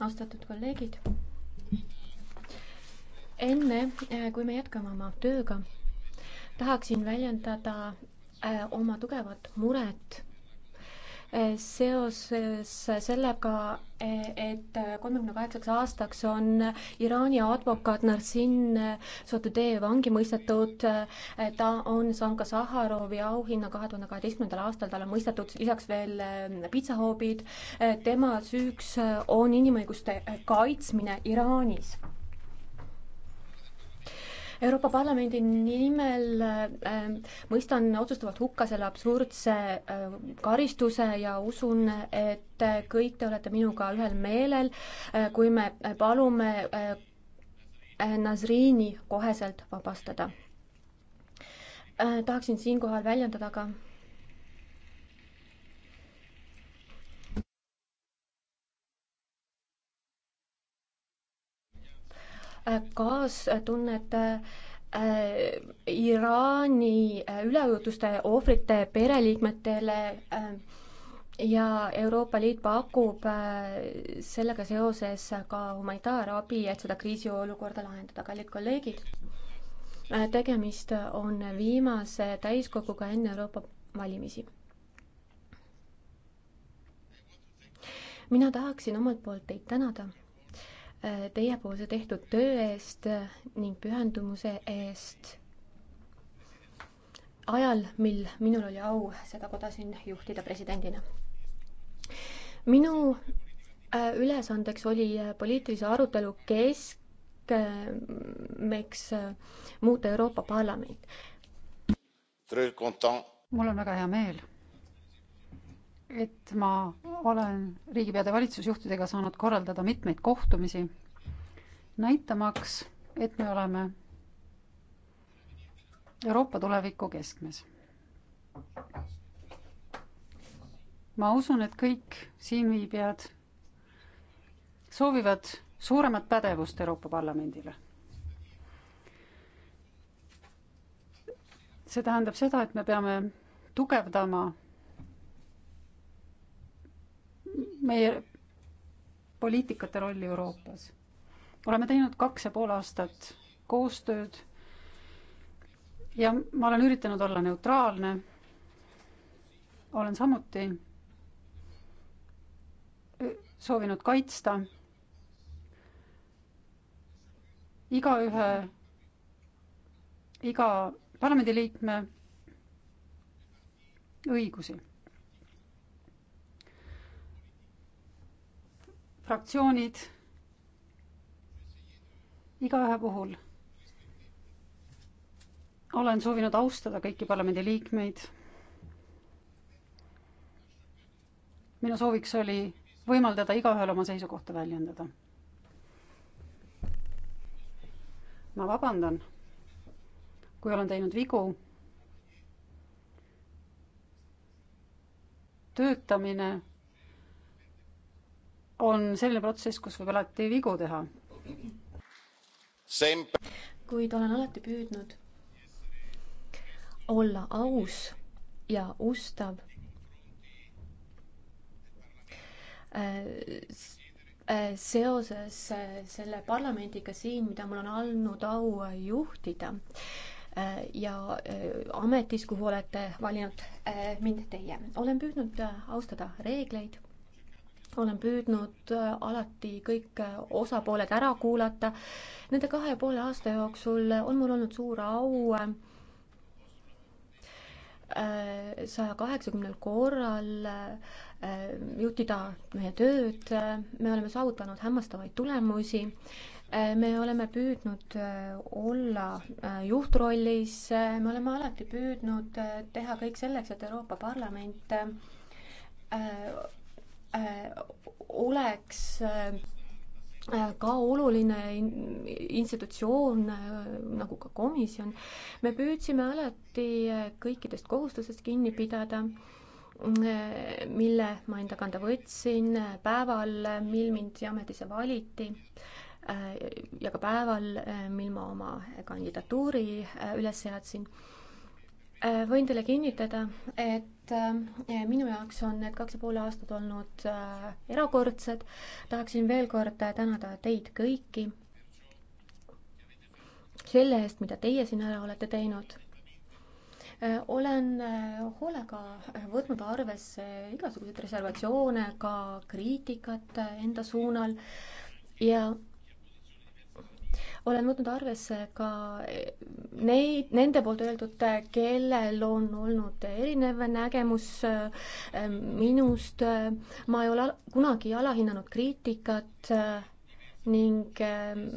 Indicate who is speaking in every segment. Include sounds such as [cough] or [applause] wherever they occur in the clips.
Speaker 1: austatud kolleegid. enne äh, kui me jätkame oma tööga, tahaksin väljendada äh, oma tugevat muret seoses sellega, et kolmekümne kaheksaks aastaks on Iraani advokaat Narsin Sotudee vangi mõistetud. ta on saanud ka Saharovi auhinna kahe tuhande kaheteistkümnendal aastal, talle on mõistetud lisaks veel pitsahoobid. tema süüks on inimõiguste kaitsmine Iraanis Euroopa Parlamendi nimel äh, mõistan otsustavalt hukka selle absurdse äh, karistuse ja usun, et äh, kõik te olete minuga ühel meelel äh,, kui me äh, palume äh, Nazrini koheselt vabastada äh,. tahaksin siinkohal väljendada ka kaastunnet äh, Iraani äh, üleujutuste ohvrite pereliikmetele äh, ja Euroopa Liit pakub sellega seoses ka humanitaarabi, et seda kriisiolukorda lahendada, kallid kolleegid. tegemist on viimase täiskoguga enne Euroopa valimisi. mina tahaksin omalt poolt teid tänada Äh, teiepoolse tehtud töö eest äh, ning pühendumuse eest ajal, mil minul oli au seda koda siin juhtida presidendina. minu äh, ülesandeks oli poliitilise arutelu keskmeks
Speaker 2: muuta Euroopa Parlament. mul on väga hea meel et ma olen riigipeade valitsusjuhtidega saanud korraldada mitmeid kohtumisi, näitamaks, et me oleme Euroopa tuleviku keskmes. ma usun, et kõik siinviibijad soovivad suuremat pädevust Euroopa Parlamendile. see tähendab seda, et me peame tugevdama meie poliitikate rolli Euroopas. oleme teinud kaks ja pool aastat koostööd ja ma olen üritanud olla neutraalne. olen samuti soovinud kaitsta igaühe, iga parlamendiliikme õigusi fraktsioonid igaühe puhul olen soovinud austada kõiki parlamendiliikmeid. minu sooviks oli võimaldada igaühel oma seisukohta väljendada. ma vabandan, kui olen teinud vigu. töötamine on selline protsess, kus võib alati vigu teha. kuid
Speaker 1: olen alati püüdnud olla aus ja ustav äh, äh, seoses äh, selle parlamendiga siin, mida mul on olnud au juhtida ja ametis, kuhu olete valinud mind teie. olen püüdnud austada reegleid olen püüdnud äh, alati kõik äh, osapooled ära kuulata. Nende kahe ja poole aasta jooksul äh, on mul olnud suur au saja kaheksakümnel korral juhtida meie tööd, me oleme saavutanud hämmastavaid tulemusi, me oleme püüdnud olla juhtrollis, me oleme alati püüdnud teha kõik selleks, et Euroopa Parlament Äh, oleks äh, ka oluline institutsioon äh, nagu ka komisjon. me püüdsime alati kõikidest kohustustest kinni pidada, mille ma enda kanda võtsin päeval, mil mind ametisse valiti ja ka päeval, mil ma oma kandidatuuri üles seadsin. võin teile kinnitada, et et äh, minu jaoks on need kaks ja pool aastat olnud äh, erakordsed. tahaksin veel kord äh, tänada teid kõiki selle eest, mida teie siin ära olete teinud olen hoolega võtnud arvesse igasuguseid reservatsioone, ka kriitikat enda suunal ja olen võtnud arvesse ka neid, nende poolt öeldud, kellel on olnud erinev nägemus ehm, minust. ma ei ole kunagi alahinnanud kriitikat ehm, ning ehm,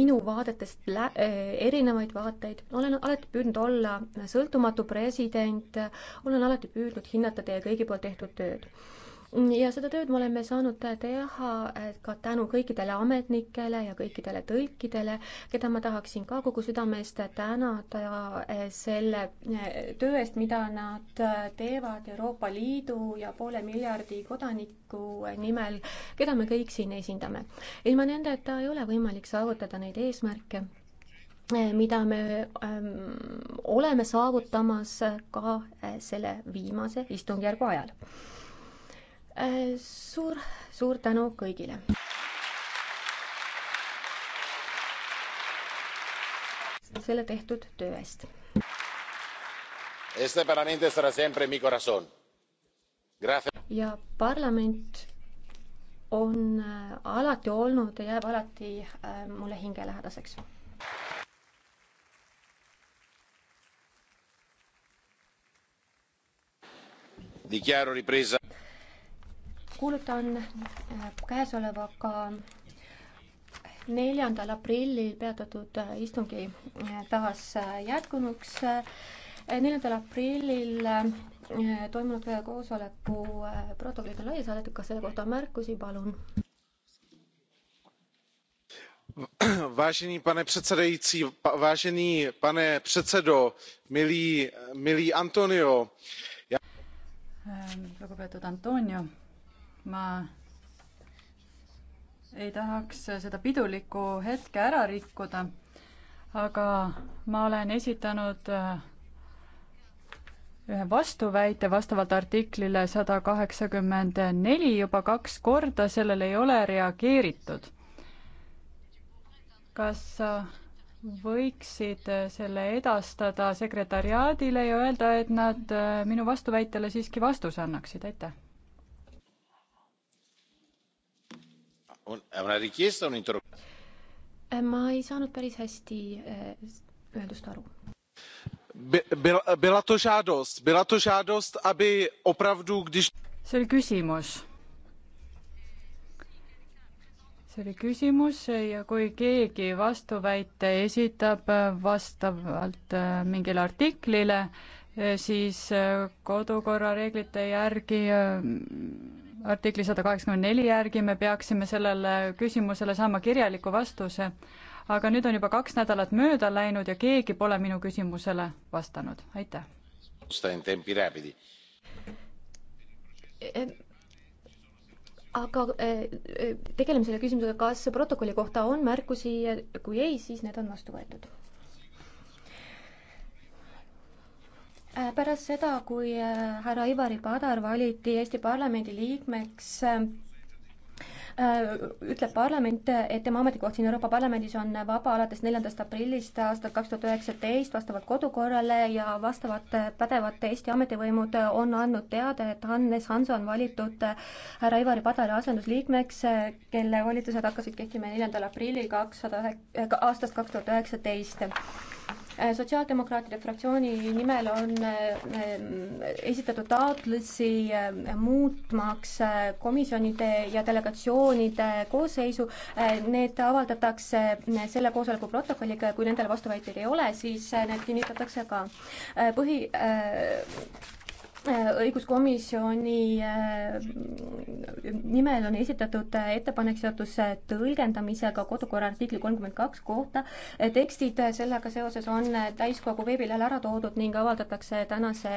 Speaker 1: minu vaadetest lä-, eh, erinevaid vaateid, olen alati püüdnud olla sõltumatu president, olen alati püüdnud hinnata teie kõigi poolt tehtud tööd ja seda tööd me oleme saanud teha eh, ka tänu kõikidele ametnikele ja kõikidele tõlkidele, keda ma tahaksin ka kogu südamest tänada eh, selle eh, töö eest, mida nad teevad Euroopa Liidu ja poole miljardi kodaniku nimel, keda me kõik siin esindame. ilma nendeta ei ole võimalik saavutada neid eesmärke mida me ähm, oleme saavutamas ka selle viimase istungjärgu ajal. Äh, suur, suur tänu kõigile. selle tehtud töö eest.
Speaker 3: Este parlamento estará siempre en mi corazón. Gracias.
Speaker 1: ja parlament on äh, alati olnud ja jääb alati äh, mulle hingelähedaseks.
Speaker 4: Dichiaro ripresa
Speaker 1: kuulutan äh, käesolevaga neljandal aprillil peatatud äh, istungi äh, taas jätkunuks. neljandal aprillil toimunud koosoleku protokollid on laiali saadetud, kas selle kohta on märkusi, palun?
Speaker 3: pane předsedající pane předsedo milý
Speaker 4: antonio
Speaker 5: ähm, lugupeetud antonio! ma ei tahaks seda pidulikku hetke ära rikkuda, aga ma olen esitanud äh, ühe vastuväite vastavalt artiklile sada kaheksakümmend neli juba kaks korda, sellele ei ole reageeritud. kas äh, võiksid äh, selle edastada sekretariaadile ja öelda, et nad minu vastuväitele siiski vastuse annaksid, aitäh. Eh, ma ei saanud päris hästi öeldust aru. see oli küsimus. see oli küsimus ja kui keegi vastuväite esitab eh, vastavalt eh, mingile artiklile, siis kodukorra reeglite järgi artikli sada kaheksakümmend neli järgi me peaksime sellele küsimusele saama kirjaliku vastuse, aga nüüd on juba kaks nädalat mööda läinud ja keegi pole minu küsimusele vastanud, aitäh.
Speaker 1: aga e, e, tegeleme selle küsimusega, kas protokolli kohta on märkusi, kui ei, siis need on vastu võetud Äh, pärast seda, kui äh, härra Ivari Padar valiti Eesti Parlamendi liikmeks, äh, ütleb parlament, et tema ametikoht siin Euroopa Parlamendis on vaba alates neljandast aprillist aastal kaks tuhat üheksateist vastavalt kodukorrale ja vastavad pädevad Eesti ametivõimud on andnud teada, et Hannes Hanso on valitud härra Ivari Padari asendusliikmeks, kelle volitused hakkasid kehtima neljandal aprillil kakssada ühek-, aastast kaks tuhat üheksateist Äh, sotsiaaldemokraatide fraktsiooni nimel on äh, esitatud taotlusi äh, muutmaks komisjonide ja delegatsioonide koosseisu. Need avaldatakse selle koosoleku protokolliga ja kui nendele vastuväiteid ei ole, siis need kinnitatakse ka. põhi õiguskomisjoni äh, nimel on esitatud äh, ettepanek seotus äh, tõlgendamisega kodukorra artikli kolmkümmend kaks kohta. tekstid sellega seoses on täiskogu veebilehel ära toodud ning avaldatakse tänase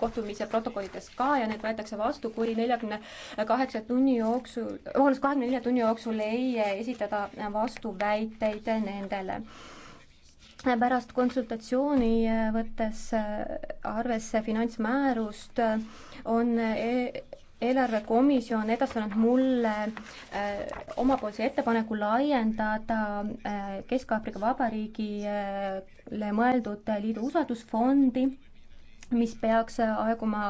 Speaker 1: kohtumise protokollides ka ja need võetakse vastu, kui neljakümne kaheksa tunni jooksul, vabandust, kahekümne nelja tunni jooksul ei esitada vastuväiteid nendele pärast konsultatsiooni äh, võttes äh, arvesse finantsmäärust äh, on e eelarvekomisjon edastanud mulle äh, omapoolse ettepaneku laiendada äh, Kesk-Aafrika Vabariigile äh, mõeldud liidu usaldusfondi mis peaks aeguma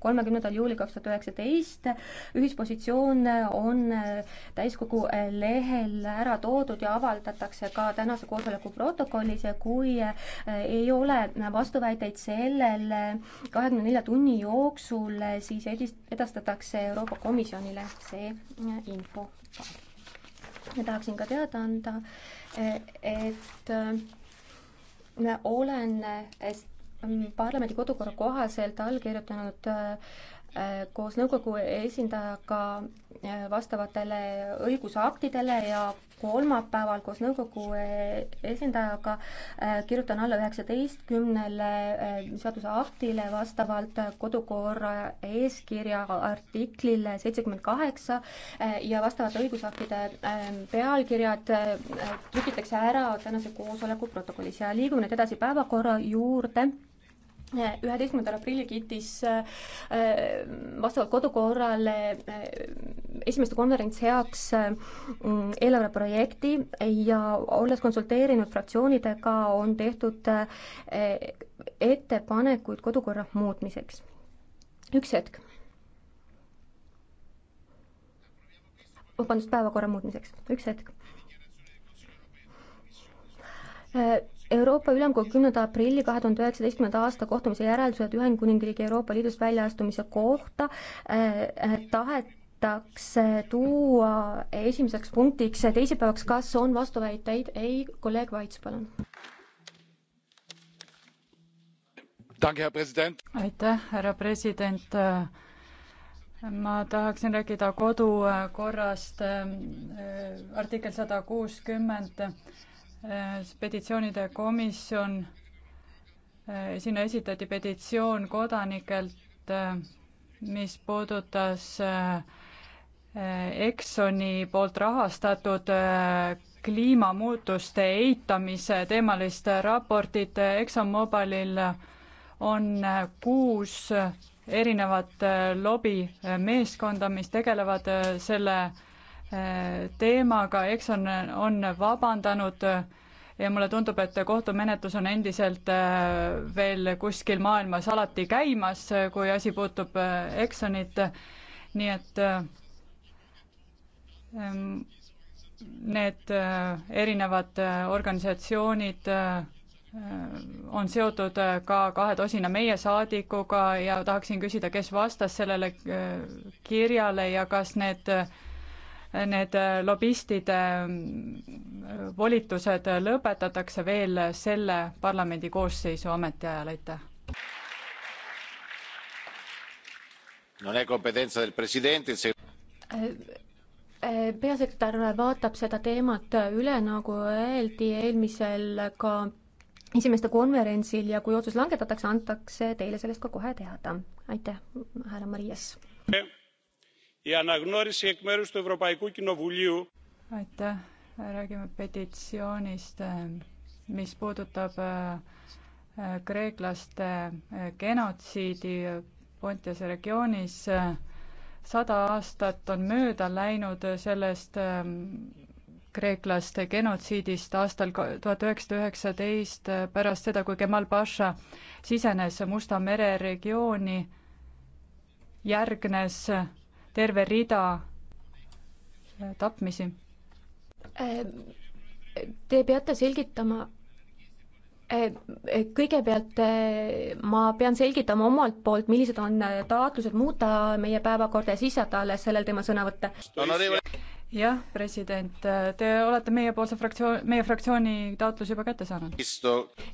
Speaker 1: kolmekümnendal juulil kaks tuhat üheksateist. ühispositsioon on täiskogu lehel ära toodud ja avaldatakse ka tänase koosoleku protokollis ja kui ei ole vastuväiteid sellele kahekümne nelja tunni jooksul, siis edist-, edastatakse Euroopa Komisjonile see info. ja tahaksin ka teada anda, et olen parlamendi kodukorra kohaselt allkirjutanud äh, äh, koos nõukogu esindajaga äh, vastavatele õigusaktidele ja kolmapäeval koos nõukogu esindajaga kirjutan alla üheksateistkümnele seaduseaktile vastavalt kodukorra eeskirja artiklile seitsekümmend kaheksa ja vastavate õigusaktide pealkirjad trükitakse ära tänase koosoleku protokollis ja liigume nüüd edasi päevakorra juurde üheteistkümnendal aprillil kiitis äh, vastavalt kodukorrale äh, esimeste konverents heaks äh, eelarveprojekti ja olles konsulteerinud fraktsioonidega, on tehtud ettepanekuid kodukorra muutmiseks. üks hetk. vabandust, päevakorra muutmiseks, üks hetk Euroopa Ülemkogu kümnenda aprilli kahe tuhande üheksateistkümnenda aasta kohtumise järeldused Ühendkuningriigi Euroopa Liidust väljaastumise kohta eh, tahetakse tuua esimeseks punktiks teisipäevaks, kas on vastuväiteid? ei,
Speaker 5: kolleeg Vaits, palun. aitäh, härra president ma tahaksin rääkida kodukorrast äh, artikkel sada kuuskümmend Äh, petitsioonide komisjon, äh, sinna esitati petitsioon kodanikelt, äh, mis puudutas Exxoni poolt rahastatud kliimamuutuste eitamise teemalist raportit. ExxonMobilil on kuus erinevat lobimeeskonda, mis tegelevad selle teemaga, Exxon on vabandanud ja mulle tundub, et kohtumenetlus on endiselt äh, veel kuskil maailmas alati käimas, kui asi puutub äh, Exxonit, nii et äh, need erinevad organisatsioonid on seotud ka kahe tosina meie saadikuga ja tahaksin küsida, kes vastas sellele kirjale ja kas need äh, need äh, lobistide äh, volitused lõpetatakse veel selle parlamendi koosseisu ametiajal, aitäh. Äh,
Speaker 1: peasekretär vaatab seda teemat üle, nagu öeldi eelmisel ka esimeste konverentsil ja kui otsus langetatakse, antakse teile
Speaker 5: sellest ka kohe teada. aitäh, härra Marias
Speaker 4: η αναγνώριση εκ μέρους του Ευρωπαϊκού Κοινοβουλίου.
Speaker 5: Aitäh, räägime petitsioonist, eh, mis puudutab eh, kreeklaste eh, genotsiidi Pontiase regioonis. sada aastat on mööda läinud sellest kreeklaste genotsiidist aastal tuhat üheksasada üheksateist, pärast seda, kui Kemal Paša sisenes Musta mere regiooni, järgnes terve rida äh, tapmisi. Te peate
Speaker 1: selgitama, äh, kõigepealt äh, ma pean selgitama omalt poolt, millised on taotlused muuta meie päevakorda ja siis saate alles sellel teemal sõna võtta
Speaker 5: jah, president, te olete meiepoolse fraktsioon, meie fraktsiooni taotluse juba kätte saanud.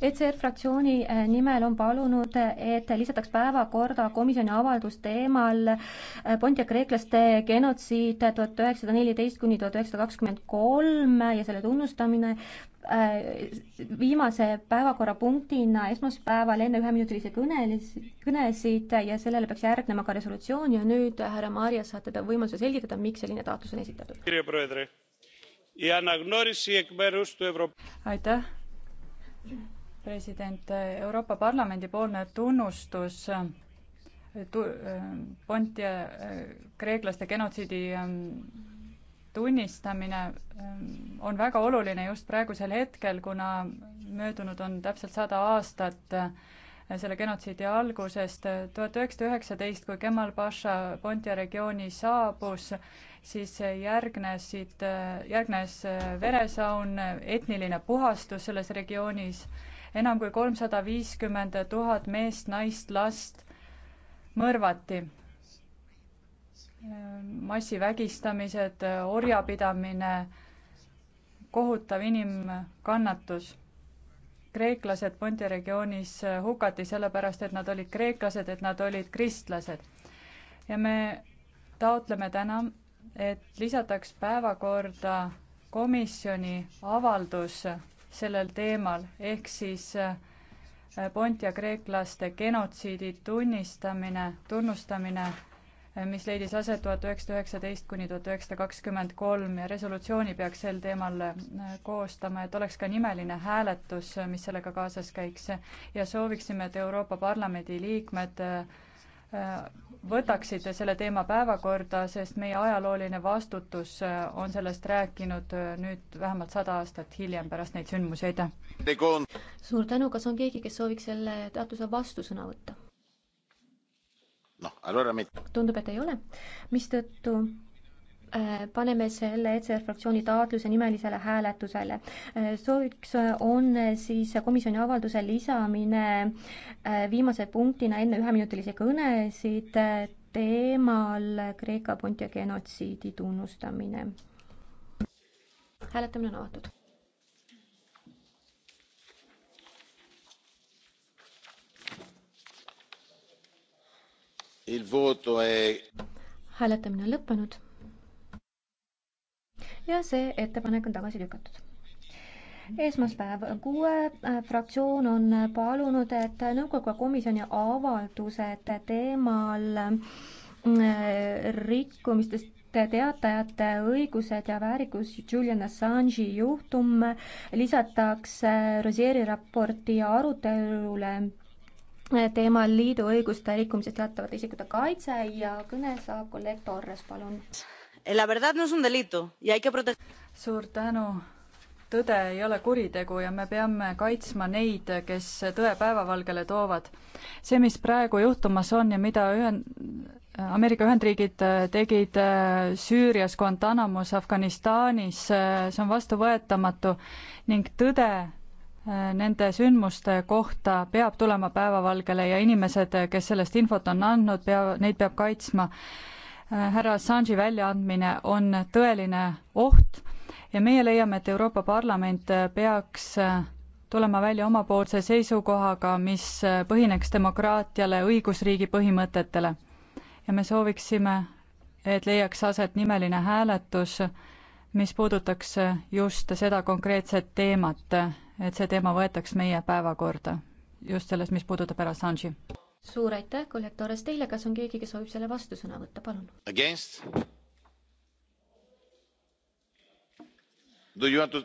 Speaker 5: ECR fraktsiooni eh, nimel on palunud, et
Speaker 1: lisataks päevakorda komisjoni avaldus teemal eh, Pontia kreeklaste genotsiid tuhat üheksasada neliteist kuni tuhat üheksasada kakskümmend kolm ja selle tunnustamine Äh, viimase päevakorrapunktina esmaspäeval enne üheminutilisi kõnelis, kõnesid ja sellele peaks järgnema ka resolutsioon ja nüüd härra Maarjas saate te võimaluse selgitada, miks
Speaker 5: selline taotlus on esitatud. aitäh, president, Euroopa Parlamendi poolne tunnustus tu-, äh, Pontia äh, kreeklaste genotsiidi ähm, tunnistamine ähm, on väga oluline just praegusel hetkel, kuna möödunud on täpselt sada aastat äh, selle genotsiidi algusest. tuhat üheksasada üheksateist, kui Kemal Pasha Pontia regiooni saabus, siis järgnesid, äh, järgnes äh, veresaun, etniline puhastus selles regioonis. enam kui kolmsada viiskümmend tuhat meest, naist, last mõrvati massivägistamised, orjapidamine, kohutav inimkannatus. kreeklased Ponti regioonis hukati sellepärast, et nad olid kreeklased, et nad olid kristlased. ja me taotleme täna, et lisataks päevakorda komisjoni avaldus sellel teemal, ehk siis äh, Pontia kreeklaste genotsiidi tunnistamine, tunnustamine mis leidis aset tuhat üheksasada üheksateist kuni tuhat üheksasada kakskümmend kolm ja resolutsiooni peaks sel teemal äh, koostama, et oleks ka nimeline hääletus, äh, mis sellega kaasas käiks ja sooviksime, et Euroopa Parlamendi liikmed äh, võtaksid selle teema päevakorda, sest meie ajalooline vastutus on sellest rääkinud nüüd vähemalt sada aastat hiljem pärast neid sündmusi, aitäh! suur tänu, kas on keegi, kes sooviks selle teatuse vastu sõna võtta?
Speaker 3: noh, allora me...
Speaker 1: tundub, et ei ole, mistõttu äh, paneme selle ECR fraktsiooni taotluse nimelisele hääletusele. Äh, sooviks on äh, siis komisjoni avalduse lisamine viimase punktina enne üheminutilisi kõnesid teemal Kreeka Pontia genotsiidi tunnustamine. hääletamine on avatud hääletamine on lõppenud. ja see ettepanek on tagasi lükatud esmaspäev kuue äh, fraktsioon on palunud, et nõukogu komisjoni avaldused teemal äh, rikkumistest teatajate õigused ja väärikus Julian Assange'i juhtum lisatakse Rosieri raporti arutelule teemal liidu õiguste rikkumisest teatavate isikute kaitse ja kõne saab kolleeg Torres, palun.
Speaker 5: Eh, suur tänu. tõde ei ole kuritegu ja me peame kaitsma neid, kes tõe päevavalgele toovad. see, mis praegu juhtumas on ja mida ühen-, Ameerika Ühendriigid äh, tegid äh, Süürias, Guantanamos, Afganistanis, äh, see on vastuvõetamatu ning tõde Äh, nende sündmuste kohta peab tulema päevavalgele ja inimesed, äh, kes sellest infot on andnud, pea, neid peab kaitsma. Äh, härra Assange'i väljaandmine on tõeline oht ja meie leiame, et Euroopa Parlament peaks tulema välja omapoolse seisukohaga, mis põhineks demokraatiale, õigusriigi põhimõtetele. ja me sooviksime, et leiaks aset nimeline hääletus, mis puudutaks just seda konkreetset teemat et see teema võetaks meie päevakorda, just selles, mis puudutab härra Assange'i.
Speaker 1: suur aitäh, kolleeg Torres, teile, kas on keegi, kes soovib selle vastu sõna võtta, palun? To...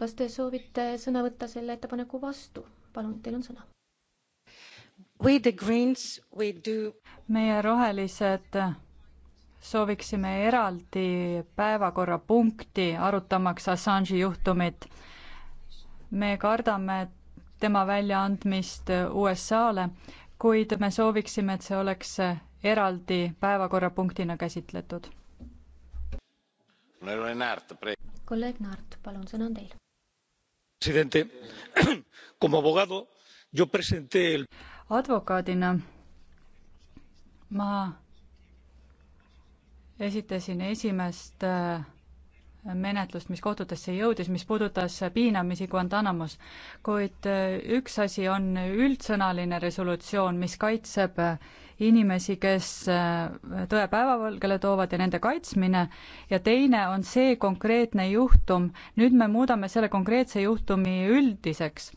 Speaker 1: kas te soovite sõna võtta selle ettepaneku vastu? palun, teil on sõna.
Speaker 5: Greens, do... meie rohelised sooviksime eraldi päevakorrapunkti arutamaks Assange'i juhtumit me kardame tema väljaandmist USA-le, kuid me sooviksime, et see oleks eraldi päevakorrapunktina käsitletud. kolleeg Naart, palun, sõna on teil.
Speaker 4: presidente, [clears throat] como abogado yo presenté el
Speaker 5: advokaadina ma esitasin esimest äh, menetlust, mis kohtutesse jõudis, mis puudutas piinamisi Guantanamos. kuid äh, üks asi on üldsõnaline resolutsioon, mis kaitseb äh, inimesi, kes äh, tõe päevavalgele toovad ja nende kaitsmine, ja teine on see konkreetne juhtum, nüüd me muudame selle konkreetse juhtumi üldiseks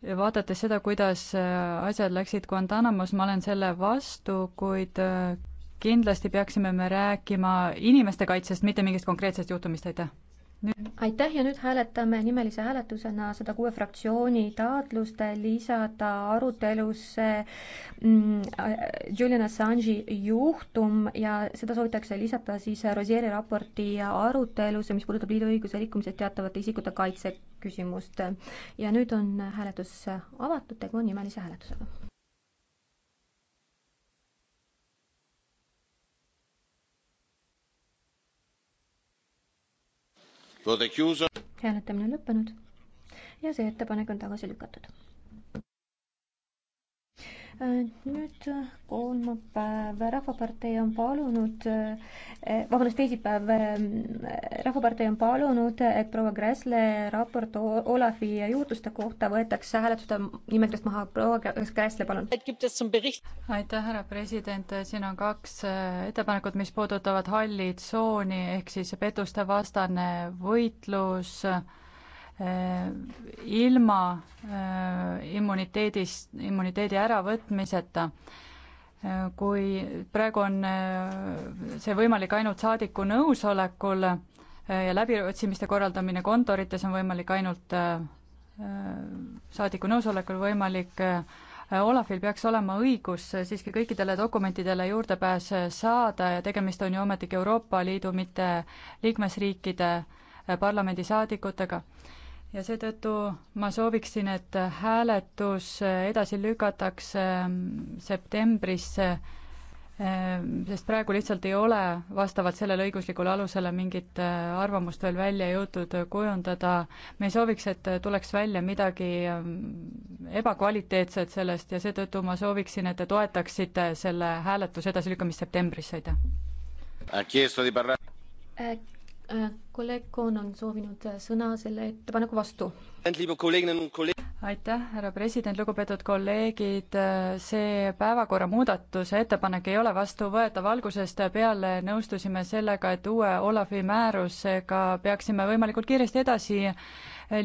Speaker 5: ja vaadates seda, kuidas asjad läksid Guantanamos, ma olen selle vastu, kuid kindlasti peaksime me rääkima inimeste kaitsest, mitte mingist konkreetsest juhtumist, aitäh.
Speaker 1: aitäh ja nüüd hääletame nimelise hääletusena seda kuue fraktsiooni taotlust lisada arutelusse mm, Julian Assange'i juhtum ja seda soovitakse lisada siis Rosieri raporti arutelusse, mis puudutab liidu õiguse rikkumisest teatavate isikute kaitse küsimust. ja nüüd on hääletus avatud, tegu on nimelise hääletusega
Speaker 4: hääletamine
Speaker 1: on lõppenud ja see ettepanek on tagasi lükatud nüüd kolmapäev Rahvapartei on palunud, eh, vabandust, teisipäev Rahvapartei on palunud, et proua Gräzle raport Olavi juhtuste kohta võetakse hääletuste nimekirjast maha. proua Gräzle, palun.
Speaker 5: aitäh, härra president, siin on kaks eh, ettepanekut, mis puudutavad halli tsooni ehk siis pettuste vastane võitlus Äh, ilma äh, immuniteedist, immuniteedi äravõtmiseta. Äh, kui praegu on see võimalik ainult saadiku nõusolekul ja läbiotsimiste korraldamine kontorites on võimalik ainult saadiku nõusolekul võimalik Olafil peaks olema õigus siiski kõikidele dokumentidele juurdepääs saada ja tegemist on ju ometigi Euroopa Liidu, mitte liikmesriikide parlamendisaadikutega ja seetõttu ma sooviksin, et hääletus edasi lükatakse ähm, septembrisse, ähm, sest praegu lihtsalt ei ole vastavalt sellele õiguslikule alusele mingit äh, arvamust veel välja jõutud kujundada. me ei sooviks, et tuleks välja midagi ähm, ebakvaliteetset sellest ja seetõttu ma sooviksin, et te toetaksite selle hääletuse edasilükkamist septembrisse, aitäh! Äh,
Speaker 1: kolleeg Kohn on soovinud äh,
Speaker 5: sõna selle ettepaneku vastu. aitäh, härra president, lugupeetud kolleegid, äh, see päevakorra muudatuse ettepanek ei ole vastuvõetav, algusest peale nõustusime sellega, et uue Olavi määrusega peaksime võimalikult kiiresti edasi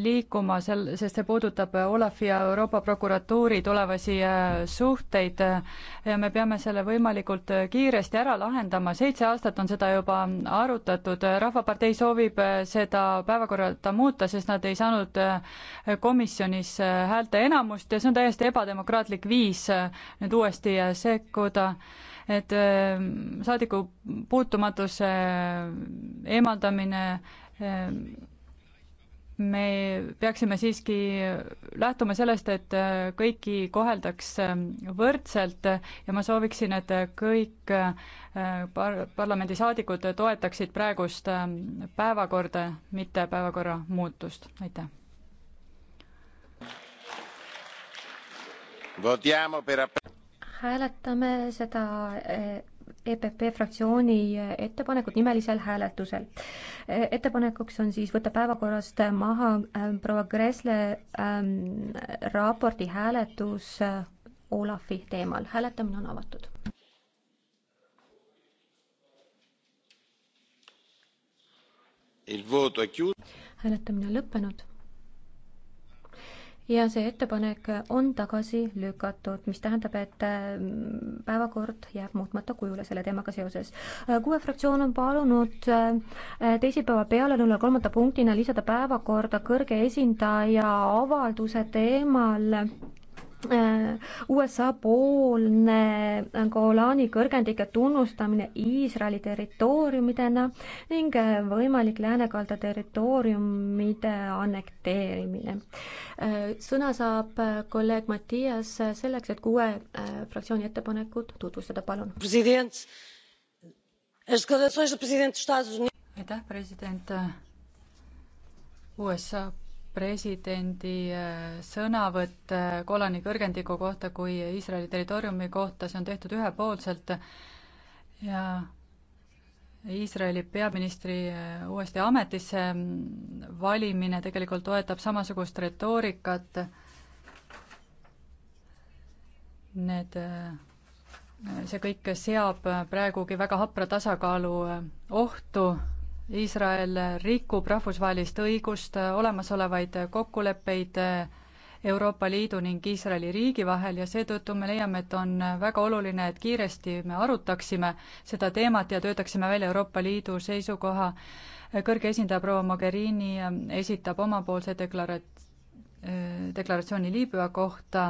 Speaker 5: liikuma sel, sest see puudutab Olafi ja Euroopa prokuratuuri tulevasi äh, suhteid ja me peame selle võimalikult äh, kiiresti ära lahendama, seitse aastat on seda juba arutatud, Rahvapartei soovib äh, seda päevakorda muuta, sest nad ei saanud komisjonis häälte enamust ja see on täiesti ebademokraatlik viis nüüd uuesti sekkuda et saadiku puutumatuse eemaldamine me peaksime siiski lähtuma sellest, et kõiki koheldaks võrdselt ja ma sooviksin, et kõik äh, par-, parlamendisaadikud toetaksid praegust äh, päevakorda, mitte päevakorra muutust, aitäh.
Speaker 1: hääletame seda äh, EPP fraktsiooni ettepanekut nimelisel hääletusel. E, ettepanekuks on siis võtta päevakorrast maha ähm, proua Kresle ähm, raporti hääletus äh, Olafi teemal. hääletamine on avatud. hääletamine on lõppenud ja see ettepanek on tagasi lükatud, mis tähendab, et mm, päevakord jääb muutmata kujule selle teemaga seoses. kuue fraktsioon on palunud äh, teisipäeva pealenõunal kolmanda punktina lisada päevakorda kõrge esindaja avalduse teemal Äh, USA-poolne äh, Golani kõrgendike tunnustamine Iisraeli territooriumidena ning äh, võimalik läänekalda territooriumide annekteerimine. sõna saab kolleeg Mattias selleks, et kuue fraktsiooni ettepanekut tutvustada, palun.
Speaker 5: aitäh, president. USA presidendi äh, sõnavõtt äh, Golani kõrgendiku kohta kui Iisraeli territooriumi kohta, see on tehtud ühepoolselt ja Iisraeli peaministri äh, uuesti ametisse mm, valimine tegelikult toetab samasugust retoorikat. Need, see kõik seab praegugi väga hapra tasakaalu ohtu Iisrael rikub rahvusvahelist õigust, olemasolevaid kokkuleppeid Euroopa Liidu ning Iisraeli riigi vahel ja seetõttu me leiame, et on väga oluline, et kiiresti me arutaksime seda teemat ja töötaksime välja Euroopa Liidu seisukoha. kõrge esindaja proua Mogherini esitab omapoolse deklara-, deklaratsiooni Liibüa kohta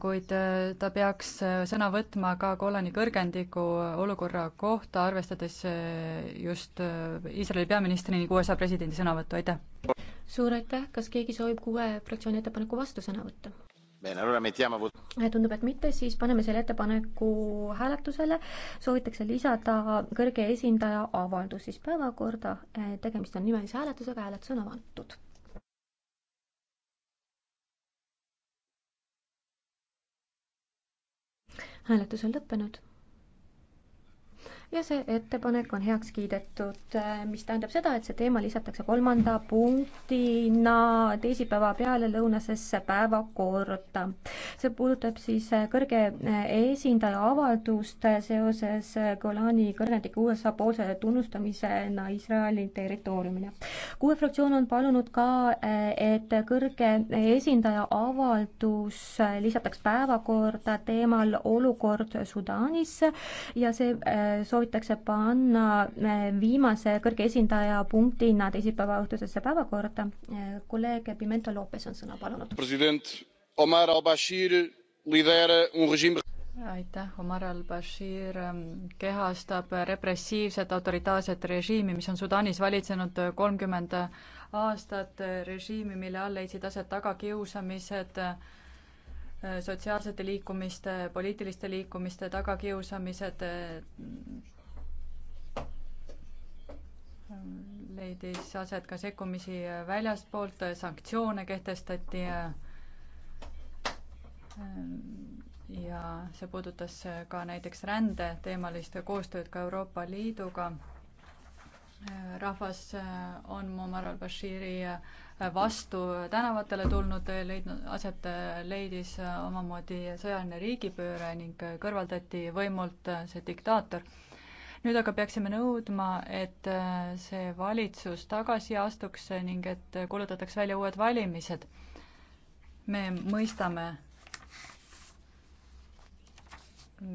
Speaker 5: kuid äh, ta peaks äh, sõna võtma ka Golani kõrgendiku olukorra kohta, arvestades äh, just Iisraeli peaministri ning USA presidendi sõnavõttu, aitäh! suur aitäh, kas keegi soovib kuue fraktsiooni ettepaneku vastu sõna võtta?
Speaker 3: Eh,
Speaker 5: tundub, et mitte,
Speaker 1: siis paneme selle ettepaneku hääletusele. soovitakse lisada kõrge esindaja avaldus siis päevakorda, eh, tegemist on nimelise hääletusega, hääletus on avatud hääletus on lõppenud ja see ettepanek on heaks kiidetud, äh, mis tähendab seda, et see teema lisatakse kolmanda punktina teisipäeva pealelõunasesse päevakorda. see puudutab siis äh, kõrge äh, esindaja avaldust seoses Golani kõrgendiku USA poolse tunnustamisena Iisraeli territooriumile. kuue fraktsioon on palunud ka, et kõrge esindaja avaldus lisataks päevakorda teemal olukord Sudaanis ja see soovib soovitakse panna eh, viimase kõrge esindaja punktina teisipäeva õhtusesse päevakorda. Eh, kolleeg
Speaker 5: Pimento Lopes on sõna palunud. aitäh, Omar al-Bashir ähm, kehastab repressiivset autoritaarset režiimi, mis on Sudaanis valitsenud kolmkümmend aastat, režiimi, mille all leidsid aset tagakiusamised äh, sotsiaalsete liikumiste, poliitiliste liikumiste tagakiusamised, äh, leidis aset ka sekkumisi väljastpoolt, sanktsioone kehtestati ja see puudutas ka näiteks rändeteemalist koostööd ka Euroopa Liiduga. rahvas on Muammar al-Bashiri vastu tänavatele tulnud, leidnud, aset leidis omamoodi sõjaline riigipööre ning kõrvaldati võimult see diktaator nüüd aga peaksime nõudma, et äh, see valitsus tagasi astuks ning et kuulutataks välja uued valimised. me mõistame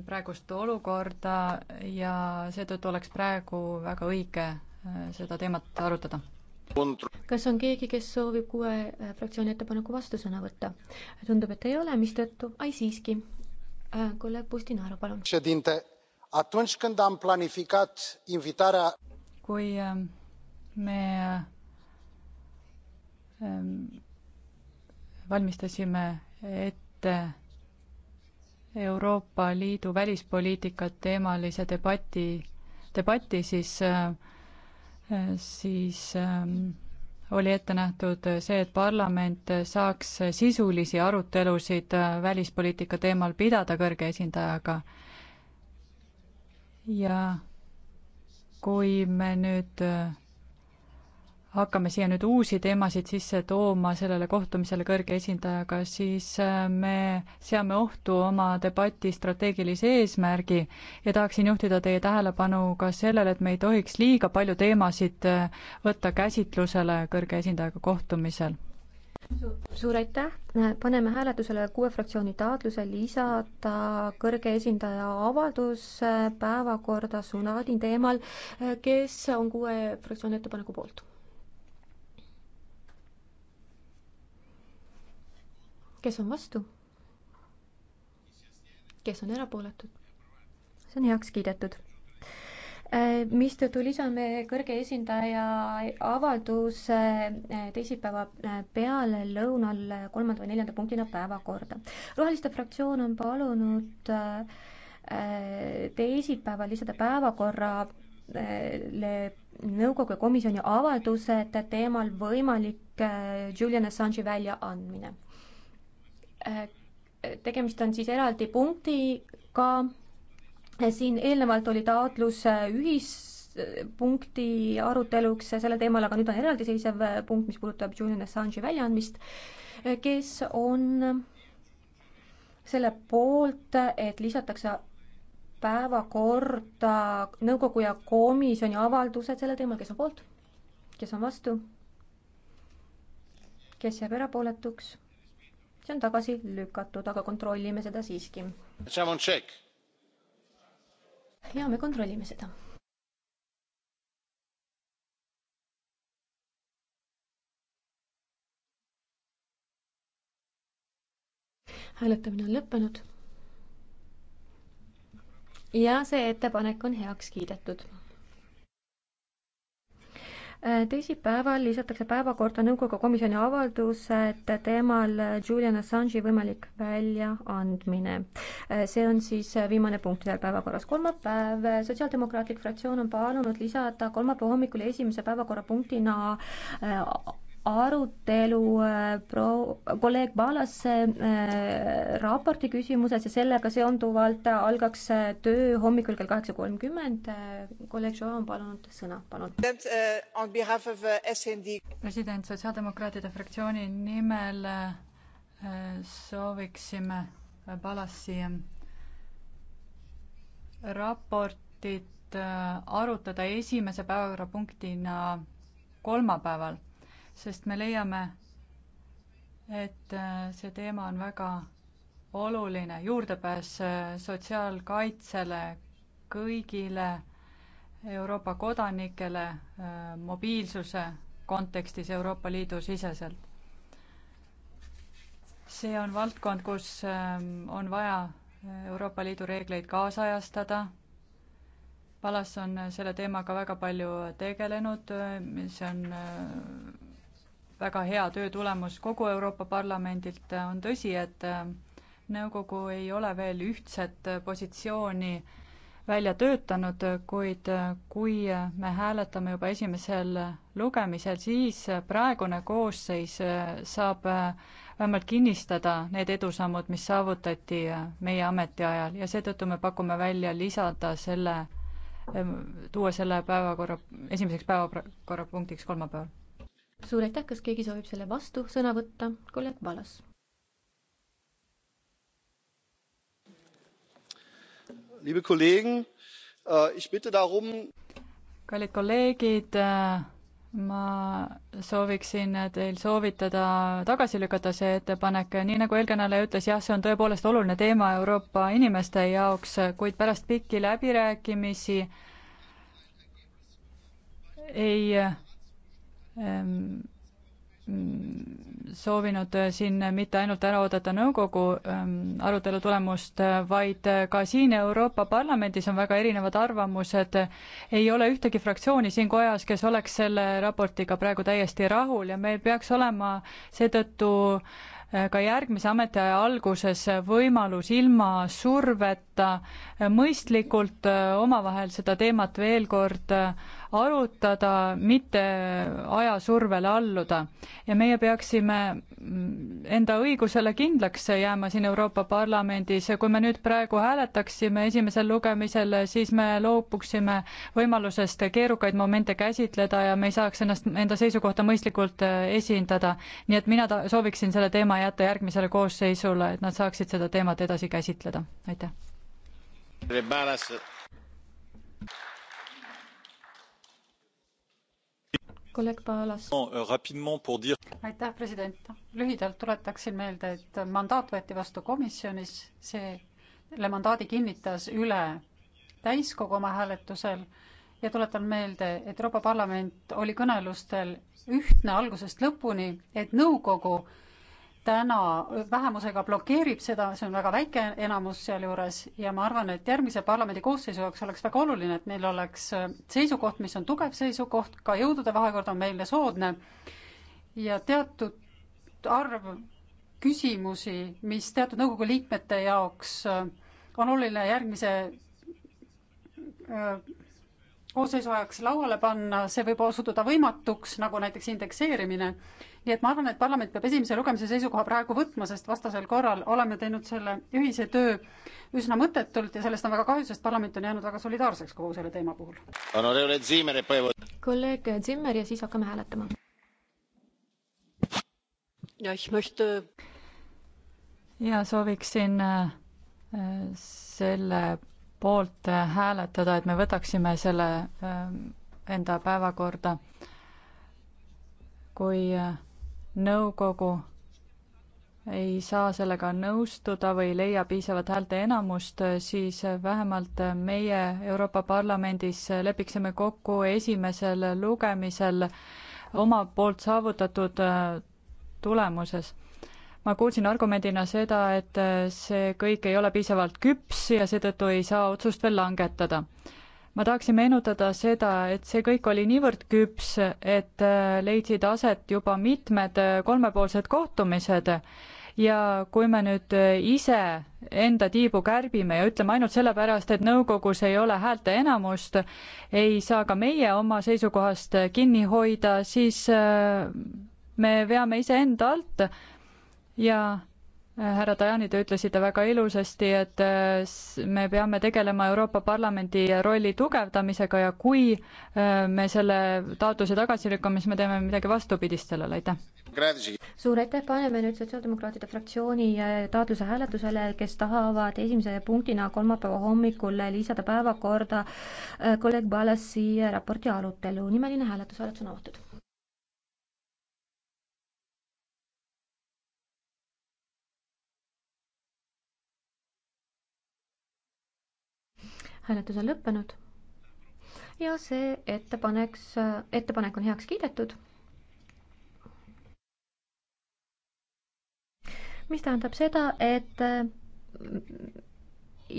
Speaker 5: praegust olukorda ja seetõttu oleks praegu väga õige äh, seda teemat arutada kas on keegi, kes soovib kuue
Speaker 1: äh, fraktsiooni ettepaneku vastusõna võtta? tundub, et ei ole, mistõttu, ai siiski.
Speaker 5: kolleeg Postinaru, palun
Speaker 3: atunci când am planificat invitarea.
Speaker 5: kui ehm, me ehm, valmistasime ette Euroopa Liidu välispoliitikat teemalise debati, debatti, siis, eh, eh, siis ehm, oli ette nähtud see, et parlament saaks sisulisi arutelusid eh, välispoliitika teemal pidada kõrge esindajaga ja kui me nüüd äh, hakkame siia nüüd uusi teemasid sisse tooma sellele kohtumisele kõrge esindajaga, siis äh, me seame ohtu oma debati strateegilise eesmärgi ja tahaksin juhtida teie tähelepanu ka sellele, et me ei tohiks liiga palju teemasid äh, võtta käsitlusele kõrge esindajaga kohtumisel
Speaker 1: suur aitäh, paneme hääletusele kuue fraktsiooni taotluse lisada kõrge esindaja avaldus päevakorda Sunaani teemal. kes on kuue fraktsiooni ettepaneku poolt? kes on vastu? kes on erapooletud? see on heaks kiidetud Äh, mistõttu lisame kõrge esindaja avalduse äh, teisipäeva äh, pealelõunal kolmanda või neljanda punktina päevakorda. roheliste fraktsioon on palunud teisipäeval lisada päevakorrale nõukogu ja komisjoni avaldused teemal võimalik Julian Assange'i väljaandmine. tegemist on siis eraldi punktiga siin eelnevalt oli taotlus äh, ühispunkti aruteluks sellel teemal, aga nüüd on eraldiseisev äh, punkt, mis puudutab Julian Assange'i väljaandmist, äh, kes on selle poolt, et lisatakse päevakorda nõukogu ja komisjoni avaldused sellel teemal, kes on poolt, kes on vastu, kes jääb erapooletuks, see on tagasi lükatud, aga kontrollime seda siiski ja me kontrollime seda.
Speaker 2: hääletamine on lõppenud.
Speaker 1: ja see ettepanek on heaks kiidetud teisipäeval lisatakse päevakorda nõukogu komisjoni avaldused teemal Julian Assange'i võimalik väljaandmine. see on siis viimane punkt seal päevakorras. kolmapäev, Sotsiaaldemokraatlik fraktsioon on palunud lisada kolmapäeva hommikul esimese päevakorrapunktina arutelu äh, pro-, kolleeg Paalase äh, raporti küsimuses ja sellega seonduvalt äh, algaks äh, töö hommikul kell kaheksa kolmkümmend. kolleeg Joa on palunud
Speaker 5: sõna, palun. president, Sotsiaaldemokraatide fraktsiooni nimel äh, sooviksime Palasi raportit arutada esimese päevakorrapunktina kolmapäeval sest me leiame, et äh, see teema on väga oluline, juurdepääs äh, sotsiaalkaitsele kõigile Euroopa kodanikele äh, mobiilsuse kontekstis Euroopa Liidu siseselt. see on valdkond, kus ähm, on vaja Euroopa Liidu reegleid kaasajastada. Palas on selle teemaga väga palju tegelenud, see on väga hea töö tulemus kogu Euroopa Parlamendilt. on tõsi, et äh, nõukogu ei ole veel ühtset äh, positsiooni välja töötanud, kuid äh, kui me hääletame juba esimesel lugemisel, siis praegune koosseis saab vähemalt kinnistada need edusammud, mis saavutati meie ametiajal ja seetõttu me pakume välja lisada selle, tuua selle päevakorra, esimeseks päevakorrapunktiks kolmapäeval
Speaker 1: suur aitäh, kas keegi soovib selle vastu sõna võtta? kolleeg Palas.
Speaker 3: Äh,
Speaker 5: kallid kolleegid, äh, ma sooviksin teil soovitada tagasi lükata see ettepanek, nii nagu eelkõneleja ütles, jah, see on tõepoolest oluline teema Euroopa inimeste jaoks, kuid pärast pikki läbirääkimisi ei Ehm, mm, soovinud äh, siin mitte ainult ära oodata nõukogu ehm, arutelu tulemust, äh, vaid äh, ka siin Euroopa Parlamendis on väga erinevad arvamused. ei ole ühtegi fraktsiooni siin kojas, kes oleks selle raportiga praegu täiesti rahul ja meil peaks olema seetõttu ka järgmise ametiaja alguses võimalus ilma surveta mõistlikult omavahel seda teemat veel kord arutada, mitte ajasurvele alluda. ja meie peaksime mm, enda õigusele kindlaks jääma siin Euroopa Parlamendis ja kui me nüüd praegu hääletaksime esimesel lugemisel, siis me loobuksime võimalusest keerukaid momente käsitleda ja me ei saaks ennast, enda seisukohta mõistlikult äh, esindada. nii et mina ta-, sooviksin selle teema jätta järgmisele koosseisule, et nad saaksid seda teemat edasi käsitleda, aitäh. kolleeg Paalas.
Speaker 6: Euh,
Speaker 5: aitäh, president.
Speaker 2: lühidalt tuletaksin meelde, et mandaat võeti vastu komisjonis, selle mandaadi kinnitas üle täiskogu oma hääletusel ja tuletan meelde, et Euroopa Parlament oli kõnelustel ühtne algusest lõpuni, et nõukogu täna vähemusega blokeerib seda, see on väga väike enamus sealjuures ja ma arvan, et järgmise parlamendi koosseisu jaoks oleks väga oluline, et meil oleks seisukoht, mis on tugev seisukoht, ka jõudude vahekord on meile soodne ja teatud arv küsimusi, mis teatud nõukogu liikmete jaoks äh, on oluline järgmise äh, koosseisu ajaks lauale panna, see võib osutuda võimatuks, nagu näiteks indekseerimine nii et ma arvan, et parlament peab esimese lugemise seisukoha praegu võtma, sest vastasel korral oleme teinud selle ühise töö üsna mõttetult ja sellest on väga kahju, sest parlament on jäänud väga solidaarseks kogu selle teema puhul.
Speaker 5: kolleeg Zimmer ja siis hakkame hääletama. ja sooviksin äh, selle poolt äh, hääletada, et me võtaksime selle äh, enda päevakorda. kui nõukogu ei saa sellega nõustuda või ei leia piisavat häälteenamust, siis vähemalt meie Euroopa Parlamendis lepiksime kokku esimesel lugemisel oma poolt saavutatud äh, tulemuses ma kuulsin argumendina seda, et see kõik ei ole piisavalt küps ja seetõttu ei saa otsust veel langetada ma tahaksin meenutada seda, et see kõik oli niivõrd küps, et äh, leidsid aset juba mitmed äh, kolmepoolsed kohtumised ja kui me nüüd äh, ise enda tiibu kärbime ja ütleme ainult sellepärast, et nõukogus ei ole häälte enamust, ei saa ka meie oma seisukohast kinni hoida, siis me veame iseenda alt ja härra Tajani, te ütlesite väga ilusasti, et äh, me peame tegelema Euroopa Parlamendi rolli tugevdamisega ja kui äh, me selle taotluse tagasi lükkame, siis me teeme midagi vastupidist sellele, aitäh. suur
Speaker 1: aitäh, paneme nüüd Sotsiaaldemokraatide fraktsiooni äh, taotluse hääletusele, kes tahavad esimese punktina kolmapäeva hommikul lisada päevakorda kolleeg Balasi raporti arutelu. nimeline hääletus, hääletus on avatud hääletus on lõppenud ja see ettepaneks, ettepanek on heaks kiidetud. mis tähendab seda, et mm,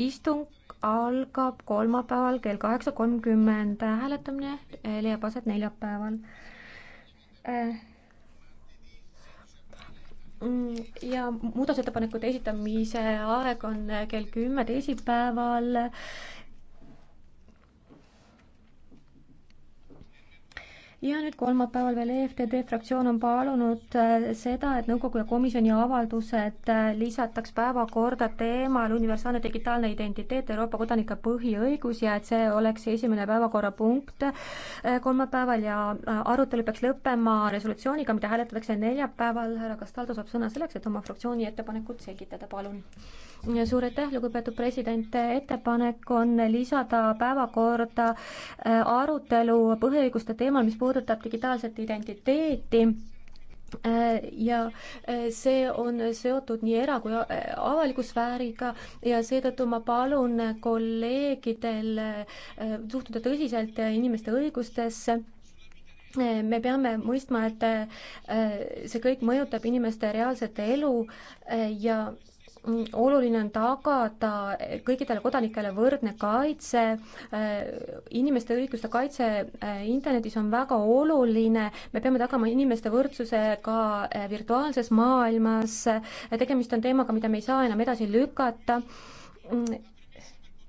Speaker 1: istung algab kolmapäeval kell kaheksa kolmkümmend, hääletamine leiab aset neljapäeval. Äh, mm, ja muudatusettepanekute esitamise aeg on äh, kell kümme teisipäeval ja nüüd kolmapäeval veel EFTD fraktsioon on palunud äh, seda, et nõukogu ja komisjoni avaldused äh, lisataks päevakorda teemal universaalne digitaalne identiteet, Euroopa kodanike põhiõigus ja et see oleks esimene päevakorrapunkt äh, kolmapäeval ja arutelu peaks lõppema resolutsiooniga, mida hääletatakse neljapäeval. härra Castaldo saab sõna selleks, et oma fraktsiooni ettepanekut selgitada, palun. suur aitäh, lugupeetud president, ettepanek on lisada päevakorda arutelu põhiõiguste teemal, mis puudutab puudutab digitaalset identiteeti äh, ja äh, see on seotud nii era- kui avaliku sfääriga ja seetõttu ma palun kolleegidel äh, suhtuda tõsiselt inimeste õigustesse. me peame mõistma, et see kõik mõjutab inimeste reaalset elu ja oluline on tagada kõikidele kodanikele võrdne kaitse, äh, inimeste õiguste kaitse äh, internetis on väga oluline, me peame tagama inimeste võrdsuse ka äh, virtuaalses maailmas, tegemist on teemaga, mida me ei saa enam edasi lükata mm,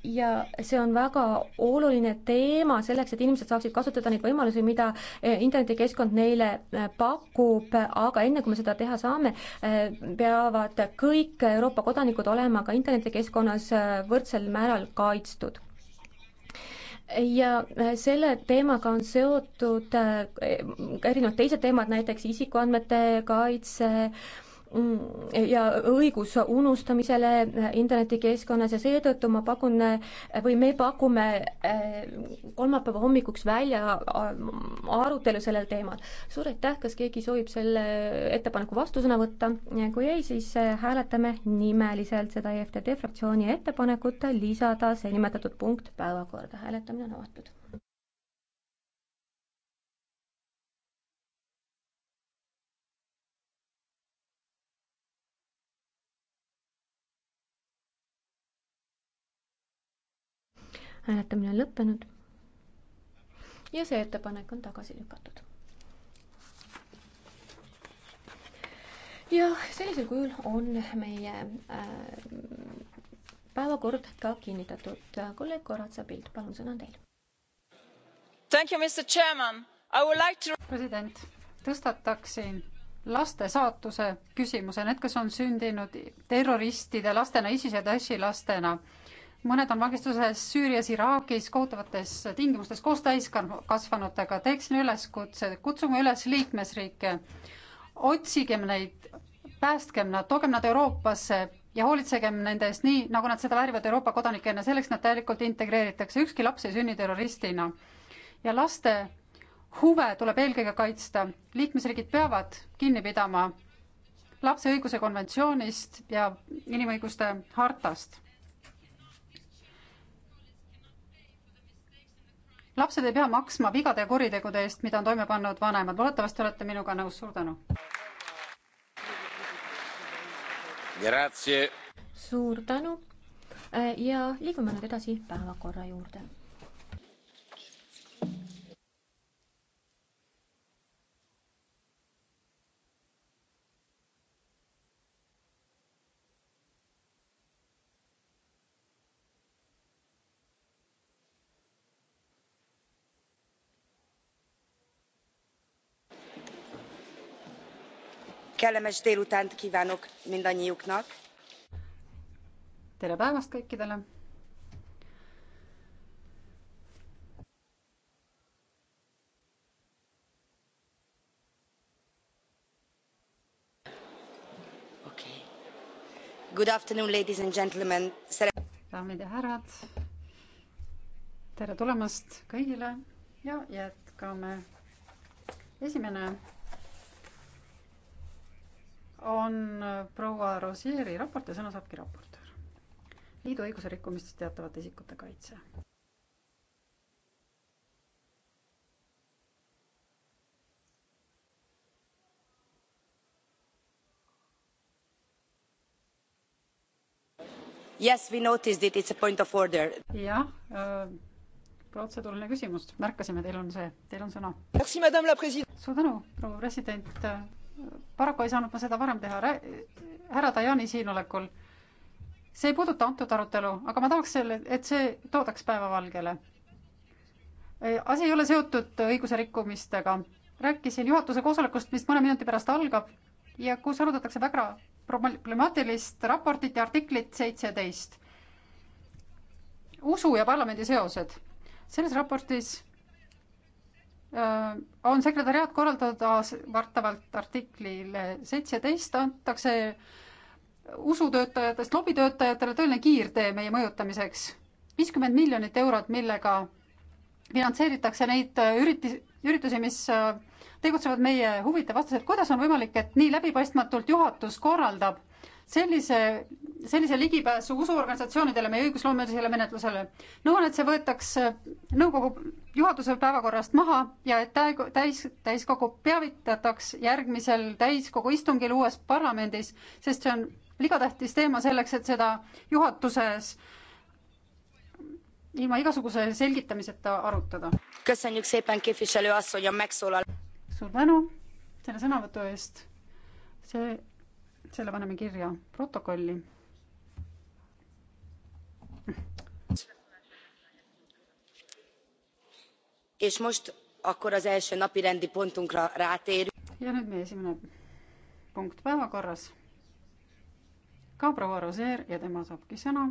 Speaker 1: ja see on väga oluline teema selleks, et inimesed saaksid kasutada neid võimalusi, mida eh, internetikeskkond neile eh, pakub, aga enne kui me seda teha saame, eh, peavad kõik Euroopa kodanikud olema ka internetikeskkonnas võrdsel määral kaitstud ja selle teemaga on seotud ka erinevad teised teemad, näiteks isikuandmete kaitse äh,, Mm, ja õigus unustamisele internetikeskkonnas ja seetõttu ma pakun või me pakume eh, kolmapäeva hommikuks välja eh, arutelu sellel teemal. suur aitäh, kas keegi soovib selle ettepaneku vastusõna võtta? kui ei, siis eh, hääletame nimeliselt seda EFTD fraktsiooni ettepanekut lisada see nimetatud punkt päevakorda. hääletamine on avatud. hääletamine on lõppenud. ja see ettepanek on tagasi lükatud. ja sellisel kujul on meie äh, päevakord ka kinnitatud. kolleeg Koratsa Pild, palun, sõna on teil.
Speaker 7: Like to...
Speaker 2: president, tõstataksin laste saatuse küsimuse, need, kes on sündinud terroristide lastena, ISISe ja Daeshi lastena mõned on vangistuses Süürias, Iraagis kohutavates tingimustes koos täiskasvanutega. teeksin üleskutse, kutsume üles liikmesriike, otsigem neid, päästkem nad, toogem nad Euroopasse ja hoolitsegem nende eest nii, nagu nad seda väärivad Euroopa kodanikena, selleks nad täielikult integreeritakse, ükski laps ei sünni terroristina. ja laste huve tuleb eelkõige kaitsta, liikmesriigid peavad kinni pidama lapse õiguse konventsioonist ja inimõiguste hartast lapsed ei pea maksma vigade ja kuritegude eest, mida on toime pannud vanemad. loodetavasti olete minuga nõus, suur tänu. suur tänu
Speaker 1: ja liigume nüüd edasi päevakorra juurde
Speaker 8: kellemes délutánt kívánok mindannyiuknak. tere päevast kõikidele. Okay. Good afternoon, ladies and gentlemen. daamid
Speaker 2: ja härrad. tere tulemast kõigile ja jätkame. esimene on äh, proua Rosieri raport ja sõna saabki raportöör. liidu õiguse rikkumistest teatavate isikute kaitse.
Speaker 8: Yes, we noticed it, it's a point of order.
Speaker 2: jah äh,, protseduuriline küsimus, märkasime, teil on see, teil on sõna. suur tänu, proua president paraku ei saanud ma seda varem teha, härra Tajani siinolekul. see ei puuduta antud arutelu, aga ma tahaks selle, et see toodaks päevavalgele. asi ei ole seotud õiguserikkumistega. rääkisin juhatuse koosolekust, mis mõne minuti pärast algab ja kus arutatakse väga problemaatilist raportit ja artiklit seitseteist. usu ja parlamendi seosed. selles raportis Äh, on sekretäriaat korraldada vastavalt artiklile seitseteist antakse usutöötajatest lobitöötajatele tõeline kiirtee meie mõjutamiseks. viiskümmend miljonit eurot, millega finantseeritakse neid äh, üriti-, üritusi, mis äh, tegutsevad meie huvide vastaselt. kuidas on võimalik, et nii läbipaistmatult juhatus korraldab sellise, sellise ligipääsu usuorganisatsioonidele, meie õigusloomelisele menetlusele? nõuan, et see võetaks nõukogu juhatuse päevakorrast maha ja et täis, täiskogu peavitataks järgmisel täiskogu istungil uues parlamendis, sest see on ligatähtis teema selleks, et seda juhatuses ilma igasuguse selgitamiseta arutada. suur tänu selle sõnavõtu eest. see, selle paneme kirja protokolli
Speaker 8: és most akkor az első napirendi pontunkra rátér. ja nüüd meie esimene punkt
Speaker 2: päevakorras. ka proua Roseer ja tema saabki sõna.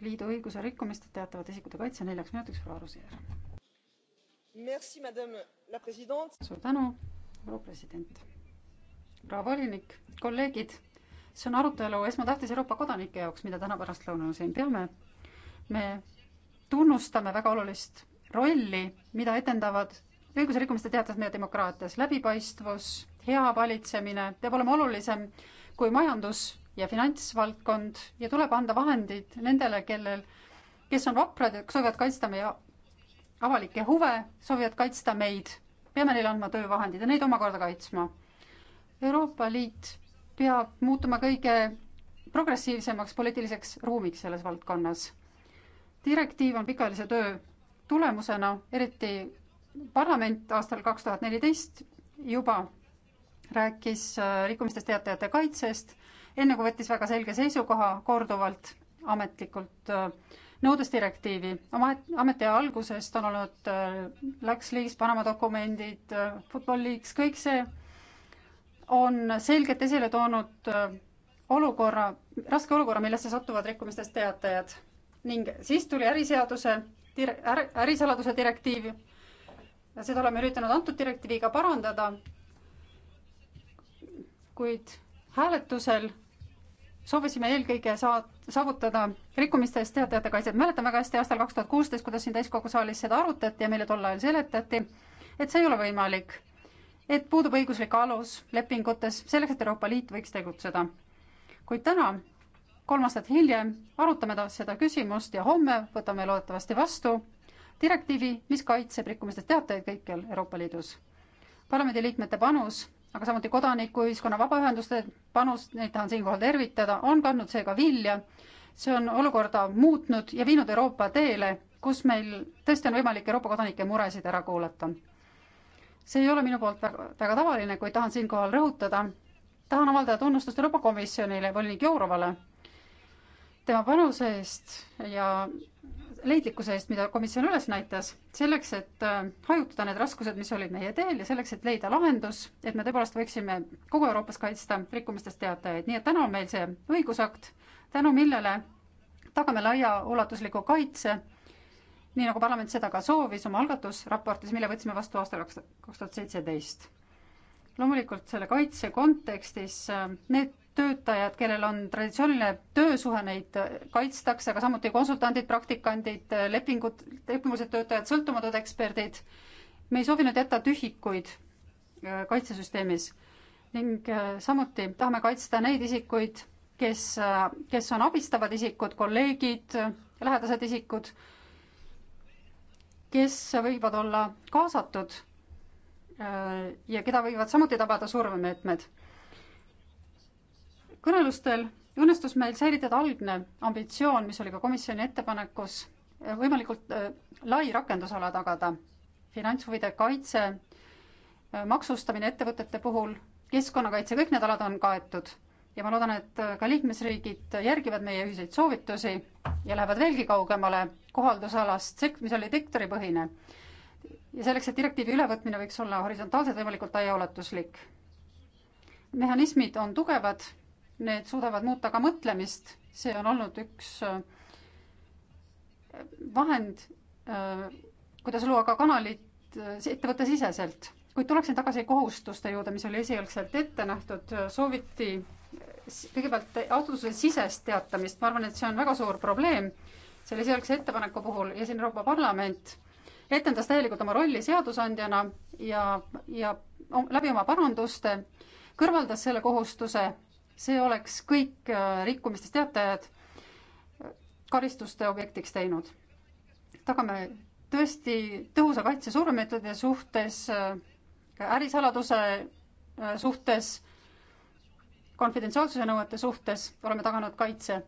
Speaker 2: liidu õiguse rikkumistest teatavate isikute kaitse neljaks minutiks proua Roseer. suur tänu, proua president. proua volinik, kolleegid, see on arutelu esmatähtis Euroopa kodanike jaoks, mida täna pärastlõunal siin peame. me tunnustame väga olulist rolli, mida etendavad õigusrikkumiste teates meie demokraatias. läbipaistvus, hea valitsemine peab olema olulisem kui majandus ja finantsvaldkond ja tuleb anda vahendid nendele, kellel, kes on vaprad ja soovivad kaitsta meie avalikke huve, soovivad kaitsta meid. peame neile andma töövahendid ja neid omakorda kaitsma. Euroopa Liit peab muutuma kõige progressiivsemaks poliitiliseks ruumiks selles valdkonnas direktiiv on pikaajalise töö tulemusena, eriti parlament aastal kaks tuhat neliteist juba rääkis äh, rikkumistest teatajate kaitsest, enne kui võttis väga selge seisukoha korduvalt ametlikult äh, nõudes direktiivi. oma ametiaja algusest on olnud äh, Lux Leaks, Panama dokumendid, Football Leaks, kõik see on selgelt esile toonud olukorra, raske olukorra, millesse satuvad rikkumistest teatajad ning siis tuli äriseaduse, ärisaladuse direktiiv. seda oleme üritanud antud direktiiviga parandada. kuid hääletusel soovisime eelkõige saad, saavutada rikkumiste eest teatajate kaitset. mäletan väga hästi aastal kaks tuhat kuusteist, kuidas siin täiskogu saalis seda arutati ja meile tol ajal seletati, et see ei ole võimalik, et puudub õiguslik alus lepingutes selleks, et Euroopa Liit võiks tegutseda. kuid täna kolm aastat hiljem arutame seda küsimust ja homme võtame loodetavasti vastu direktiivi, mis kaitseb rikkumistest teatajaid kõikjal Euroopa Liidus. parlamendiliikmete panus, aga samuti kodanikuühiskonna vabaühenduste panus, neid tahan siinkohal tervitada, on kandnud seega vilja. see on olukorda muutnud ja viinud Euroopa teele, kus meil tõesti on võimalik Euroopa kodanike muresid ära kuulata. see ei ole minu poolt väga, väga tavaline, kuid tahan siinkohal rõhutada, tahan avaldada tunnustust Euroopa Komisjonile, volinik Jourovale tema panuse eest ja leidlikkuse eest, mida komisjon üles näitas, selleks, et äh, hajutada need raskused, mis olid meie teel ja selleks, et leida lahendus, et me tõepoolest võiksime kogu Euroopas kaitsta rikkumistest teatajaid, nii et täna on meil see õigusakt, tänu millele tagame laiaulatusliku kaitse, nii nagu parlament seda ka soovis oma algatusraportis, mille võtsime vastu aastal kaks tuhat seitseteist. loomulikult selle kaitse kontekstis äh, need töötajad, kellel on traditsiooniline töösuhe, neid kaitstakse, aga samuti konsultandid, praktikandid, lepingud, lepingulised töötajad, sõltumatud eksperdid. me ei soovinud jätta tühikuid äh, kaitsesüsteemis ning äh, samuti tahame kaitsta neid isikuid, kes, äh, kes on abistavad isikud, kolleegid, lähedased isikud, kes võivad olla kaasatud ja keda võivad samuti tabada surmameetmed kõnelustel õnnestus meil säilitada algne ambitsioon, mis oli ka komisjoni ettepanekus, eh, võimalikult eh, lai rakendusala tagada, finantshuvide kaitse, eh, maksustamine ettevõtete puhul, keskkonnakaitse, kõik need alad on kaetud ja ma loodan, et ka liikmesriigid järgivad meie ühiseid soovitusi ja lähevad veelgi kaugemale kohaldusalast, mis oli sektoripõhine. ja selleks, et direktiivi ülevõtmine võiks olla horisontaalselt võimalikult laiaulatuslik. mehhanismid on tugevad need suudavad muuta ka mõtlemist, see on olnud üks äh, vahend, äh, kuidas luua ka kanalit äh, ettevõttesiseselt, kuid tuleksin tagasi kohustuste juurde, mis oli esialgselt ette nähtud, sooviti kõigepealt asutuse sisest teatamist, ma arvan, et see on väga suur probleem selle esialgse ettepaneku puhul ja siin Euroopa Parlament etendas täielikult oma rolli seadusandjana ja, ja läbi oma paranduste kõrvaldas selle kohustuse see oleks kõik äh, rikkumistest teatajad äh, karistuste objektiks teinud. tagame tõesti tõhusa kaitse surmameetodide suhtes, äh, ärisaladuse suhtes, konfidentsiaalsuse nõuete suhtes oleme taganud kaitse.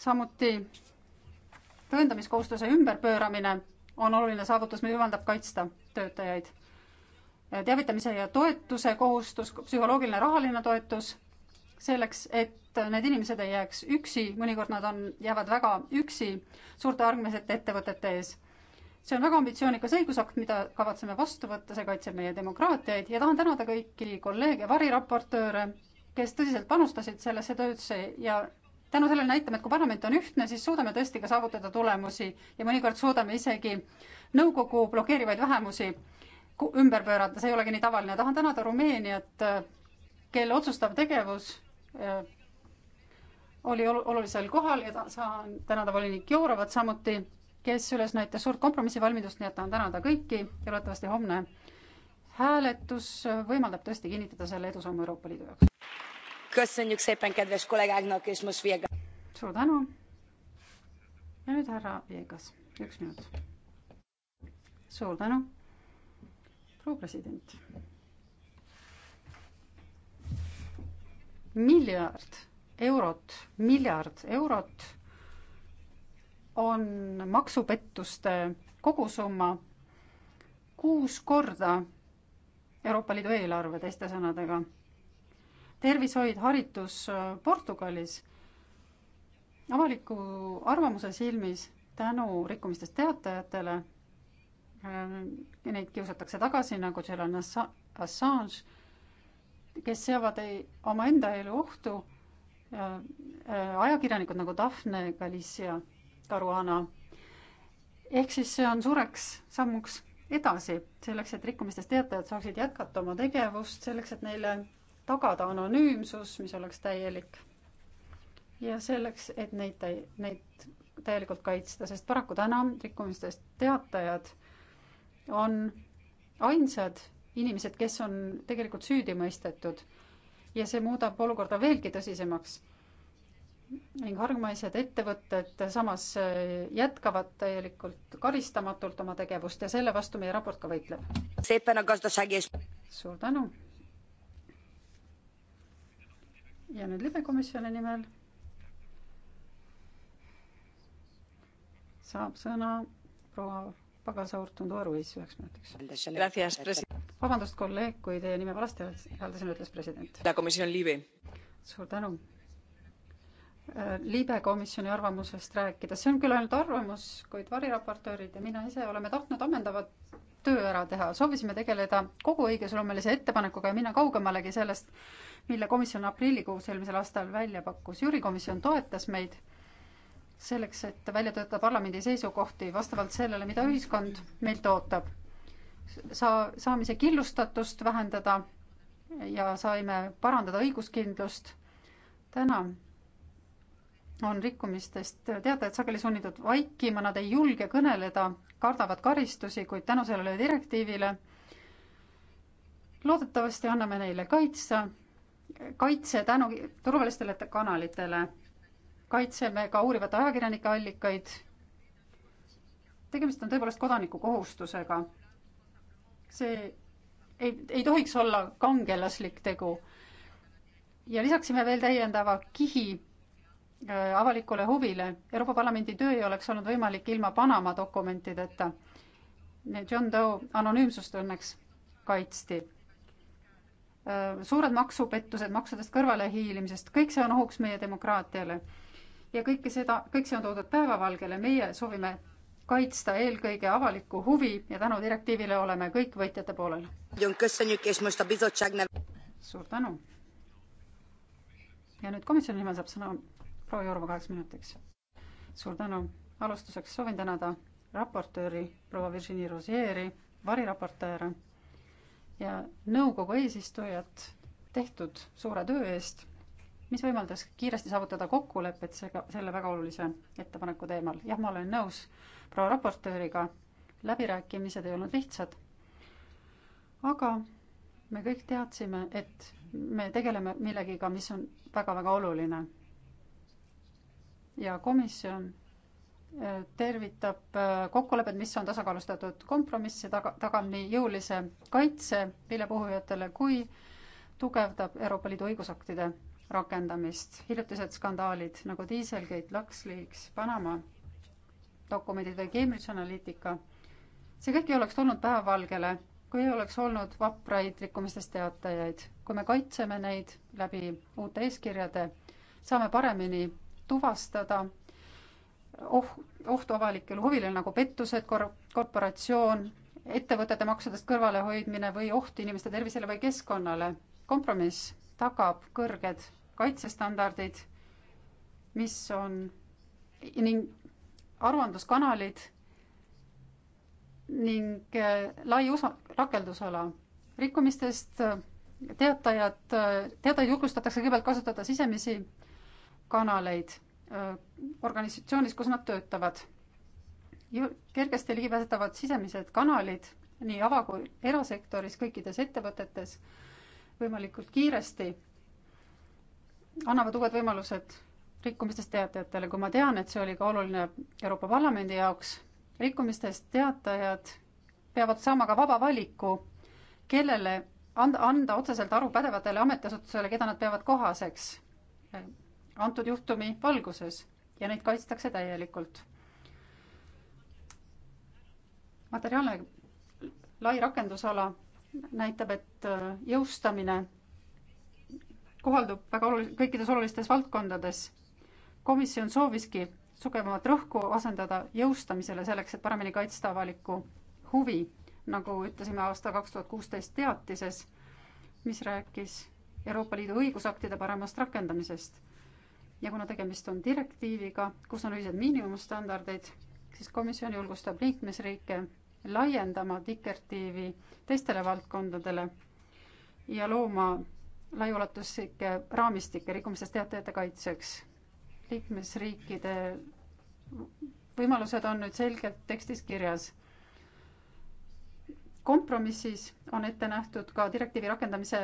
Speaker 2: samuti tõendamiskohustuse ümberpööramine on oluline saavutus, mis võimaldab kaitsta töötajaid teavitamise ja toetuse kohustus, psühholoogiline rahaline toetus, selleks, et need inimesed ei jääks üksi, mõnikord nad on, jäävad väga üksi suurte argmisete ettevõtete ees. see on väga ambitsioonikas õigusakt, mida kavatseme vastu võtta, see kaitseb meie demokraatiaid ja tahan tänada kõiki kolleege, variraportööre, kes tõsiselt panustasid sellesse töösse ja tänu sellele näitame, et kui parlament on ühtne, siis suudame tõesti ka saavutada tulemusi ja mõnikord suudame isegi nõukogu blokeerivaid vähemusi ümber pöörata, see ei olegi nii tavaline. tahan tänada Rumeeniat, kelle otsustav tegevus eh, oli olulisel kohal ja saan tänada volinik Jourovat samuti, kes üles näitas suurt kompromissivalmidust, nii et tahan tänada kõiki ja loodetavasti homne hääletus võimaldab tõesti kinnitada selle edusammu Euroopa Liidu jaoks. suur tänu. ja nüüd härra Viegas, üks minut. suur tänu proua president. miljard eurot, miljard eurot on maksupettuste kogusumma kuus korda Euroopa Liidu eelarve teiste sõnadega. tervishoid, haritus äh, Portugalis avaliku arvamuse silmis tänu rikkumistest teatajatele Äh, neid kiusatakse tagasi, nagu Julian Assange, kes seavad ei, omaenda elu ohtu. Äh, äh, ajakirjanikud nagu Daphne Galicia Caruana. ehk siis see on suureks sammuks edasi, selleks et rikkumistest teatajad saaksid jätkata oma tegevust, selleks et neile tagada anonüümsus, mis oleks täielik. ja selleks, et neid, neid täielikult kaitsta, sest paraku täna rikkumistest teatajad on ainsad inimesed, kes on tegelikult süüdi mõistetud ja see muudab olukorda veelgi tõsisemaks. ning hargmaised ettevõtted samas jätkavad täielikult karistamatult oma tegevust ja selle vastu meie raport ka võitleb. suur tänu. ja nüüd libekomisjoni nimel saab sõna proua Pagasa Ortundo Ruiz üheks
Speaker 8: minutiks.
Speaker 2: vabandust, kolleeg, kui teie nime valesti hääldasin, ütles president. suur tänu äh, libekomisjoni arvamusest rääkida, see on küll ainult arvamus, kuid variraportöörid ja mina ise oleme tahtnud ammendavat töö ära teha, soovisime tegeleda kogu õigusloomelise ettepanekuga ja minna kaugemalegi sellest, mille komisjon aprillikuus eelmisel aastal välja pakkus. juurikomisjon toetas meid selleks, et välja töötada parlamendi seisukohti vastavalt sellele, mida ühiskond meilt ootab. Saa-, saamise killustatust vähendada ja saime parandada õiguskindlust. täna on rikkumistest teatajad sageli sunnitud vaikima, nad ei julge kõneleda, kardavad karistusi, kuid tänu sellele direktiivile loodetavasti anname neile kaitse, kaitse tänu turvalistele kanalitele kaitseme ka uurivate ajakirjanike allikaid. tegemist on tõepoolest kodanikukohustusega. see ei, ei tohiks olla kangelaslik tegu. ja lisaksime veel täiendava kihi äh, avalikule huvile. Euroopa Parlamendi töö ei oleks olnud võimalik ilma Panama dokumentideta. John Doe anonüümsust õnneks kaitsti. Äh, suured maksupettused, maksudest kõrvalehiilimisest, kõik see on ohuks meie demokraatiale ja kõike seda, kõik see on toodud päevavalgele, meie soovime kaitsta eelkõige avalikku huvi ja tänu direktiivile oleme kõik võitjate poolel. suur tänu. ja nüüd komisjoni nimel saab sõna proua Jorva kaheks minutiks. suur tänu. alustuseks soovin tänada raportööri proua Virginie Rosieri, variraportööre ja nõukogu eesistujat tehtud suure töö eest mis võimaldas kiiresti saavutada kokkulepet seega selle väga olulise ettepaneku teemal. jah, ma olen nõus proua raportööriga, läbirääkimised ei olnud lihtsad. aga me kõik teadsime, et me tegeleme millegiga, mis on väga-väga oluline. ja komisjon äh, tervitab äh, kokkulepet, mis on tasakaalustatud kompromiss ja taga, tagab nii jõulise kaitse vilepuhujatele kui tugevdab Euroopa Liidu õigusaktide rakendamist. hiljutised skandaalid nagu Dieselgate, LuxLeaks, Panama dokumendid või Cambridge Analytica, see kõik ei oleks tulnud päevavalgele, kui ei oleks olnud vapraid rikkumistest teatajaid. kui me kaitseme neid läbi uute eeskirjade, saame paremini tuvastada oh-, ohtu avalikele huvile nagu pettused, kor-, korporatsioon, ettevõtete maksudest kõrvalehoidmine või oht inimeste tervisele või keskkonnale. kompromiss tagab kõrged kaitsestandardid, mis on ning aruandluskanalid ning äh, lai usa-, rakendusala. rikkumistest äh, teatajad, äh, teatajaid julgustatakse kõigepealt kasutada sisemisi kanaleid organisatsioonis, kus nad töötavad. kergesti ligipääsetavad sisemised kanalid nii ava- kui erasektoris, kõikides ettevõtetes võimalikult kiiresti annavad uued võimalused rikkumistest teatajatele, kui ma tean, et see oli ka oluline Euroopa Parlamendi jaoks, rikkumistest teatajad peavad saama ka vaba valiku, kellele anda, anda otseselt aru pädevatele ametiasutusele, keda nad peavad kohaseks eh, antud juhtumi valguses ja neid kaitstakse täielikult. materiaalne lai rakendusala näitab, et eh, jõustamine kohaldub väga olulis-, kõikides olulistes valdkondades. komisjon sooviski tugevamat rõhku asendada jõustamisele selleks, et paremini kaitsta avalikku huvi, nagu ütlesime aasta kaks tuhat kuusteist teatises, mis rääkis Euroopa Liidu õigusaktide paremast rakendamisest. ja kuna tegemist on direktiiviga, kus on ühised miinimumstandardid, siis komisjon julgustab liikmesriike laiendama direktiivi teistele valdkondadele ja looma laiaulatuslike raamistike rikkumistest teatajate kaitseks. liikmesriikide võimalused on nüüd selgelt tekstis kirjas. kompromissis on ette nähtud ka direktiivi rakendamise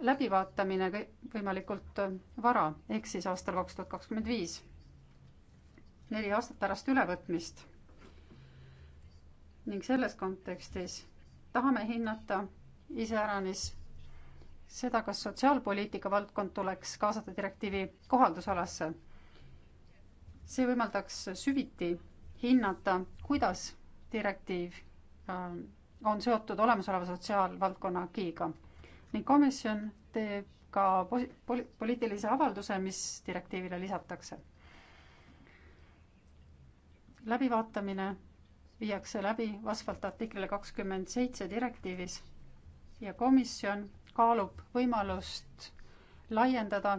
Speaker 2: läbivaatamine võimalikult äh, vara, ehk siis aastal kaks tuhat kakskümmend viis, neli aastat pärast ülevõtmist. ning selles kontekstis tahame hinnata iseäranis seda, kas sotsiaalpoliitika valdkond tuleks kaasata direktiivi kohaldusalasse. see võimaldaks süviti hinnata, kuidas direktiiv ähm, on seotud olemasoleva sotsiaalvaldkonna agiiga ning komisjon teeb ka poli-, poli, poliitilise avalduse, mis direktiivile lisatakse. läbivaatamine viiakse läbi vastavalt artiklile kakskümmend seitse direktiivis ja komisjon kaalub võimalust laiendada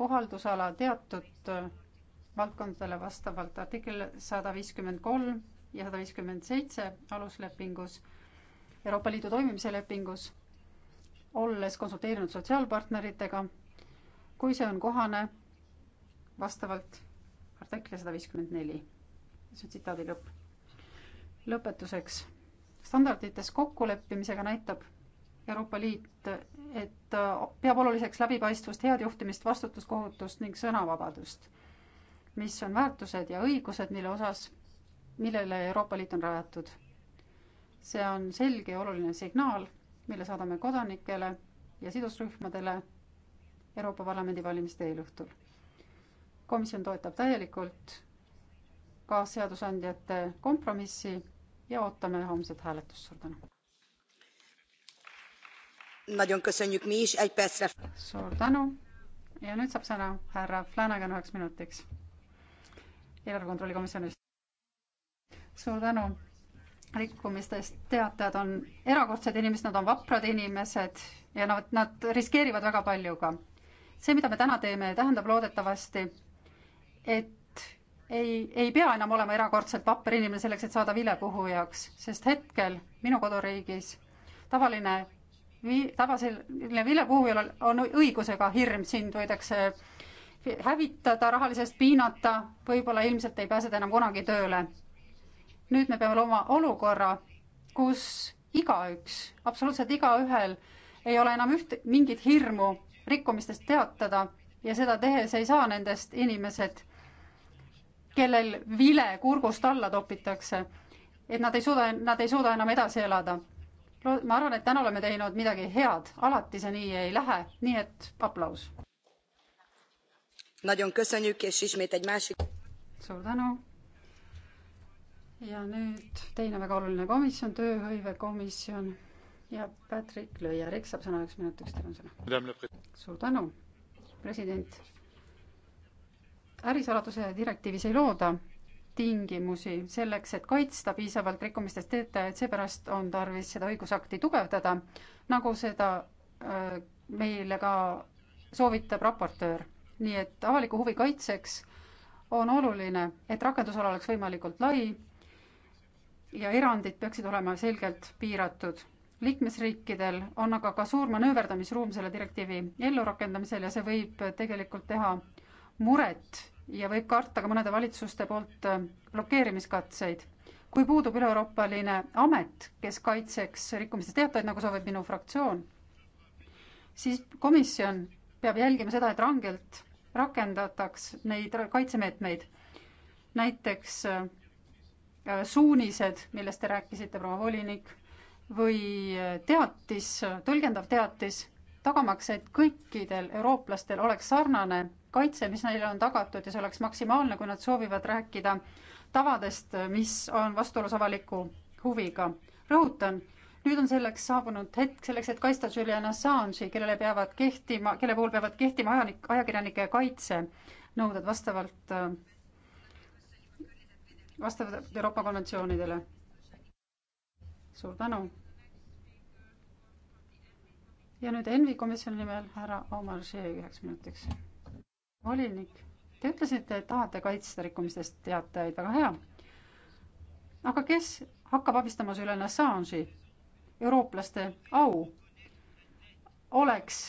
Speaker 2: kohaldusala teatud äh, valdkondadele vastavalt artikkel sada viiskümmend kolm ja sada viiskümmend seitse aluslepingus, Euroopa Liidu toimimise lepingus, olles konsulteerinud sotsiaalpartneritega, kui see on kohane vastavalt artikli sada viiskümmend neli. see on tsitaadi lõpp. lõpetuseks. standardites kokkuleppimisega näitab Euroopa Liit, et äh, peab oluliseks läbipaistvust, head juhtimist, vastutuskohutust ning sõnavabadust, mis on väärtused ja õigused, mille osas, millele Euroopa Liit on rajatud. see on selge ja oluline signaal, mille saadame kodanikele ja sidusrühmadele Euroopa Parlamendi valimiste eelõhtul. komisjon toetab täielikult kaasseadusandjate kompromissi ja ootame homset hääletust, suur tänu! Nagyon köszönjük mi is, egy percre. suur tänu ja nüüd saab sõna härra Flanagan üheks minutiks eelarvekontrolli komisjonist. suur tänu. rikkumistest teatajad on erakordsed inimesed, nad on vaprad inimesed ja nad, nad riskeerivad väga palju ka. see, mida me täna teeme, tähendab loodetavasti, et ei, ei pea enam olema erakordselt vapper inimene selleks, et saada vilepuhujaks, sest hetkel minu koduriigis tavaline vi-, tabaseline vilepuhujal on, on õigusega hirm, sind võidakse hävitada, rahalisest piinata, võib-olla ilmselt ei pääse ta enam kunagi tööle. nüüd me peame looma olukorra, kus igaüks, absoluutselt igaühel ei ole enam üht, mingit hirmu rikkumistest teatada ja seda tehes ei saa nendest inimesed, kellel vile kurgust alla topitakse, et nad ei suuda, nad ei suuda enam edasi elada ma arvan, et täna oleme teinud midagi head, alati see nii ei lähe, nii et aplaus. suur tänu. ja nüüd teine väga oluline komisjon, tööhõivekomisjon ja Patrick Lõiarik saab sõna üks minutiks, teil on
Speaker 4: sõna.
Speaker 2: suur tänu, president. ärisaladuse direktiivis ei looda tingimusi selleks, et kaitsta piisavalt rikkumistest töötajaid, seepärast on tarvis seda õigusakti tugevdada, nagu seda äh, meile ka soovitab raportöör. nii et avaliku huvi kaitseks on oluline, et rakendusala oleks võimalikult lai ja erandid peaksid olema selgelt piiratud. liikmesriikidel on aga ka suur manööverdamisruum selle direktiivi ellurakendamisel ja see võib tegelikult teha muret ja võib karta ka mõnede valitsuste poolt äh, blokeerimiskatseid. kui puudub üleeuroopaline amet, kes kaitseks rikkumistest teatajaid, nagu soovib minu fraktsioon, siis komisjon peab jälgima seda, et rangelt rakendataks neid kaitsemeetmeid. näiteks äh, äh, suunised, millest te rääkisite, proua volinik, või teatis, tõlgendav teatis, tagamaks, et kõikidel eurooplastel oleks sarnane kaitse, mis neile on tagatud ja see oleks maksimaalne, kui nad soovivad rääkida tavadest, mis on vastuolus avaliku huviga. rõhutan, nüüd on selleks saabunud hetk selleks, et kaitsta Julian Assange'i, kellele peavad kehtima, kelle puhul peavad kehtima ajanik, ajakirjanike kaitsenõuded vastavalt, vastavalt Euroopa konventsioonidele. suur tänu ja nüüd Envi komisjoni nimel härra Omar Žee üheks minutiks volinik, te ütlesite, et tahate kaitsta rikkumistest teatajaid, väga hea. aga kes hakkab abistama Julian Assange'i, eurooplaste au oleks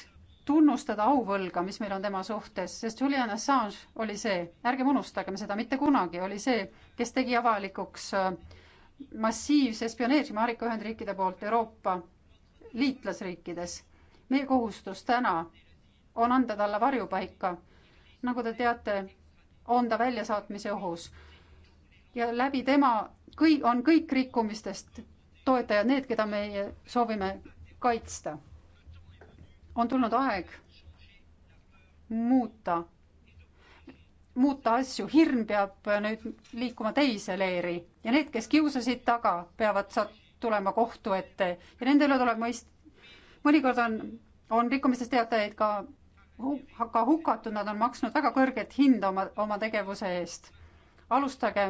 Speaker 2: tunnustada auvõlga, mis meil on tema suhtes, sest Julian Assange oli see, ärgem unustagem seda mitte kunagi, oli see, kes tegi avalikuks äh, massiivse spioneerimise Ameerika Ühendriikide poolt Euroopa liitlasriikides. meie kohustus täna on anda talle varjupaika nagu te teate, on ta väljasaatmise ohus. ja läbi tema kõik, on kõik rikkumistest toetajad need, keda meie soovime kaitsta. on tulnud aeg muuta, muuta asju, hirm peab nüüd liikuma teise leeri ja need, kes kiusasid taga, peavad saat-, tulema kohtu ette ja nende üle tuleb mõist-, mõnikord on, on rikkumistest teatajaid ka ka hukatud, nad on maksnud väga kõrget hinda oma, oma tegevuse eest. alustage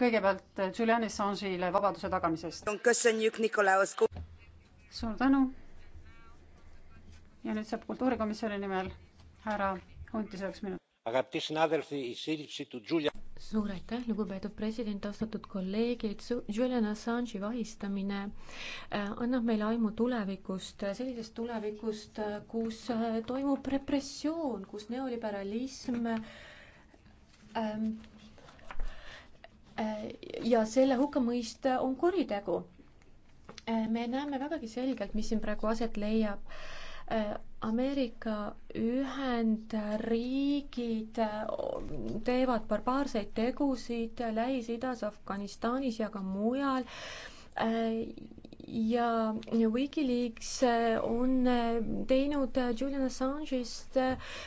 Speaker 2: kõigepealt Julian
Speaker 8: Assange'ile vabaduse tagamisest.
Speaker 2: suur tänu. ja nüüd saab kultuurikomisjoni nimel härra Hunti selleks
Speaker 8: minutiks
Speaker 2: suur aitäh, lugupeetud president, austatud kolleegid,
Speaker 1: Julian Assange'i vahistamine äh, annab meile aimu tulevikust, äh, sellisest tulevikust, äh, kus toimub repressioon, kus neoliberalism ähm, äh, ja selle hukkamõist on kuritegu. me näeme vägagi selgelt, mis siin praegu aset leiab äh, Ameerika Ühendriigid äh, teevad barbaarseid tegusid Lähis-Idas, Afganistanis ja ka mujal. Äh, ja Wikileaks äh, on teinud Julian Assange'ist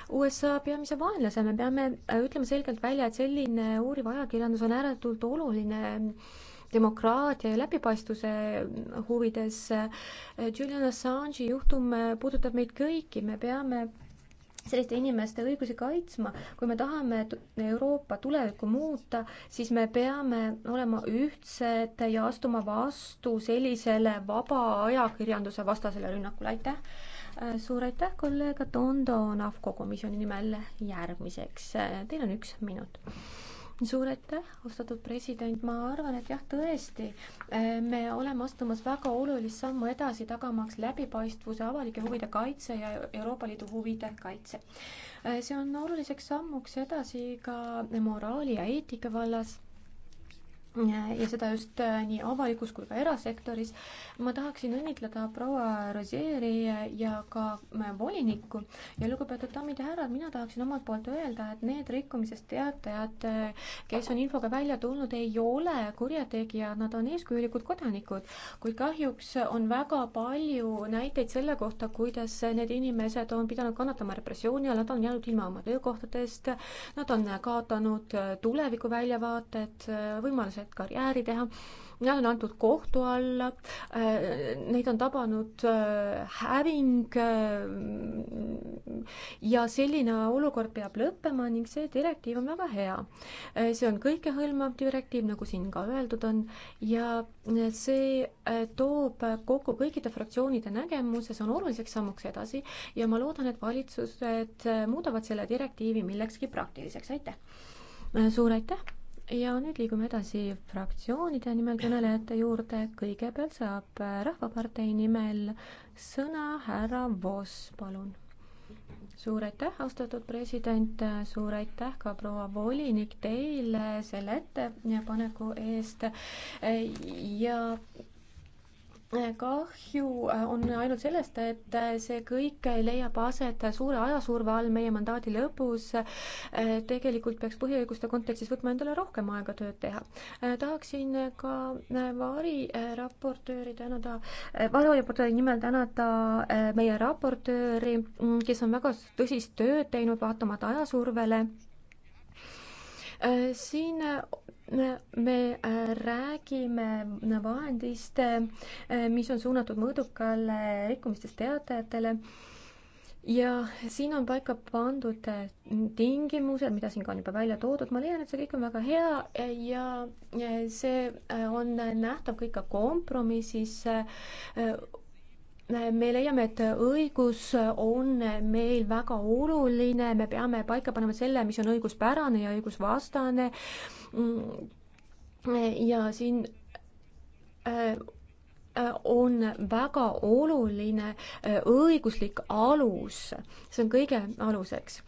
Speaker 1: USA peamise vaenlase, me peame ütlema selgelt välja, et selline uuriv ajakirjandus on ääretult oluline demokraatia ja läbipaistvuse huvides. Julian Assange'i juhtum puudutab meid kõiki, me peame selliste inimeste õigusi kaitsma, kui me tahame Euroopa tulevikku muuta, siis me peame olema ühtsed ja astuma vastu sellisele vaba ajakirjanduse vastasele rünnakule, aitäh. suur aitäh, kolleeg Atondo Nafko komisjoni nimel järgmiseks, teil on üks minut suur aitäh, austatud president, ma arvan, et jah, tõesti, äh, me oleme astumas väga olulist sammu edasi, tagamaks läbipaistvuse, avalike huvide kaitse ja Euroopa Liidu huvide kaitse. Äh, see on oluliseks sammuks edasi ka moraali ja eetika vallas ja seda just äh, nii avalikus kui ka erasektoris. ma tahaksin õnnitleda proua Rosieri ja ka äh, volinikku ja lugupeetud daamid ja härrad, mina tahaksin omalt poolt öelda, et need rikkumisest teatajad, äh, kes on infoga välja tulnud, ei ole kurjategijad, nad on eeskujulikud kodanikud, kuid kahjuks on väga palju näiteid selle kohta, kuidas need inimesed on pidanud kannatama repressiooni all, nad on jäänud ilma oma töökohtadest, nad on kaotanud tuleviku väljavaated, võimalused võimalused karjääri teha. Nad on antud kohtu alla, äh, neid on tabanud äh, häving äh, ja selline olukord peab lõppema ning see direktiiv on väga hea. see on kõikehõlmav direktiiv, nagu siin ka öeldud on, ja see toob kokku kõikide fraktsioonide nägemuse, see on oluliseks sammuks edasi ja ma loodan, et valitsused muudavad selle direktiivi millekski praktiliseks, aitäh! suur aitäh! ja nüüd liigume edasi fraktsioonide nimel kõnelejate juurde. kõigepealt saab äh, Rahvapartei nimel sõna härra Voss, palun. suur aitäh, austatud president, suur aitäh ka proua volinik teile selle ettepaneku eest ja kahju äh, on ainult sellest, et äh, see kõik leiab aset suure ajasurve all meie mandaadi lõpus. Äh, tegelikult peaks põhiõiguste kontekstis võtma endale rohkem aega tööd teha. tahaksin ka variraportööri tänada, variraportööri nimel tänada meie raportööri, mm, kes on väga tõsist tööd teinud, vaatamata ajasurvele Äh, siin äh, me äh, räägime vahendist, mis on suunatud mõõdukale rikkumistest teatajatele ja siin on paika pandud tingimused, mida siin ka on juba välja toodud, ma leian, et see kõik on väga hea ja see on nähtav kõik ka kompromissis me leiame, et õigus on meil väga oluline, me peame paika panema selle, mis on õiguspärane ja õigusvastane. ja siin äh, on väga oluline äh, õiguslik alus, see on kõige aluseks.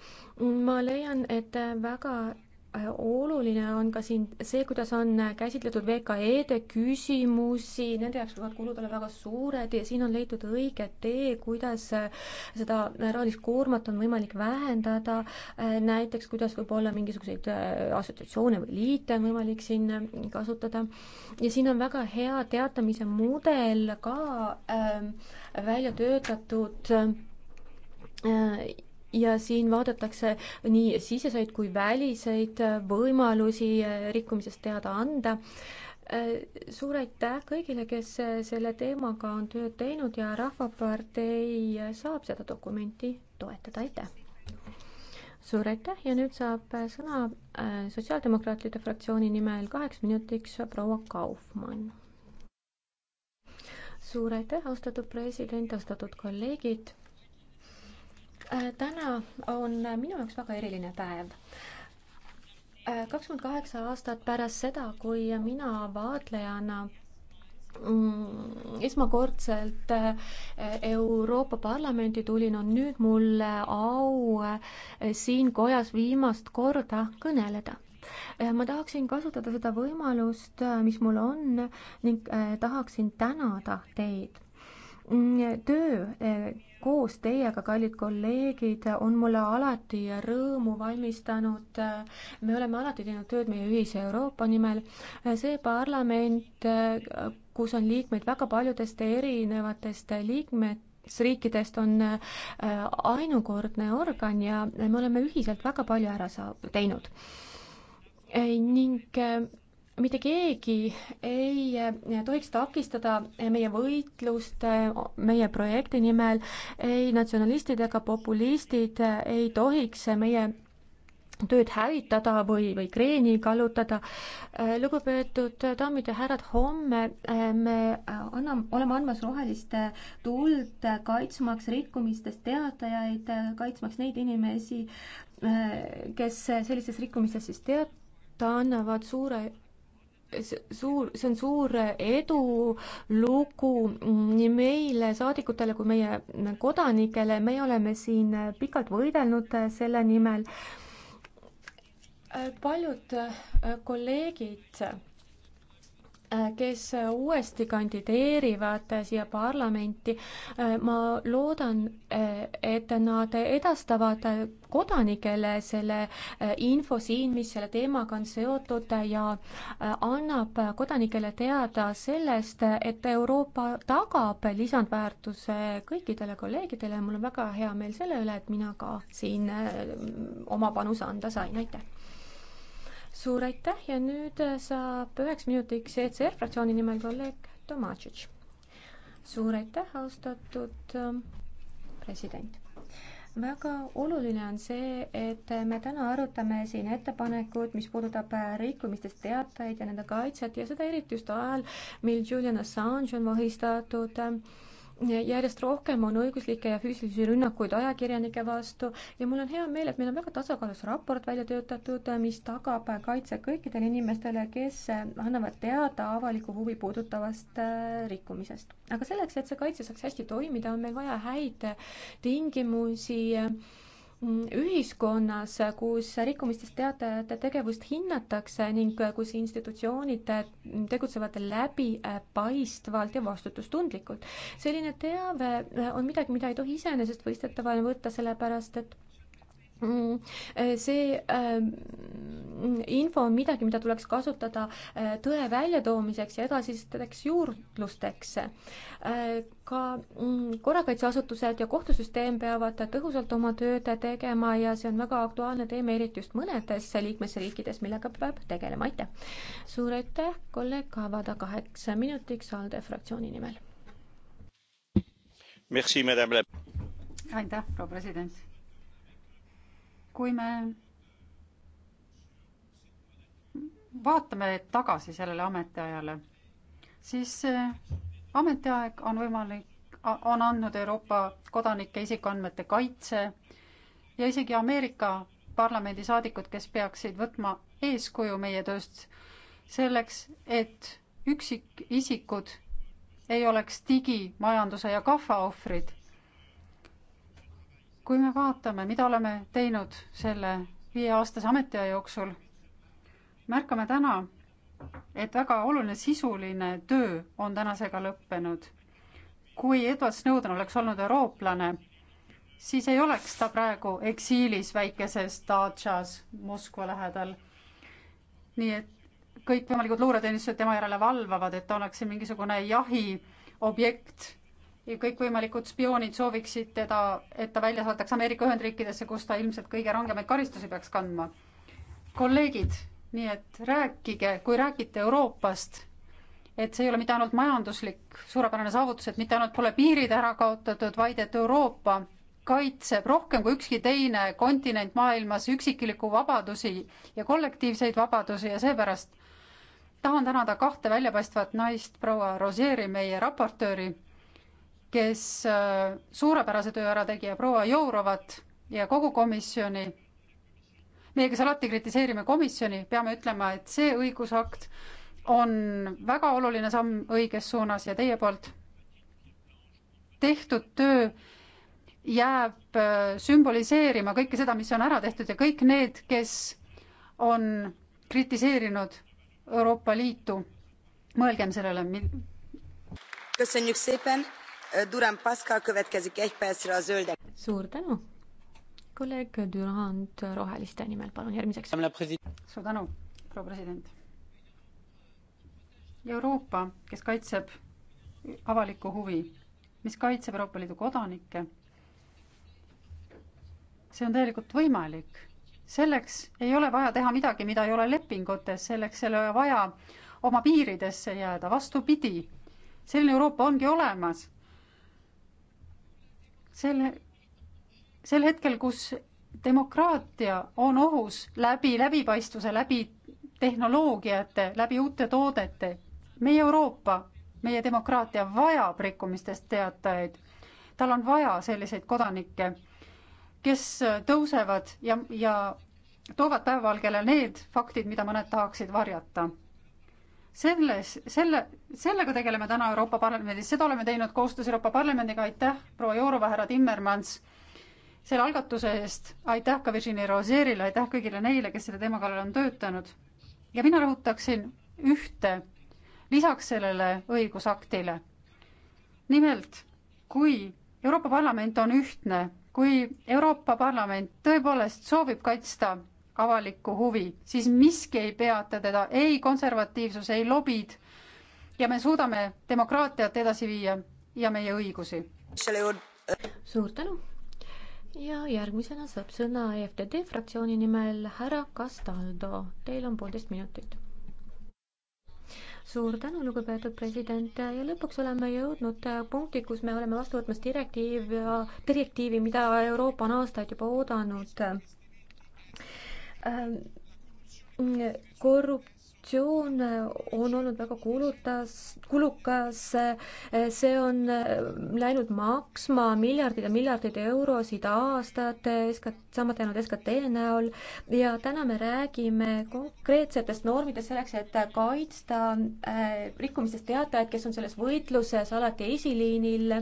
Speaker 1: ma leian, et väga Äh, oluline on ka siin see, kuidas on käsitletud VKE-de küsimusi, nende jaoks võivad kulud olla väga suured ja siin on leitud õige tee, kuidas äh, seda rahalist koormat on võimalik vähendada, äh, näiteks kuidas võib-olla mingisuguseid assotsiatsioone või liite on võimalik siin kasutada. ja siin on väga hea teatamise mudel ka äh, välja töötatud äh, ja siin vaadatakse nii siseseid kui väliseid võimalusi eh, rikkumisest teada anda. Eh, suur aitäh kõigile, kes eh, selle teemaga on tööd teinud ja Rahvapartei saab seda dokumenti toetada, aitäh! suur aitäh ja nüüd saab sõna Sotsiaaldemokraatide fraktsiooni nimel kaheks minutiks proua Kaufmann. suur aitäh, austatud president, austatud kolleegid Äh, täna on minu jaoks väga eriline päev äh, kakskümmend kaheksa aastat pärast seda, kui mina vaatlejana mm, esmakordselt äh, Euroopa Parlamenti tulin, on nüüd mul au siin kojas viimast korda kõneleda. ma tahaksin kasutada seda võimalust, mis mul on ning tahaksin tänada teid töö eh, koos teiega, kallid kolleegid, on mulle alati rõõmu valmistanud. Eh, me oleme alati teinud tööd meie ühise Euroopa nimel. Eh, see parlament, kus on liikmeid väga paljudest erinevatest liikmed, riikidest on ainukordne organ ja me oleme ühiselt väga palju ära saa-, teinud ning mitte keegi ei eh, tohiks takistada meie võitlust eh, meie projekti nimel, ei natsionalistid ega populistid eh, ei tohiks meie tööd hävitada või, või kreeni kallutada. lugupeetud daamid ja härrad, homme me anname, oleme andmas rohelist tuld, kaitsmaks rikkumistest teatajaid, kaitsmaks neid inimesi, kes sellistest rikkumistest siis teada annavad, suure suur, see on suur edulugu nii meile, saadikutele, kui meie kodanikele, meie oleme siin pikalt võidelnud selle nimel. paljud kolleegid Äh, kes uuesti kandideerivad äh, siia parlamenti. Äh, ma loodan, et nad edastavad kodanikele selle info siin, mis selle teemaga on seotud ja annab kodanikele teada sellest, et Euroopa tagab lisandväärtuse kõikidele kolleegidele. mul on väga hea meel selle üle, et mina ka siin oma panuse anda sain, aitäh! suur aitäh ja nüüd äh, saab üheks minutiks ECR fraktsiooni nimel kolleeg Tomatšitš. suur aitäh, austatud äh, president. väga oluline on see, et me täna arutame siin ettepanekut, mis puudutab äh, rikkumistest teatajaid ja nende kaitset ja seda eriti just ajal, mil Julian Assange on vahistatud äh, järjest rohkem on õiguslikke ja füüsilisi rünnakuid ajakirjanike vastu ja mul on hea meel, et meil on väga tasakaalus raport välja töötatud, mis tagab kaitse kõikidele inimestele, kes annavad teada avaliku huvi puudutavast äh, rikkumisest. aga selleks, et see kaitse saaks hästi toimida, on meil vaja häid tingimusi ühiskonnas, kus rikkumistest teatajate tegevust hinnatakse ning kus institutsioonid tegutsevad läbipaistvalt äh, ja vastutustundlikult. selline teave äh, on midagi, mida ei tohi iseenesestmõistetavana võtta, sellepärast et Mm, eh, see ähm, info on midagi, mida tuleks kasutada äh, tõe väljatoomiseks ja edasisteks juurdlusteks. Äh, ka mm, korrakaitseasutused ja kohtusüsteem peavad tõhusalt oma tööd tegema ja see on väga aktuaalne teema, eriti just mõnedes liikmesriikides, millega peab tegelema, aitäh. suur aitäh, kolleeg Kavada kaheksa
Speaker 2: minutiks ALDE fraktsiooni nimel. aitäh, proua president kui me vaatame tagasi sellele ametiajale, siis ametiaeg on võimalik, on andnud Euroopa kodanike isikuandmete kaitse ja isegi Ameerika parlamendisaadikud, kes peaksid võtma eeskuju meie tööst selleks, et üksikisikud ei oleks digimajanduse ja kahva ohvrid kui me vaatame, mida oleme teinud selle viieaastase ametiaja jooksul, märkame täna, et väga oluline sisuline töö on tänasega lõppenud. kui Edward Snowden oleks olnud eurooplane, siis ei oleks ta praegu eksiilis väikeses Datšas Moskva lähedal. nii et kõikvõimalikud luureteenistused tema järele valvavad, et ta oleks siin mingisugune jahiobjekt kõikvõimalikud spioonid sooviksid teda, et ta välja saadetaks Ameerika Ühendriikidesse, kus ta ilmselt kõige rangemaid karistusi peaks kandma. kolleegid, nii et rääkige, kui räägite Euroopast, et see ei ole mitte ainult majanduslik suurepärane saavutus, et mitte ainult pole piirid ära kaotatud, vaid et Euroopa kaitseb rohkem kui ükski teine kontinent maailmas üksikiliku vabadusi ja kollektiivseid vabadusi ja seepärast tahan tänada kahte väljapaistvat naist, proua Rosieri, meie raportööri kes äh, suurepärase töö ära tegi ja proua Jourovat ja kogu komisjoni. meie, kes alati kritiseerime komisjoni, peame ütlema, et see õigusakt on väga oluline samm õiges suunas ja teie poolt tehtud töö jääb äh, sümboliseerima kõike seda, mis on ära tehtud ja kõik need, kes on kritiseerinud Euroopa Liitu, mõelgem sellele.
Speaker 8: Duran Paska következik egy percre a zöldek. suur tänu.
Speaker 2: kolleeg Durand Roheliste nimel, palun järgmiseks. suur tänu, proua president. Euroopa, kes kaitseb avalikku huvi, mis kaitseb Euroopa Liidu kodanikke, see on täielikult võimalik. selleks ei ole vaja teha midagi, mida ei ole lepingutes, selleks ei ole vaja oma piiridesse jääda, vastupidi, selline Euroopa ongi olemas selle, sel hetkel, kus demokraatia on ohus läbi läbipaistvuse, läbi tehnoloogiate, läbi uute toodete, meie Euroopa, meie demokraatia vajab rikkumistest teatajaid. tal on vaja selliseid kodanikke, kes tõusevad ja, ja toovad päevavalgele need faktid, mida mõned tahaksid varjata selles, selle, sellega tegeleme täna Euroopa Parlamendis, seda oleme teinud koostöös Euroopa Parlamendiga, aitäh, proua Jourova, härra Timmermans, selle algatuse eest, aitäh ka Virginia Rosierile, aitäh kõigile neile, kes selle teema kallal on töötanud. ja mina rõhutaksin ühte lisaks sellele õigusaktile. nimelt, kui Euroopa Parlament on ühtne, kui Euroopa Parlament tõepoolest soovib kaitsta avalikku huvi, siis miski ei peata teda, ei konservatiivsus, ei lobid. ja me suudame demokraatiat edasi viia ja meie õigusi. suur tänu. ja järgmisena saab sõna EFTD fraktsiooni nimel härra
Speaker 1: Castaldo, teil on poolteist minutit suur tänu, lugupeetud president ja lõpuks oleme jõudnud punkti, kus me oleme vastu võtmas direktiiv ja direktiivi, mida Euroopa on aastaid juba oodanud Äh, korruptsioon on olnud väga kulutas, kulukas, äh, see on äh, läinud maksma miljardeid ja miljardeid eurosid aastat SKT, saamata jäänud SKT näol ja täna me räägime konkreetsetest normidest selleks, et kaitsta rikkumistest teatajaid, kes on selles võitluses alati esiliinil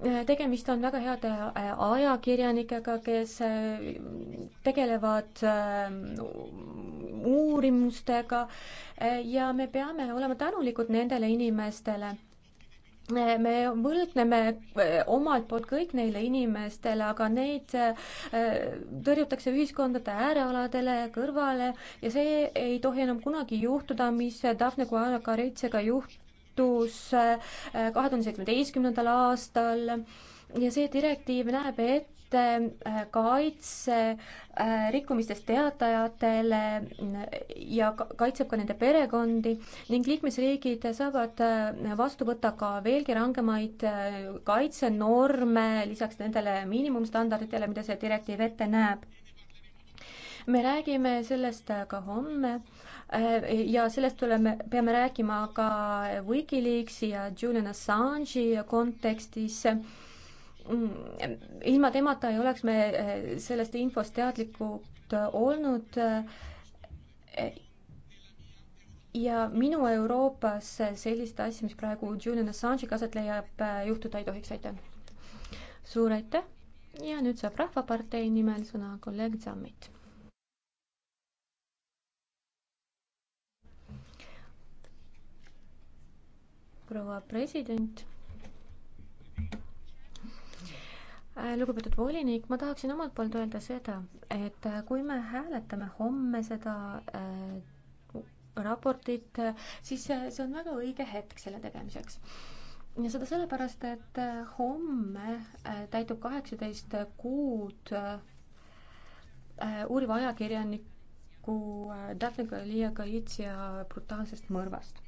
Speaker 1: tegemist on väga heade äh, ajakirjanikega, kes äh, tegelevad äh, uurimustega ja me peame olema tänulikud nendele inimestele me võlgneme omalt poolt kõik neile inimestele, aga neid tõrjutakse ühiskondade äärealadele kõrvale ja see ei tohi enam kunagi juhtuda, mis Daphne Caruana Galiziaga juht-, Liidus äh, kahe tuhande seitsmeteistkümnendal aastal ja see direktiiv näeb ette äh, kaitse äh, rikkumistest teatajatele ja kaitseb ka nende perekondi ning liikmesriigid saavad vastu võtta ka veelgi rangemaid kaitsenorme lisaks nendele miinimumstandarditele, mida see direktiiv ette näeb me räägime sellest ka homme äh, ja sellest tuleme, peame rääkima ka Wikileaksi ja Julian Assange'i kontekstis mm, ilma temata ei oleks me äh, sellest infost teadlikud äh, olnud. ja minu Euroopas sellist asja, mis praegu Julian Assange'iga aset leiab, juhtuda ei tohiks, aitäh. suur aitäh ja nüüd saab Rahvapartei nimel sõna kolleeg Zammit proua president äh, lugupeetud volinik, ma tahaksin omalt poolt öelda seda, et äh, kui me hääletame homme seda äh, raportit, siis see on väga õige hetk selle tegemiseks. ja seda sellepärast, et homme täitub kaheksateist kuud uuriva ajakirjaniku Daphne Galea Galizia brutaalsest mõrvast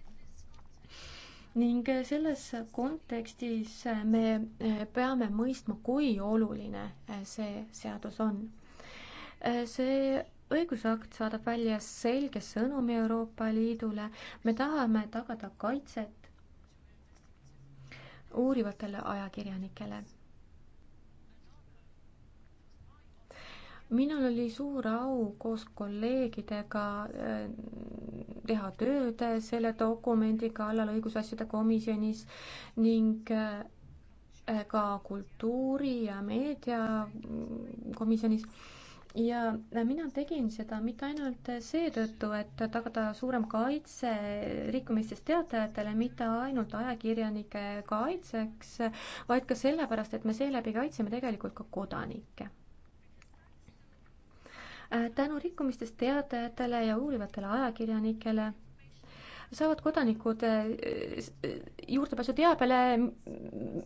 Speaker 1: ning selles kontekstis me eh, peame mõistma, kui oluline eh, see seadus on. Eh, see õigusakt saadab välja selge sõnumi Euroopa Liidule, me tahame tagada kaitset uurivatele ajakirjanikele minul oli suur au koos kolleegidega äh, teha tööd selle dokumendi kallal õigusasjade komisjonis ning äh, äh, ka kultuuri- ja meediakomisjonis ja mina tegin seda mitte ainult seetõttu, et tagada suurem kaitse rikkumistest teatajatele, mitte ainult ajakirjanike kaitseks, vaid ka sellepärast, et me seeläbi kaitseme tegelikult ka kodanikke Äh, tänu rikkumistest teatajatele ja uurivatele ajakirjanikele saavad kodanikud äh, äh, juurdepääsu teabele,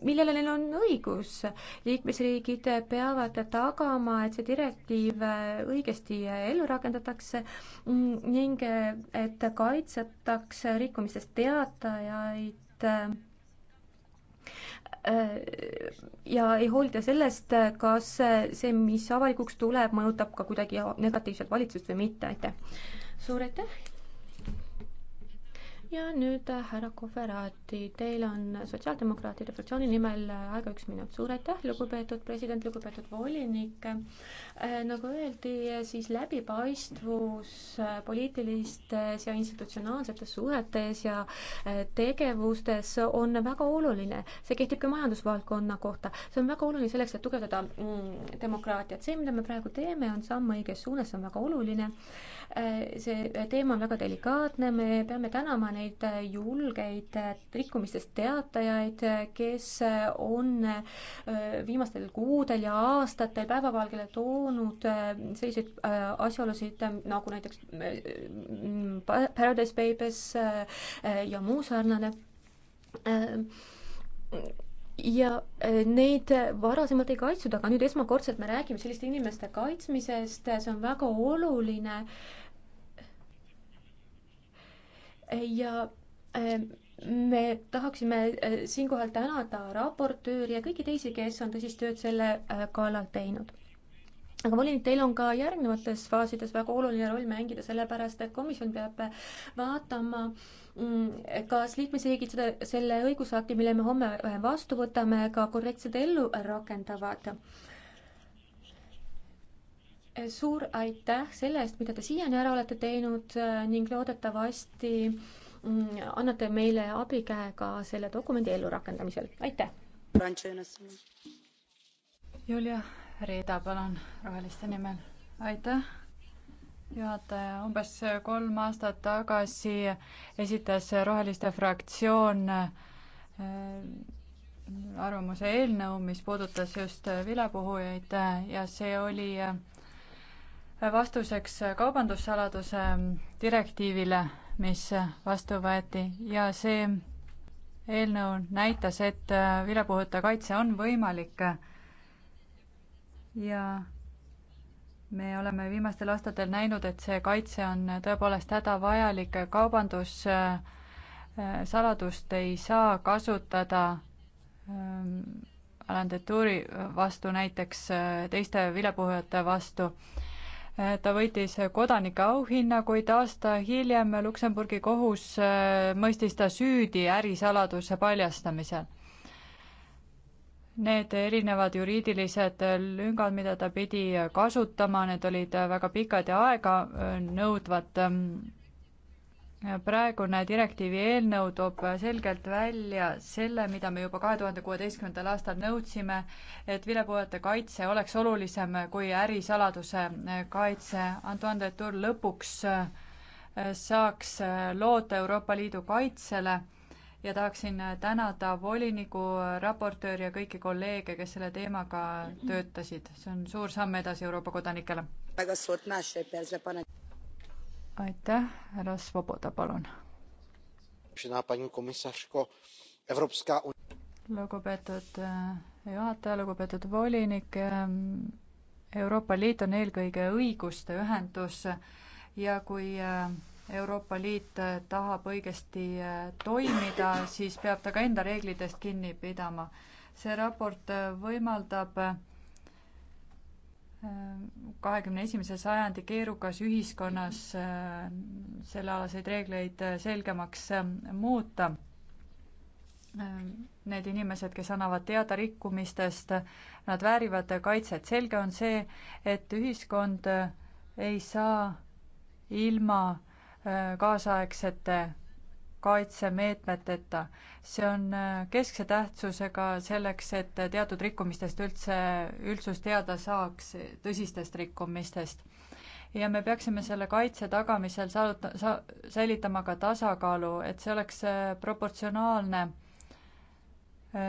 Speaker 1: millele neil on õigus. liikmesriigid peavad tagama, et see direktiiv õigesti ellu rakendatakse mm, ning et kaitsetakse rikkumistest teatajaid Äh, ja ei hoolita sellest, kas see, mis avalikuks tuleb, mõjutab ka kuidagi negatiivselt valitsust või mitte, aitäh. suur aitäh ja nüüd äh, härra Koferaati, teil on Sotsiaaldemokraatide fraktsiooni nimel äh, aega üks minut. suur aitäh, lugupeetud president, lugupeetud volinik. Äh, nagu öeldi, siis läbipaistvus poliitilistes ja institutsionaalsetes suhetes ja tegevustes on väga oluline. see kehtib ka majandusvaldkonna kohta. see on väga oluline selleks, et tugevdada mm, demokraatiat. see, mida me praegu teeme, on samm õiges suunas, see on väga oluline Äh, see teema on väga delikaatne, me peame tänama neid äh, julgeid äh, rikkumistest teatajaid, kes on viimastel kuudel ja aastatel päevavalgele toonud selliseid asjaolusid nagu näiteks mm, Paradise Papers ja muu sarnane ja äh, neid varasemalt ei kaitstud, aga nüüd esmakordselt me räägime selliste inimeste kaitsmisest, see on väga oluline. ja äh, me tahaksime äh, siinkohal tänada raportööri ja kõiki teisi, kes on tõsist tööd selle kallal teinud aga volinik, teil on ka järgnevates faasides väga oluline roll mängida, sellepärast et komisjon peab vaatama äh, Mm, kas liikmesriigid seda, selle õigusakti, mille me homme äh, vastu võtame, ka korrektselt ellu rakendavad? suur aitäh selle eest, mida te siiani ära olete teinud äh, ning loodetavasti mm, annate meile abikäe ka selle dokumendi ellurakendamisel, aitäh!
Speaker 5: Julia Reeda, palun, roheliste nimel, aitäh! juhataja, umbes kolm aastat tagasi esitas Roheliste fraktsioon äh, arvamuse eelnõu, mis puudutas just vilepuhujaid ja see oli äh, vastuseks kaubandussaladuse direktiivile, mis vastu võeti ja see eelnõu näitas, et äh, vilepuhujate kaitse on võimalik ja me oleme viimastel aastatel näinud, et see kaitse on tõepoolest hädavajalik, kaubandussaladust ei saa kasutada ähm, Alandatuuri vastu, näiteks äh, teiste vilepuhujate vastu. Äh, ta võitis kodanike auhinna, kuid aasta hiljem Luksemburgi kohus äh, mõistis ta süüdi ärisaladuse paljastamisel Need erinevad juriidilised lüngad, mida ta pidi kasutama, need olid väga pikad ja aeganõudvad. Äh, praegune direktiivi eelnõu toob selgelt välja selle, mida me juba kahe tuhande kuueteistkümnendal aastal nõudsime, et vilepuhujate kaitse oleks olulisem kui ärisaladuse äh, kaitse. Antoine de Tour lõpuks äh, saaks loota Euroopa Liidu kaitsele ja tahaksin äh, tänada voliniku, äh, raportööri ja kõiki kolleege, kes selle teemaga töötasid. see on suur samm edasi Euroopa kodanikele. aitäh, härra Svoboda, palun. lugupeetud äh, juhataja, lugupeetud volinik. Ähm, Euroopa Liit on eelkõige õiguste ühendus ja kui äh, Euroopa Liit äh, tahab õigesti äh, toimida, siis peab ta ka enda reeglitest kinni pidama. see raport äh, võimaldab kahekümne esimese sajandi keerukas ühiskonnas sellealaseid reegleid selgemaks muuta. Need inimesed, kes annavad teada rikkumistest, nad väärivad kaitset. selge on see, et ühiskond ei saa ilma kaasaegsete kaitsemeetmeteta. see on äh, keskse tähtsusega selleks, et teatud rikkumistest üldse, üldsus teada saaks, tõsistest rikkumistest. ja me peaksime selle kaitse tagamisel saavuta-, sa-, säilitama ka tasakaalu, et see oleks äh, proportsionaalne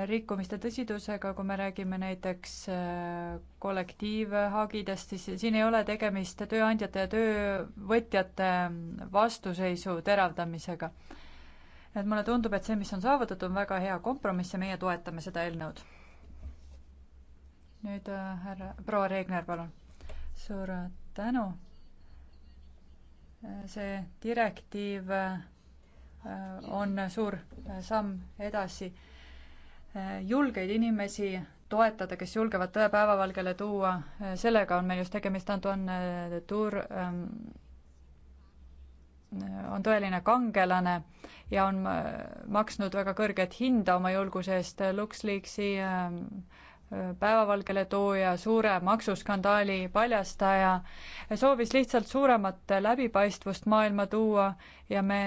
Speaker 5: rikkumiste tõsidusega, kui me räägime näiteks äh, kollektiivhagidest, siis siin ei ole tegemist tööandjate ja töövõtjate mm, vastuseisu teravdamisega. et mulle tundub, et see, mis on saavutatud, on väga hea kompromiss ja meie toetame seda eelnõud. nüüd äh, härra, proua Reegner, palun. suur tänu. Äh, see direktiiv on suur samm edasi julgeid inimesi toetada, kes julgevad tõe päevavalgele tuua, sellega on meil just tegemist, Antoine Tour ähm, on tõeline kangelane ja on äh, maksnud väga kõrget hinda oma julguse eest LuxLeaksi ähm, päevavalgele tooja, suure maksuskandaali paljastaja, soovis lihtsalt suuremat läbipaistvust maailma tuua ja me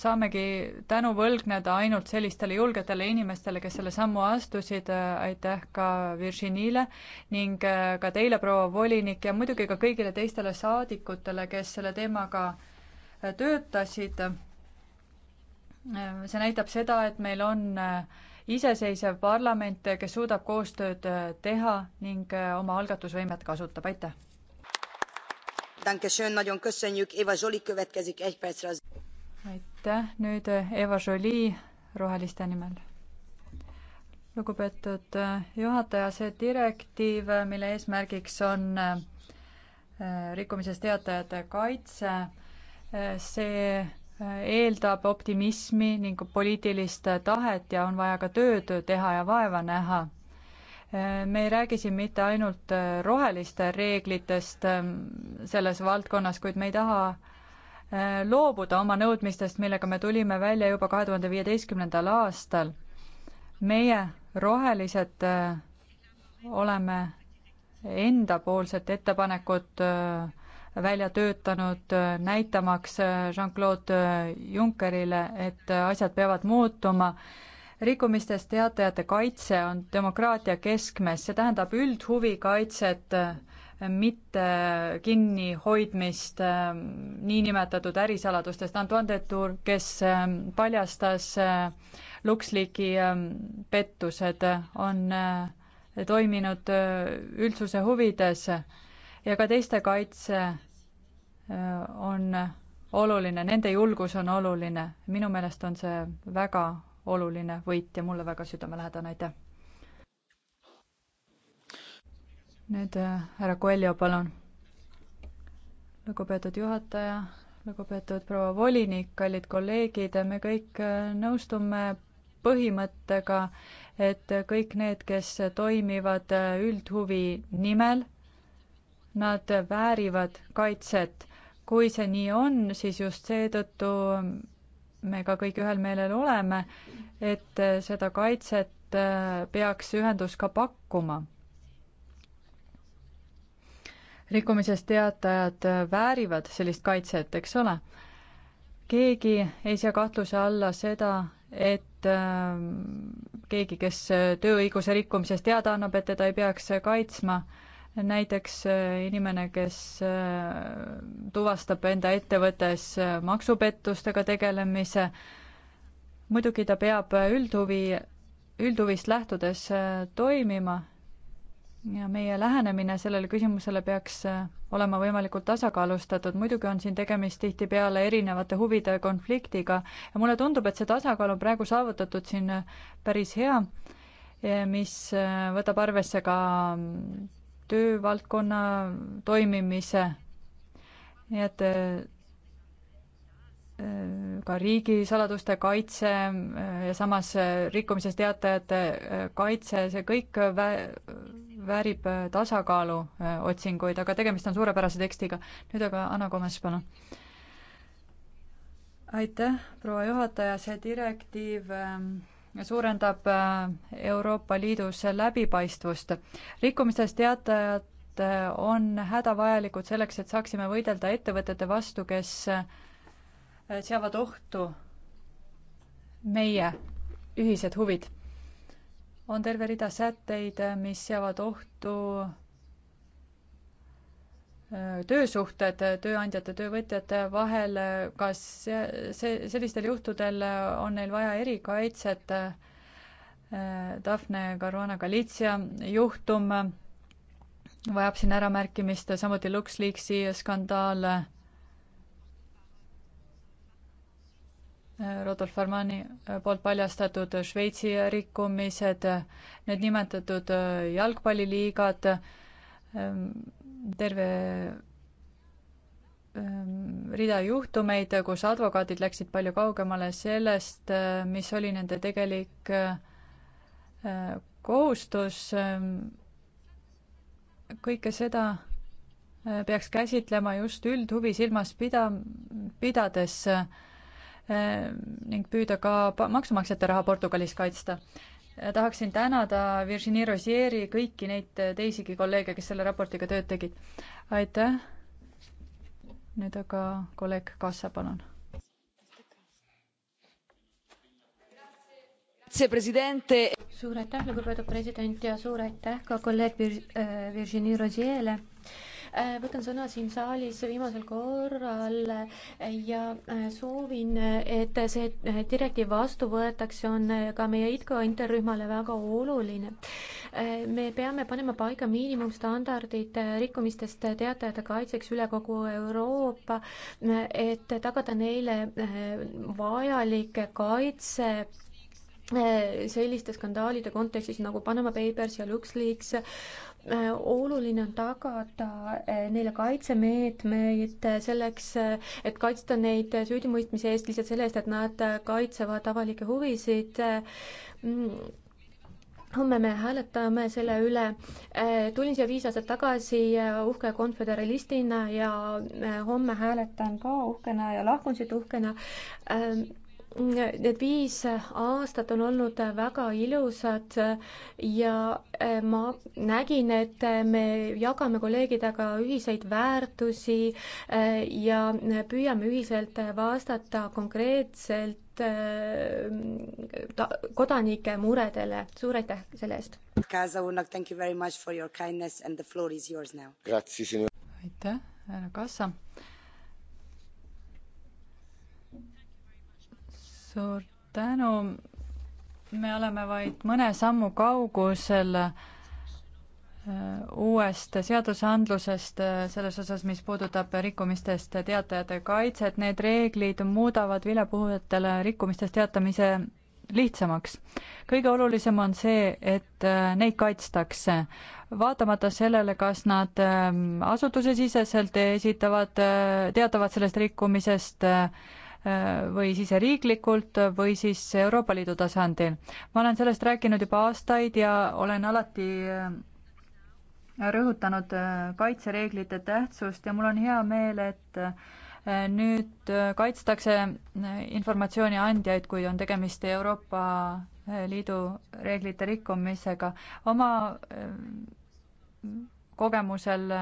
Speaker 5: saamegi tänu võlgneda ainult sellistele julgetele inimestele, kes selle sammu astusid, aitäh ka Virginile ning äh, ka teile, proua volinik, ja muidugi ka kõigile teistele saadikutele, kes selle teemaga äh, töötasid. Äh, see näitab seda, et meil on iseseisev parlament, kes suudab koostööd teha ning oma algatusvõimet kasutab, aitäh! aitäh, nüüd äh, Eva Jolie Roheliste nimel. lugupeetud äh, juhataja, see direktiiv, äh, mille eesmärgiks on rikkumisest teatajate kaitse, see eeldab optimismi ning poliitilist tahet ja on vaja ka tööd teha ja vaeva näha. me ei räägi siin mitte ainult roheliste reeglitest ähm, selles valdkonnas, kuid me ei taha loobuda oma nõudmistest, millega me tulime välja juba kahe tuhande viieteistkümnendal aastal. meie, rohelised, äh, oleme endapoolset ettepanekut äh, välja töötanud, äh, näitamaks Jean-Claude Junckerile, et asjad peavad muutuma rikkumistest teatajate kaitse on demokraatia keskmes, see tähendab üldhuvi kaitset mitte kinnihoidmist ähm, niinimetatud ärisaladustest. Antoine de Tour, kes ähm, paljastas äh, LuxLeaki ähm, pettused, on äh, toiminud äh, üldsuse huvides ja ka teiste kaitse on oluline, nende julgus on oluline. minu meelest on see väga oluline võit ja mulle väga südamelähedane, aitäh! nüüd äh, härra Coelho, palun. lugupeetud juhataja, lugupeetud proua volinik, kallid kolleegid, me kõik äh, nõustume põhimõttega, et kõik need, kes toimivad äh, üldhuvi nimel, nad väärivad kaitset. kui see nii on, siis just seetõttu me ka kõik ühel meelel oleme, et seda kaitset peaks ühendus ka pakkuma rikkumisest teatajad väärivad sellist kaitset, eks ole. keegi ei sea kahtluse alla seda, et äh, keegi, kes tööõiguse rikkumisest teada annab, et teda ei peaks kaitsma, näiteks äh, inimene, kes äh, tuvastab enda ettevõttes äh, maksupettustega tegelemise, muidugi ta peab üldhuvi, üldhuvist lähtudes äh, toimima ja meie lähenemine sellele küsimusele peaks äh, olema võimalikult tasakaalustatud, muidugi on siin tegemist tihtipeale erinevate huvide konfliktiga ja mulle tundub, et see tasakaal on praegu saavutatud siin äh, päris hea, mis äh, võtab arvesse ka mm, töövaldkonna toimimise, nii et ka riigisaladuste kaitse ja samas rikkumisest teatajate kaitse, see kõik vä-, väärib äh, tasakaalu äh, otsinguid, aga tegemist on suurepärase tekstiga. nüüd aga Anna Komes, palun. aitäh, proua juhataja, see direktiiv ähm, suurendab äh, Euroopa Liidus läbipaistvust. rikkumistest teatajad on hädavajalikud selleks, et saaksime võidelda ettevõtete vastu, kes seavad ohtu meie ühised huvid on terve rida sätteid, mis seavad ohtu äh, töösuhted tööandjate, töövõtjate vahel, kas see, see, sellistel juhtudel on neil vaja erikaitset? Äh, Daphne Caruana Galizia juhtum vajab siin äramärkimist, samuti LuxLeaksi skandaal Rodolf Armani äh, poolt paljastatud Šveitsi rikkumised, need nimetatud äh, jalgpalliliigad, ähm, terve ähm, rida juhtumeid, kus advokaadid läksid palju kaugemale sellest, äh, mis oli nende tegelik kohustus. Ähm, kõike seda peaks käsitlema just üldhuvi silmas pida, pidades Ehm, ning püüda ka maksumaksjate raha Portugalis kaitsta. tahaksin tänada Virginie Rosieri, kõiki neid äh, teisigi kolleege, kes selle raportiga tööd tegid. aitäh. nüüd aga kolleeg Kassa, palun.
Speaker 1: suur aitäh, lugupeetud president ja suur aitäh ka kolleeg Vir-, äh, Virginie Rosierile Äh, võtan sõna siin saalis viimasel korral äh, ja äh, soovin, et see direktiiv vastu võetakse, on ka meie ITKO interrühmale väga oluline. me peame panema paika miinimumstandardid rikkumistest teatajate kaitseks üle kogu Euroopa, et tagada neile vajalik kaitse selliste skandaalide kontekstis nagu Panama Papers ja LuxLeaks Äh, oluline on tagada äh, neile kaitsemeetmeid selleks, äh, et kaitsta neid süüdimõistmise eest lihtsalt selle eest, et nad kaitsevad avalikke huvisid. Mm, homme me hääletame selle üle. tulin siia viis aastat tagasi uhke konföderalistina ja homme hääletan ka uhkena ja lahkun siit uhkena ähm, Need viis aastat on olnud väga ilusad ja äh, ma nägin, et me jagame kolleegidega ühiseid väärtusi äh, ja püüame ühiselt vastata konkreetselt äh, kodanike muredele. suur aitäh selle eest!
Speaker 5: aitäh, härra Kassa! suur tänu. me oleme vaid mõne sammu kaugusel äh, uuest seadusandlusest äh, selles osas, mis puudutab rikkumistest teatajate kaitset, need reeglid muudavad vilepuhujatele rikkumistest teatamise lihtsamaks. kõige olulisem on see, et äh, neid kaitstakse, vaatamata sellele, kas nad ähm, asutusesiseselt esitavad, teatavad sellest rikkumisest või siseriiklikult või siis Euroopa Liidu tasandil. ma olen sellest rääkinud juba aastaid ja olen alati äh, rõhutanud äh, kaitsereeglite tähtsust ja mul on hea meel, et äh, nüüd kaitstakse informatsiooni andjaid, kui on tegemist Euroopa Liidu reeglite rikkumisega. oma kogemusel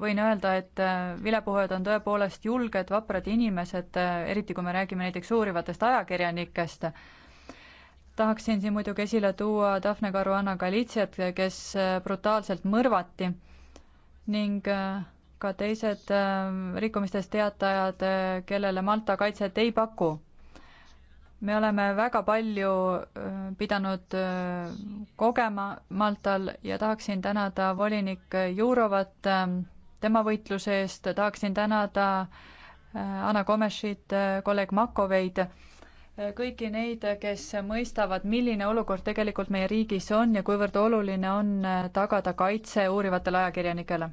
Speaker 5: võin öelda, et äh, vilepuhujad on tõepoolest julged, vaprad inimesed, äh, eriti kui me räägime näiteks uurivatest ajakirjanikest. tahaksin siin muidugi esile tuua Daphne Caruana Galiziat, kes äh, brutaalselt mõrvati ning ka teised rikkumistest teatajad, kellele Malta kaitset ei paku. me oleme väga palju pidanud kogema Maltal ja tahaksin tänada volinik Jurovat tema võitluse eest, tahaksin tänada äh, Anna Komešit, äh, kolleeg Makoveid, äh, kõiki neid, kes mõistavad, milline olukord tegelikult meie riigis on ja kuivõrd oluline on tagada kaitse uurivatele ajakirjanikele.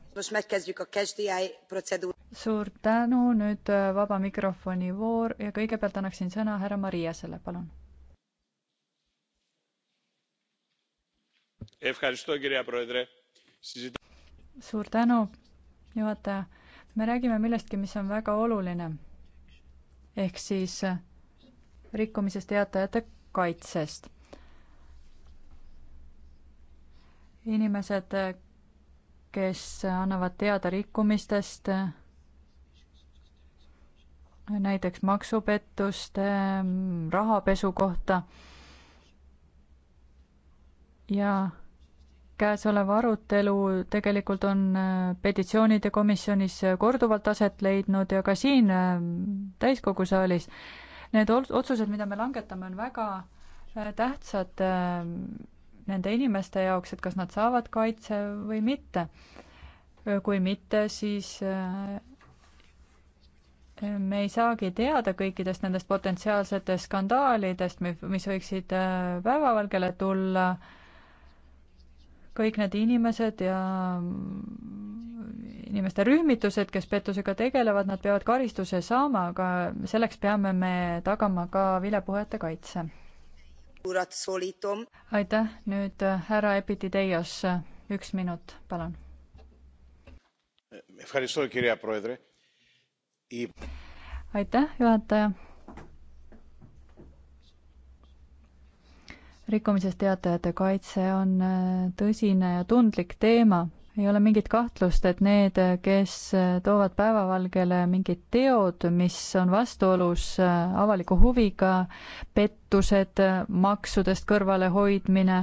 Speaker 5: suur tänu, nüüd vaba mikrofoni voor ja kõigepealt annaksin sõna härra Mariasele, palun. suur tänu juhataja, me räägime millestki, mis on väga oluline. ehk siis äh, rikkumisest teatajate kaitsest. inimesed, äh, kes annavad teada rikkumistest, äh, näiteks maksupettuste, rahapesu kohta ja käesolev arutelu tegelikult on äh, petitsioonide komisjonis äh, korduvalt aset leidnud ja ka siin äh, täiskogu saalis. Need otsused, mida me langetame, on väga tähtsad nende inimeste jaoks, et kas nad saavad kaitse või mitte. kui mitte, siis me ei saagi teada kõikidest nendest potentsiaalsetest skandaalidest, mis võiksid päevavalgele tulla kõik need inimesed ja inimeste rühmitused, kes pettusega tegelevad, nad peavad karistuse saama, aga selleks peame me tagama ka vilepuhujate kaitse. aitäh, nüüd äh, härra Epitideios, üks minut, palun. aitäh, juhataja rikkumisest teatajate kaitse on äh, tõsine ja tundlik teema. ei ole mingit kahtlust, et need, äh, kes äh, toovad päevavalgele mingid teod, mis on vastuolus avaliku huviga, pettused, maksudest kõrvalehoidmine,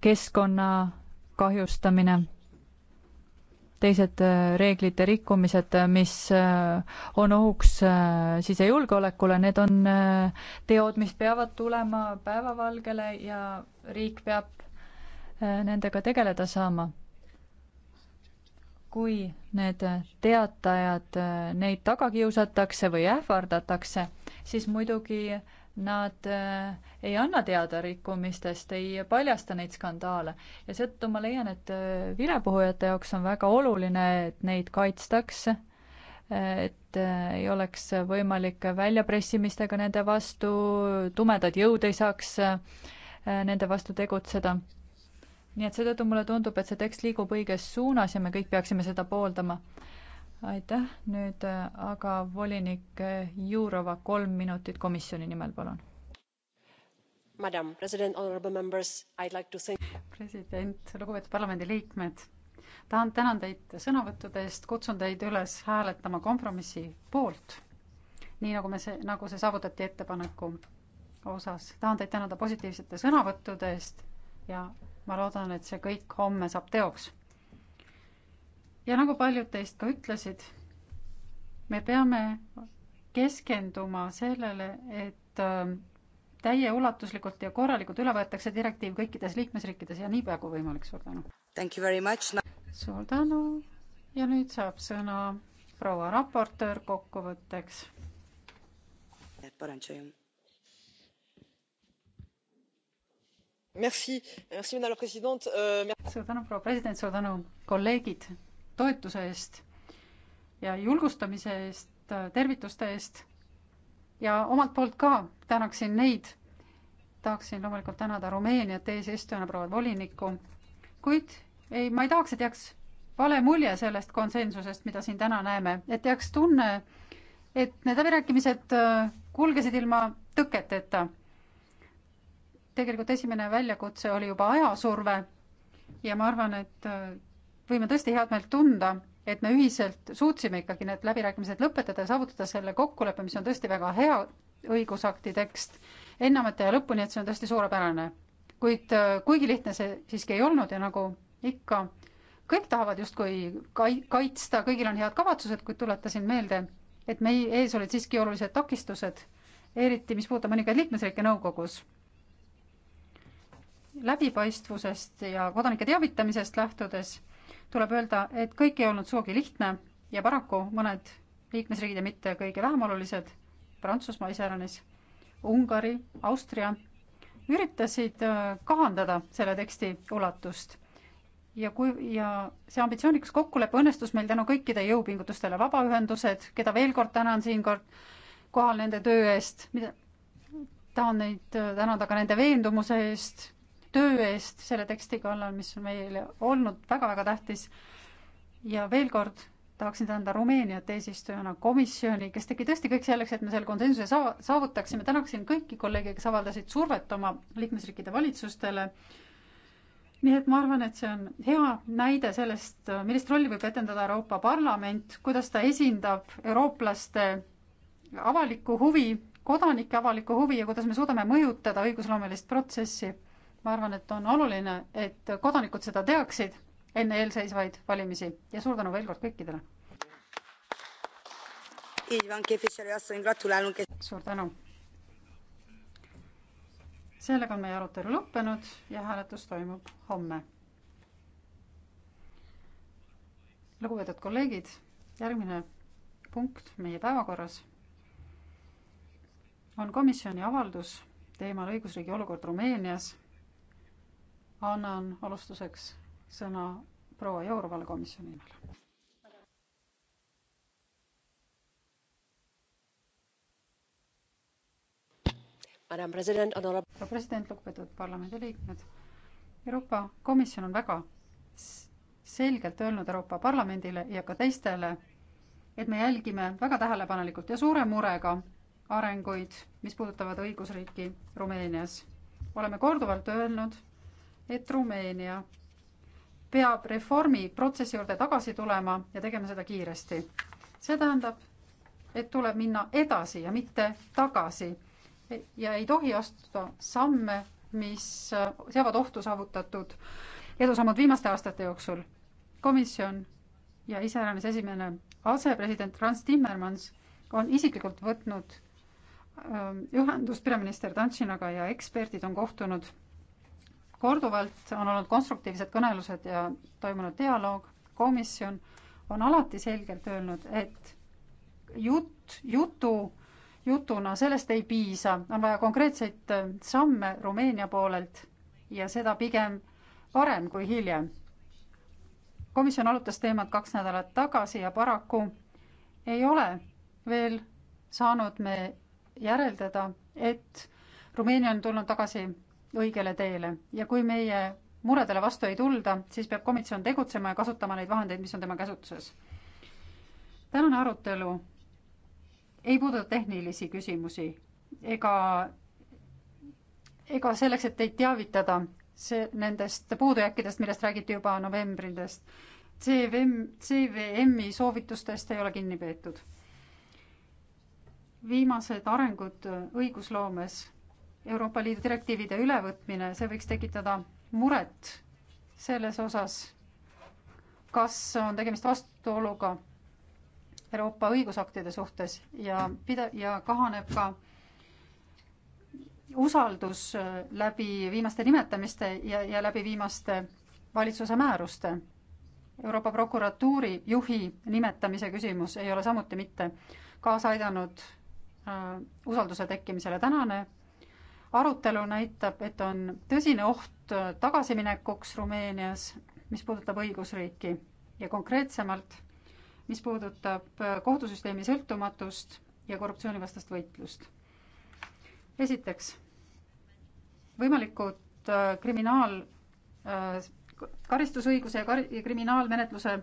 Speaker 5: keskkonna kahjustamine teised äh, reeglite rikkumised, äh, mis äh, on ohuks sisejulgeolekule, need on teod, mis peavad tulema päevavalgele ja riik peab nendega tegeleda saama. kui need teatajad, neid taga kiusatakse või ähvardatakse, siis muidugi nad äh, ei anna teada rikkumistest, ei paljasta neid skandaale ja seetõttu ma leian, et äh, vilepuhujate jaoks on väga oluline, et neid kaitstakse, äh, et ei oleks võimalik väljapressimistega nende vastu, tumedad jõud ei saaks nende vastu tegutseda. nii et seetõttu mulle tundub, et see tekst liigub õiges suunas ja me kõik peaksime seda pooldama aitäh, nüüd äh, aga volinik äh, Jurova, kolm minutit komisjoni nimel, palun.
Speaker 2: president, lugupeetud parlamendiliikmed, tahan, tänan teid sõnavõttude eest, kutsun teid üles hääletama kompromissi poolt, nii nagu me see, nagu see saavutati ettepaneku osas. tahan teid tänada positiivsete sõnavõttude eest ja ma loodan, et see kõik homme saab teoks ja nagu paljud teist ka ütlesid, me peame keskenduma sellele, et ähm, täieulatuslikult ja korralikult üle võetakse direktiiv kõikides liikmesriikides ja niipea kui võimalik, suur tänu. suur tänu ja nüüd saab sõna proua raportöör kokkuvõtteks.
Speaker 8: Euh,
Speaker 2: suur tänu, proua president, suur tänu, kolleegid toetuse eest ja julgustamise eest, tervituste eest ja omalt poolt ka tänaksin neid, tahaksin loomulikult tänada Rumeeniat eesistujana, proua volinikku, kuid ei, ma ei tahaks, et jääks vale mulje sellest konsensusest, mida siin täna näeme, et jääks tunne, et need läbirääkimised äh, kulgesid ilma tõketeta. tegelikult esimene väljakutse oli juba ajasurve ja ma arvan, et äh, võime tõesti head meelt tunda, et me ühiselt suutsime ikkagi need läbirääkimised lõpetada ja saavutada selle kokkuleppe, mis on tõesti väga hea õigusakti tekst, enneametiaja lõpuni, et see on tõesti suurepärane. kuid äh, kuigi lihtne see siiski ei olnud ja nagu ikka, kõik tahavad justkui kai-, kaitsta, kõigil on head kavatsused, kuid tuletasin meelde, et meie ees olid siiski olulised takistused, eriti mis puudutab mõningaid liikmesriike nõukogus läbipaistvusest ja kodanike teavitamisest lähtudes tuleb öelda, et kõik ei olnud sugugi lihtne ja paraku mõned liikmesriigid ja mitte kõige vähem olulised, Prantsusmaa iseäranis, Ungari, Austria, üritasid äh, kahandada selle teksti ulatust. ja kui, ja see ambitsioonikas kokkulepe õnnestus meil tänu kõikide jõupingutustele, vabaühendused, keda veel kord tänan siinkord kohal nende töö eest, mida tahan neid äh, tänada ka nende veendumuse eest töö eest selle teksti kallal, mis on meile olnud väga-väga tähtis. ja veel kord tahaksin tänada Rumeeniat eesistujana komisjoni, kes tegi tõesti kõik selleks, et me selle konsensuse saa-, saavutaksime, tänaksin kõiki kolleege, kes avaldasid survet oma liikmesriikide valitsustele, nii et ma arvan, et see on hea näide sellest, millist rolli võib etendada Euroopa Parlament, kuidas ta esindab eurooplaste avalikku huvi, kodanike avalikku huvi ja kuidas me suudame mõjutada õigusloomelist protsessi ma arvan, et on oluline, et kodanikud seda teaksid enne eelseisvaid valimisi ja suur tänu veel kord kõikidele. suur tänu. sellega on meie arutelu lõppenud ja hääletus toimub homme. lugupeetud kolleegid, järgmine punkt meie päevakorras on komisjoni avaldus teemal õigusriigi olukord Rumeenias annan alustuseks sõna proua Jourovale komisjoni nimel. proua president, lugupeetud parlamendiliikmed. Euroopa Komisjon on väga selgelt öelnud Euroopa Parlamendile ja ka teistele, et me jälgime väga tähelepanelikult ja suure murega arenguid, mis puudutavad õigusriiki Rumeenias. oleme korduvalt öelnud et Rumeenia peab reformi protsessi juurde tagasi tulema ja tegema seda kiiresti. see tähendab, et tuleb minna edasi ja mitte tagasi ja ei tohi astuda samme, mis seavad ohtu saavutatud edusammud viimaste aastate jooksul. komisjon ja iseäranis esimene asepresident Franz Timmermans on isiklikult võtnud ähm, ühendust peaminister Tantšinaga ja eksperdid on kohtunud korduvalt on olnud konstruktiivsed kõnelused ja toimunud dialoog, komisjon on alati selgelt öelnud, et jutt, jutu, jutuna sellest ei piisa, on vaja konkreetseid äh, samme Rumeenia poolelt ja seda pigem varem kui hiljem. komisjon arutas teemat kaks nädalat tagasi ja paraku ei ole veel saanud me järeldada, et Rumeenia on tulnud tagasi õigele teele ja kui meie muredele vastu ei tulda, siis peab komisjon tegutsema ja kasutama neid vahendeid, mis on tema käsutuses. tänane arutelu ei puuduta tehnilisi küsimusi ega, ega selleks, et teid teavitada see, nendest puudujääkidest, millest räägiti juba novembridest. CVM, CVM-i soovitustest ei ole kinni peetud. viimased arengud õigusloomes Euroopa Liidu direktiivide ülevõtmine, see võiks tekitada muret selles osas, kas on tegemist vastuoluga Euroopa õigusaktide suhtes ja pida- ja kahaneb ka usaldus äh, läbi viimaste nimetamiste ja, ja läbi viimaste valitsuse määruste. Euroopa prokuratuuri juhi nimetamise küsimus ei ole samuti mitte kaasa aidanud äh, usalduse tekkimisele. tänane arutelu näitab, et on tõsine oht äh, tagasiminekuks Rumeenias, mis puudutab õigusriiki ja konkreetsemalt, mis puudutab äh, kohtusüsteemi sõltumatust ja korruptsioonivastast võitlust. esiteks, võimalikud äh, kriminaal, karistusõiguse ja kar-, ja kriminaalmenetluse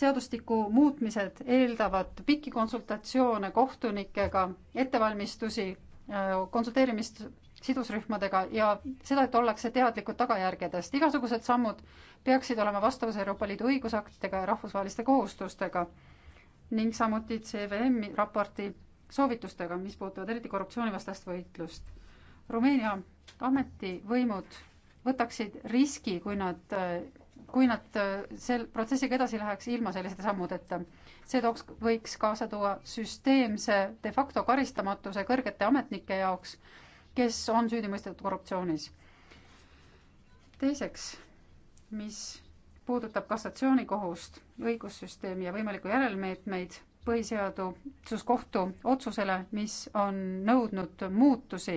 Speaker 2: seadustiku muutmised eeldavad pikki konsultatsioone kohtunikega, ettevalmistusi Äh, konsulteerimist sidusrühmadega ja seda, et ollakse teadlikud tagajärgedest. igasugused sammud peaksid olema vastavus Euroopa Liidu õigusaktidega ja rahvusvaheliste kohustustega ning samuti CVM-i raporti soovitustega, mis puudutavad eriti korruptsioonivastast võitlust. Rumeenia ametivõimud võtaksid riski, kui nad, äh, kui nad äh, sel protsessiga edasi läheks ilma selliste sammudeta see tooks, võiks kaasa tuua süsteemse de facto karistamatuse kõrgete ametnike jaoks, kes on süüdi mõistetud korruptsioonis. teiseks, mis puudutab kassatsioonikohust, õigussüsteemi ja võimalikku järelmeetmeid põhiseaduskohtu otsusele, mis on nõudnud muutusi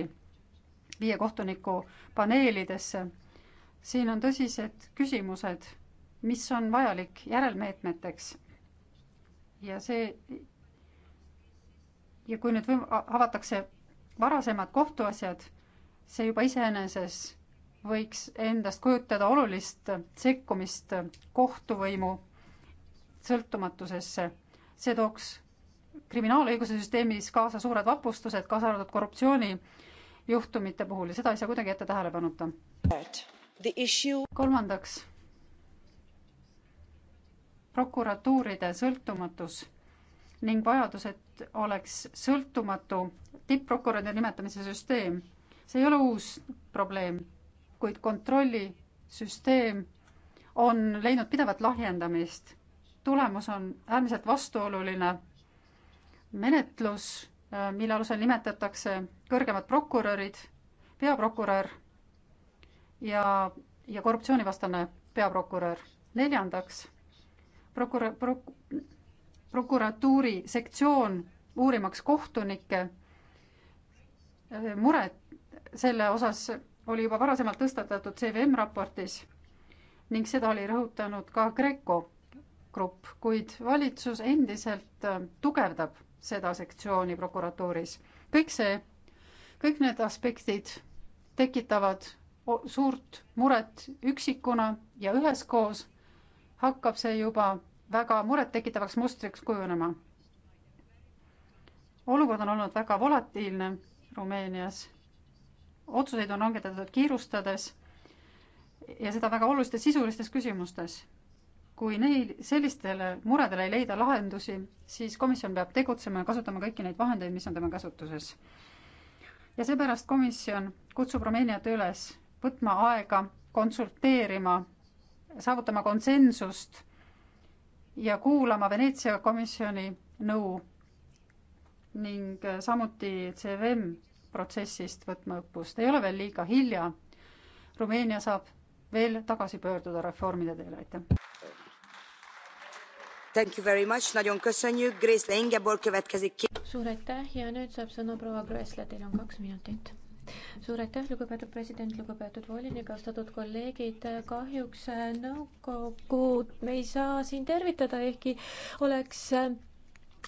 Speaker 2: viie kohtuniku paneelidesse. siin on tõsised küsimused, mis on vajalik järelmeetmeteks ja see ja kui nüüd võim-, avatakse varasemad kohtuasjad, see juba iseeneses võiks endast kujutada olulist sekkumist kohtuvõimu sõltumatusesse. see tooks kriminaalõiguse süsteemis kaasa suured vapustused, kaasa arvatud korruptsioonijuhtumite puhul ja seda ei saa kuidagi jätta tähelepanuta. kolmandaks prokuratuuride sõltumatus ning vajadus, et oleks sõltumatu tippprokuröride nimetamise süsteem. see ei ole uus probleem, kuid kontrollisüsteem on leidnud pidevat lahjendamist. tulemus on äärmiselt vastuoluline menetlus, äh, mille alusel nimetatakse kõrgemad prokurörid, peaprokurör ja, ja korruptsioonivastane peaprokurör. neljandaks prokura-, prok-, prokuratuuri sektsioon uurimaks kohtunikke äh, muret selle osas oli juba varasemalt tõstatatud CVM raportis ning seda oli rõhutanud ka Greco grupp, kuid valitsus endiselt äh, tugevdab seda sektsiooni prokuratuuris. kõik see, kõik need aspektid tekitavad suurt muret üksikuna ja üheskoos hakkab see juba väga murettekitavaks mustriks kujunema. olukord on olnud väga volatiilne Rumeenias. otsuseid on langetatud kiirustades ja seda väga olulistes sisulistes küsimustes. kui neil, sellistele muredele ei leida lahendusi, siis komisjon peab tegutsema ja kasutama kõiki neid vahendeid, mis on tema käsutuses. ja seepärast komisjon kutsub Rumeeniat üles võtma aega konsulteerima saavutama konsensust ja kuulama Veneetsia komisjoni nõu ning samuti CVM protsessist võtma õppust. ei ole veel liiga hilja. Rumeenia saab veel tagasi pöörduda reformide
Speaker 8: teele, aitäh. Thank you very much, nagyon köszönjük, Gräzle Ingeborg következik. suur aitäh ja nüüd saab
Speaker 1: sõna proua Gräzle, teil on kaks minutit suur aitäh, lugupeetud president, lugupeetud volinik, austatud kolleegid, kahjuks nõukogu me ei saa siin tervitada, ehkki oleks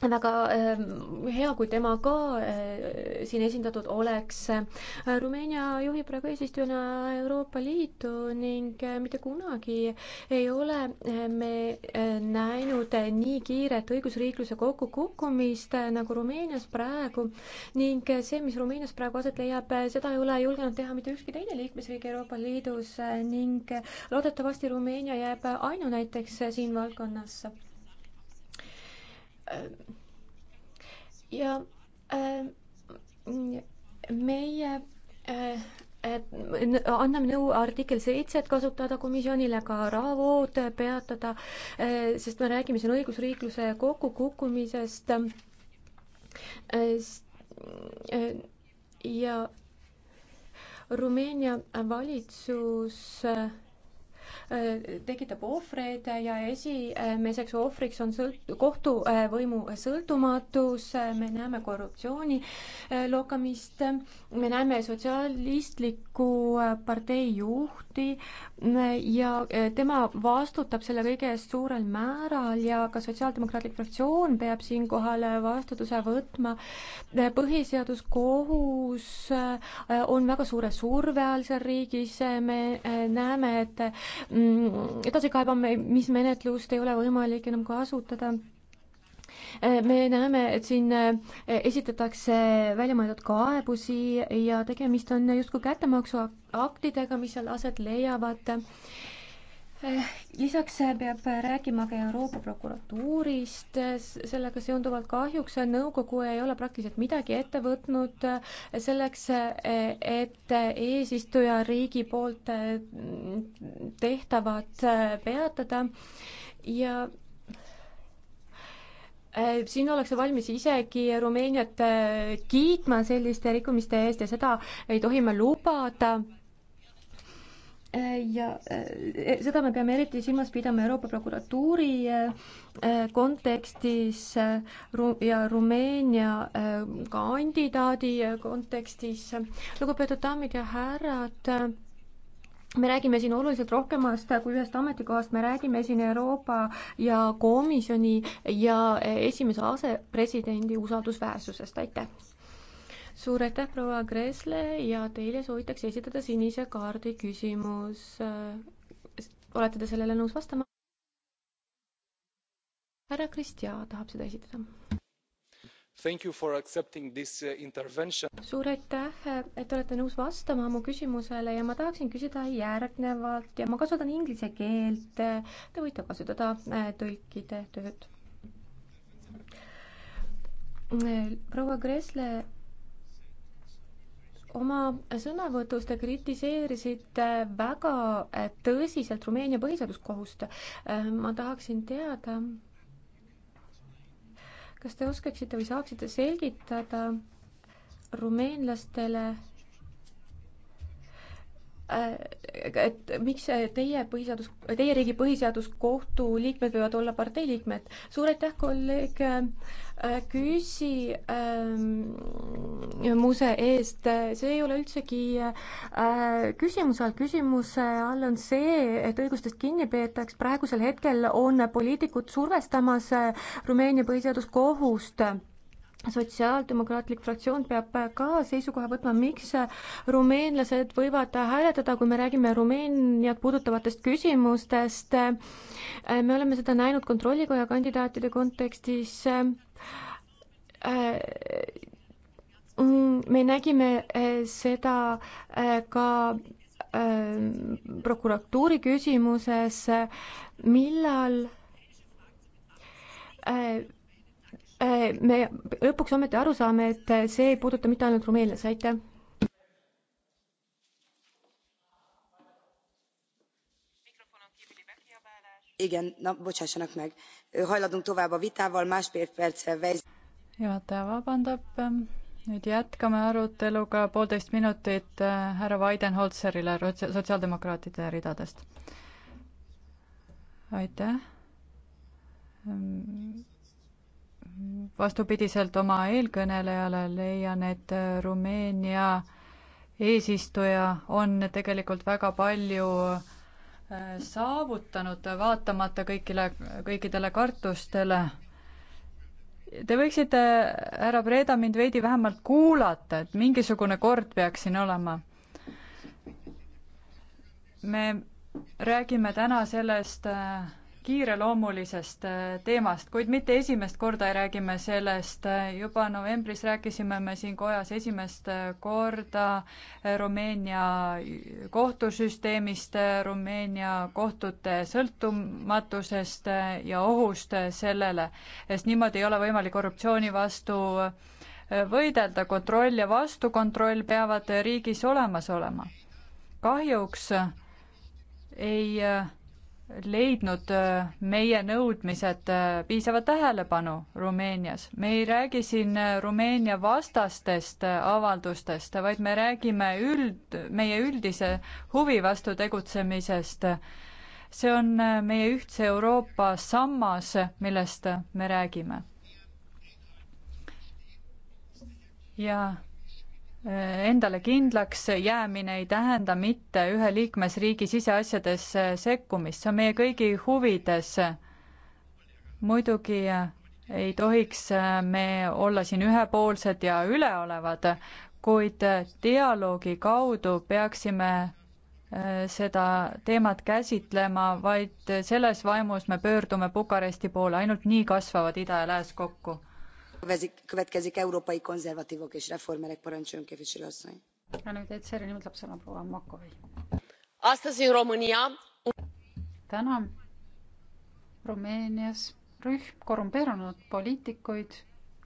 Speaker 1: väga ähm, hea, kui tema ka äh, siin esindatud oleks. Äh, Rumeenia juhib praegu eesistujana Euroopa Liitu ning äh, mitte kunagi ei ole me näinud nii kiiret õigusriikluse kokkukukkumist nagu Rumeenias praegu ning see, mis Rumeenias praegu aset leiab, seda ei ole julgenud teha mitte ükski teine liikmesriik Euroopa Liidus ning loodetavasti Rumeenia jääb ainunäiteks siin valdkonnas Äh, ja äh, meie äh, anname nõu artikkel seitset kasutada komisjonile ka rahavood peatada, sest me räägime siin õigusriikluse kokkukukkumisest. ja Rumeenia valitsus Äh, tekitab ohvreid ja esimeseks ohvriks on sõlt-, kohtuvõimu sõltumatus, me näeme korruptsiooni äh, lokamist, me näeme sotsialistliku äh, partei juhti ja tema vastutab selle kõige eest suurel määral ja ka Sotsiaaldemokraatlik fraktsioon peab siinkohal vastutuse võtma. põhiseaduskohus on väga suure surve all seal riigis, me näeme, et Mm, edasikaebame, mis menetlust ei ole võimalik enam kasutada eh, me näeme, et siin eh, esitatakse väljamõeldud kaebusi ja tegemist on justkui kättemaksuaktidega, mis seal aset leiavad lisaks peab rääkima ka Euroopa prokuratuurist, sellega seonduvalt kahjuks nõukogu ei ole praktiliselt midagi ette võtnud eh, selleks, eh, et eesistujariigi poolt eh, tehtavad peatada ja siin ollakse valmis isegi Rumeeniat kiitma selliste rikkumiste eest ja seda ei tohi me lubada ja eh, eh, seda me peame eriti silmas pidama Euroopa prokuratuuri eh, kontekstis ja Rumeenia kandidaadi kontekstis. lugupeetud daamid ja härrad, me räägime siin oluliselt rohkemast kui ühest ametikohast, me räägime siin Euroopa ja Komisjoni ja esimese asepresidendi usaldusväärsusest, aitäh! suur aitäh, proua Kresle ja teile soovitakse esitada sinise kaardi küsimus. Äh, olete te sellele nõus vastama? härra Kristja tahab seda esitada.
Speaker 6: Uh, suur
Speaker 1: aitäh, et olete nõus vastama mu küsimusele ja ma tahaksin küsida järgnevalt ja ma kasutan inglise keelt. Te võite kasutada äh, tõlkide tööd. Äh, proua Kresle oma sõnavõtus te kritiseerisite väga äh, tõsiselt Rumeenia põhiseaduskohust. Äh, ma tahaksin teada, kas te oskaksite või saaksite selgitada rumeenlastele Äh, et miks teie põhiseadus, teie riigi põhiseaduskohtu liikmed võivad olla parteiliikmed? suur aitäh, kolleeg äh, küsimuse ähm, eest, see ei ole üldsegi äh, küsimuse all, küsimuse all on see, et õigustest kinni peetaks, praegusel hetkel on poliitikud survestamas Rumeenia põhiseaduskohust sotsiaaldemokraatlik fraktsioon peab ka seisukoha võtma, miks rumeenlased võivad hääletada, kui me räägime Rumeeniat puudutavatest küsimustest. me oleme seda näinud kontrollikoja kandidaatide kontekstis. me nägime seda ka prokuratuuri küsimuses, millal Äh, me lõpuks ometi aru saame, et see ei puuduta mitte ainult rumeenlasi, aitäh.
Speaker 8: igen, no bocsássanak meg, hajladunk tovább a vitával, másfél perccel vez-.
Speaker 5: juhataja vabandab, nüüd jätkame aruteluga poolteist minutit äh, härra Weidenholzerile sotsiaaldemokraatide ridadest. aitäh vastupidiselt oma eelkõnelejale leian, et äh, Rumeenia eesistuja on tegelikult väga palju äh, saavutanud, vaatamata kõikile, kõikidele kartustele. Te võiksite, härra Breda, mind veidi vähemalt kuulata, et mingisugune kord peaks siin olema. me räägime täna sellest äh, kiireloomulisest äh, teemast, kuid mitte esimest korda ei räägi me sellest. juba novembris rääkisime me siin kojas esimest äh, korda äh, Rumeenia kohtusüsteemist, Rumeenia kohtute sõltumatusest ja ohust sellele, sest niimoodi ei ole võimalik korruptsiooni vastu võidelda, kontroll ja vastukontroll peavad riigis olemas olema. kahjuks ei leidnud äh, meie nõudmised äh, piisava tähelepanu Rumeenias. me ei räägi siin äh, Rumeenia vastastest avaldustest, vaid me räägime üld, meie üldise huvi vastu tegutsemisest. see on meie ühtse Euroopa sammas, millest me räägime. ja endale kindlaks jäämine ei tähenda mitte ühe liikmesriigi siseasjadesse sekkumist, see on meie kõigi huvides. muidugi ei tohiks me olla siin ühepoolsed ja üleolevad, kuid dialoogi kaudu peaksime äh, seda teemat käsitlema, vaid selles vaimus me pöördume Bukaresti poole, ainult nii kasvavad ida ja lääs kokku
Speaker 8: következik európai konzervatvok és reformerek parancsoljon képviselő asszony!
Speaker 2: astăzi în românia täna rumeenias rühm korrumpeerunud poliitikuid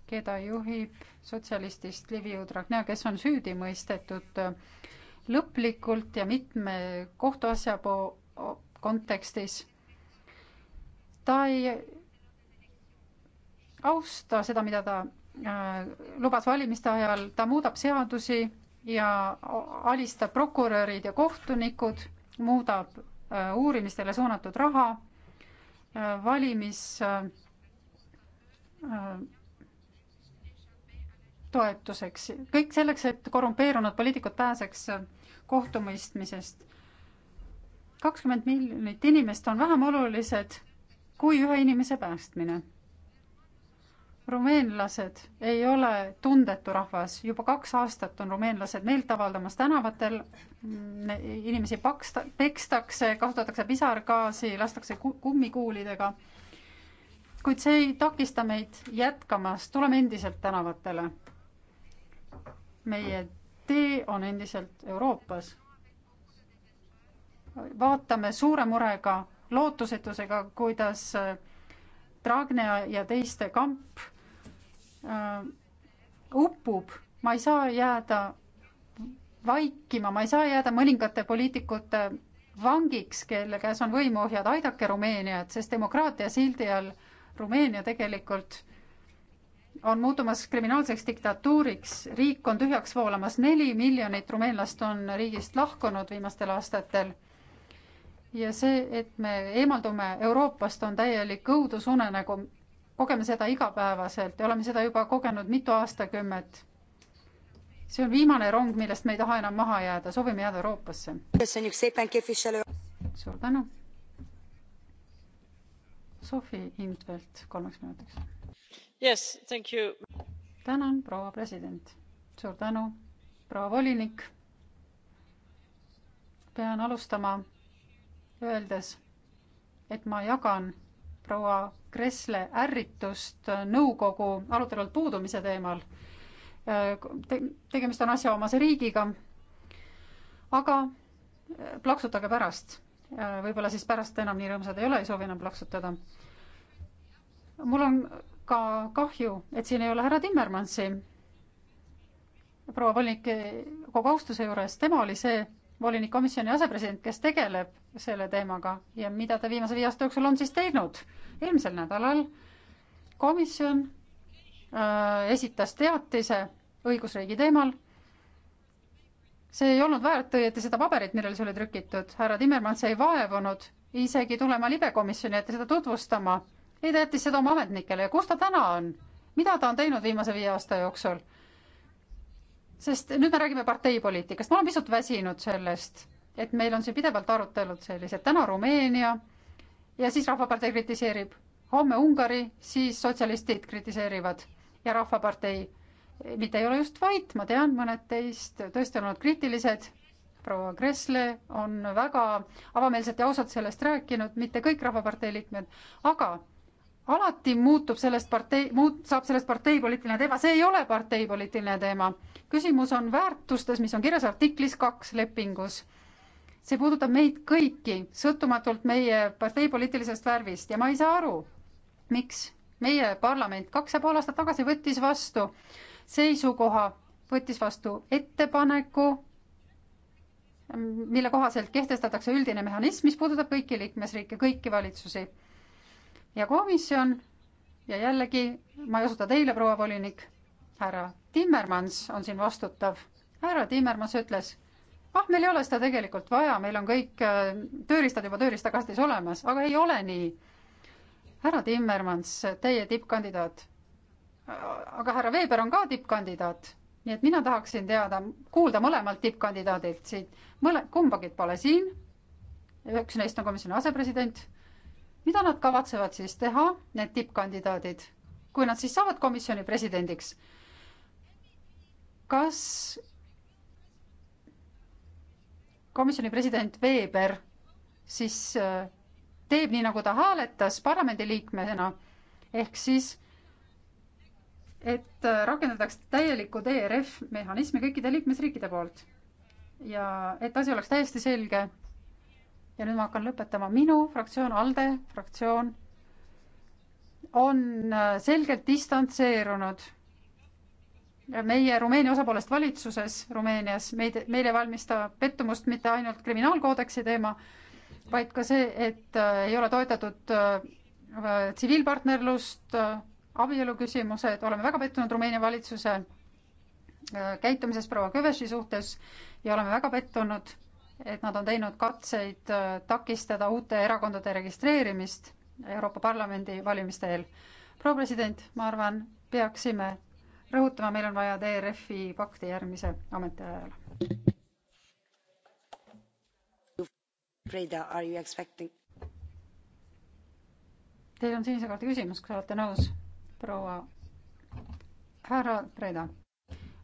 Speaker 2: keda juhib sotsialistist Liviu Dragnea, kes on süüdi mõistetud äh, lõplikult ja mitme kohtuasja kontekstis. ta ei austa seda, mida ta äh, lubas valimiste ajal, ta muudab seadusi ja alistab prokurörid ja kohtunikud, muudab äh, uurimistele suunatud raha, äh, valimis toetuseks, kõik selleks, et korrumpeerunud poliitikud pääseks kohtumõistmisest. kakskümmend miljonit inimest on vähem olulised kui ühe inimese päästmine rumeenlased ei ole tundetu rahvas, juba kaks aastat on rumeenlased meelt avaldamas tänavatel. inimesi paksta, pekstakse, kasutatakse pisargaasi, lastakse kummikuulidega. kuid see ei takista meid jätkamast, tuleme endiselt tänavatele. meie tee on endiselt Euroopas. vaatame suure murega, lootusetusega, kuidas Dragne ja teiste kamp äh, upub, ma ei saa jääda vaikima, ma ei saa jääda mõningate poliitikute vangiks, kelle käes on võimuohjad, aidake Rumeeniat, sest demokraatia sildi all Rumeenia tegelikult on muutumas kriminaalseks diktatuuriks, riik on tühjaks voolamas, neli miljonit rumeenlast on riigist lahkunud viimastel aastatel ja see, et me eemaldume Euroopast, on täielik õudusunenägu. kogeme seda igapäevaselt ja oleme seda juba kogenud mitu aastakümmet. see on viimane rong, millest me ei taha enam maha jääda, soovime jääda Euroopasse. suur tänu. Sofi Intvelt kolmeks minutiks yes,. tänan, proua president. suur tänu, proua volinik. pean alustama öeldes, et ma jagan proua Kressle ärritust nõukogu arutelult puudumise teemal Te,. tegemist on asjaomase riigiga. aga plaksutage pärast, võib-olla siis pärast enam nii rõõmsad ei ole, ei soovi enam plaksutada. mul on ka kahju, et siin ei ole härra Timmermansi. proua volinik, kogu austuse juures, tema oli see, volinik komisjoni asepresident, kes tegeleb selle teemaga ja mida ta viimase viie aasta jooksul on siis teinud. eelmisel nädalal komisjon äh, esitas teatise õigusriigi teemal. see ei olnud väärt õieti seda paberit, millele see oli trükitud, härra Timmermans ei vaevunud isegi tulema libekomisjoni ette seda tutvustama, ei ta jättis seda oma ametnikele ja kus ta täna on? mida ta on teinud viimase viie aasta jooksul? sest nüüd me räägime parteipoliitikast, ma olen pisut väsinud sellest, et meil on siin pidevalt arutelud sellised, täna Rumeenia ja siis Rahvapartei kritiseerib, homme Ungari, siis sotsialistid kritiseerivad ja Rahvapartei mitte ei ole just vait, ma tean, mõned teist tõesti on olnud kriitilised, proua Kressle on väga avameelselt ja ausalt sellest rääkinud, mitte kõik Rahvapartei liikmed, aga alati muutub sellest partei, muut-, saab sellest parteipoliitiline teema, see ei ole parteipoliitiline teema. küsimus on väärtustes, mis on kirjas artiklis kaks lepingus. see puudutab meid kõiki, sõltumatult meie parteipoliitilisest värvist ja ma ei saa aru, miks meie parlament kaks ja pool aastat tagasi võttis vastu seisukoha, võttis vastu ettepaneku, mille kohaselt kehtestatakse üldine mehhanism, mis puudutab kõiki liikmesriike, kõiki valitsusi ja komisjon ja jällegi ma ei osuta teile, proua volinik, härra Timmermans on siin vastutav. härra Timmermans ütles, ah, meil ei ole seda tegelikult vaja, meil on kõik äh, tööriistad juba tööriistakastis olemas, aga ei ole nii. härra Timmermans, teie tippkandidaat. aga härra Veber on ka tippkandidaat, nii et mina tahaksin teada, kuulda mõlemalt tippkandidaadilt siit, mõle-, kumbagi pole siin, üks neist on komisjoni asepresident mida nad kavatsevad siis teha, need tippkandidaadid, kui nad siis saavad komisjoni presidendiks? kas komisjoni president Weber siis äh, teeb nii, nagu ta hääletas parlamendiliikmena, ehk siis et äh, rakendatakse täielikku DRF mehhanismi kõikide liikmesriikide poolt. ja et asi oleks täiesti selge ja nüüd ma hakkan lõpetama, minu fraktsioon, ALDE fraktsioon on äh, selgelt distantseerunud meie Rumeenia osapoolest valitsuses Rumeenias, meid, meile valmistab pettumust mitte ainult kriminaalkoodeksi teema, vaid ka see, et äh, ei ole toetatud äh, tsiviilpartnerlust, abielu küsimused, oleme väga pettunud Rumeenia valitsuse käitumises proua Kövesi suhtes ja oleme väga pettunud et nad on teinud katseid äh, takistada uute erakondade registreerimist Euroopa Parlamendi valimiste eel. proua president, ma arvan, peaksime rõhutama, meil on vaja DRF-i pakti järgmise ametiajal.
Speaker 8: Freda, are you expecting?
Speaker 2: Teil on sinise kaardi küsimus, kas olete nõus, proua härra Freda?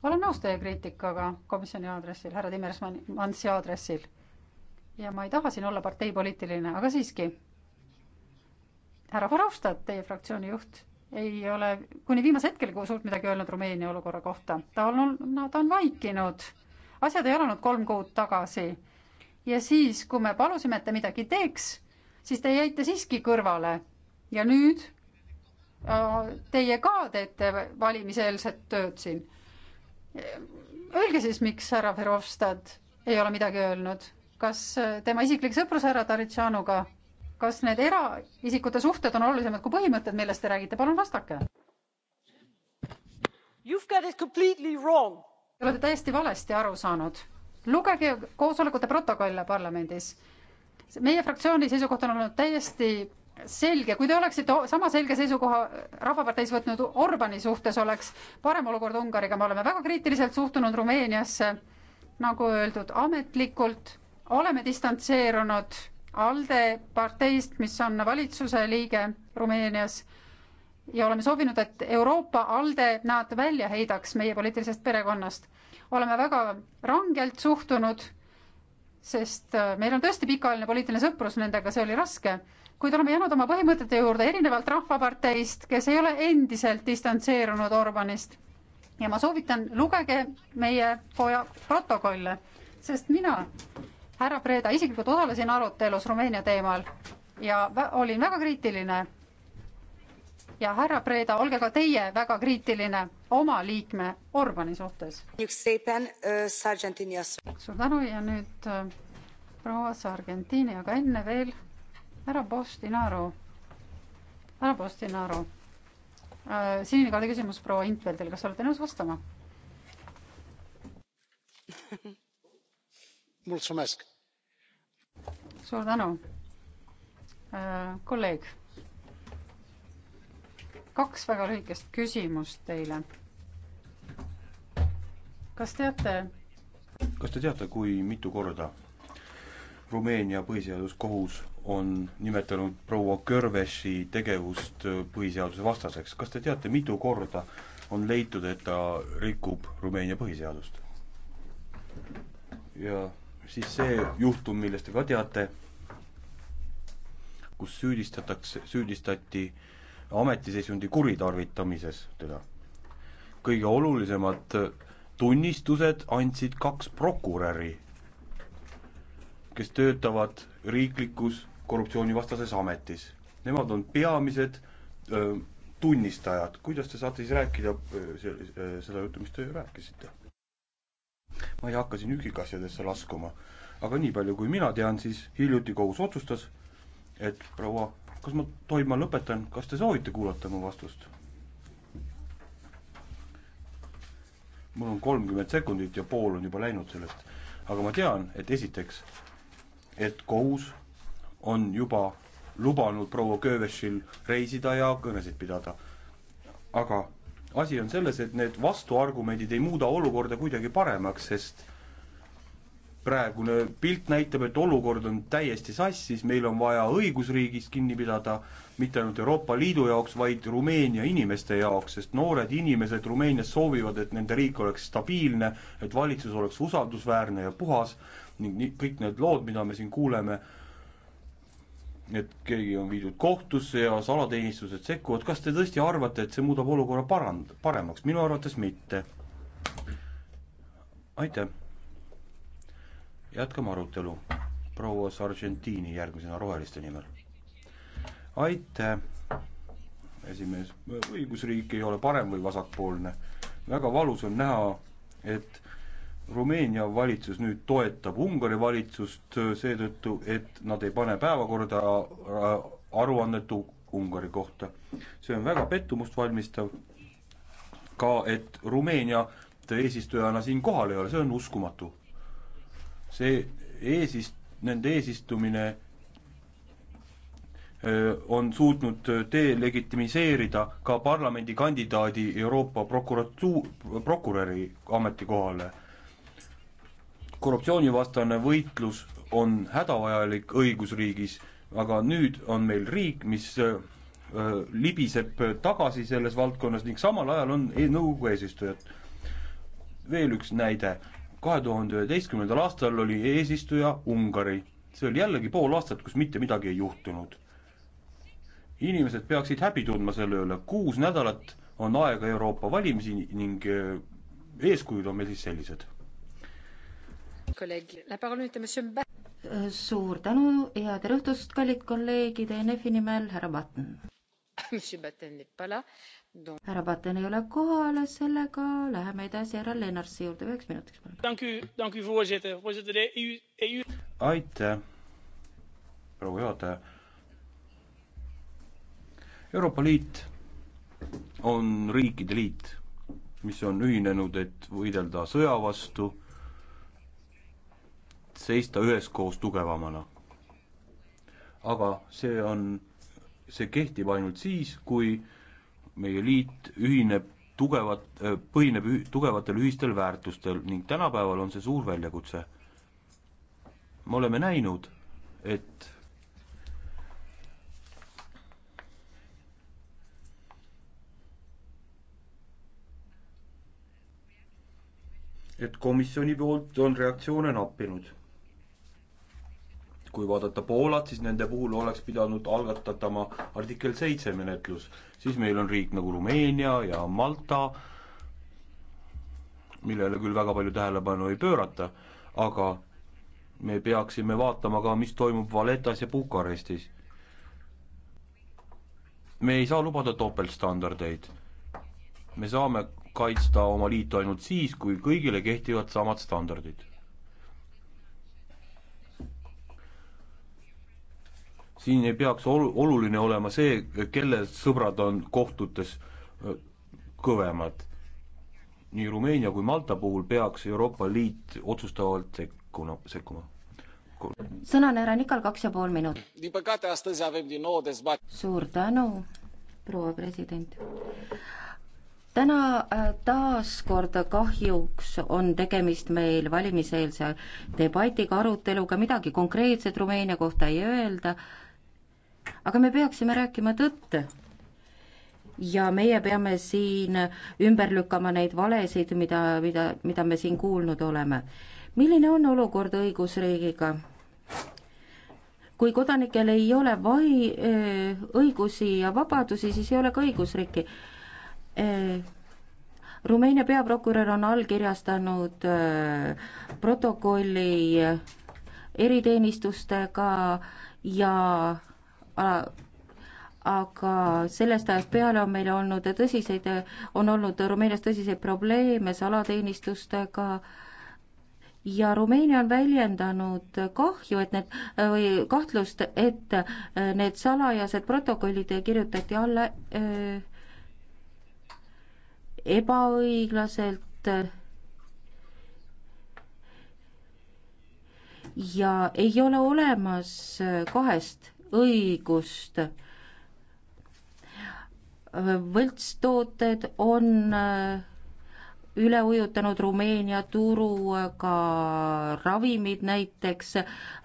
Speaker 2: olen nõus teie kriitikaga komisjoni aadressil, härra Timmermansi aadressil. ja ma ei taha siin olla parteipoliitiline, aga siiski. härra Verhofstadt, teie fraktsiooni juht, ei ole kuni viimase hetkeni suurt midagi öelnud Rumeenia olukorra kohta. ta on, no ta on vaikinud. asjad ei olnud kolm kuud tagasi. ja siis, kui me palusime, et ta midagi teeks, siis te jäite siiski kõrvale. ja nüüd äh, Teie ka teete valimiseelset tööd siin Öelge siis, miks härra Verhofstadt ei ole midagi öelnud, kas äh, tema isiklik sõprus härra Taritšanuga, kas need eraisikute suhted on olulisemad kui põhimõtted, millest te räägite, palun vastake. Te olete täiesti valesti aru saanud. lugege koosolekute protokolle parlamendis. meie fraktsiooni seisukoht on olnud täiesti selge, kui te oleksite sama selge seisukoha Rahvaparteis võtnud Orbani suhtes, oleks parem olukord Ungariga, me oleme väga kriitiliselt suhtunud Rumeeniasse, nagu öeldud, ametlikult oleme distantseerunud ALDE parteist, mis on valitsuse liige Rumeenias ja oleme soovinud, et Euroopa ALDE nad välja heidaks meie poliitilisest perekonnast. oleme väga rangelt suhtunud, sest äh, meil on tõesti pikaajaline poliitiline sõprus nendega, see oli raske kuid oleme jäänud oma põhimõtete juurde, erinevalt Rahvaparteist, kes ei ole endiselt distantseerunud Orbanist. ja ma soovitan, lugege meie koja protokolle, sest mina, härra Preda, isiklikult osalesin arutelus Rumeenia teemal ja vä olin väga kriitiline. ja härra Preda, olge ka teie väga kriitiline oma liikme Orbani suhtes. Uh, suur tänu ja nüüd uh, proua Sargentini, aga enne veel härra Postinaru, härra Postinaru, äh, sinine küsimus proua Intveldile, kas olete nõus vastama? [laughs] suur tänu. Äh, kolleeg, kaks väga lühikest küsimust teile. kas teate?
Speaker 9: kas te teate, kui mitu korda Rumeenia põhiseaduskohus on nimetanud proua Körveši tegevust põhiseaduse vastaseks. kas te teate, mitu korda on leitud, et ta rikub Rumeenia põhiseadust? ja siis see juhtum, millest te ka teate, kus süüdistatakse, süüdistati ametiseisundi kuritarvitamises teda. kõige olulisemad tunnistused andsid kaks prokuröri, kes töötavad riiklikus korruptsioonivastases ametis. Nemad on peamised öö, tunnistajad, kuidas te saate siis rääkida selle, seda juttu, mis te rääkisite? ma ei hakka siin üksikasjadesse laskuma, aga nii palju, kui mina tean, siis hiljuti kohus otsustas, et proua, kas ma tohin, ma lõpetan, kas te soovite kuulata mu vastust? mul on kolmkümmend sekundit ja pool on juba läinud sellest, aga ma tean, et esiteks, et kohus on juba lubanud proua Kövešil reisida ja kõnesid pidada. aga asi on selles, et need vastuargumendid ei muuda olukorda kuidagi paremaks, sest praegune pilt näitab, et olukord on täiesti sassis, meil on vaja õigusriigist kinni pidada, mitte ainult Euroopa Liidu jaoks, vaid Rumeenia inimeste jaoks, sest noored inimesed Rumeenias soovivad, et nende riik oleks stabiilne, et valitsus oleks usaldusväärne ja puhas ning nii, kõik need lood, mida me siin kuuleme, et keegi on viidud kohtusse ja salateenistused sekkuvad, kas te tõesti arvate, et see muudab olukorra parand-, paremaks, minu arvates mitte. aitäh. jätkame arutelu. proua Sargentini järgmisena Roheliste nimel. aitäh, esimees, õigusriik ei ole parem- või vasakpoolne. väga valus on näha, et Rumeenia valitsus nüüd toetab Ungari valitsust äh, seetõttu, et nad ei pane päevakorda äh, aruannet Ungari kohta. see on väga pettumust valmistav, ka et Rumeenia eesistujana siin kohal ei ole, see on uskumatu. see eesist-, nende eesistumine äh, on suutnud delegitimiseerida ka parlamendikandidaadi Euroopa prokuratuur, prokuröri ametikohale korruptsioonivastane võitlus on hädavajalik õigusriigis, aga nüüd on meil riik, mis äh, äh, libiseb tagasi selles valdkonnas ning samal ajal on e nõukogu eesistujad. veel üks näide, kahe tuhande üheteistkümnendal aastal oli eesistuja Ungari. see oli jällegi pool aastat, kus mitte midagi ei juhtunud. inimesed peaksid häbi tundma selle üle, kuus nädalat on aega Euroopa valimisi ning äh, eeskujud on meil siis sellised
Speaker 7: Äh,
Speaker 10: suur tänu ja tere õhtust, kallid kolleegid, ENF-i nimel härra Batten.
Speaker 7: [laughs] härra
Speaker 10: Batten ei ole kohal, sellega läheme edasi härra Lennartsi juurde üheks minutiks, palun.
Speaker 9: aitäh, proua juhataja. Euroopa Liit on riikide liit, mis on ühinenud, et võidelda sõja vastu seista üheskoos tugevamana. aga see on, see kehtib ainult siis, kui meie liit ühineb tugevat, põhineb üh, tugevatel ühistel väärtustel ning tänapäeval on see suur väljakutse. me oleme näinud, et et komisjoni poolt on reaktsioone nappinud kui vaadata Poolat, siis nende puhul oleks pidanud algatatama artikkel seitse menetlus. siis meil on riik nagu Rumeenia ja Malta, millele küll väga palju tähelepanu ei pöörata, aga me peaksime vaatama ka, mis toimub Valetas ja Bukarestis. me ei saa lubada topeltstandardeid. me saame kaitsta oma liitu ainult siis, kui kõigile kehtivad samad standardid siin ei peaks ol-, oluline olema see, kelle sõbrad on kohtutes kõvemad. nii Rumeenia kui Malta puhul peaks Euroopa Liit otsustavalt sekkuna, sekkuma.
Speaker 10: sõna on härra Nikal, kaks ja pool minutit. suur tänu, proua president täna äh, taaskord kahjuks on tegemist meil valimiseelse debatiga, aruteluga, midagi konkreetset Rumeenia kohta ei öelda aga me peaksime rääkima tõtt. ja meie peame siin ümber lükkama neid valesid, mida, mida, mida me siin kuulnud oleme. milline on olukord õigusriigiga? kui kodanikel ei ole vai-, eh, õigusi ja vabadusi, siis ei ole ka õigusriiki. Eh, Rumeenia peaprokurör on allkirjastanud eh, protokolli eriteenistustega ja aga sellest ajast peale on meil olnud tõsiseid, on olnud Rumeenias tõsiseid probleeme salateenistustega ja Rumeenia on väljendanud kahju, et need või kahtlust, et need salajased protokollid kirjutati alla öö, äh, ebaõiglaselt ja ei ole olemas kahest õigust. võltstooted on äh, üle ujutanud Rumeenia turu äh, ka ravimid näiteks,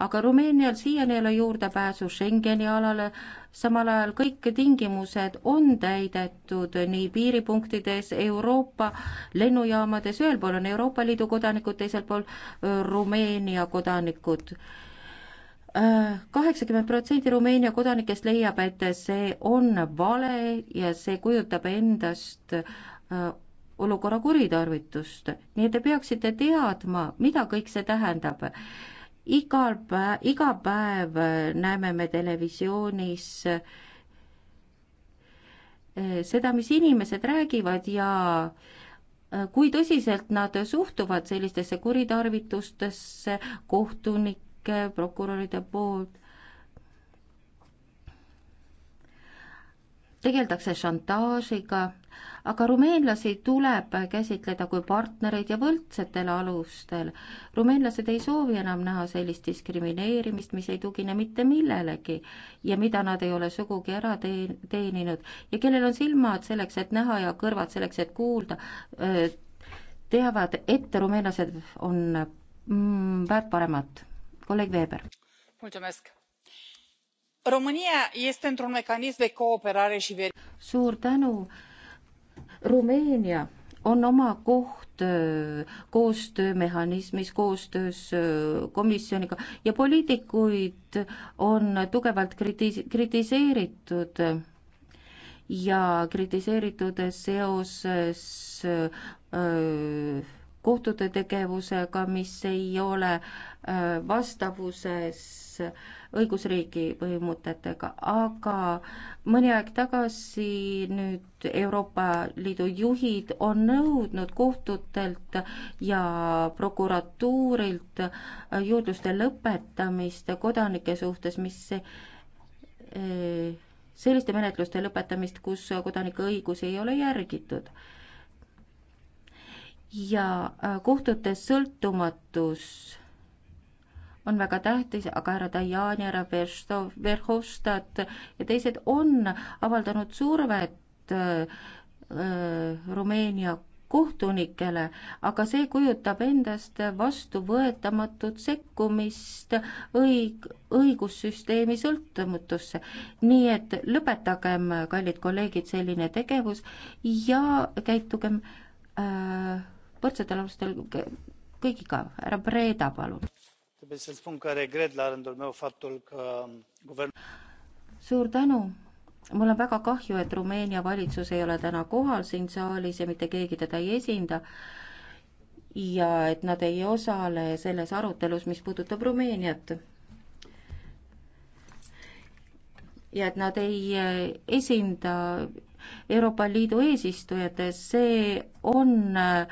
Speaker 10: aga Rumeenial siiani ei ole juurdepääsu Schengeni alale, samal ajal kõik tingimused on täidetud nii piiripunktides, Euroopa lennujaamades, ühel pool on Euroopa Liidu kodanikud, teisel pool äh, Rumeenia kodanikud kaheksakümmend protsenti Rumeenia kodanikest leiab, et see on vale ja see kujutab endast äh, olukorra kuritarvitust, nii et te peaksite teadma, mida kõik see tähendab. igal päev, iga päev näeme me televisioonis äh, seda, mis inimesed räägivad ja äh, kui tõsiselt nad suhtuvad sellistesse kuritarvitustesse, kohtunik, tõlke prokuröride poolt. tegeldakse šantaažiga, aga rumeenlasi tuleb käsitleda kui partnereid ja võrdsetel alustel. rumeenlased ei soovi enam näha sellist diskrimineerimist, mis ei tugine mitte millelegi ja mida nad ei ole sugugi ära teen-, teeninud ja kellel on silmad selleks, et näha ja kõrvad selleks, et kuulda, teavad, et rumeenlased on mm, väärt paremat kolleeg Weber.
Speaker 2: România este într-un mecanism de cooperare și
Speaker 10: suur tänu. Rumeenia on oma koht koostöömehhanismis, koostöös eh, komisjoniga ja poliitikuid on tugevalt kritis-, kritiseeritud ja kritiseeritud seoses öö, eh, kohtute tegevusega, mis ei ole äh, vastavuses õigusriigi põhimõtetega, aga mõni aeg tagasi nüüd Euroopa Liidu juhid on nõudnud kohtutelt ja prokuratuurilt juurdluste lõpetamist kodanike suhtes, mis äh, selliste menetluste lõpetamist, kus kodanike õigusi ei ole järgitud ja äh, kohtute sõltumatus on väga tähtis, aga härra Tajani, härra Verhofstadt ja teised on avaldanud survet äh, äh, Rumeenia kohtunikele, aga see kujutab endast vastuvõetamatut sekkumist õig-, õigussüsteemi sõltumatusse. nii et lõpetagem, kallid kolleegid, selline tegevus ja käitugem äh, võrdsetel alustel kõigiga. härra Breda, palun. Um, suur tänu. mul on väga kahju, et Rumeenia valitsus ei ole täna kohal siin saalis ja mitte keegi teda ei esinda ja et nad ei osale selles arutelus, mis puudutab Rumeeniat. ja et nad ei eh, esinda Euroopa Liidu eesistujat, see on äh,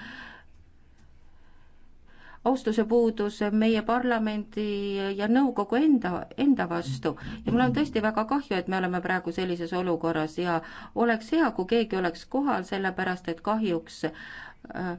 Speaker 10: austuse puudus meie parlamendi ja nõukogu enda, enda vastu. ja mul on tõesti väga kahju, et me oleme praegu sellises olukorras ja oleks hea, kui keegi oleks kohal, sellepärast et kahjuks äh,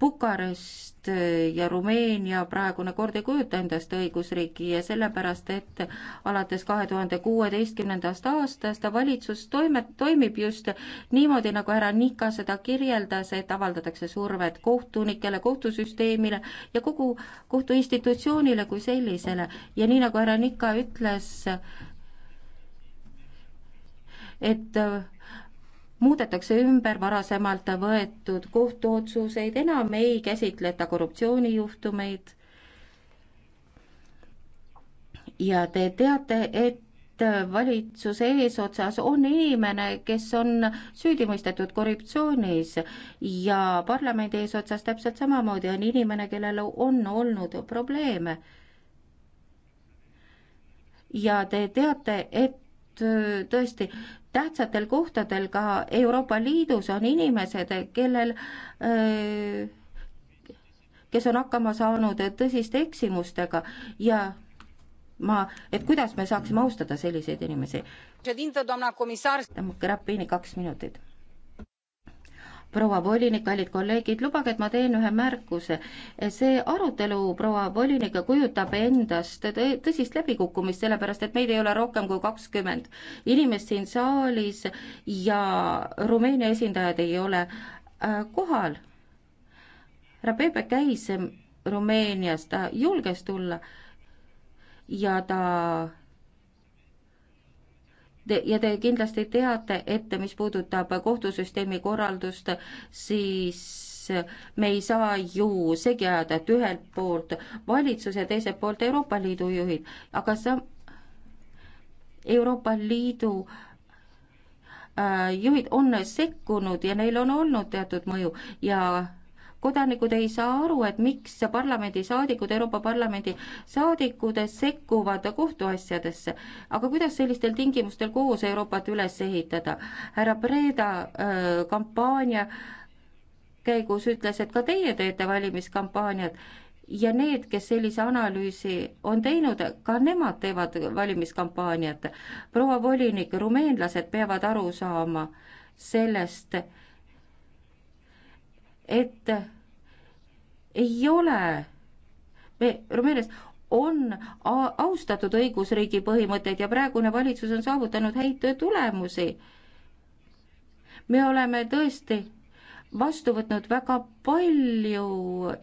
Speaker 10: Bukarest ja Rumeenia praegune kord ei kujuta endast õigusriiki ja sellepärast, et alates kahe tuhande kuueteistkümnendast aastast valitsus toime, toimib just niimoodi, nagu härra Nika seda kirjeldas, et avaldatakse survet kohtunikele, kohtusüsteemile ja kogu kohtuinstitutsioonile kui sellisele. ja nii, nagu härra Nika ütles, et muudetakse ümber varasemalt võetud kohtuotsuseid, enam ei käsitleta korruptsioonijuhtumeid. ja te teate, et valitsuse eesotsas on inimene, kes on süüdi mõistetud korruptsioonis ja parlamendi eesotsas täpselt samamoodi on inimene, kellel on olnud probleeme. ja te teate, et tõesti tähtsatel kohtadel ka Euroopa Liidus on inimesed, kellel äh, kes on hakkama saanud tõsiste eksimustega ja ma, et kuidas me saaksime austada selliseid inimesi. Grappini kaks minutit proua volinik, kallid kolleegid, lubage, et ma teen ühe märkuse. see arutelu proua voliniga kujutab endast tõsist läbikukkumist, sellepärast et meid ei ole rohkem kui kakskümmend inimest siin saalis ja Rumeenia esindajad ei ole äh, kohal. Rabebe käis Rumeenias, ta julges tulla ja ta te, ja te kindlasti teate, et mis puudutab kohtusüsteemi korraldust, siis me ei saa ju segi ajada, et ühelt poolt valitsus ja teiselt poolt Euroopa Liidu juhid, aga sa, Euroopa Liidu äh, juhid on sekkunud ja neil on olnud teatud mõju ja kodanikud ei saa aru, et miks parlamendisaadikud, Euroopa Parlamendi saadikud sekkuvad kohtuasjadesse. aga kuidas sellistel tingimustel koos Euroopat üles ehitada? härra Breda öö, äh, kampaania käigus ütles, et ka teie teete valimiskampaaniat ja need, kes sellise analüüsi on teinud, ka nemad teevad valimiskampaaniat. proua volinik, rumeenlased peavad aru saama sellest, et ei ole, me Rumeenias on austatud õigusriigi põhimõtteid ja praegune valitsus on saavutanud häid tulemusi. me oleme tõesti vastu võtnud väga palju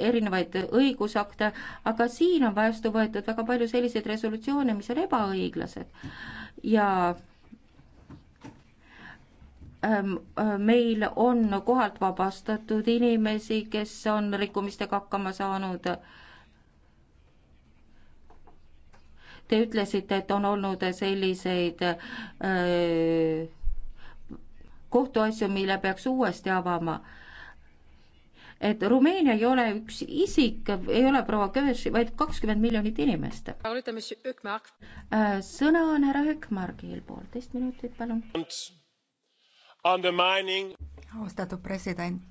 Speaker 10: erinevaid õigusakte, aga siin on vastu võetud väga palju selliseid resolutsioone, mis on ebaõiglased ja meil on kohalt vabastatud inimesi, kes on rikkumistega hakkama saanud. Te ütlesite, et on olnud selliseid öö, kohtuasju, mille peaks uuesti avama et Rumeenia ei ole üks isik, ei ole proua Köösi, vaid kakskümmend miljonit inimest. sõna on härra Hökmargil, poolteist minutit, palun
Speaker 7: undermining
Speaker 11: austatud president,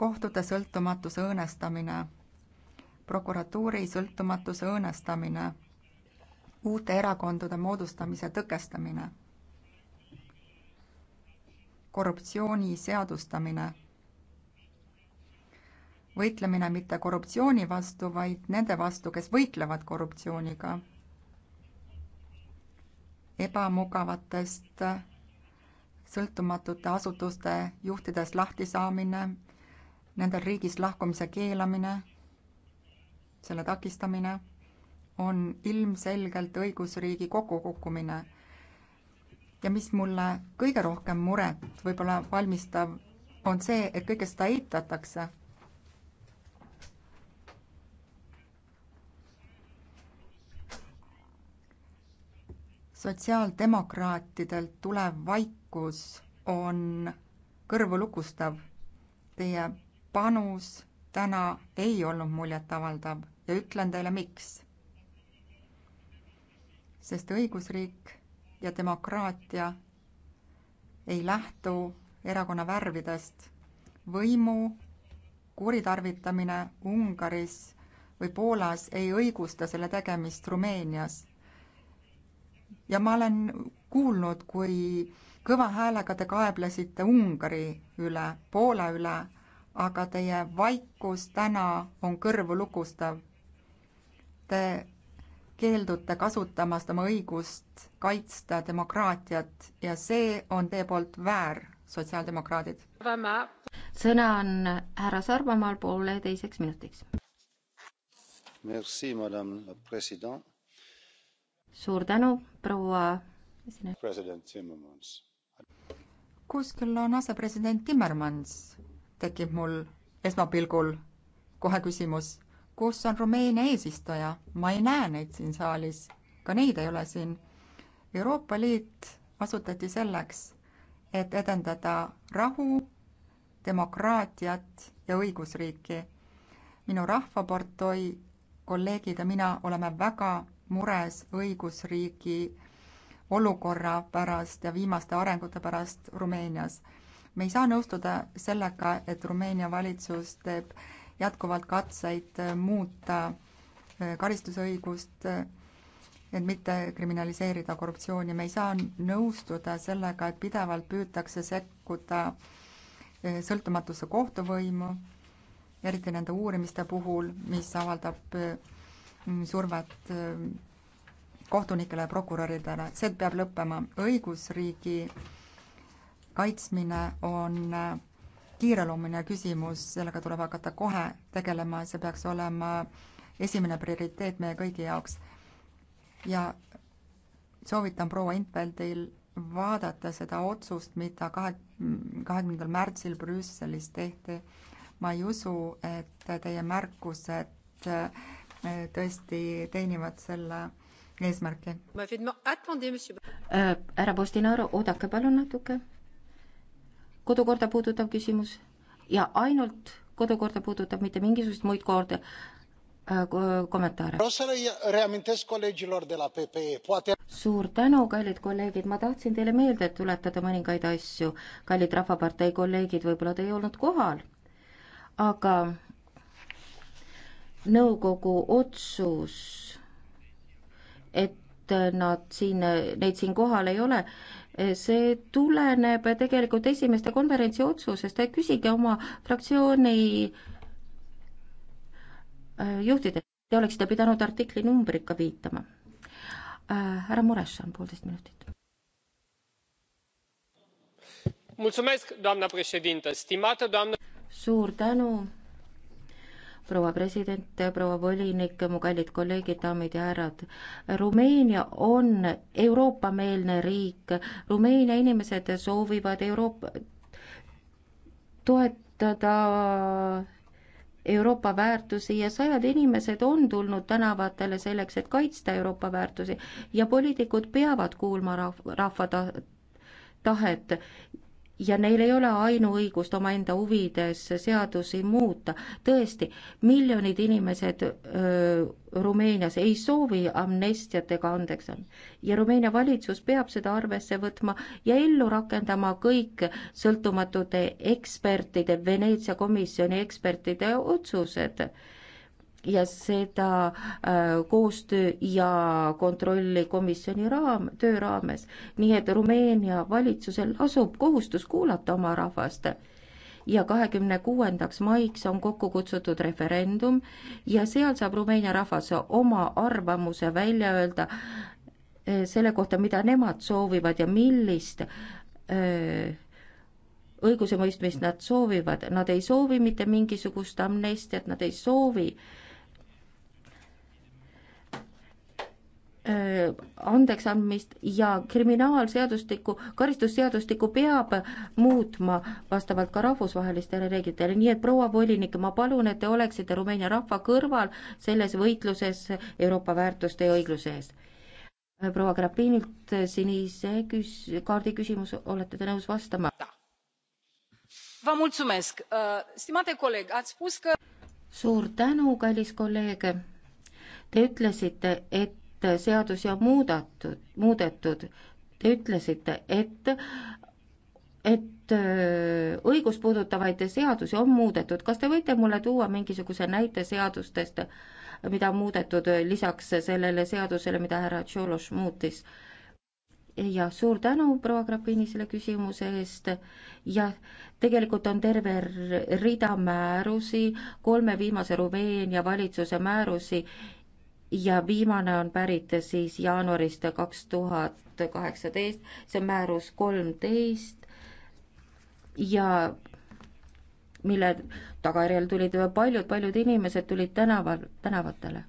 Speaker 11: kohtute sõltumatuse õõnestamine, prokuratuuri sõltumatuse õõnestamine, uute erakondade moodustamise tõkestamine, korruptsiooni seadustamine, võitlemine mitte korruptsiooni vastu, vaid nende vastu, kes võitlevad korruptsiooniga, ebamugavatest sõltumatute asutuste juhtidest lahtisaamine, nendel riigist lahkumise keelamine, selle takistamine on ilmselgelt õigusriigi kokkukukkumine. ja mis mulle kõige rohkem muret võib-olla valmistab, on see, et kõike seda eitatakse sotsiaaldemokraatidelt tulev vaik märkus on kõrvulukustav. Teie panus täna ei olnud muljetavaldav ja ütlen teile, miks. sest õigusriik ja demokraatia ei lähtu erakonna värvidest. võimu kuritarvitamine Ungaris või Poolas ei õigusta selle tegemist Rumeenias. ja ma olen kuulnud, kui kõva häälega te kaeblesite Ungari üle, Poola üle, aga teie vaikus täna on kõrvulukustav. Te keeldute kasutamast oma õigust kaitsta demokraatiat ja see on teie poolt väär, sotsiaaldemokraadid. sõna on härra Sarvamaal pooleteiseks minutiks.
Speaker 3: Merci, madame la president.
Speaker 11: suur tänu, proua
Speaker 3: esineja.
Speaker 4: president Timmermans
Speaker 11: kuskil on asepresident Timmermans, tekib mul esmapilgul kohe küsimus, kus on Rumeenia eesistuja, ma ei näe neid siin saalis, ka neid ei ole siin. Euroopa Liit asutati selleks, et edendada rahu, demokraatiat ja õigusriiki. minu rahvapartei kolleegid ja mina oleme väga mures õigusriigi olukorra pärast ja viimaste arengute pärast Rumeenias. me ei saa nõustuda sellega, et Rumeenia valitsus teeb jätkuvalt katseid muuta äh, karistusõigust, äh, et mitte kriminaliseerida korruptsiooni, me ei saa nõustuda sellega, et pidevalt püütakse sekkuda äh, sõltumatusse kohtuvõimu, eriti nende uurimiste puhul, mis avaldab survet kohtunikele ja prokuröridele, see peab lõppema. õigusriigi kaitsmine on kiireloomuline küsimus, sellega tuleb hakata kohe tegelema, see peaks olema esimene prioriteet meie kõigi jaoks. ja soovitan proua Intveldil vaadata seda otsust, mida kahe, kahekümnendal märtsil Brüsselis tehti. ma ei usu, et teie märkused äh, tõesti teenivad selle eesmärke.
Speaker 10: härra äh, Postinaru, oodake palun natuke. kodukorda puudutav küsimus ja ainult kodukorda puudutab, mitte mingisuguseid muid kordi äh, kommentaare. E. suur tänu, kallid kolleegid, ma tahtsin teile meelde tuletada mõningaid asju. kallid Rahvapartei kolleegid, võib-olla te ei olnud kohal, aga nõukogu otsus et nad siin, neid siin kohal ei ole, see tuleneb tegelikult esimeste konverentsi otsusest, küsige oma fraktsiooni äh, juhtidelt, te oleksite pidanud artikli numbrit ka viitama. Äh, härra Murešan, poolteist minutit. suur tänu proua president, proua volinik, mu kallid kolleegid, daamid ja härrad. Rumeenia on Euroopa-meelne riik, Rumeenia inimesed soovivad Euroopa, toetada Euroopa väärtusi ja sajad inimesed on tulnud tänavatele selleks, et kaitsta Euroopa väärtusi ja poliitikud peavad kuulma rahva, rahva tahet ja neil ei ole ainuõigust omaenda huvides seadusi muuta. tõesti, miljonid inimesed öö, Rumeenias ei soovi amnestiat ega andeks on. ja Rumeenia valitsus peab seda arvesse võtma ja ellu rakendama kõik sõltumatute ekspertide, Veneetsia komisjoni ekspertide otsused ja seda äh, koostöö ja kontrolli komisjoni raam, töö raames. nii et Rumeenia valitsusel asub kohustus kuulata oma rahvast ja kahekümne kuuendaks maiks on kokku kutsutud referendum ja seal saab Rumeenia rahvas oma arvamuse välja öelda äh, selle kohta, mida nemad soovivad ja millist öö, äh, õigusemõistmist nad soovivad, nad ei soovi mitte mingisugust amnestiat, nad ei soovi Äh, andeksandmist ja kriminaalseadustiku, karistusseadustikku peab muutma vastavalt ka rahvusvahelistele reeglitele, nii et proua volinik, ma palun, et te oleksite Rumeenia rahva kõrval selles võitluses Euroopa väärtuste ja õigluse eest. Äh, proua Grapinilt äh, sinise küs-, kaardi küsimus, olete te nõus vastama? suur tänu, kallis kolleeg. Te ütlesite, et et seadusi on muudatud, muudetud. Te ütlesite, et, et äh, õigust puudutavaid seadusi on muudetud. kas te võite mulle tuua mingisuguse näite seadustest, mida on muudetud lisaks sellele seadusele, mida härra Tšološ muutis? ja suur tänu, proua Krapini, selle küsimuse eest. jah, tegelikult on terve rida määrusi, kolme viimase Rumeenia valitsuse määrusi ja viimane on pärit siis jaanuarist kaks tuhat kaheksateist, see on määrus kolmteist ja mille tagajärjel tulid paljud-paljud inimesed tulid tänaval, tänavatele.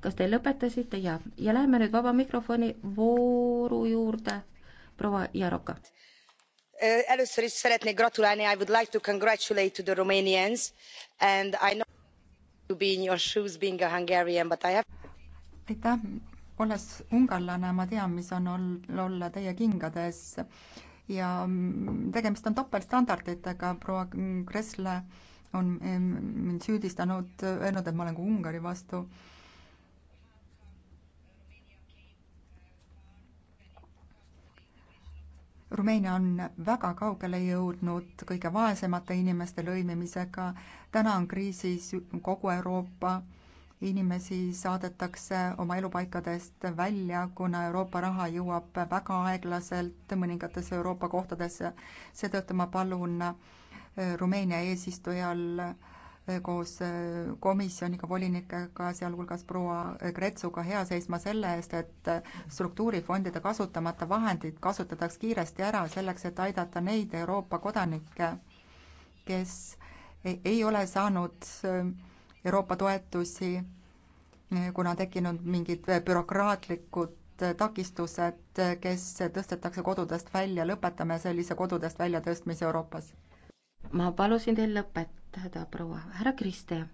Speaker 10: kas te lõpetasite ja, ja läheme nüüd vaba mikrofoni vooru juurde, proua Jaroka.
Speaker 8: Äh, először is szeretnék gratulálni, I would like to congratulate to the Romanians and I know
Speaker 11: aitäh, olles ungarlane, ma tean, mis on ol-, olla teie kingades ja mm, tegemist on topeltstandarditega, proua Kressle on mm, mind süüdistanud, öelnud, et ma olen ka Ungari vastu Rumeenia on väga kaugele jõudnud kõige vaesemate inimeste lõimimisega, täna on kriisis kogu Euroopa, inimesi saadetakse oma elupaikadest välja, kuna Euroopa raha jõuab väga aeglaselt mõningatesse Euroopa kohtadesse. seetõttu ma palun äh, Rumeenia eesistujal Eh, koos eh, komisjoniga, volinikega, sealhulgas proua eh, Kretsuga hea seisma selle eest, et struktuurifondide kasutamata vahendid kasutataks kiiresti ära selleks, et aidata neid Euroopa kodanikke, kes e-, ei ole saanud Euroopa toetusi, kuna tekkinud mingid bürokraatlikud takistused, kes tõstetakse kodudest välja, lõpetame sellise kodudest väljatõstmise Euroopas. ma palusin teil lõpetada da, proua, härra Kriste.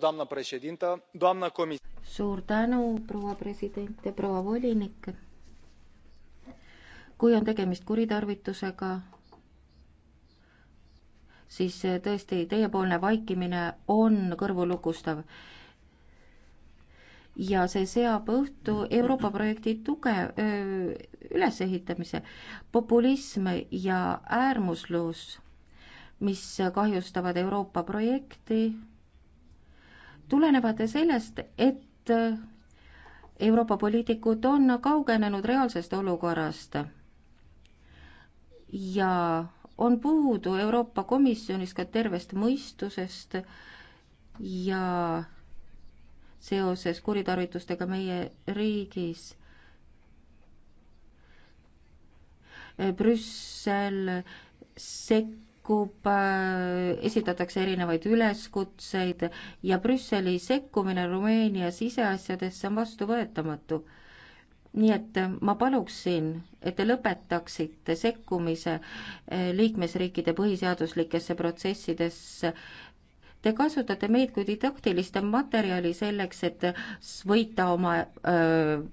Speaker 6: doamnă președintă, doamnă comisar.
Speaker 10: suur tänu, proua president ja proua volinik. kui on tegemist kuritarvitusega, siis tõesti, teiepoolne vaikimine on kõrvulukustav ja see seab õhtu Euroopa projekti tuge, ülesehitamise. populism ja äärmuslus mis kahjustavad Euroopa projekti, tulenevad sellest, et Euroopa poliitikud on kaugenenud reaalsest olukorrast ja on puudu Euroopa Komisjonis ka tervest mõistusest ja seoses kuritarvitustega meie riigis Brüssel sek-, sekkub, äh, esitatakse erinevaid üleskutseid ja Brüsseli sekkumine Rumeenia siseasjadesse on vastuvõetamatu. nii et äh, ma paluksin, et te lõpetaksite sekkumise äh, liikmesriikide põhiseaduslikesse protsessidesse, Te kasutate meid kui didaktilist materjali selleks, et võita oma öö,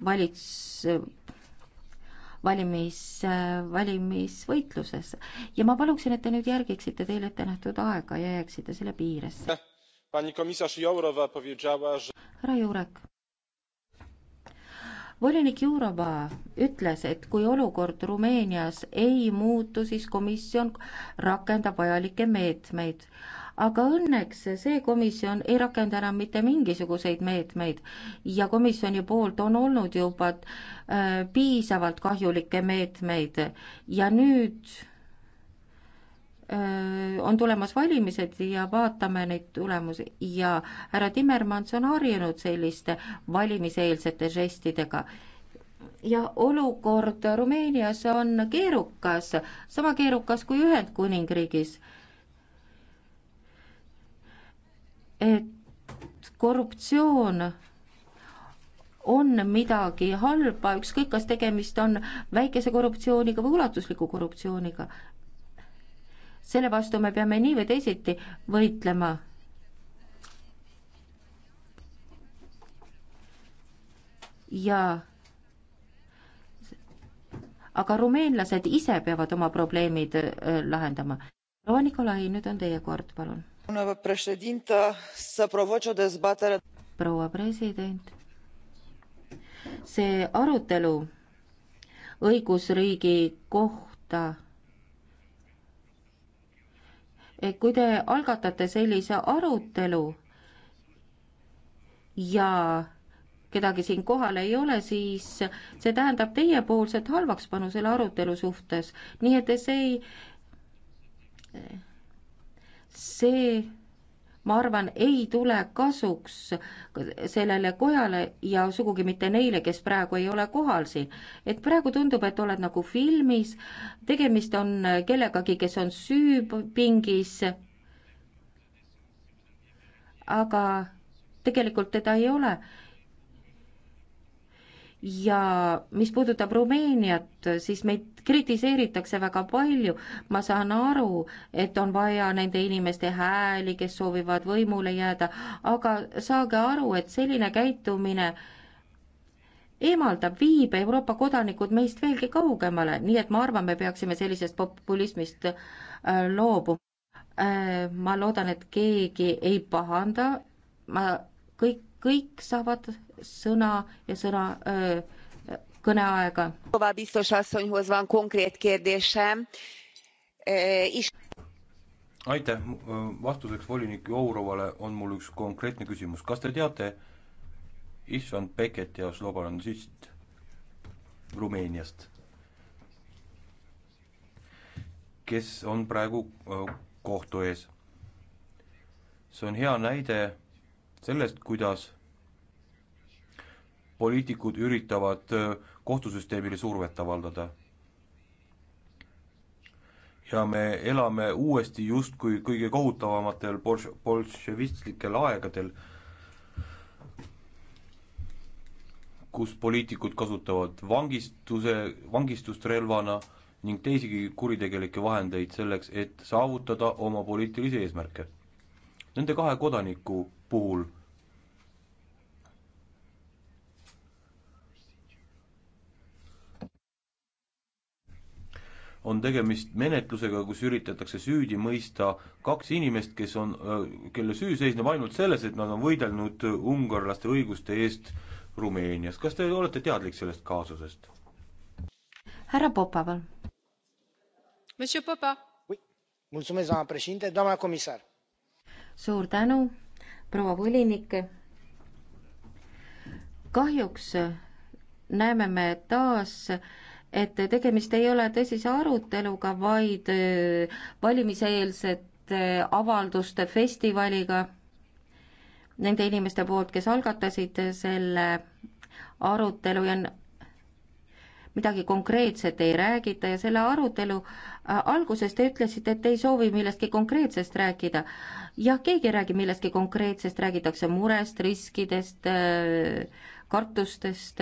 Speaker 10: valits-, valimis, äh, valimisvõitluses. ja ma paluksin, et te nüüd järgiksite teile ette nähtud aega ja jääksite selle piiresse. härra Jurek volinik Jurova ütles, et kui olukord Rumeenias ei muutu, siis komisjon rakendab vajalikke meetmeid meet aga õnneks see komisjon ei rakenda enam mitte mingisuguseid meetmeid ja komisjoni poolt on olnud juba äh, piisavalt kahjulikke meetmeid ja nüüd äh, on tulemas valimised ja vaatame neid tulemusi ja härra Timmermans on harjunud selliste valimiseelsete žestidega ja olukord Rumeenias on keerukas, sama keerukas kui Ühendkuningriigis et korruptsioon on midagi halba, ükskõik, kas tegemist on väikese korruptsiooniga või ulatusliku korruptsiooniga. selle vastu me peame nii või teisiti võitlema. ja aga rumeenlased ise peavad oma probleemid äh, lahendama. proua Nikolai, nüüd on teie kord, palun proua president, see arutelu õigusriigi kohta et kui te algatate sellise arutelu ja kedagi siin kohal ei ole, siis see tähendab teiepoolset halvakspanu selle arutelu suhtes, nii et see ei see, ma arvan, ei tule kasuks sellele kojale ja sugugi mitte neile, kes praegu ei ole kohal siin. et praegu tundub, et oled nagu filmis, tegemist on kellegagi, kes on süüpingis, aga tegelikult teda ei ole ja mis puudutab Rumeeniat, siis meid kritiseeritakse väga palju, ma saan aru, et on vaja nende inimeste hääli, kes soovivad võimule jääda, aga saage aru, et selline käitumine eemaldab, viib Euroopa kodanikud meist veelgi kaugemale, nii et ma arvan, me peaksime sellisest populismist äh, loobuma. Äh, ma loodan, et keegi ei pahanda, ma, kõik, kõik saavad sõna ja sõna öö, äh, kõneaega.
Speaker 8: E,
Speaker 9: aitäh, vastuseks volinik Jourovale on mul üks konkreetne küsimus, kas te teate Isvan Beket ja Slobodan Zist Rumeeniast, kes on praegu kohtu ees? see on hea näide sellest, kuidas poliitikud üritavad äh, kohtusüsteemile survet avaldada. ja me elame uuesti justkui kõige kohutavamatel bolš-, bolševistlikel aegadel, kus poliitikud kasutavad vangistuse, vangistust relvana ning teisigi kuritegelikke vahendeid selleks, et saavutada oma poliitilisi eesmärke. Nende kahe kodaniku puhul on tegemist menetlusega, kus üritatakse süüdi mõista kaks inimest, kes on, kelle süü seisneb ainult selles, et nad on võidelnud ungarlaste õiguste eest Rumeenias. kas te olete teadlik sellest kaasusest?
Speaker 10: härra Popa, palun.
Speaker 7: Monsieur Popa. Mulțumesc, doamna președinte, doamna comisar.
Speaker 10: Suur tänu, proua volinik. kahjuks näeme me taas äh, et tegemist ei ole tõsise aruteluga, vaid äh, valimiseelsete äh, avalduste festivaliga nende inimeste poolt, kes algatasid selle arutelu ja midagi konkreetset ei räägita ja selle arutelu äh, alguses te ütlesite, et te ei soovi millestki konkreetsest rääkida. jah, keegi ei räägi millestki konkreetsest, räägitakse murest, riskidest, kartustest.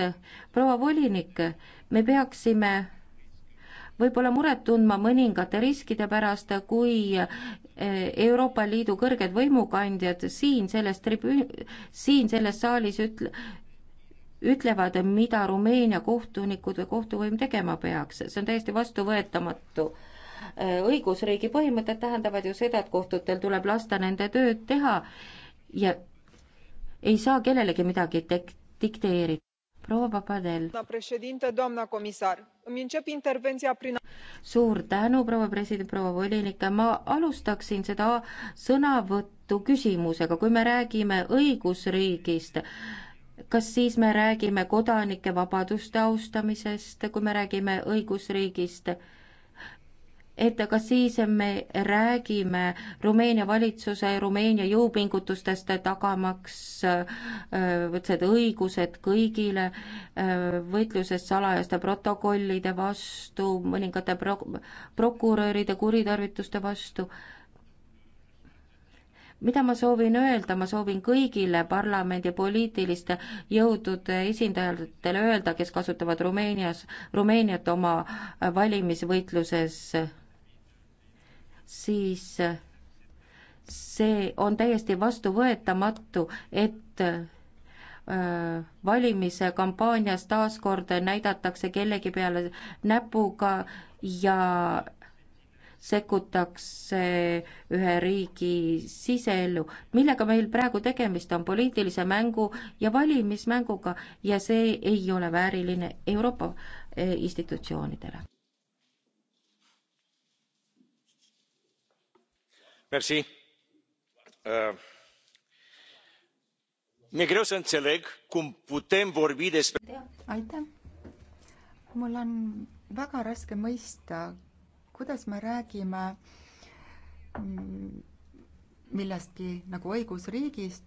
Speaker 10: proua volinik, me peaksime võib-olla muret tundma mõningate riskide pärast, kui eh, Euroopa Liidu kõrged võimukandjad siin selles tribü-, siin selles saalis ütle-, ütlevad, mida Rumeenia kohtunikud või kohtuvõim tegema peaks, see on täiesti vastuvõetamatu. Eh, õigusriigi põhimõtted tähendavad ju seda, et kohtutel tuleb lasta nende tööd teha ja ei saa kellelegi midagi tek-, dikteerida doamnă
Speaker 11: președintă doamnă comisar îmi încep intervenția prin.
Speaker 10: suur tänu proua president proua volinik ma alustaksin seda sõnavõttu küsimusega kui me räägime õigusriigist kas siis me räägime kodanike vabaduste austamisest kui me räägime õigusriigist et ka siis me räägime Rumeenia valitsuse, Rumeenia jõupingutustest, tagamaks äh, vot need õigused kõigile, äh, võitluses salajaste protokollide vastu, mõningate pro-, prokuröride kuritarvituste vastu. mida ma soovin öelda, ma soovin kõigile parlamendi poliitiliste jõudude esindajatele öelda, kes kasutavad Rumeenias, Rumeeniat oma valimisvõitluses siis see on täiesti vastuvõetamatu, et äh, valimise kampaanias taas kord näidatakse kellegi peale näpuga ja sekkutakse ühe riigi siseellu, millega meil praegu tegemist on, poliitilise mängu ja valimismänguga ja see ei ole vääriline Euroopa äh, institutsioonidele.
Speaker 4: mi uh, e greu să înțeleg cum putem vorbi despre.
Speaker 11: aitäh! mul on väga raske mõista, kuidas me räägime mm, millestki nagu õigusriigist,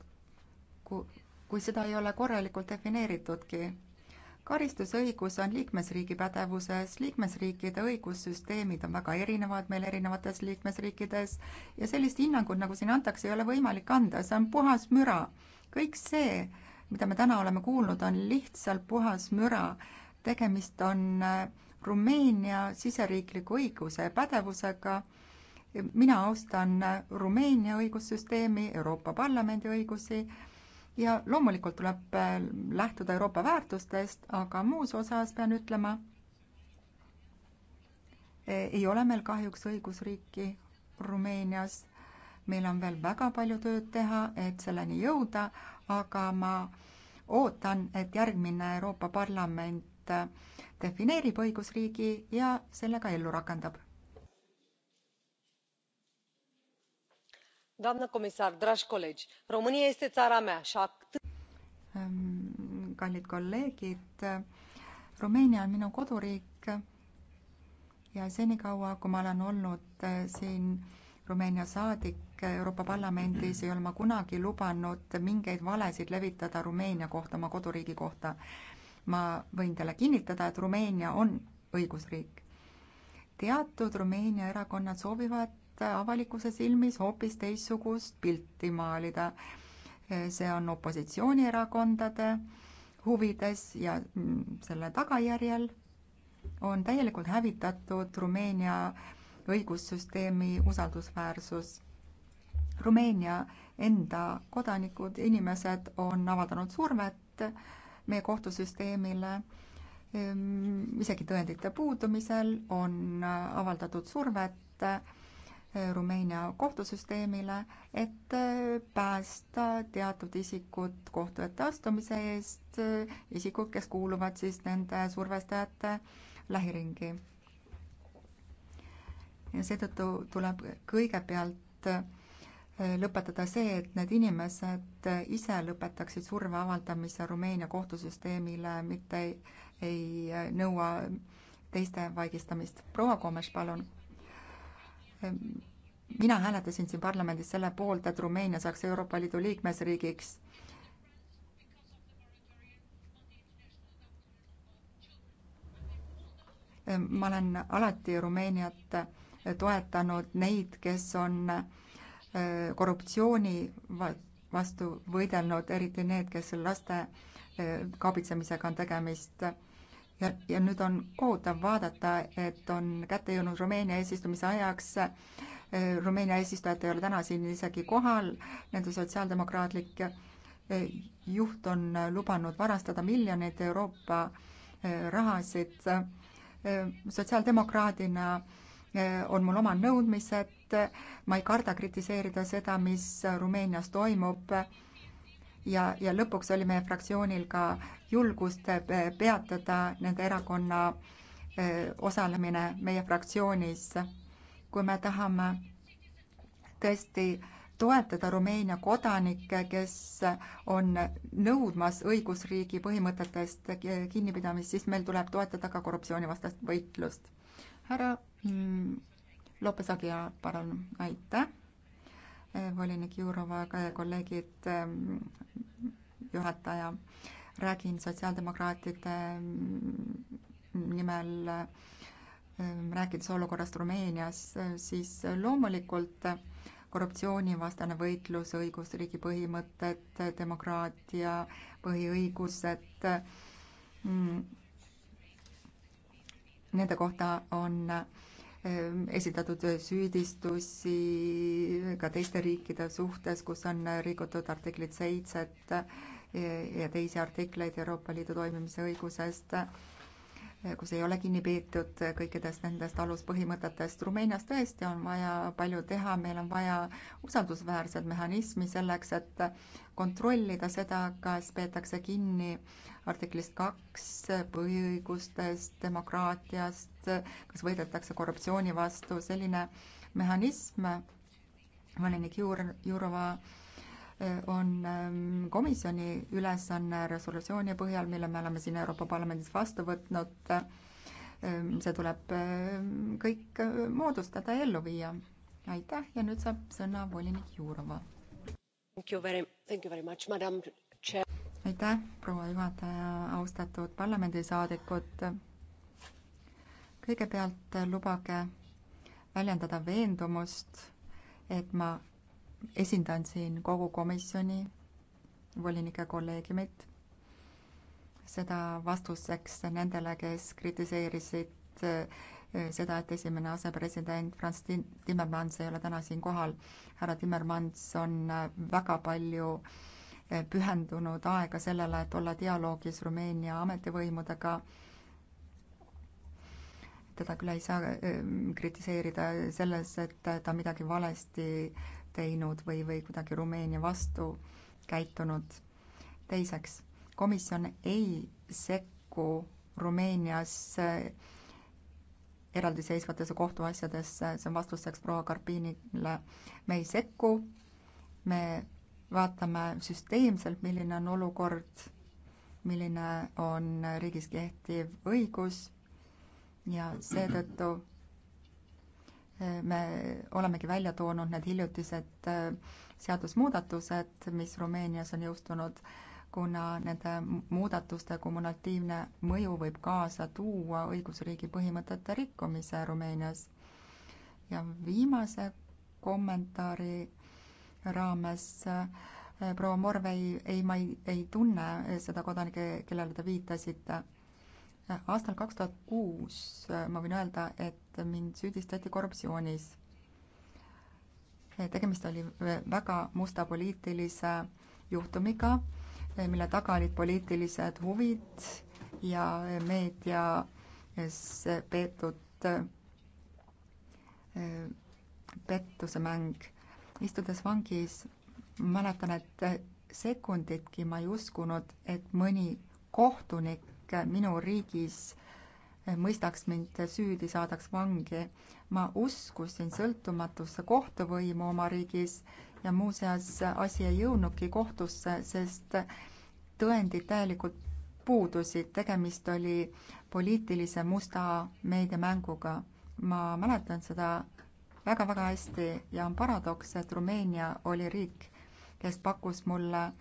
Speaker 11: kui seda ei ole korralikult defineeritudki karistusõigus on liikmesriigi pädevuses, liikmesriikide õigussüsteemid on väga erinevad meil erinevates liikmesriikides ja sellist hinnangut, nagu siin antakse, ei ole võimalik anda, see on puhas müra. kõik see, mida me täna oleme kuulnud, on lihtsalt puhas müra. tegemist on äh, Rumeenia siseriikliku õiguse pädevusega. mina austan äh, Rumeenia õigussüsteemi, Euroopa Parlamendi õigusi ja loomulikult tuleb äh, lähtuda Euroopa väärtustest, aga muus osas pean ütlema, e, ei ole meil kahjuks õigusriiki Rumeenias. meil on veel väga palju tööd teha, et selleni jõuda, aga ma ootan, et järgmine Euroopa Parlament äh, defineerib õigusriigi ja selle ka ellu rakendab.
Speaker 8: doamnă comisar dragi colegi românia este țara mea și
Speaker 11: kallid kolleegid, Rumeenia on minu koduriik ja senikaua, kui ma olen olnud siin Rumeenia saadik Euroopa Parlamendis, ei ole ma kunagi lubanud mingeid valesid levitada Rumeenia kohta, oma koduriigi kohta. ma võin teile kinnitada, et Rumeenia on õigusriik. teatud Rumeenia erakonnad soovivad avalikkuse silmis hoopis teistsugust pilti maalida. see on opositsioonierakondade huvides ja selle tagajärjel on täielikult hävitatud Rumeenia õigussüsteemi usaldusväärsus. Rumeenia enda kodanikud, inimesed on avaldanud survet meie kohtusüsteemile. isegi tõendite puudumisel on avaldatud survet Rumeenia kohtusüsteemile, et äh, päästa teatud isikud kohtu ette astumise eest, äh, isikud, kes kuuluvad siis nende survestajate lähiringi. ja seetõttu tuleb kõigepealt äh, lõpetada see, et need inimesed ise lõpetaksid surve avaldamise Rumeenia kohtusüsteemile, mitte ei, ei nõua teiste vaigistamist. proua Komes, palun mina hääletasin siin parlamendis selle poolt, et Rumeenia saaks Euroopa Liidu liikmesriigiks. ma olen alati Rumeeniat toetanud neid, kes on äh, korruptsiooni vastu võidelnud, eriti need, kes laste äh, kaabitsemisega on tegemist ja, ja nüüd on kohutav vaadata, et on kätte jõudnud Rumeenia eesistumise ajaks. Äh, Rumeenia eesistujat ei ole täna siin isegi kohal, nende sotsiaaldemokraatlik äh, juht on äh, lubanud varastada miljoneid Euroopa rahasid. sotsiaaldemokraadina on mul oma nõudmised, ma ei karda kritiseerida seda, mis Rumeenias toimub ja, ja lõpuks oli meie fraktsioonil ka julgust eh, peatada nende erakonna eh, osalemine meie fraktsioonis. kui me tahame tõesti toetada Rumeenia kodanikke, kes on nõudmas õigusriigi põhimõtetest kinnipidamist, siis meil tuleb toetada ka korruptsioonivastast võitlust. härra mm, Lopes Agia, palun, aitäh! volinik Jurova ja kolleegid, ähm, juhataja, räägin sotsiaaldemokraatide mm, nimel, ähm, rääkides olukorrast Rumeenias, äh, siis loomulikult korruptsioonivastane võitlus, õigusriigi põhimõtted, demokraatia põhiõigused, mm, nende kohta on äh, Ehm, esitatud süüdistusi ka teiste riikide suhtes, kus on rikutud artiklit seitset eh, ja teisi artikleid Euroopa Liidu toimimise õigusest kus ei ole kinni peetud kõikidest nendest aluspõhimõtetest. Rumeenias tõesti on vaja palju teha, meil on vaja usaldusväärset mehhanismi selleks, et kontrollida seda, kas peetakse kinni artiklist kaks põhiõigustest, demokraatiast, kas võidetakse korruptsiooni vastu, selline mehhanism, volinik Juur-, Jurova on ähm, komisjoni ülesanne resolutsiooni põhjal, mille me oleme siin Euroopa Parlamendis vastu võtnud, ähm, see tuleb ähm, kõik äh, moodustada ja ellu viia. aitäh ja nüüd saab sõna volinik Jurova. aitäh, proua juhataja, austatud parlamendisaadikud. kõigepealt lubage väljendada veendumust, et ma esindan siin kogu komisjoni volinike kolleegiumit. seda vastuseks nendele, kes kritiseerisid eh, seda, et esimene asepresident Franz Timmermans ei ole täna siin kohal. härra Timmermans on eh, väga palju eh, pühendunud aega sellele, et olla dialoogis Rumeenia ametivõimudega teda küll ei saa kritiseerida selles, et ta midagi valesti teinud või, või kuidagi Rumeenia vastu käitunud. teiseks, komisjon ei sekku Rumeenias eh, eraldiseisvatesse kohtuasjadesse, see on vastuseks proua Karpinile. me ei sekku, me vaatame süsteemselt, milline on olukord, milline on riigis kehtiv õigus ja seetõttu me olemegi välja toonud need hiljutised äh, seadusmuudatused, mis Rumeenias on jõustunud, kuna nende muudatuste kumulatiivne mõju võib kaasa tuua õigusriigi põhimõtete rikkumise Rumeenias. ja viimase kommentaari raames äh, proua Morvei, ei, ma ei, ei tunne seda kodanike, kellele te viitasite aastal kaks tuhat kuus äh, ma võin öelda, et mind süüdistati korruptsioonis. Äh, tegemist oli väga musta poliitilise juhtumiga, äh, mille taga olid poliitilised huvid ja meedias peetud pettusemäng. istudes vangis, mäletan, et sekunditki ma ei uskunud, et mõni kohtunik minu riigis eh, mõistaks mind süüdi, saadaks vangi. ma uskusin sõltumatusse kohtuvõimu oma riigis ja muuseas asi ei jõudnudki kohtusse, sest tõendid täielikult puudusid, tegemist oli poliitilise musta meediamänguga. ma mäletan seda väga-väga hästi ja on paradoks, et Rumeenia oli riik, kes pakkus mulle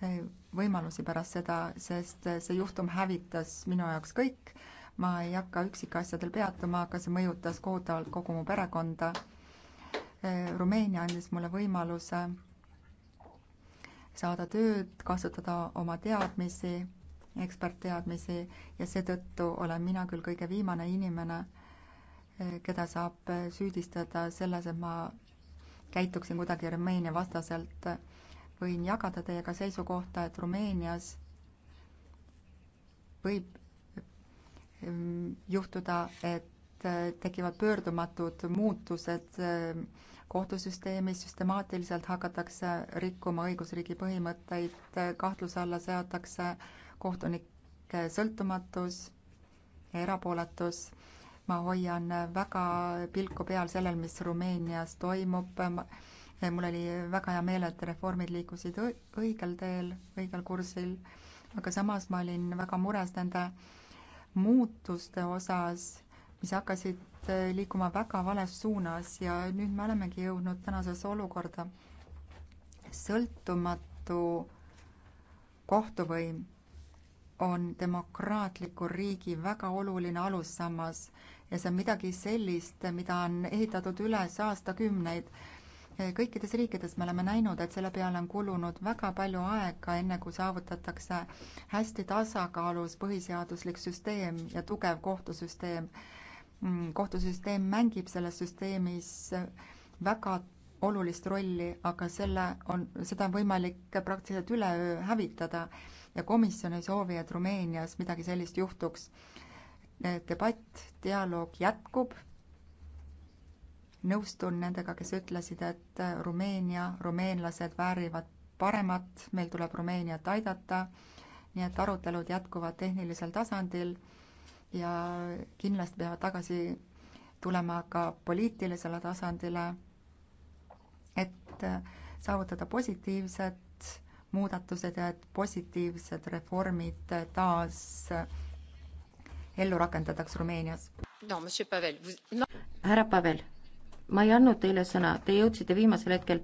Speaker 11: võimalusi pärast seda, sest see juhtum hävitas minu jaoks kõik. ma ei hakka üksikasjadel peatuma, aga see mõjutas kohutavalt kogu mu perekonda. Äh, Rumeenia andis mulle võimaluse saada tööd, kasutada oma teadmisi, ekspertteadmisi ja seetõttu olen mina küll kõige viimane inimene, äh, keda saab süüdistada selles, et ma käituksin kuidagi Rumeenia vastaselt võin jagada teiega seisukohta, et Rumeenias võib ehm, juhtuda, et äh, tekivad pöördumatud muutused ehm, kohtusüsteemis, süstemaatiliselt hakatakse rikkuma õigusriigi põhimõtteid, äh, kahtluse alla seatakse kohtunike sõltumatus ja erapooletus ma hoian väga pilku peal sellel, mis Rumeenias toimub mul oli väga hea meel, et reformid liikusid õigel teel, õigel kursil, aga samas ma olin väga mures nende muutuste osas, mis hakkasid äh, liikuma väga vales suunas ja nüüd me olemegi jõudnud tänasesse olukorda. sõltumatu kohtuvõim on demokraatliku riigi väga oluline alussammas ja see on midagi sellist, mida on ehitatud üles aastakümneid kõikides riikides me oleme näinud, et selle peale on kulunud väga palju aega, enne kui saavutatakse hästi tasakaalus põhiseaduslik süsteem ja tugev kohtusüsteem. Mm, kohtusüsteem mängib selles süsteemis väga olulist rolli, aga selle on, seda on võimalik praktiliselt üleöö hävitada ja komisjon ei soovi, et Rumeenias midagi sellist juhtuks. debatt, dialoog jätkub nõustun nendega, kes ütlesid, et Rumeenia, rumeenlased väärivad paremat, meil tuleb Rumeeniat aidata, nii et arutelud jätkuvad tehnilisel tasandil ja kindlasti peavad tagasi tulema ka poliitilisele tasandile, et saavutada positiivsed muudatused ja et positiivsed reformid taas ellu rakendataks Rumeenias. härra
Speaker 10: Pavel no, ma ei andnud teile sõna, te jõudsite viimasel hetkel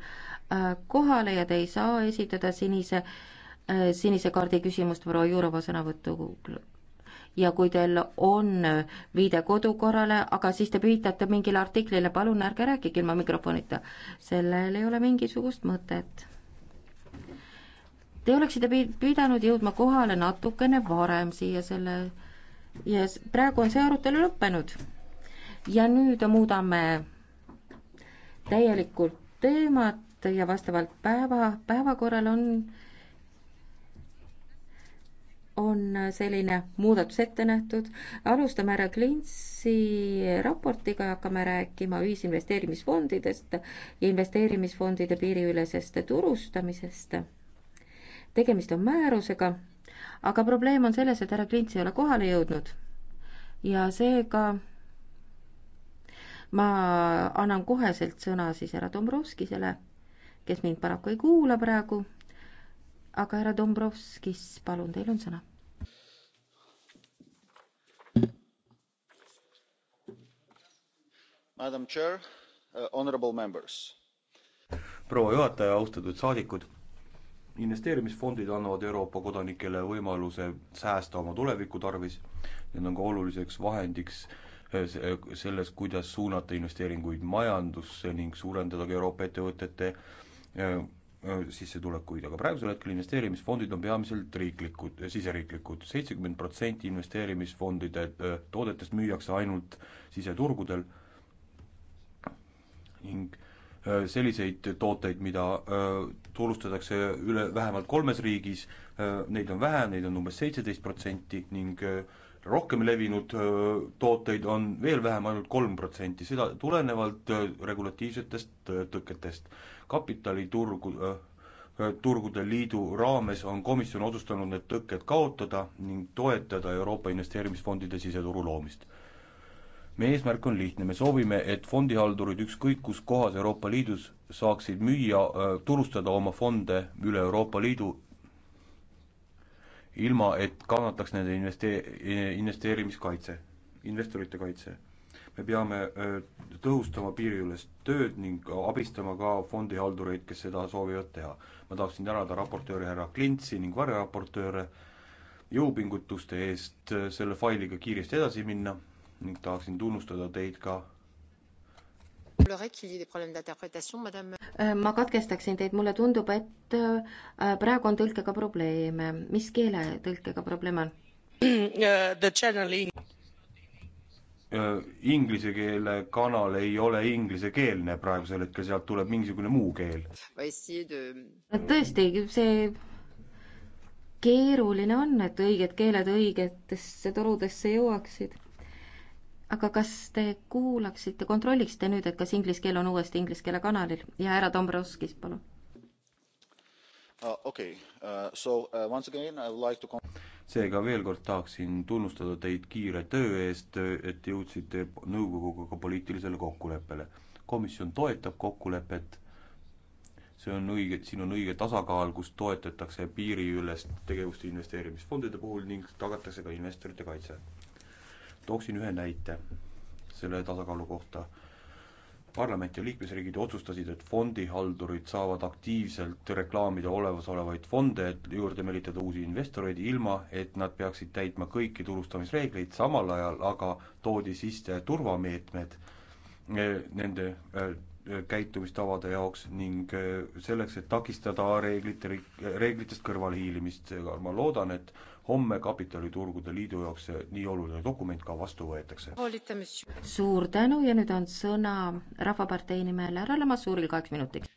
Speaker 10: äh, kohale ja te ei saa esitada sinise, äh, sinise kaardi küsimust proua Jurova sõnavõttu. ja kui teil on äh, viide kodukorrale, aga siis te viitate mingile artiklile, palun ärge rääkige ilma mikrofonita. sellel ei ole mingisugust mõtet. Te oleksite pidanud jõudma kohale natukene varem siia selle ja yes, praegu on see arutelu lõppenud. ja nüüd muudame täielikult teemat ja vastavalt päeva, päevakorral on, on selline muudatus ette nähtud. alustame härra Klintsi raportiga ja hakkame rääkima ühisinvesteerimisfondidest, investeerimisfondide piiriülesest turustamisest. tegemist on määrusega, aga probleem on selles, et härra Klints ei ole kohale jõudnud ja seega ma annan koheselt sõna siis härra Dombrovskisele, kes mind paraku ei kuula praegu. aga härra Dombrovskis, palun, teil on sõna.
Speaker 3: Madam Chair, uh, honorable members.
Speaker 9: proua juhataja, austatud saadikud investeerimisfondid annavad Euroopa kodanikele võimaluse säästa oma tuleviku tarvis. Need on ka oluliseks vahendiks selles, kuidas suunata investeeringuid majandusse ning suurendada ka Euroopa ettevõtete äh, äh, sissetulekuid, aga praegusel hetkel investeerimisfondid on peamiselt riiklikud, äh, siseriiklikud, seitsekümmend protsenti investeerimisfondide toodetest müüakse ainult siseturgudel ning selliseid tooteid, mida turustatakse üle vähemalt kolmes riigis, neid on vähe, neid on umbes seitseteist protsenti ning öö, rohkem levinud tooteid on veel vähem, ainult kolm protsenti, seda tulenevalt regulatiivsetest tõketest. kapitaliturgu, turgude liidu raames on komisjon otsustanud need tõkked kaotada ning toetada Euroopa investeerimisfondide siseturu loomist. meie eesmärk on lihtne, me soovime, et fondihaldurid ükskõik kus kohas Euroopa Liidus saaksid müüa, turustada oma fonde üle Euroopa Liidu ilma et kannataks nende investee-, investeerimiskaitse, investorite kaitse. me peame tõhustama piiriülest tööd ning abistama ka fondihaldureid, kes seda soovivad teha. ma tahaksin tänada raportööri härra Klintsi ning varjaraportööre jõupingutuste eest selle failiga kiiresti edasi minna ning tahaksin tunnustada teid ka
Speaker 10: Äh, ma katkestaksin teid, mulle tundub, et äh, praegu on tõlkega probleeme. mis keele tõlkega probleem on?
Speaker 8: Äh,
Speaker 9: inglise keele kanal ei ole inglisekeelne praegusel hetkel, sealt tuleb mingisugune muu keel.
Speaker 10: tõesti, see keeruline on, et õiged keeled õigetesse torudesse jõuaksid aga kas te kuulaksite, kontrolliksite nüüd, et kas inglise keel on uuesti inglise keele kanalil ja härra Dombrovskis, palun uh,.
Speaker 3: Ah, okay. Uh, so, uh, like to...
Speaker 9: seega veel kord tahaksin tunnustada teid kiire töö eest, et jõudsite nõukoguga ka poliitilisele kokkuleppele. komisjon toetab kokkulepet, see on õige, siin on õige tasakaal, kus toetatakse piiriülest tegevust investeerimisfondide puhul ning tagatakse ka investorite kaitse tooksin ühe näite selle tasakaalu kohta. parlament ja liikmesriigid otsustasid, et fondihaldurid saavad aktiivselt reklaamida olemasolevaid fonde, et juurde meelitada uusi investoreid, ilma et nad peaksid täitma kõiki turustamisreegleid, samal ajal aga toodi sisse turvameetmed eh, nende eh, käitumistavade jaoks ning eh, selleks, et takistada reeglite, reeglitest kõrvalehiilimist, ma loodan, et homme Kapitaliturgude Liidu jaoks see nii oluline dokument ka vastu võetakse.
Speaker 10: suur tänu ja nüüd on sõna Rahvapartei nimel härra Lamassuuril kaheks minutiks.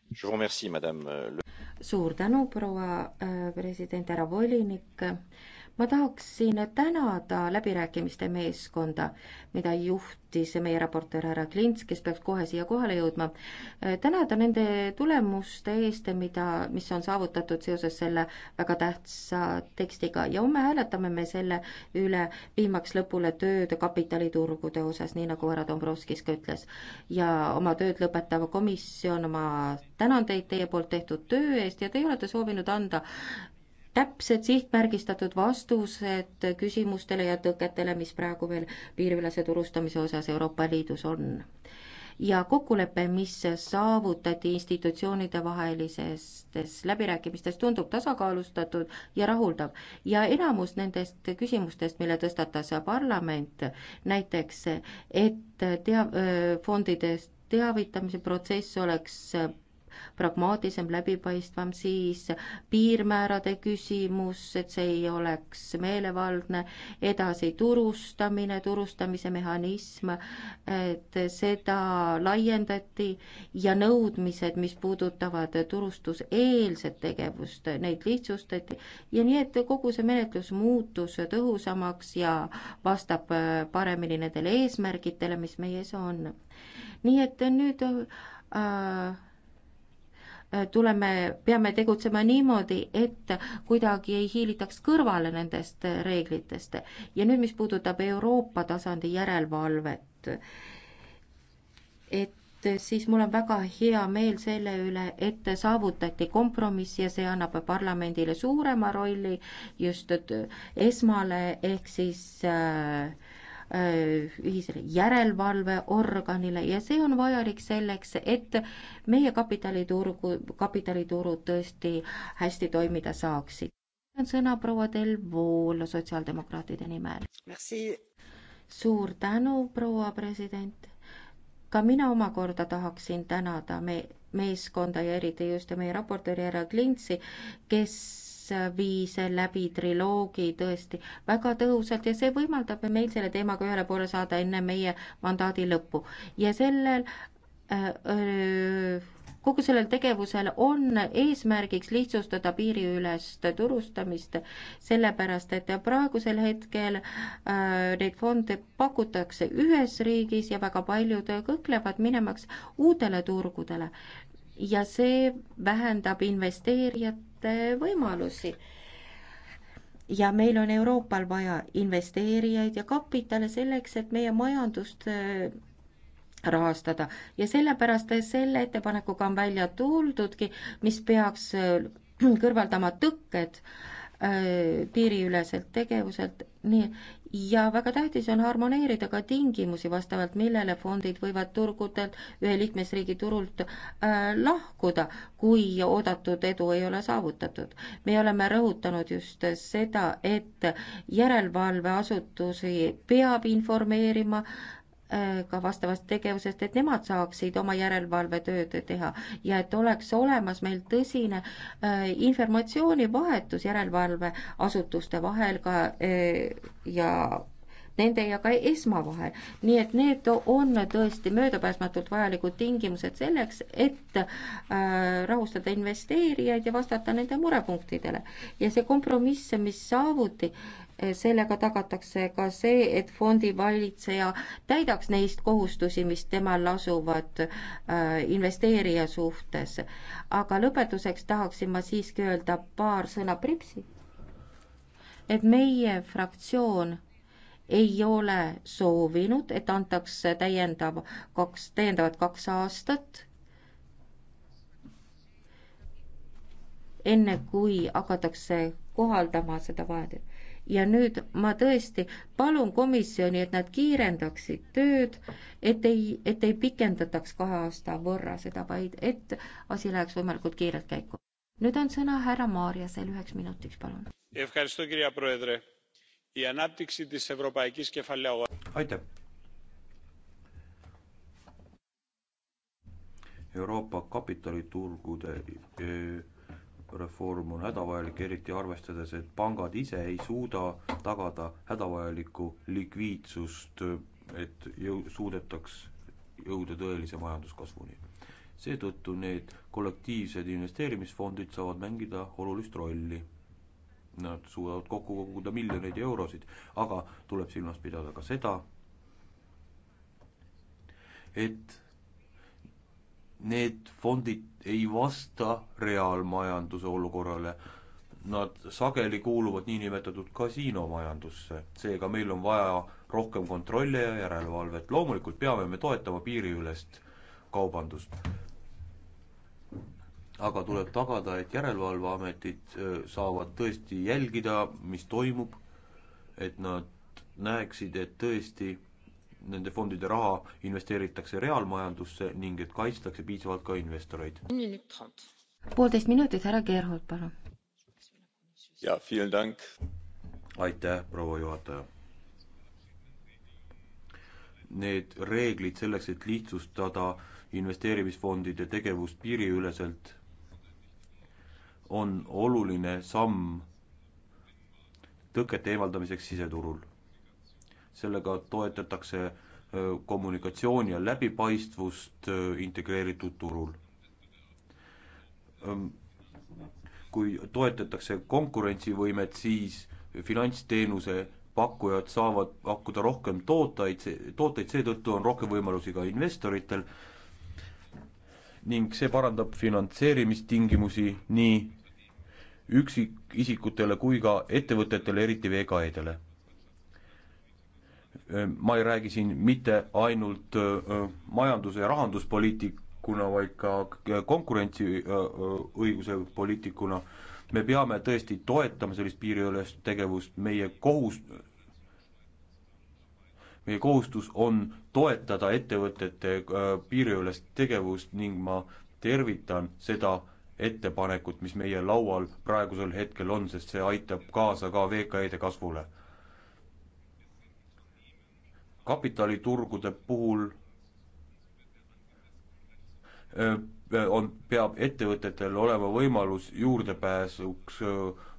Speaker 10: suur tänu, proua äh, president, härra volinik ma tahaksin tänada läbirääkimiste meeskonda, mida juhtis meie raportöör härra Klints, kes peaks kohe siia kohale jõudma, tänada nende tulemuste eest, mida, mis on saavutatud seoses selle väga tähtsa tekstiga ja homme hääletame me selle üle, viimaks lõpule tööd kapitaliturgude osas, nii nagu härra Dombrovskis ka ütles. ja oma tööd lõpetav komisjon, ma tänan teid teie poolt tehtud töö eest ja teie olete soovinud anda täpsed sihtmärgistatud vastused küsimustele ja tõketele, mis praegu veel piiriülese turustamise osas Euroopa Liidus on. ja kokkulepe, mis saavutati institutsioonide vahelistes läbirääkimistes, tundub tasakaalustatud ja rahuldav. ja enamus nendest küsimustest, mille tõstatas parlament, näiteks et tea-, fondidest teavitamise protsess oleks pragmaatilisem, läbipaistvam, siis piirmäärade küsimus, et see ei oleks meelevaldne, edasi turustamine, turustamise mehhanism, et seda laiendati ja nõudmised, mis puudutavad turustuseelset tegevust, neid lihtsustati ja nii, et kogu see menetlus muutus tõhusamaks ja vastab paremini nendele eesmärgidele, mis meie ees on. nii et nüüd äh, Äh, tuleme, peame tegutsema niimoodi, et kuidagi ei hiilitaks kõrvale nendest äh, reeglitest. ja nüüd, mis puudutab Euroopa tasandi järelevalvet, et äh, siis mul on väga hea meel selle üle, et saavutati kompromiss ja see annab parlamendile suurema rolli just esmale ehk siis äh, Äh, ühisele järelevalveorganile ja see on vajalik selleks, et meie kapitaliturgu, kapitaliturud tõesti hästi toimida saaksid. sõna proua Del Vool sotsiaaldemokraatide nimel. suur tänu, proua president. ka mina omakorda tahaksin tänada me meeskonda ja eriti just meie raportööri härra Klintsi, kes viis läbi triloogi tõesti väga tõhusalt ja see võimaldab meil selle teemaga ühele poole saada enne meie mandaadi lõppu. ja sellel öö, äh, äh, kogu sellel tegevusel on eesmärgiks lihtsustada piiriülest turustamist, sellepärast et praegusel hetkel äh, neid fonde pakutakse ühes riigis ja väga paljud kõhklevad minemaks uutele turgudele. ja see vähendab investeerijat võimalusi. ja meil on Euroopal vaja investeerijaid ja kapitale selleks, et meie majandust äh, rahastada ja sellepärast selle ettepanekuga on välja tuldudki, mis peaks äh, kõrvaldama tõkked äh, piiriüleselt tegevuselt, nii ja väga tähtis on harmoneerida ka tingimusi, vastavalt millele fondid võivad turgudelt, ühe liikmesriigi turult äh, lahkuda, kui oodatud edu ei ole saavutatud. me oleme rõhutanud just seda, et järelevalveasutusi peab informeerima äh, Äh, ka vastavast tegevusest, et nemad saaksid oma järelevalvetööd teha ja et oleks olemas meil tõsine äh, informatsioonivahetus järelevalveasutuste vahel ka äh, ja nende ja ka ESMA vahel. nii et need on tõesti möödapääsmatult vajalikud tingimused selleks, et äh, rahustada investeerijaid ja vastata nende murepunktidele. ja see kompromiss, mis saavuti äh,, Eh, sellega tagatakse ka see, et fondivalitseja täidaks neist kohustusi, mis temal asuvad eh, investeerija suhtes. aga lõpetuseks tahaksin ma siiski öelda paar sõna Pripsi. et meie fraktsioon ei ole soovinud, et antaks täiendav kaks, täiendavad kaks aastat enne kui hakatakse kohaldama seda vahendit ja nüüd ma tõesti palun komisjoni, et nad kiirendaksid tööd, et ei, et ei pikendataks kahe aasta võrra seda, vaid et asi läheks võimalikult kiirelt käiku. nüüd on sõna härra Maarjasel üheks minutiks, palun.
Speaker 9: aitäh. Euroopa kapitaliturgude reform on hädavajalik eriti arvestades et pangad ise ei suuda tagada hädavajalikku likviidsust et jõu- suudetaks jõuda tõelise majanduskasvuni seetõttu need kollektiivsed investeerimisfondid saavad mängida olulist rolli nad suudavad kokku koguda miljoneid eurosid aga tuleb silmas pidada ka seda et need fondid ei vasta reaalmajanduse olukorrale. Nad sageli kuuluvad niinimetatud kasiinomajandusse, seega meil on vaja rohkem kontrolli ja järelevalvet. loomulikult peame me toetama piiriülest kaubandust. aga tuleb tagada, et järelevalveametid saavad tõesti jälgida, mis toimub, et nad näeksid, et tõesti nende fondide raha investeeritakse reaalmajandusse ning et kaitstakse piisavalt ka investoreid.
Speaker 10: poolteist minutit, härra Gerhold, palun.
Speaker 9: jaa, vielen dank. aitäh, proua juhataja. Need reeglid selleks, et lihtsustada investeerimisfondide tegevust piiriüleselt, on oluline samm tõkete eemaldamiseks siseturul sellega toetatakse kommunikatsiooni ja läbipaistvust integreeritud turul. kui toetatakse konkurentsivõimet, siis finantsteenuse pakkujad saavad pakkuda rohkem tooteid, tooteid, seetõttu on rohkem võimalusi ka investoritel ning see parandab finantseerimistingimusi nii üksikisikutele kui ka ettevõtetele, eriti VKE-dele Äh, ma ei räägi siin mitte ainult äh, majanduse ja rahanduspoliitikuna, vaid ka konkurentsiõiguse äh, poliitikuna, me peame tõesti toetama sellist piiriülest tegevust, meie kohus, meie kohustus on toetada ettevõtete piiriülest tegevust ning ma tervitan seda ettepanekut, mis meie laual praegusel hetkel on, sest see aitab kaasa ka VKE-de kasvule kapitaliturgude puhul on, peab ettevõtetel olema võimalus juurdepääsuks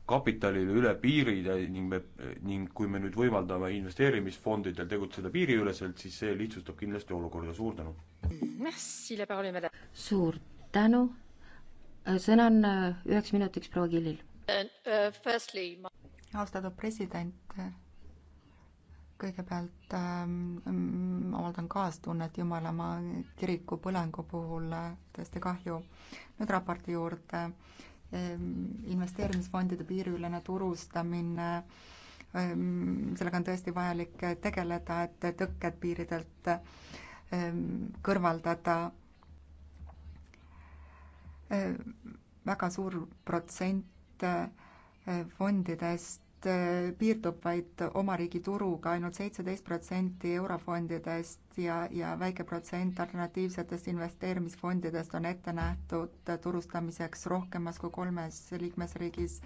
Speaker 9: kapitalile üle piiride ning me, ning kui me nüüd võimaldame investeerimisfondidel tegutseda piiriüleselt, siis see lihtsustab kindlasti olukorda, suur tänu.
Speaker 10: suur tänu, sõna on üheks minutiks
Speaker 11: proua Killil. austatud president kõigepealt ähm, mm, avaldan kaastunnet Jumalamaa kiriku põlengu puhul äh, tõesti kahju. nüüd raporti juurde ähm,. investeerimisfondide piiriülene turustamine ähm,, sellega on tõesti vajalik tegeleda, et tõkked piiridelt ähm, kõrvaldada ähm,. väga suur protsent äh, fondidest Eh, piirdub vaid oma riigi turuga ainult, ainult seitseteist protsenti eurofondidest ja, ja väike protsent alternatiivsetest investeerimisfondidest on ette nähtud turustamiseks rohkemas kui kolmes liikmesriigis.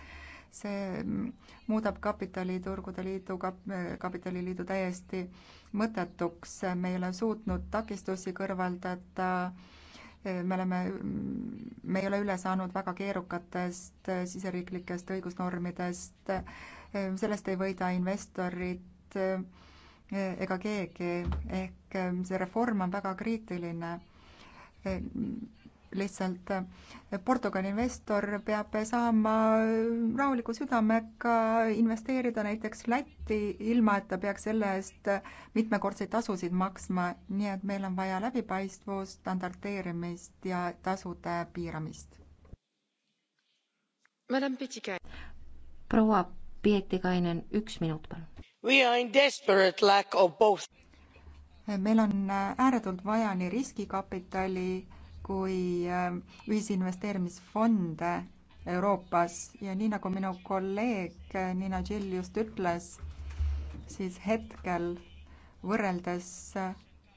Speaker 11: see mm, muudab kapitaliturgude liidu kap-, kapitaliliidu täiesti mõttetuks, me ei ole suutnud takistusi kõrvaldada, me oleme, mm, me ei ole üle saanud väga keerukatest eh, siseriiklikest õigusnormidest, Ehm, sellest ei võida investorid ehm, ega keegi, ehk ehm, see reform on väga kriitiline. lihtsalt Portugali investor peab saama rahuliku südamega investeerida näiteks Lätti, ilma et ta peaks selle eest mitmekordseid tasusid maksma, nii et meil on vaja läbipaistvust, standardeerimist ja tasude piiramist. proua Pietikainen, üks minut, palun.
Speaker 8: We are in desperate lack of both.
Speaker 11: meil on äh, ääretult vaja nii riskikapitali kui äh, ühisinvesteerimisfonde Euroopas ja nii nagu minu kolleeg äh, Nina Jill just ütles, siis hetkel võrreldes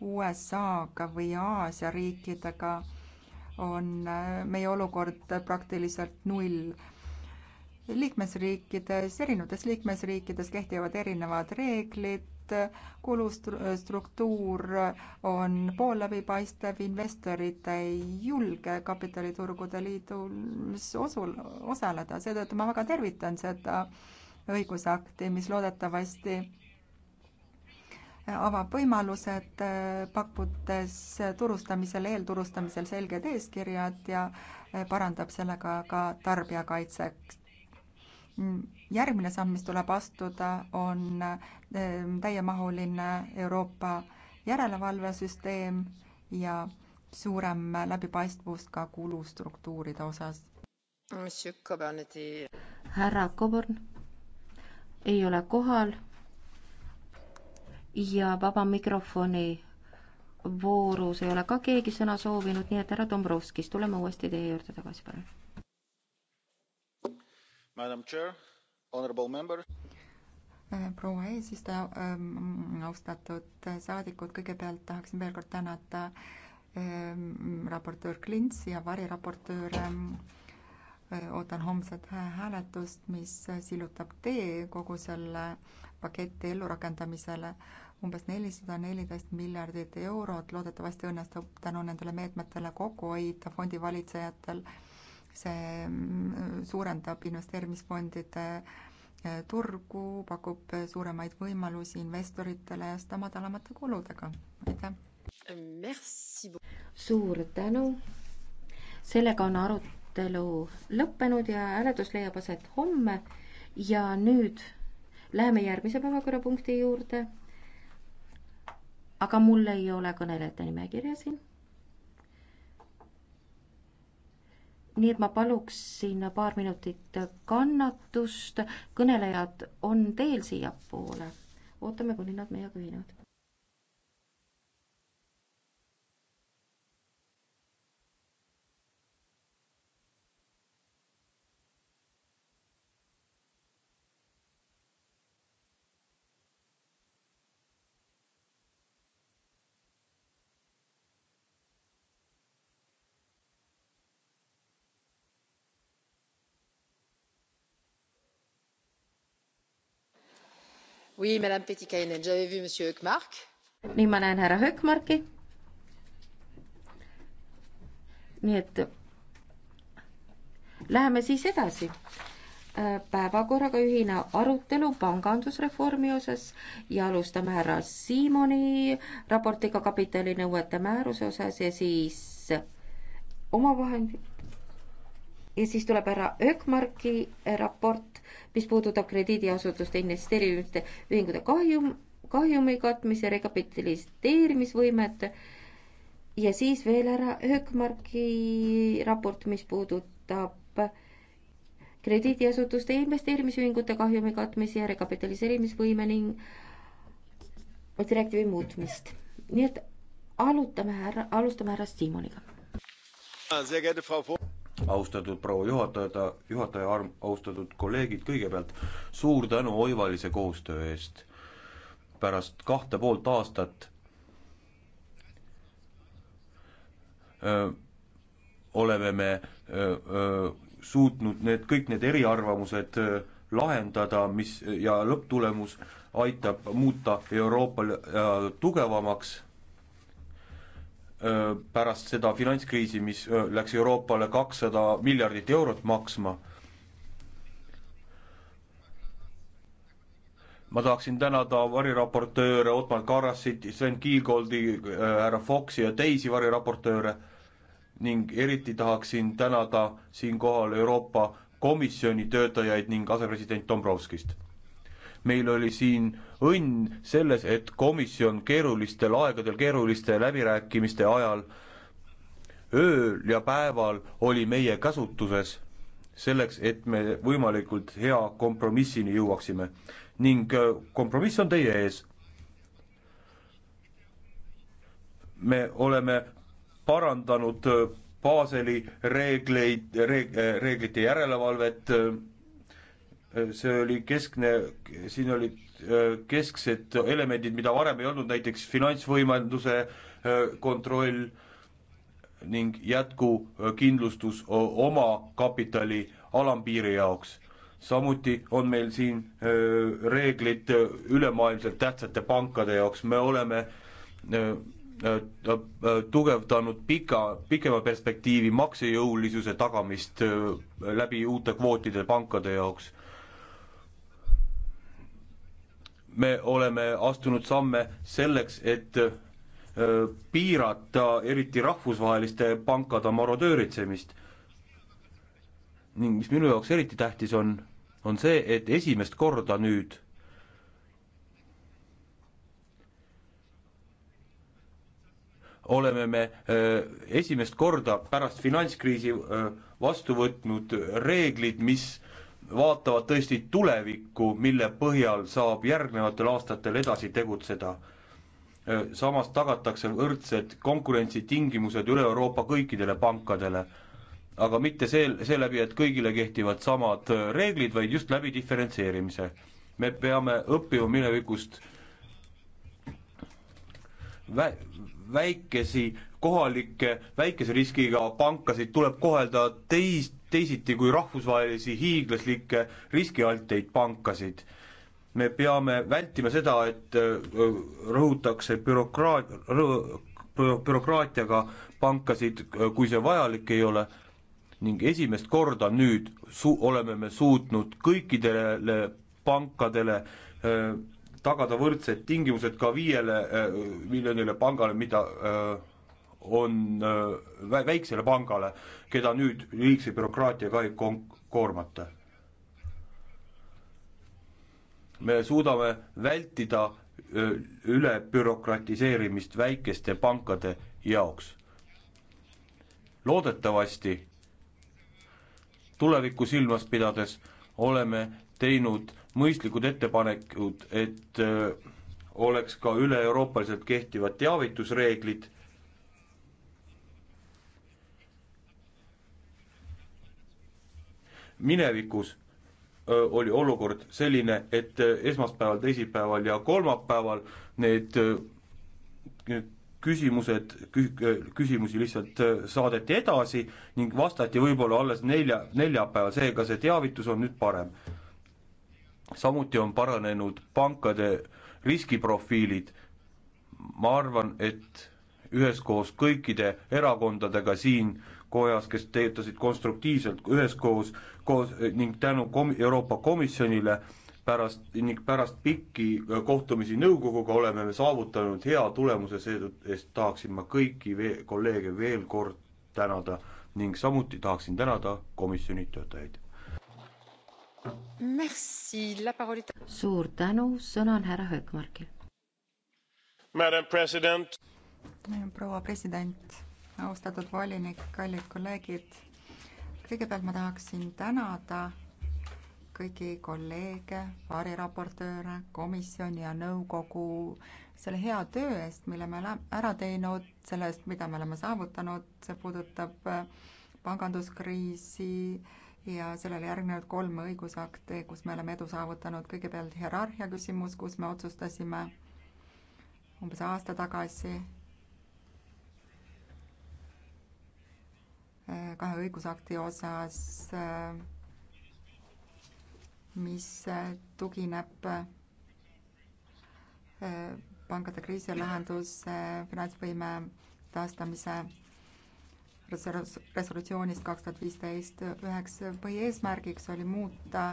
Speaker 11: USA-ga või Aasia riikidega on meie olukord praktiliselt null liikmesriikides, erinevates liikmesriikides kehtivad erinevad reeglid, kulustruktuur on poolläbipaistev, investorid ei julge kapitaliturgude liidus osul, osaleda, seetõttu ma väga tervitan seda õigusakti, mis loodetavasti avab võimalused, pakkudes turustamisel, eelturustamisel selged eeskirjad ja parandab sellega ka tarbijakaitset järgmine samm, mis tuleb astuda, on ehm, täiemahuline Euroopa järelevalvesüsteem ja suurem läbipaistvus ka kulustruktuuride osas. härra Coburn ei ole kohal
Speaker 10: ja vaba mikrofoni voorus ei ole ka keegi sõna soovinud, nii et härra Dombrovskis, tuleme uuesti teie juurde tagasi, palun
Speaker 3: Äh,
Speaker 11: proua eesistuja, ähm, austatud saadikud, kõigepealt tahaksin veel kord tänada ähm, raportöör Klintsi ja variraportööre. Ähm, äh, ootan homset hääletust, mis sillutab tee kogu selle paketi ellurakendamisele. umbes nelisada neliteist miljardit eurot loodetavasti õnnestub tänu nendele meetmetele kokku hoida fondivalitsejatel see mm, suurendab investeerimisfondide eh, turgu, pakub suuremaid võimalusi investoritele ja seda madalamate kuludega. aitäh! suur tänu! sellega on arutelu lõppenud ja
Speaker 10: hääletus leiab aset homme ja nüüd läheme järgmise päevakorrapunkti juurde. aga mul ei ole kõnelejate nimekirja siin nii et ma paluksin paar minutit kannatust, kõnelejad on teel siiapoole. ootame, kuni nad meiega ühinevad. nii, ma näen härra Höökmarki. nii et läheme siis edasi äh, päevakorraga ühine arutelu pangandusreformi osas ja alustame härra Siimoni raportiga kapitalinõuete määruse osas ja siis omavahendid ja siis tuleb härra Ökmarki eh, raport, mis puudutab krediidiasutuste investeerimisühingute ühingute kahjum, kahjumi katmise rekapitaliseerimisvõimet ja siis veel härra Ökmarki raport, mis puudutab krediidiasutuste investeerimisühingute kahjumi katmise ja rekapitaliseerimisvõime ning direktiivi muutmist. nii et alutame härra, alustame härra Siimoniga
Speaker 9: austatud proua juhataja, juhataja, austatud kolleegid, kõigepealt suur tänu oivalise koostöö eest. pärast kahte poolt aastat öö, oleme me öö, öö, suutnud need, kõik need eriarvamused öö, lahendada, mis ja lõpptulemus aitab muuta Euroopa öö, tugevamaks Äh, pärast seda finantskriisi, mis äh, läks Euroopale kakssada miljardit eurot maksma. ma tahaksin tänada variraportööre Otmar Karasit, Sven Kiigoldi, äh, härra Foxi ja teisi variraportööre ning eriti tahaksin tänada siinkohal Euroopa Komisjoni töötajaid ning asepresident Dombrovskist meil oli siin õnn selles, et komisjon keerulistel aegadel, keeruliste läbirääkimiste ajal ööl ja päeval oli meie käsutuses selleks, et me võimalikult hea kompromissini jõuaksime. ning äh, kompromiss on teie ees. me oleme parandanud äh, Baseli reegleid reeg,, äh, reeglite järelevalvet see oli keskne, siin olid äh, kesksed elemendid, mida varem ei olnud, näiteks finantsvõimenduse äh, kontroll ning jätkukindlustus oma kapitali alampiiri jaoks. samuti on meil siin äh, reeglid ülemaailmselt tähtsate pankade jaoks, me oleme tugevdanud pika, pikema perspektiivi maksejõulisuse tagamist läbi uute kvootide pankade jaoks me oleme astunud samme selleks, et äh, piirata eriti rahvusvaheliste pankade marodööritsemist. ning mis minu jaoks eriti tähtis on, on see, et esimest korda nüüd oleme me äh, esimest korda pärast finantskriisi äh, vastu võtnud reeglid, mis vaatavad tõesti tulevikku, mille põhjal saab järgnevatel aastatel edasi tegutseda. samas tagatakse võrdsed konkurentsitingimused üle Euroopa kõikidele pankadele, aga mitte see, seeläbi, et kõigile kehtivad samad reeglid, vaid just läbi diferentseerimise. me peame õppima minevikust vä-, väikesi kohalikke, väikese riskiga pankasid tuleb kohelda teist teisiti kui rahvusvahelisi hiiglaslikke riskialteid pankasid. me peame vältima seda, et äh, rõhutakse bürokraat-, bürokraatiaga pankasid, äh, kui see vajalik ei ole, ning esimest korda nüüd su-, oleme me suutnud kõikidele pankadele öö, äh, tagada võrdsed tingimused ka viiele öö, miljonile pangale, mida öö, on äh, väiksele pangale, keda nüüd liigse bürokraatiaga ei kon-, koormata. me suudame vältida äh, üle bürokratiseerimist väikeste pankade jaoks. loodetavasti tulevikku silmas pidades oleme teinud mõistlikud ettepanekud, et öö, äh, oleks ka üle-euroopaliselt kehtivad teavitusreeglid minevikus oli olukord selline, et esmaspäeval, teisipäeval ja kolmapäeval need küsimused, küsimusi lihtsalt saadeti edasi ning vastati võib-olla alles nelja, neljapäeval, seega see teavitus on nüüd parem. samuti on paranenud pankade riskiprofiilid, ma arvan, et üheskoos kõikide erakondadega siin äh, kojas, kes töötasid konstruktiivselt üheskoos, koos ning tänu kom-, Euroopa Komisjonile pärast ning pärast pikki kohtumisi nõukoguga oleme me saavutanud hea tulemuse, seetõttu tahaksin ma kõiki vee-, kolleege veel kord tänada ning samuti tahaksin tänada komisjoni töötajaid.
Speaker 10: suur tänu, sõna on härra Höökmarkil.
Speaker 11: proua president austatud volinik, kallid kolleegid. kõigepealt ma tahaksin tänada kõiki kolleege, variraportööre, komisjoni ja nõukogu selle hea töö eest, mille me oleme ära teinud, selle eest, mida me oleme saavutanud, see puudutab äh, panganduskriisi ja sellele järgnenud kolme õigusakti, kus me oleme edu saavutanud, kõigepealt hierarhia küsimus, kus me otsustasime umbes aasta tagasi kahe õigusakti osas, mis tugineb äh, pankade kriisi lahenduse finantsvõime taastamise resolutsioonist kaks tuhat viisteist üheks põhieesmärgiks oli muuta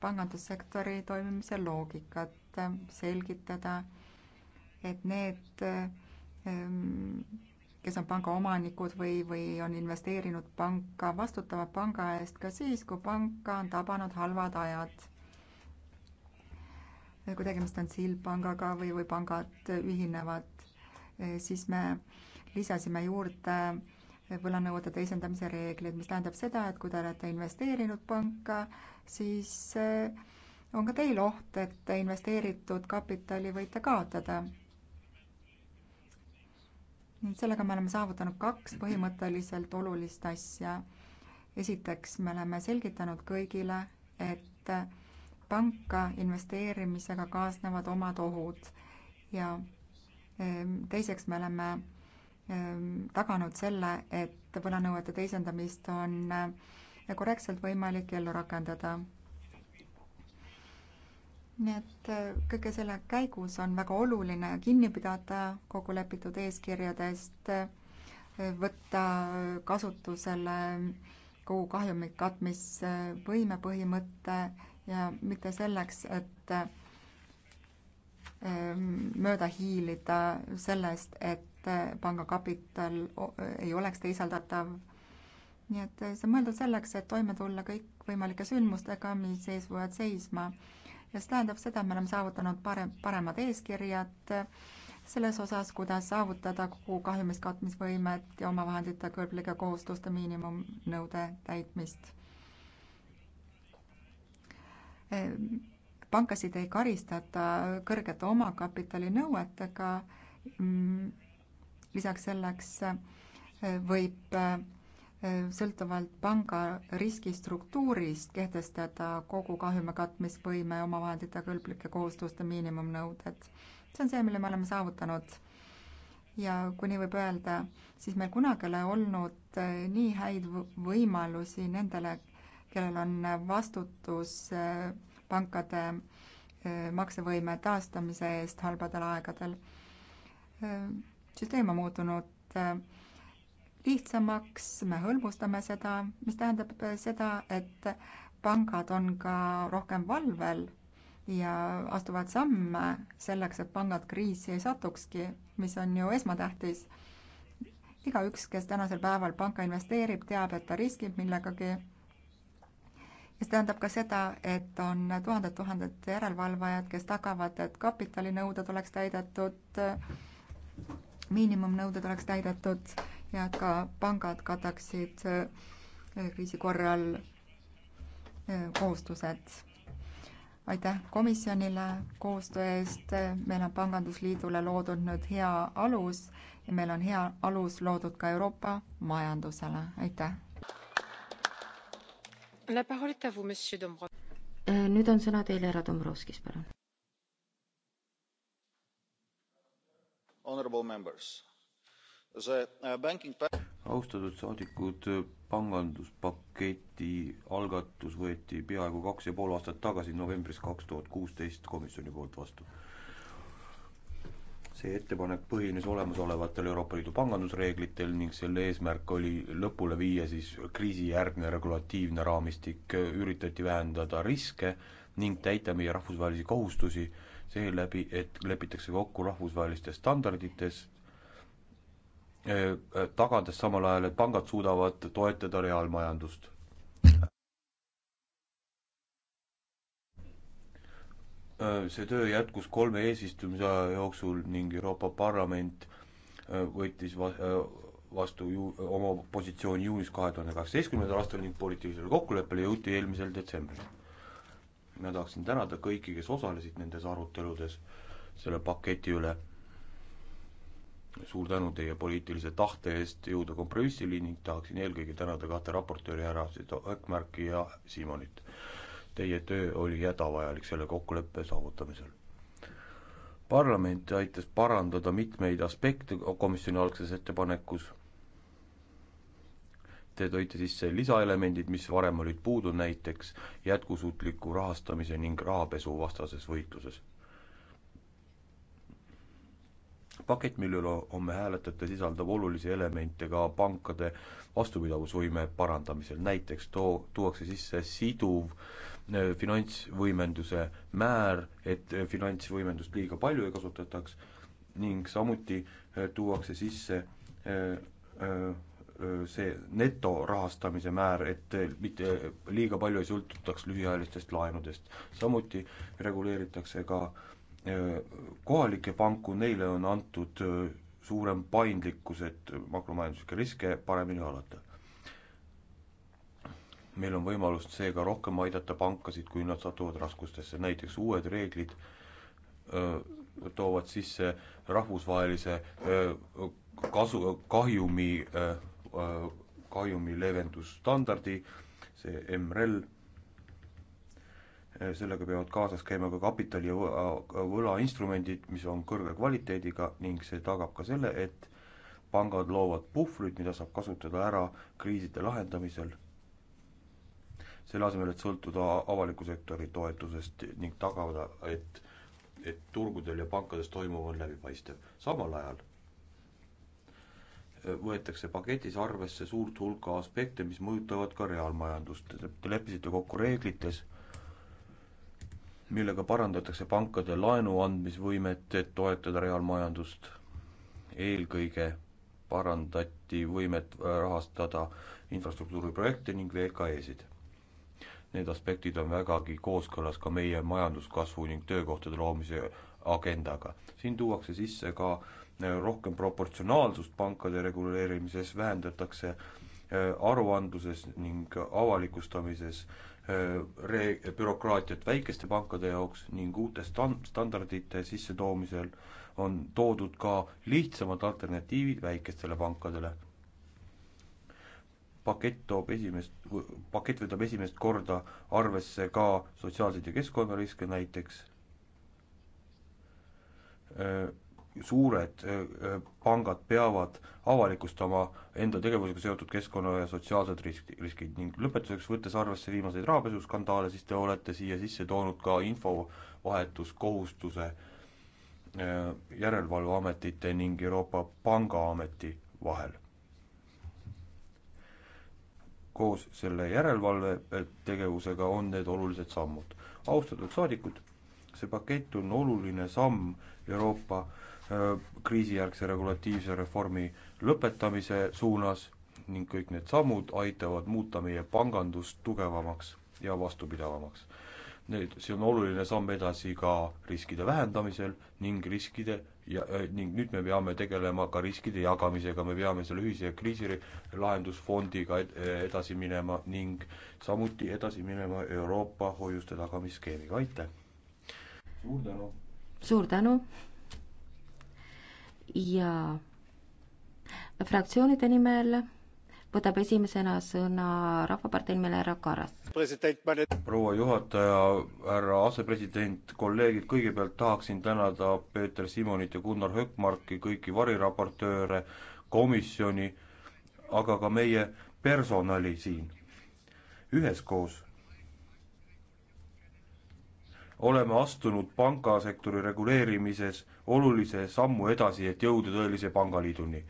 Speaker 11: pangandussektori toimimise loogikat, selgitada, et need äh, kes on panga omanikud või, või on investeerinud panka, vastutavad panga eest ka siis, kui panka on tabanud halvad ajad. kui tegemist on sildpangaga või, või pangad ühinevad, eh, siis me lisasime juurde võlanõuete teisendamise reeglid, mis tähendab seda, et kui te olete investeerinud panka, siis eh, on ka teil oht, et investeeritud kapitali võite kaotada sellega me oleme saavutanud kaks põhimõtteliselt olulist asja. esiteks, me oleme selgitanud kõigile, et panka investeerimisega kaasnevad omad ohud ja ehm, teiseks me oleme ehm, taganud selle, et võlanõuete teisendamist on ehm, korrektselt võimalik ellu rakendada nii et äh, kõige selle käigus on väga oluline kinni pidada kokku lepitud eeskirjadest, äh, võtta kasutusele kogu kahjumi katmisvõime põhimõte ja mitte selleks, et äh, mööda hiilida sellest, et panga kapital ei oleks teisaldatav nii et see on mõeldud selleks, et toime tulla kõikvõimalike sündmustega, mis ees võivad seisma ja see tähendab seda, et me oleme saavutanud parem, paremad eeskirjad selles osas, kuidas saavutada kogu kahjumist katmisvõimet ja omavahendite kõlblike kohustuste miinimumnõude täitmist. pankasid ei karistata kõrgete omakapitali nõuetega. Mm, lisaks selleks võib Äh, sõltuvalt panga riskistruktuurist kehtestada kogu kahjumi katmisvõime, omavahendite kõlblike kohustuste miinimumnõuded. see on see, mille me oleme saavutanud. ja kui nii võib öelda, siis meil kunagi ei ole olnud äh, nii häid võimalusi nendele, kellel on vastutus äh, pankade maksevõime taastamise eest halbadel aegadel. süsteem on muutunud lihtsamaks, me hõlbustame seda, mis tähendab seda, et pangad on ka rohkem valvel ja astuvad samme selleks, et pangad kriisi ei satukski, mis on ju esmatähtis. igaüks, kes tänasel päeval panka investeerib, teab, et ta riskib millegagi. ja see tähendab ka seda, et on tuhanded-tuhanded järelevalvajad, kes tagavad, et kapitalinõuded oleks täidetud, miinimumnõuded oleks täidetud ja et ka pangad kataksid äh, kriisi korral äh, kohustused. aitäh komisjonile koostöö eest, meil on Pangandusliidule loodud nüüd hea alus ja meil on hea alus loodud ka Euroopa majandusele, aitäh. Äh, nüüd on sõna teile, härra Dombrovskis, palun.
Speaker 3: Honourable members Äh,
Speaker 9: austatud saadikud, panganduspaketi algatus võeti peaaegu kaks ja pool aastat tagasi, novembris kaks tuhat kuusteist komisjoni poolt vastu. see ettepanek põhines olemasolevatel Euroopa Liidu pangandusreeglitel ning selle eesmärk oli lõpule viia siis kriisijärgne regulatiivne raamistik, üritati vähendada riske ning täita meie rahvusvahelisi kohustusi seeläbi, et lepitakse kokku rahvusvahelistes standardites Äh, äh, tagades samal ajal, et pangad suudavad toetada reaalmajandust. Äh, see töö jätkus kolme eesistumise aja jooksul ning Euroopa Parlament võttis vastu ju oma positsiooni juunis kahe tuhande kaheksateistkümnendal aastal ning poliitilisele kokkuleppele jõuti eelmisel detsembril. ma tahaksin tänada kõiki, kes osalesid nendes aruteludes selle paketi üle suur tänu teie poliitilise tahte eest jõuda kompromissini ning tahaksin eelkõige tänada kahte raportööri, härrasid Ökmärki ja Simonit. Teie töö oli hädavajalik selle kokkuleppe saavutamisel. parlament aitas parandada mitmeid aspekte komisjoni algses ettepanekus. Te tõite sisse lisaelemendid, mis varem olid puudu, näiteks jätkusuutliku rahastamise ning rahapesuvastases võitluses pakett, millele homme hääletate, sisaldab olulisi elemente ka pankade vastupidavusvõime parandamisel, näiteks too, tuuakse sisse siduv äh, finantsvõimenduse määr, et äh, finantsvõimendust liiga palju ei kasutataks, ning samuti äh, tuuakse sisse see netorahastamise määr, et mitte liiga palju ei sõltutaks lühiajalistest laenudest. samuti reguleeritakse ka äh, kohalikke panku, neile on antud suurem paindlikkus, et makromajanduslikke riske paremini hallata. meil on võimalus seega rohkem aidata pankasid, kui nad satuvad raskustesse, näiteks uued reeglid öö, toovad sisse rahvusvahelise öö, kasu, kahjumi, kahjumi leevendusstandardi, see MREL Äh, sellega peavad kaasas käima ka kapitali ja võlainstrumendid, mis on kõrge kvaliteediga ning see tagab ka selle, et pangad loovad puhvrid, mida saab kasutada ära kriiside lahendamisel, selle asemel, et sõltuda avaliku sektori toetusest ning tagada, et, et turgudel ja pankades toimuv on läbipaistev. samal ajal äh, võetakse paketis arvesse suurt hulka aspekte, mis mõjutavad ka reaalmajandust. Te leppisite kokku reeglites millega parandatakse pankade laenu andmisvõimet, et toetada reaalmajandust. eelkõige parandati võimet äh, rahastada infrastruktuuriprojekte ning VKE-sid. Need aspektid on vägagi kooskõlas ka meie majanduskasvu ning töökohtade loomise agendaga. siin tuuakse sisse ka äh, rohkem proportsionaalsust pankade reguleerimises, vähendatakse äh, aruandluses ning avalikustamises Äh, re-, bürokraatiat väikeste pankade jaoks ning uute stan-, standardite sissetoomisel on toodud ka lihtsamad alternatiivid väikestele pankadele. pakett toob esimest, pakett võtab esimest korda arvesse ka sotsiaalseid ja keskkonnariske näiteks öö, äh, suured pangad peavad avalikustama enda tegevusega seotud keskkonna ja sotsiaalsed risk, riskid ning lõpetuseks, võttes arvesse viimaseid rahapesuskandaale, siis te olete siia sisse toonud ka infovahetuskohustuse järelevalveametite ning Euroopa Pangaameti vahel. koos selle järelevalve tegevusega on need olulised sammud. austatud saadikud, see pakett on oluline samm Euroopa äh, Äh, kriisijärgse regulatiivse reformi lõpetamise suunas ning kõik need sammud aitavad muuta meie pangandust tugevamaks ja vastupidavamaks. Need, see on oluline samm edasi ka riskide vähendamisel ning riskide ja äh, ning nüüd me peame tegelema ka riskide jagamisega, me peame selle ühise kriisilahendusfondiga äh, edasi minema ning samuti edasi minema Euroopa hoiuste tagamisskeemiga, aitäh! suur tänu!
Speaker 10: suur tänu! ja fraktsioonide nimel võtab esimesena sõna Rahvapartei nimel härra Karas.
Speaker 6: proua
Speaker 9: juhataja, härra asepresident, kolleegid, kõigepealt tahaksin tänada Peeter Simonit ja Gunnar Hökmarki, kõiki variraportööre, komisjoni, aga ka meie personali siin. üheskoos oleme astunud pangasektori reguleerimises olulise sammu edasi, et jõuda tõelise pangaliiduni.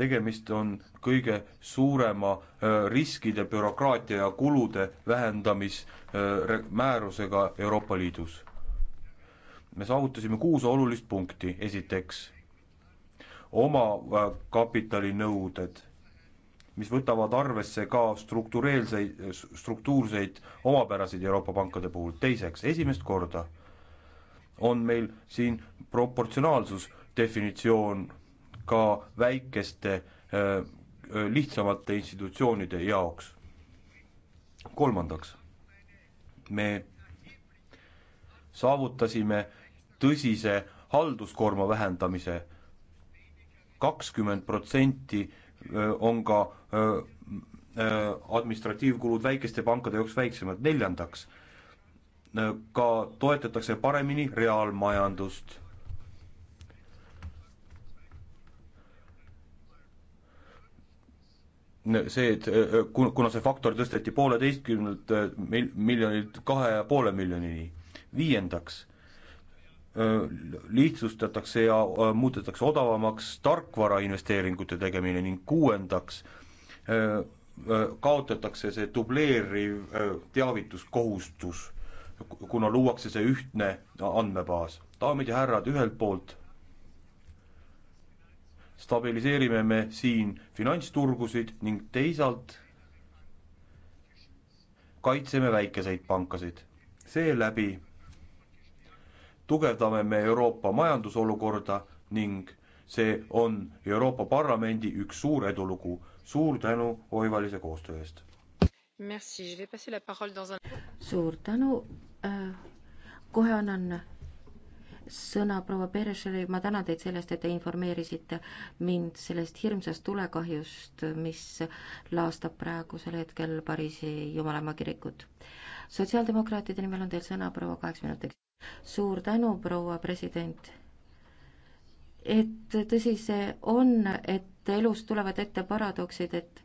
Speaker 9: tegemist on kõige suurema äh, riskide, bürokraatia ja kulude vähendamismäärusega äh, Euroopa Liidus. me saavutasime kuus olulist punkti, esiteks, omakapitalinõuded äh, mis võtavad arvesse ka struktureelseid, struktuurseid omapäraseid Euroopa pankade puhul. teiseks, esimest korda on meil siin proportsionaalsus definitsioon ka väikeste lihtsamate institutsioonide jaoks. kolmandaks, me saavutasime tõsise halduskoorma vähendamise kakskümmend protsenti on ka administratiivkulud väikeste pankade jaoks väiksemad, neljandaks, ka toetatakse paremini reaalmajandust. see, et kuna see faktor tõsteti pooleteistkümnelt mil-, miljonilt kahe ja poole miljonini, viiendaks lihtsustatakse ja muudetakse odavamaks tarkvarainvesteeringute tegemine ning kuuendaks, kaotatakse see dubleeriv teavituskohustus, kuna luuakse see ühtne andmebaas. daamid ja härrad, ühelt poolt stabiliseerime me siin finantsturgusid ning teisalt kaitseme väikeseid pankasid. seeläbi tugevdame me Euroopa majandusolukorda ning see on Euroopa Parlamendi üks suur edulugu. suur tänu hoivalise koostöö eest.
Speaker 2: suur tänu.
Speaker 10: Äh, kohe annan sõna proua Peresele, ma tänan teid sellest, et te informeerisite mind sellest hirmsast tulekahjust, mis laastab praegusel hetkel Pariisi Jumalamaa kirikut. sotsiaaldemokraatide nimel on teil sõna, proua, kaheks minutiks suur tänu, proua president. et tõsi see on, et elus tulevad ette paradoksid, et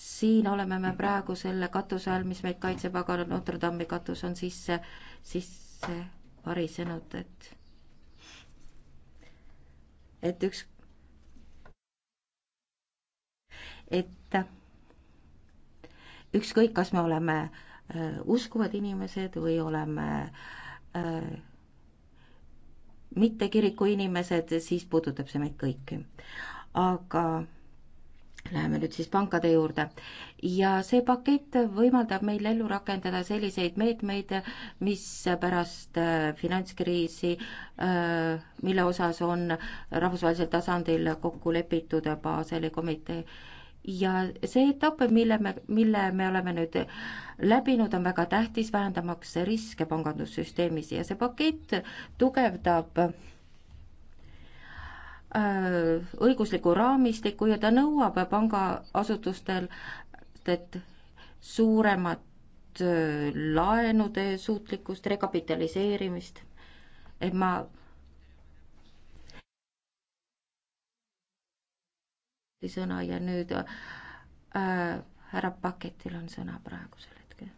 Speaker 10: siin oleme me praegu selle katuse all, mis meid kaitseb, aga Notre Dame'i katus on sisse, sisse varisenud, et et üks, et ükskõik, kas me oleme äh, uskuvad inimesed või oleme äh, Äh, mitte kirikuinimesed, siis puudutab see meid kõiki. aga Läheme nüüd siis pankade juurde ja see pakett võimaldab meil ellu rakendada selliseid meetmeid, mis pärast äh, finantskriisi, äh, mille osas on rahvusvahelisel tasandil kokku lepitud Baseli komitee ja see etapp, mille me, mille me oleme nüüd läbinud, on väga tähtis, vähendamaks riske pangandussüsteemis ja see pakett tugevdab äh, õigusliku raamistiku ja ta nõuab pangaasutustel, et suuremat äh, laenude suutlikkust, rekapitaliseerimist, et ma sõna ja nüüd äh, härra Paketil on sõna praegusel hetkel.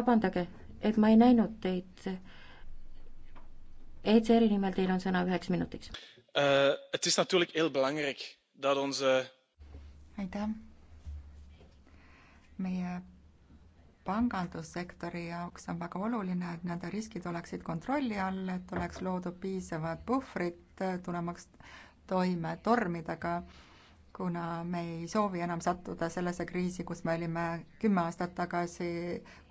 Speaker 10: vabandage, et ma ei näinud teid. ECR-i nimel teil on sõna üheks minutiks
Speaker 9: uh,. Het is natuurlijk heel belangrijk dat onze.
Speaker 11: aitäh. meie pangandussektori jaoks on väga oluline, et nende riskid oleksid kontrolli all, et oleks loodud piisavad puhvrid äh, tulemaks toime tormidega, kuna me ei soovi enam sattuda sellesse kriisi, kus me olime kümme aastat tagasi,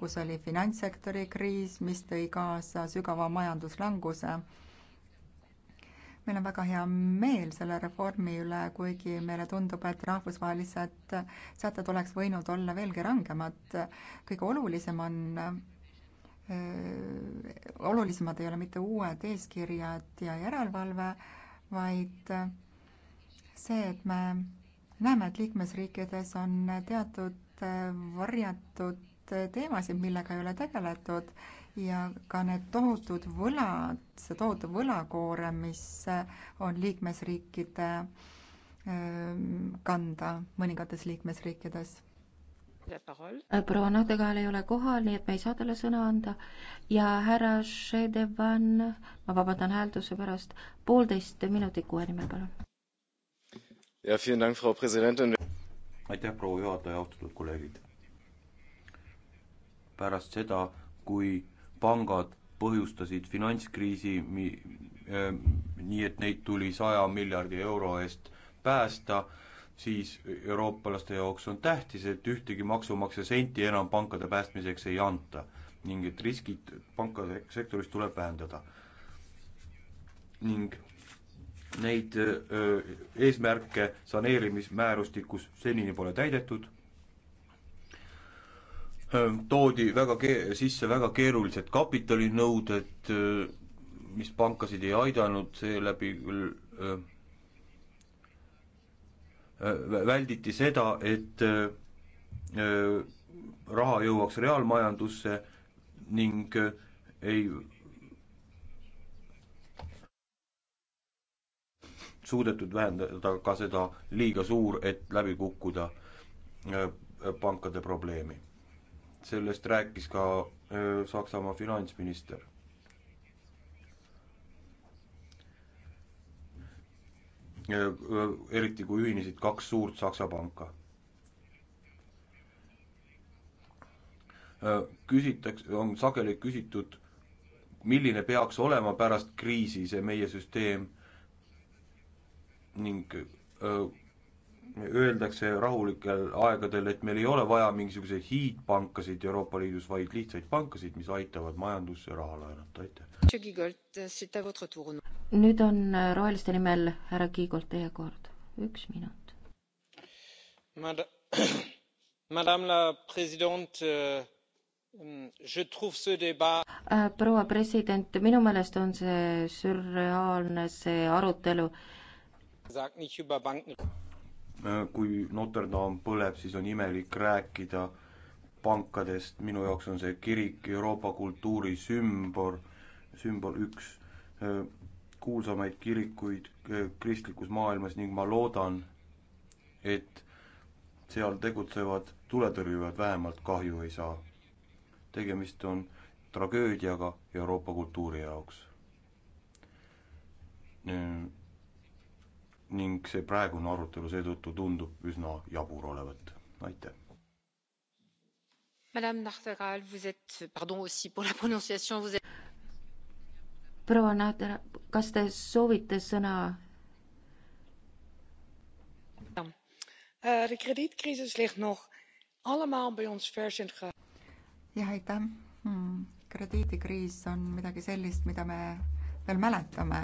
Speaker 11: kus oli finantssektori kriis, mis tõi kaasa sügava majanduslanguse meil on väga hea meel selle reformi üle, kuigi meile tundub, et rahvusvahelised sätted oleks võinud olla veelgi rangemad. kõige olulisem on öö, äh, olulisemad ei ole mitte uued eeskirjad ja järelevalve, vaid see, et me näeme, et liikmesriikides on teatud äh, varjatud teemasid, millega ei ole tegeletud ja ka need tohutud võlad, see tohutu võlakoorem, mis on liikmesriikide ähm, kanda mõningates liikmesriikides.
Speaker 10: proua Nadegal ei ole kohal, nii et me ei saa talle sõna anda ja härra Šedevan, ma vabandan häälduse pärast, poolteist minutit kuue nimel, palun.
Speaker 9: aitäh, proua juhataja, austatud kolleegid. pärast seda, kui pangad põhjustasid finantskriisi, äh, nii et neid tuli saja miljardi euro eest päästa, siis eurooplaste jaoks on tähtis, et ühtegi maksumaksja senti enam pankade päästmiseks ei anta ning et riskid pankasektoris tuleb vähendada. ning neid öö, äh, eesmärke saneerimismäärustikus senini pole täidetud toodi väga ke-, sisse väga keerulised kapitalinõuded, mis pankasid ei aidanud, seeläbi küll välditi seda, et raha jõuaks reaalmajandusse ning ei suudetud vähendada ka seda liiga suur, et läbi kukkuda pankade probleemi sellest rääkis ka Saksamaa finantsminister. eriti kui ühinesid kaks suurt Saksa panka. küsitakse, on sageli küsitud, milline peaks olema pärast kriisi see meie süsteem ning öeldakse rahulikel aegadel, et meil ei ole vaja mingisuguseid hiidpankasid Euroopa Liidus, vaid lihtsaid pankasid, mis aitavad majandusse raha laenata, aitäh.
Speaker 10: nüüd on äh, Roheliste nimel härra Kiigolt teie kord, üks minut.
Speaker 7: [coughs] Madame la
Speaker 4: présidente, euh, äh,
Speaker 10: proua president, minu meelest on see sürreaalne, see arutelu
Speaker 9: Äh, kui Notre Dame põleb, siis on imelik rääkida pankadest, minu jaoks on see kirik Euroopa kultuuri sümbol, sümbol üks äh, kuulsamaid kirikuid äh, kristlikus maailmas ning ma loodan, et seal tegutsevad tuletõrjujad vähemalt kahju ei saa. tegemist on tragöödiaga Euroopa kultuuri jaoks ning see praegune arutelu seetõttu tundub üsna jabur olevat. aitäh.
Speaker 10: proua Nahtera, kas te soovite sõna?
Speaker 12: Eh, de kredietcrisis ligt nog allemaal bij ons vers
Speaker 8: in het jah,
Speaker 11: aitäh hmm.. krediidikriis on midagi sellist, mida me veel mäletame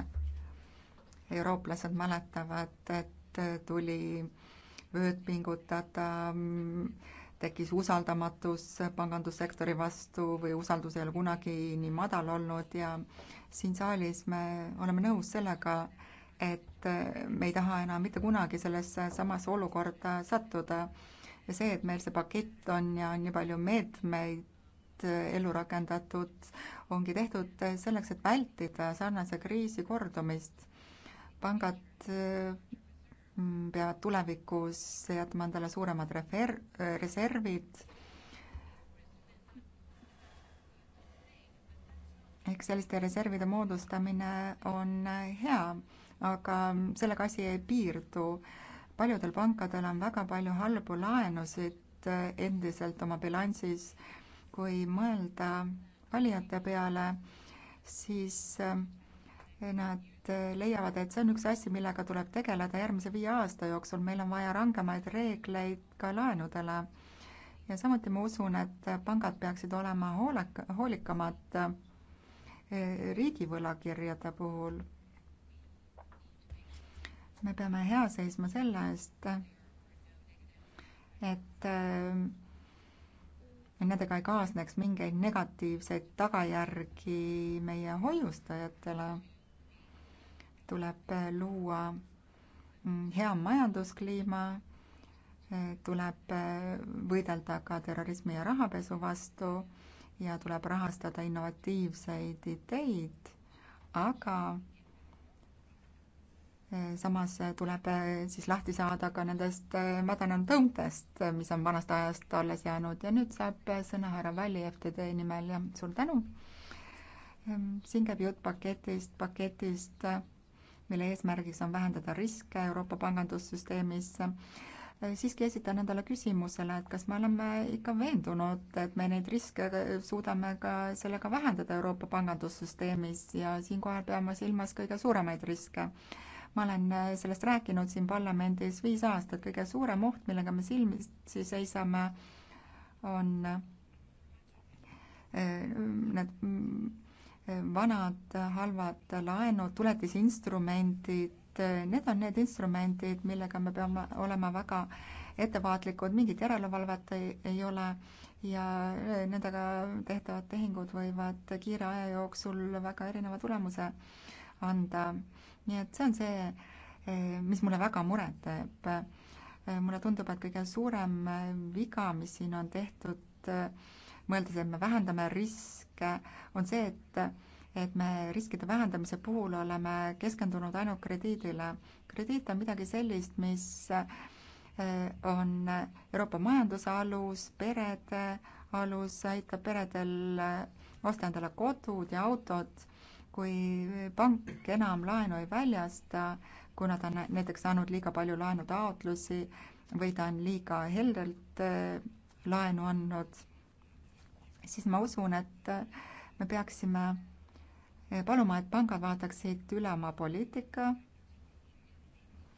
Speaker 11: eurooplased mäletavad, et tuli vööd pingutada, tekkis usaldamatus pangandussektori vastu või usaldus ei ole kunagi nii madal olnud ja siin saalis me oleme nõus sellega, et me ei taha enam mitte kunagi sellesse samasse olukorda sattuda. ja see, et meil see pakett on ja on nii palju meetmeid ellu rakendatud, ongi tehtud selleks, et vältida sarnase kriisi kordumist pangad mm, peavad tulevikus jätma endale suuremad refer-, reservid. eks selliste reservide moodustamine on hea, aga sellega asi ei piirdu. paljudel pankadel on väga palju halbu laenusid endiselt oma bilansis. kui mõelda valijate peale, siis eh, nad liikmesriigid äh, leiavad, et see on üks asi, millega tuleb tegeleda järgmise viie aasta jooksul, meil on vaja rangemaid reegleid ka laenudele. ja samuti ma usun, et pangad peaksid olema hoolek-, hoolikamad äh, riigivõlakirjade puhul. me peame hea seisma selle eest, et äh, nendega ei kaasneks mingeid negatiivseid tagajärgi meie hoiustajatele tuleb äh, luua mm, hea majanduskliima, äh, tuleb äh, võidelda ka terrorismi ja rahapesu vastu ja tuleb rahastada innovatiivseid ideid, aga samas tuleb siis lahti saada ka nendest madanenud õuntest, mis on vanast ajast alles jäänud ja nüüd saab sõna härra Valli FTD nimel ja suur tänu. siin käib jutt paketist, paketist, paketist mille eesmärgiks on vähendada riske Euroopa pangandussüsteemis, siiski esitan endale küsimusele, et kas me oleme ikka veendunud, et me neid riske suudame ka sellega vähendada Euroopa pangandussüsteemis ja siinkohal peame silmas kõige suuremaid riske ma olen sellest rääkinud siin parlamendis viis aastat, kõige suurem oht, millega me silmitsi seisame, on eh, need vanad halvad laenud, tuletisinstrumendid, need on need instrumendid, millega me peame olema väga ettevaatlikud, mingit järelevalvet ei, ei ole ja nendega tehtavad tehingud võivad kiire aja jooksul väga erineva tulemuse anda. nii et see on see, mis mulle väga muret teeb. mulle tundub, et kõige suurem viga, mis siin on tehtud, mõeldes, et me vähendame riske, on see, et et me riskide vähendamise puhul oleme keskendunud ainult krediidile. krediit on midagi sellist, mis eh, on Euroopa majanduse alus, perede alus, aitab peredel osta endale kodud ja autod. kui pank enam laenu ei väljasta, kuna ta on näiteks saanud liiga palju laenutaotlusi või ta on liiga heldelt eh, laenu andnud siis ma usun, et äh, me peaksime äh, paluma, et pangad vaataksid üle oma poliitika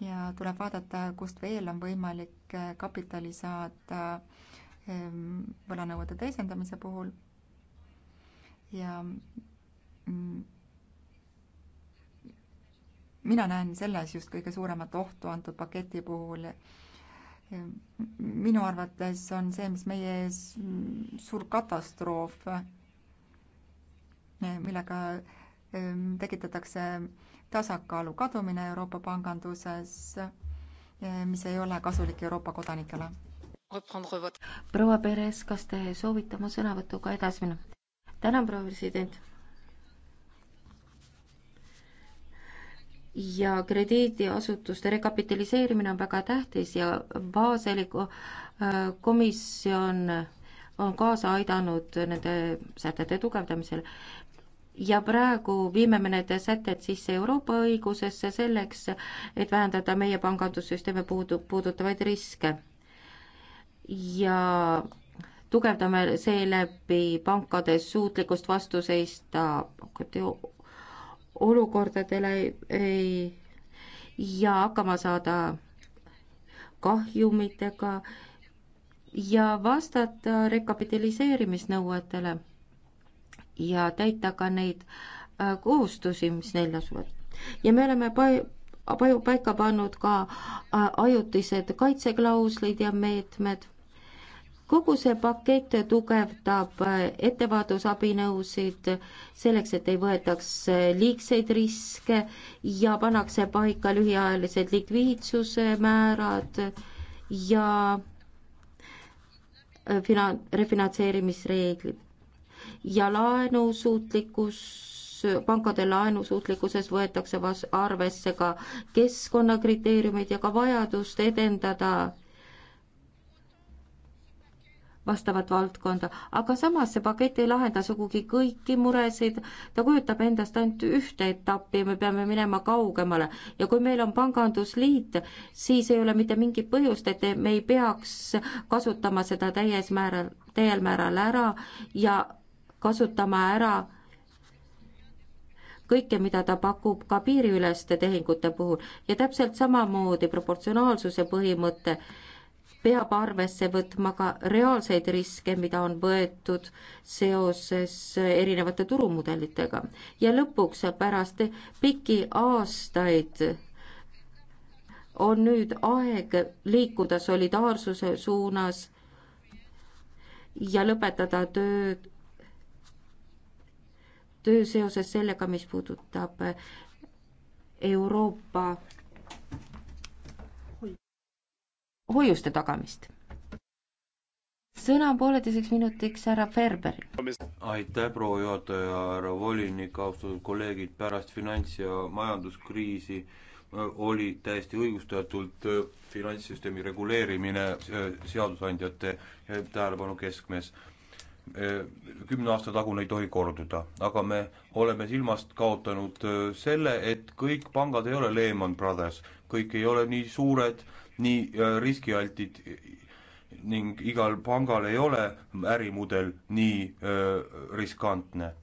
Speaker 11: ja tuleb vaadata, kust veel on võimalik äh, kapitali saada ähm, võlanõuete teisendamise puhul. ja mm, mina näen selles just kõige suuremat ohtu antud paketi puhul minu arvates on see, mis meie ees, mm, suur katastroof, millega ähm, tekitatakse tasakaalu kadumine Euroopa panganduses, mis ei ole kasulik Euroopa kodanikele. proua Peres, kas te
Speaker 10: soovite oma sõnavõtuga edasi minna? tänan, proua president ja krediidiasutuste rekapitaliseerimine on väga tähtis ja Baseli äh, komisjon on kaasa aidanud nende sätete tugevdamisel. ja praegu viime me need sätted sisse Euroopa õigusesse selleks, et vähendada meie pangandussüsteemi puudu, puudutavaid riske. ja tugevdame seeläbi pankade suutlikkust vastu seista pankade olukordadele ei, ja hakkama saada kahjumitega ja vastata rekapitaliseerimisnõuetele ja täita ka neid äh, kohustusi, mis neil lasuvad. ja me oleme paika pannud ka äh, ajutised kaitseklauslid ja meetmed kogu see pakett tugevdab äh, ettevaatusabinõusid selleks, et ei võetaks äh, liigseid riske ja pannakse paika lühiajalised likviidsuse määrad ja äh, finan-, refinantseerimisreeglid ja laenusuutlikkus, pankade laenusuutlikkuses võetakse vas-, arvesse ka keskkonnakriteeriumid ja ka vajadust edendada vastavat valdkonda, aga samas see pakett ei lahenda sugugi kõiki muresid, ta kujutab endast ainult ühte etappi ja me peame minema kaugemale. ja kui meil on pangandusliit, siis ei ole mitte mingit põhjust, et me ei peaks kasutama seda täies määral, täiel määral ära ja kasutama ära kõike, mida ta pakub ka piiriüleste tehingute puhul ja täpselt samamoodi proportsionaalsuse põhimõte peab arvesse võtma ka reaalseid riske, mida on võetud seoses erinevate turumudelitega. ja lõpuks pärast pikki aastaid on nüüd aeg liikuda solidaarsuse suunas ja lõpetada töö, töö seoses sellega, mis puudutab Euroopa hoiuste tagamist. sõna pooleteiseks minutiks härra Ferberil.
Speaker 9: aitäh, proua juhataja, härra volinik, austatud kolleegid, pärast finants- ja majanduskriisi äh, oli täiesti õigustatult äh, finantssüsteemi reguleerimine äh, seadusandjate tähelepanu keskmes. Kümne aasta tagune ei tohi korduda, aga me oleme silmast kaotanud selle, et kõik pangad ei ole Lehman Brothers, kõik ei ole nii suured nii äh, riskialtid ning igal pangal ei ole ärimudel nii äh, riskantne.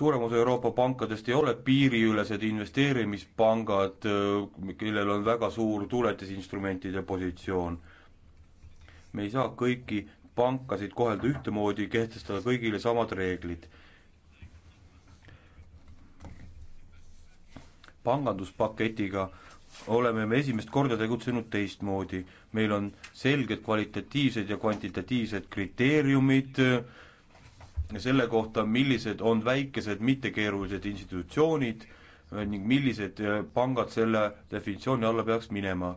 Speaker 9: suurem osa Euroopa pankadest ei ole piiriülesed investeerimispangad, äh, kellel on väga suur tuletisinstrumentide positsioon. me ei saa kõiki pankasid kohelda ühtemoodi, kehtestada kõigile samad reeglid panganduspaketiga oleme me esimest korda tegutsenud teistmoodi. meil on selged kvalitatiivsed ja kvantitatiivsed kriteeriumid selle kohta, millised on väikesed mittekeerulised institutsioonid ning millised pangad selle definitsiooni alla peaks minema.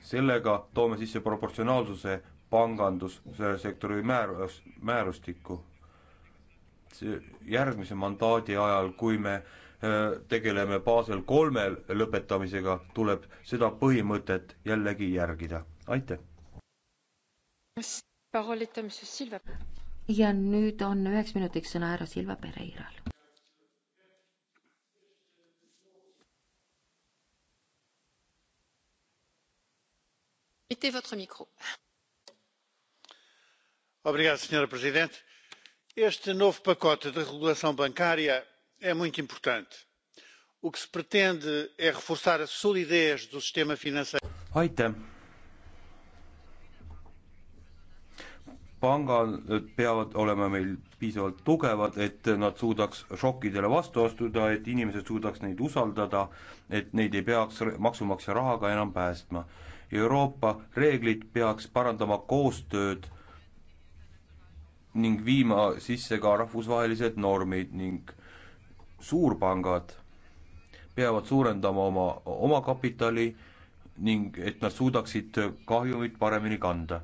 Speaker 9: sellega toome sisse proportsionaalsuse pangandussektori määrus, määrustikku. järgmise mandaadi ajal, kui me äh, tegeleme Basel kolme lõpetamisega, tuleb seda põhimõtet jällegi järgida. aitäh!
Speaker 10: ja nüüd on üheks minutiks sõna härra Silva Pereiral.
Speaker 3: Obrigado, senhora presidente este novo pacote de regulação bancária é muito importante. O que se pretende é reforçar a solidez do sistema financeiro.
Speaker 9: aitäh. pangad peavad olema meil piisavalt tugevad, et nad suudaks šokkidele vastu astuda, et inimesed suudaks neid usaldada, et neid ei peaks maksumaksja rahaga enam päästma. Euroopa reeglid peaks parandama koostööd ning viima sisse ka rahvusvahelised normid ning suurpangad peavad suurendama oma omakapitali ning et nad suudaksid kahjumit paremini kanda.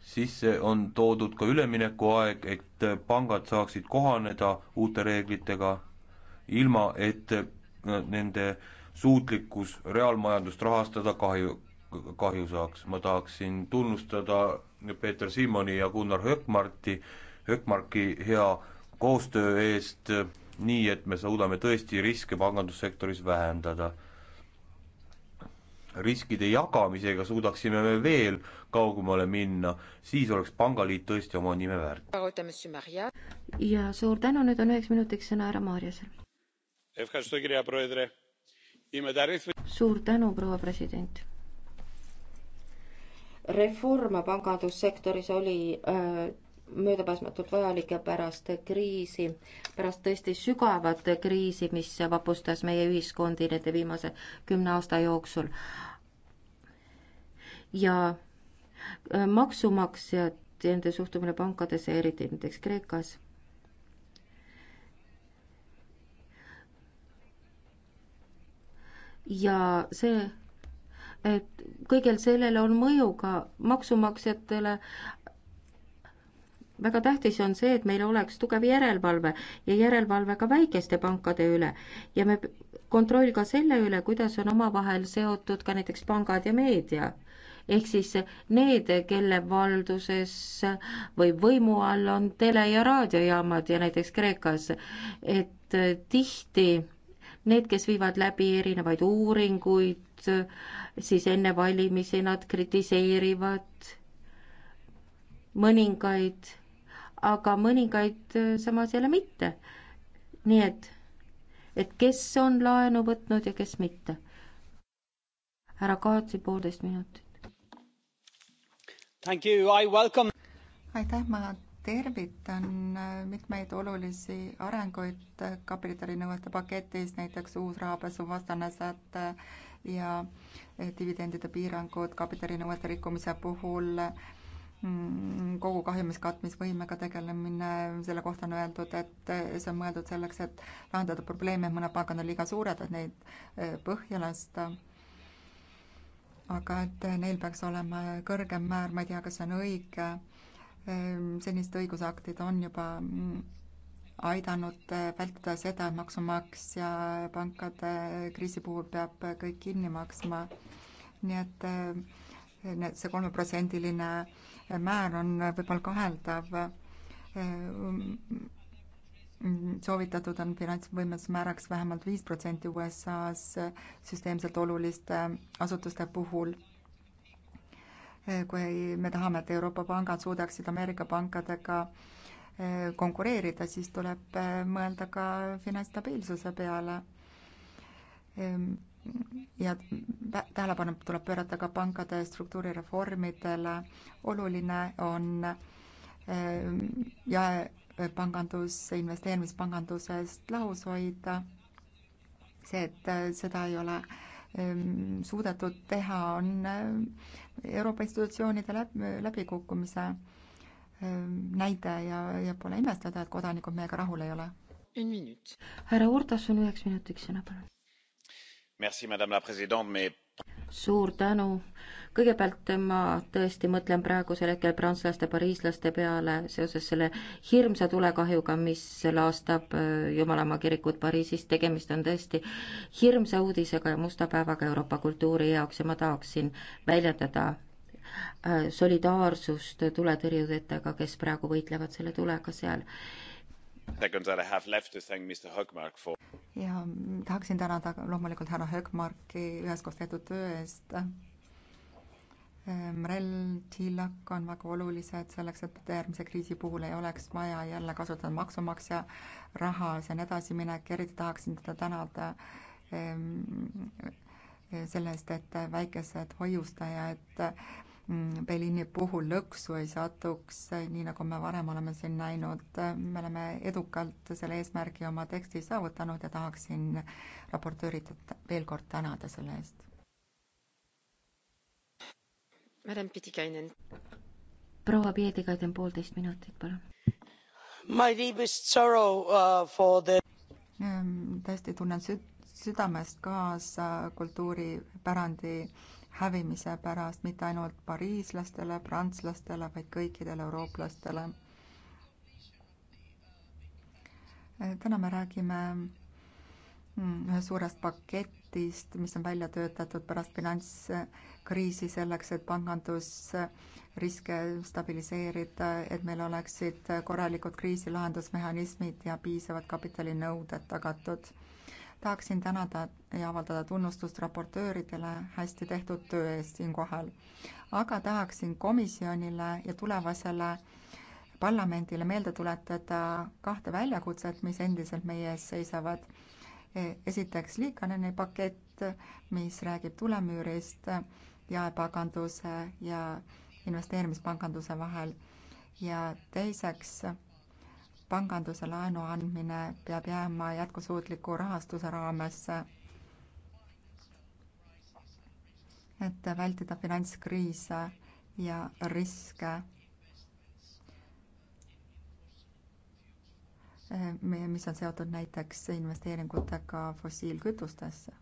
Speaker 9: sisse on toodud ka üleminekuaeg, et pangad saaksid kohaneda uute reeglitega, ilma et nende suutlikkus reaalmajandust rahastada kahju, kahju saaks. ma tahaksin tunnustada Peeter Siimoni ja Gunnar Hökmarti, Hökmarki hea koostöö eest, äh, nii et me suudame tõesti riske pangandussektoris vähendada. riskide jagamisega suudaksime me veel kaugemale minna, siis oleks pangaliit tõesti oma nime väärt.
Speaker 10: ja suur tänu, nüüd on üheks minutiks sõna härra Maarjasel. suur tänu, proua president reform pangandussektoris oli öö, äh, möödapääsmatult vajalik ja pärast kriisi, pärast tõesti sügavat kriisi, mis vapustas meie ühiskondi nende viimase kümne aasta jooksul. ja äh, maksumaksjad, nende suhtumine pankadesse, eriti näiteks Kreekas ja see, et kõigel sellel on mõju ka maksumaksjatele, väga tähtis on see, et meil oleks tugev järelevalve ja järelevalve ka väikeste pankade üle ja me kontroll ka selle üle, kuidas on omavahel seotud ka näiteks pangad ja meedia. ehk siis need, kelle valduses või võimu all on tele- ja raadiojaamad ja näiteks Kreekas, et tihti need, kes viivad läbi erinevaid uuringuid, siis enne valimisi nad kritiseerivad mõningaid aga mõningaid äh, samas jälle mitte. nii et, et kes on laenu võtnud ja kes mitte. härra Kaatsi poolteist
Speaker 11: minutit.
Speaker 2: aitäh,
Speaker 11: ma tervitan äh, mitmeid olulisi arenguid äh, kapitalinõuete paketis, näiteks uus rahapesuvastane säte ja dividendide piirangud kapitalinõuete rikkumise puhul Mm, kogu kahjumis katmisvõimega tegelemine, selle kohta on öeldud, et eh, see on mõeldud selleks, et lahendada probleeme, mõned pangad on liiga suured, et neid eh, põhja lasta. aga et eh, neil peaks olema kõrgem määr, ma ei tea, kas see on õige. senised õigusaktid on juba mm, aidanud vältida seda, et maksumaksja pankade kriisi puhul peab kõik kinni maksma. nii et see kolmeprotsendiline määr on võib-olla kaheldav. soovitatud on finantsvõimendusmääraks vähemalt viis protsenti USA-s süsteemselt oluliste asutuste puhul kui me tahame, et Euroopa pangad suudaksid Ameerika pankadega konkureerida, siis tuleb mõelda ka finantsstabiilsuse peale ja tähelepanu tuleb pöörata ka pankade struktuurireformidele. oluline on eh, jaepangandus eh, investeerimispangandusest lahus hoida. see, et eh, seda ei ole ehm, suudetud teha, on Euroopa institutsioonide läbikukkumise ehm, näide ja, ja pole imestada, et kodanikud meiega rahul ei ole. härra Urtas on üheks minutiks sõna, palun suur tänu.
Speaker 10: kõigepealt ma tõesti mõtlen praegusel hetkel prantslaste, pariislaste peale seoses selle hirmsa tulekahjuga, mis laastab äh, Jumalamaa kirikut Pariisis. tegemist on tõesti hirmsa uudisega ja musta päevaga Euroopa kultuuri jaoks ja ma tahaksin väljendada äh, solidaarsust tuletõrjujatega, kes praegu
Speaker 11: võitlevad selle tulega seal ja mm, tahaksin tänada loomulikult härra Högmarki üheskoos tehtud töö eest. MREL, ehm, TILAK on väga olulised selleks, et järgmise kriisi puhul ei oleks vaja jälle kasutada maksumaksja raha, see on edasiminek, eriti tahaksin teda tänada ehm, selle eest, et väikesed hoiustajad Mm, Berliini puhul lõksu ei satuks, nii nagu me varem oleme siin näinud. me oleme edukalt selle eesmärgi oma teksti saavutanud ja tahaksin raportöörid veel kord tänada selle eest. proua Pietikainen, poolteist minutit,
Speaker 10: palun.
Speaker 7: My deepest sorrow uh, for the
Speaker 11: mm, tõesti tunnen süd-, südamest kaasa kultuuripärandi uh, hävimise pärast mitte ainult pariislastele, prantslastele, vaid kõikidele eurooplastele. täna me räägime mm, ühest suurest paketist, mis on välja töötatud pärast finantskriisi selleks, et pangandusriske stabiliseerida, et meil oleksid korralikud kriisilahendusmehhanismid ja piisavad kapitalinõuded tagatud tahaksin tänada ja avaldada tunnustust raportööridele hästi tehtud töö eest siinkohal. aga tahaksin komisjonile ja tulevasele parlamendile meelde tuletada kahte väljakutset, mis endiselt meie ees seisavad. E, esiteks Liikaneni pakett, mis räägib tulemüürist jaepaganduse ja investeerimispanganduse vahel ja teiseks panganduse laenu andmine peab jääma jätkusuutliku rahastuse raamesse, et vältida finantskriise ja riske, mis on seotud näiteks investeeringutega fossiilkütustesse.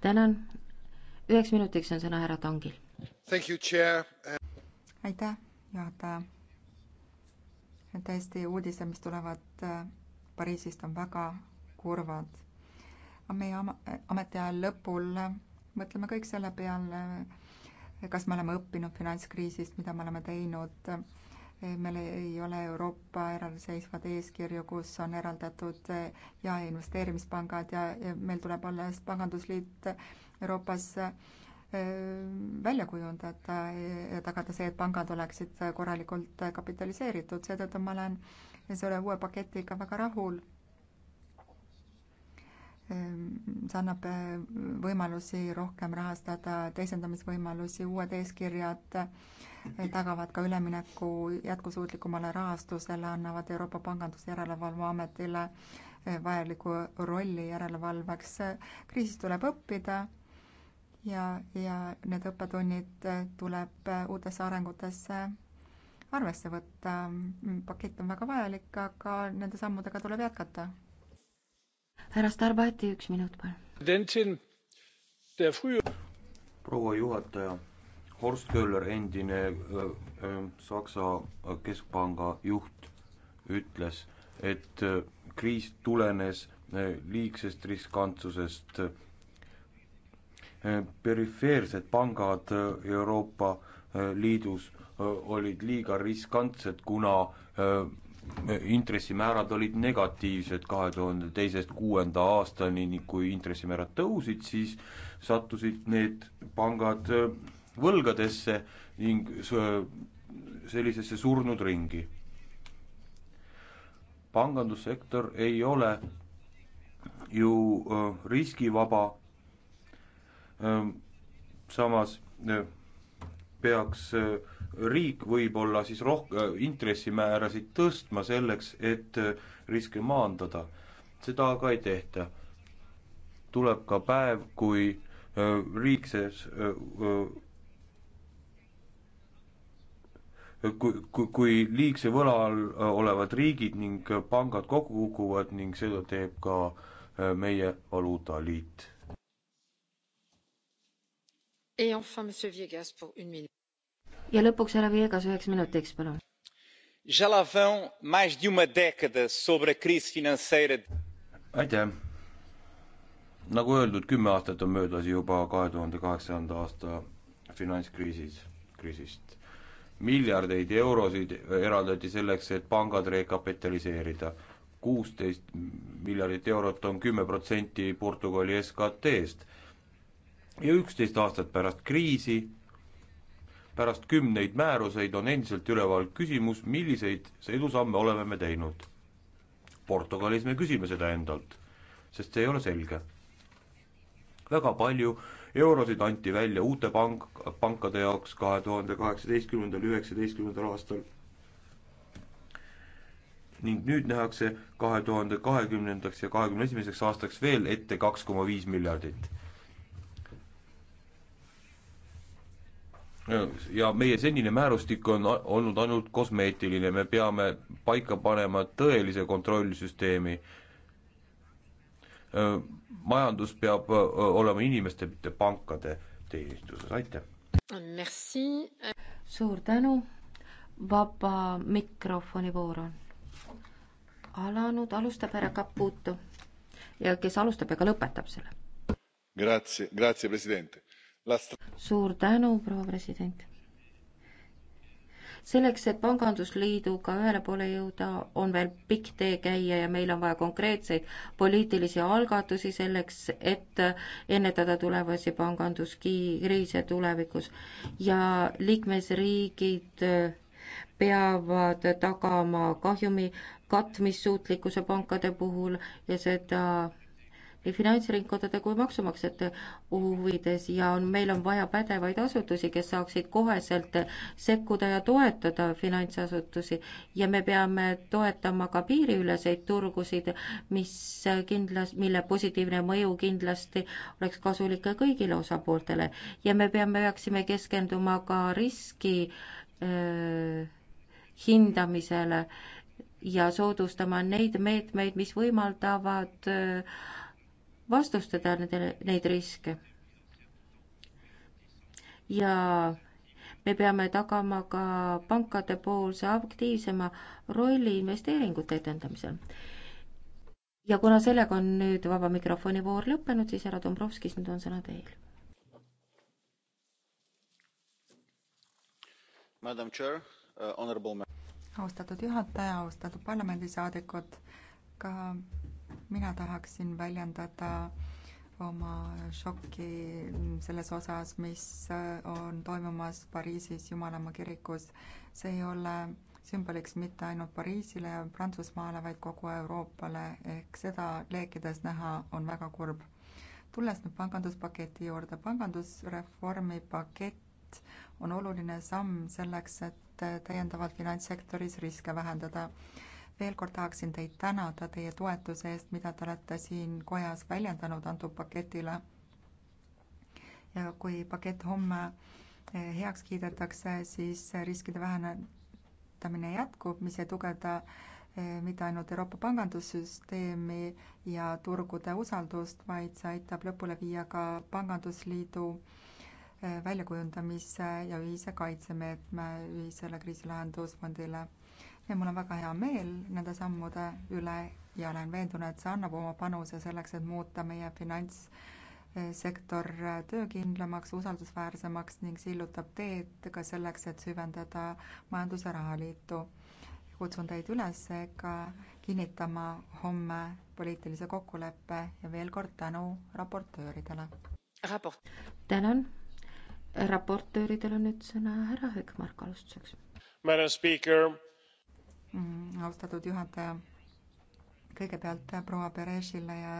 Speaker 10: tänan, üheks minutiks on sõna härra Tangil
Speaker 4: aitäh,
Speaker 11: juhataja. tõesti, uudised, mis tulevad äh, Pariisist, on väga kurvad. meie ametiaja lõpul äh, mõtleme kõik selle peale, äh, kas me oleme õppinud finantskriisist, mida me oleme teinud. meil ei ole Euroopa eraldiseisvad eeskirju, kus on eraldatud ja investeerimispangad ja meil tuleb alles pangandusliit Euroopas Äh, välja kujundada ja tagada see, et pangad oleksid korralikult kapitaliseeritud, seetõttu ma olen selle uue paketiga väga rahul. Ähm, see annab äh, võimalusi rohkem rahastada, teisendamisvõimalusi, uued eeskirjad äh, tagavad ka ülemineku jätkusuutlikumale rahastusele, annavad Euroopa Pangandusjärelevalve Ametile vajaliku rolli järelevalveks. kriisist tuleb õppida ja, ja need õppetunnid äh, tuleb äh, uutesse arengutesse arvesse võtta. Mm, pakett on väga vajalik, aga nende sammudega tuleb jätkata. härra Starbati, üks minut,
Speaker 9: palun. proua juhataja, Horst Köhler, endine öö, äh, öö, Saksa keskpanga juht, ütles, et kriis tulenes liigsest riskantsusest öö, perifeersed pangad äh, Euroopa äh, Liidus äh, olid liiga riskantsed, kuna intressimäärad olid negatiivsed kahe tuhande teisest kuuenda aastani ning kui intressimäärad tõusid, siis sattusid need pangad võlgadesse ning sellisesse surnud ringi. pangandussektor ei ole ju riskivaba Ehm, samas eh, peaks eh, riik võib-olla siis roh-, eh, intressimäärasid tõstma selleks, et riske maandada. seda aga ei tehta. tuleb ka päev, kui riik sees kui, kui, kui liigse võla all olevad riigid ning pangad kokku kukuvad ning seda teeb ka meie valuutaliit
Speaker 10: ja lõpuks härra Viegas üheks minutiks, palun.
Speaker 9: aitäh nagu öeldud, kümme aastat on möödas juba kahe tuhande kaheksanda aasta finantskriisis, kriisist. miljardeid eurosid eraldati selleks, et pangad rekapitaliseerida. kuusteist miljardit eurot on kümme protsenti Portugali SKT-st ja üksteist aastat pärast kriisi, pärast kümneid määruseid on endiselt üleval küsimus, milliseid edusamme oleme me teinud. Portugalis me küsime seda endalt, sest see ei ole selge. väga palju eurosid anti välja uute pank, pankade jaoks kahe tuhande kaheksateistkümnendal, üheksateistkümnendal aastal ning nüüd nähakse kahe tuhande kahekümnendaks ja kahekümne esimeseks aastaks veel ette kaks koma viis miljardit ja meie senine määrustik on olnud ainult kosmeetiline, me peame paika panema tõelise kontrollsüsteemi. majandus peab olema inimeste, mitte pankade teenistuses, aitäh.
Speaker 10: Merci. suur tänu. vaba mikrofoni voor on alanud, alustab härra Caputo ja kes alustab ja ka lõpetab
Speaker 3: selle. Grazie, grazie, president
Speaker 10: suur tänu, proua president. selleks, et pangandusliiduga ühele poole jõuda, on veel pikk tee käia ja meil on vaja konkreetseid poliitilisi algatusi selleks, et ennetada tulevasi panganduskriise tulevikus ja liikmesriigid äh, peavad tagama kahjumi katmissuutlikkuse pankade puhul ja seda nii finantsringkondade kui maksumaksjate huvides ja on, meil on vaja pädevaid asutusi, kes saaksid koheselt sekkuda ja toetada finantsasutusi ja me peame toetama ka piiriüleseid turgusid, mis kindlas, mille positiivne mõju kindlasti oleks kasulik ka kõigile osapooltele ja me peame, peaksime keskenduma ka riski öö, hindamisele ja soodustama neid meetmeid, mis võimaldavad öö, vastustada nendele, neid riske. ja me peame tagama ka pankade poolse aktiivsema rolli investeeringute edendamisel. ja kuna sellega on nüüd vaba mikrofoni voor lõppenud, siis härra Dombrovskis, nüüd on sõna teil
Speaker 3: Chair, uh,
Speaker 11: austatud juhataja, austatud parlamendisaadikud, ka mina tahaksin väljendada oma šokki selles osas, mis äh, on toimumas Pariisis Jumalamaa kirikus. see ei ole sümboliks mitte ainult Pariisile ja Prantsusmaale, vaid kogu Euroopale ehk seda leekides näha on väga kurb. tulles nüüd panganduspaketi juurde, pangandusreformi pakett on oluline samm selleks, et äh, täiendavalt finantssektoris riske vähendada veel kord tahaksin teid tänada teie toetuse eest, mida te olete siin kojas väljendanud antud paketile. ja kui pakett homme eh, heaks kiidetakse, siis riskide vähenemine jätkub, mis ei tugevda eh, mitte ainult Euroopa pangandussüsteemi ja turgude usaldust, vaid see aitab lõpule viia ka pangandusliidu eh, väljakujundamise ja ühise kaitsemeetme ühisele kriisilahendusfondile ja mul on väga hea meel nende sammude üle ja olen veendunud, et see annab oma panuse selleks, et muuta meie finantssektor töökindlamaks, usaldusväärsemaks ning sillutab teed ka selleks, et süvendada majandus- ja rahaliitu. kutsun teid üles ka kinnitama homme poliitilise kokkuleppe ja veel kord tänu raportööridele
Speaker 10: Raport.. tänan. raportööridel on
Speaker 11: nüüd sõna härra Hökmark alustuseks.
Speaker 4: Madam Speaker
Speaker 11: Mm, austatud juhataja. kõigepealt proua Perešile ja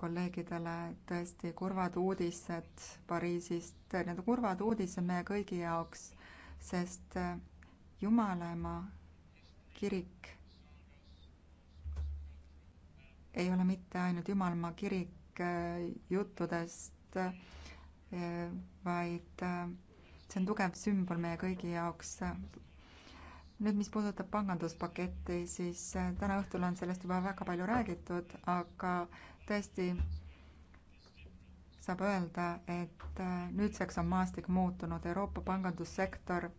Speaker 11: kolleegidele tõesti kurvad uudised Pariisist, need kurvad uudised meie kõigi jaoks, sest äh, Jumalaema kirik ei ole mitte ainult Jumalamaa kirik äh, juttudest, äh, vaid see on tugev sümbol meie kõigi jaoks nüüd, mis puudutab panganduspaketti, siis äh, täna õhtul on sellest juba väga palju räägitud, aga tõesti saab öelda, et äh, nüüdseks on maastik muutunud, Euroopa pangandussektor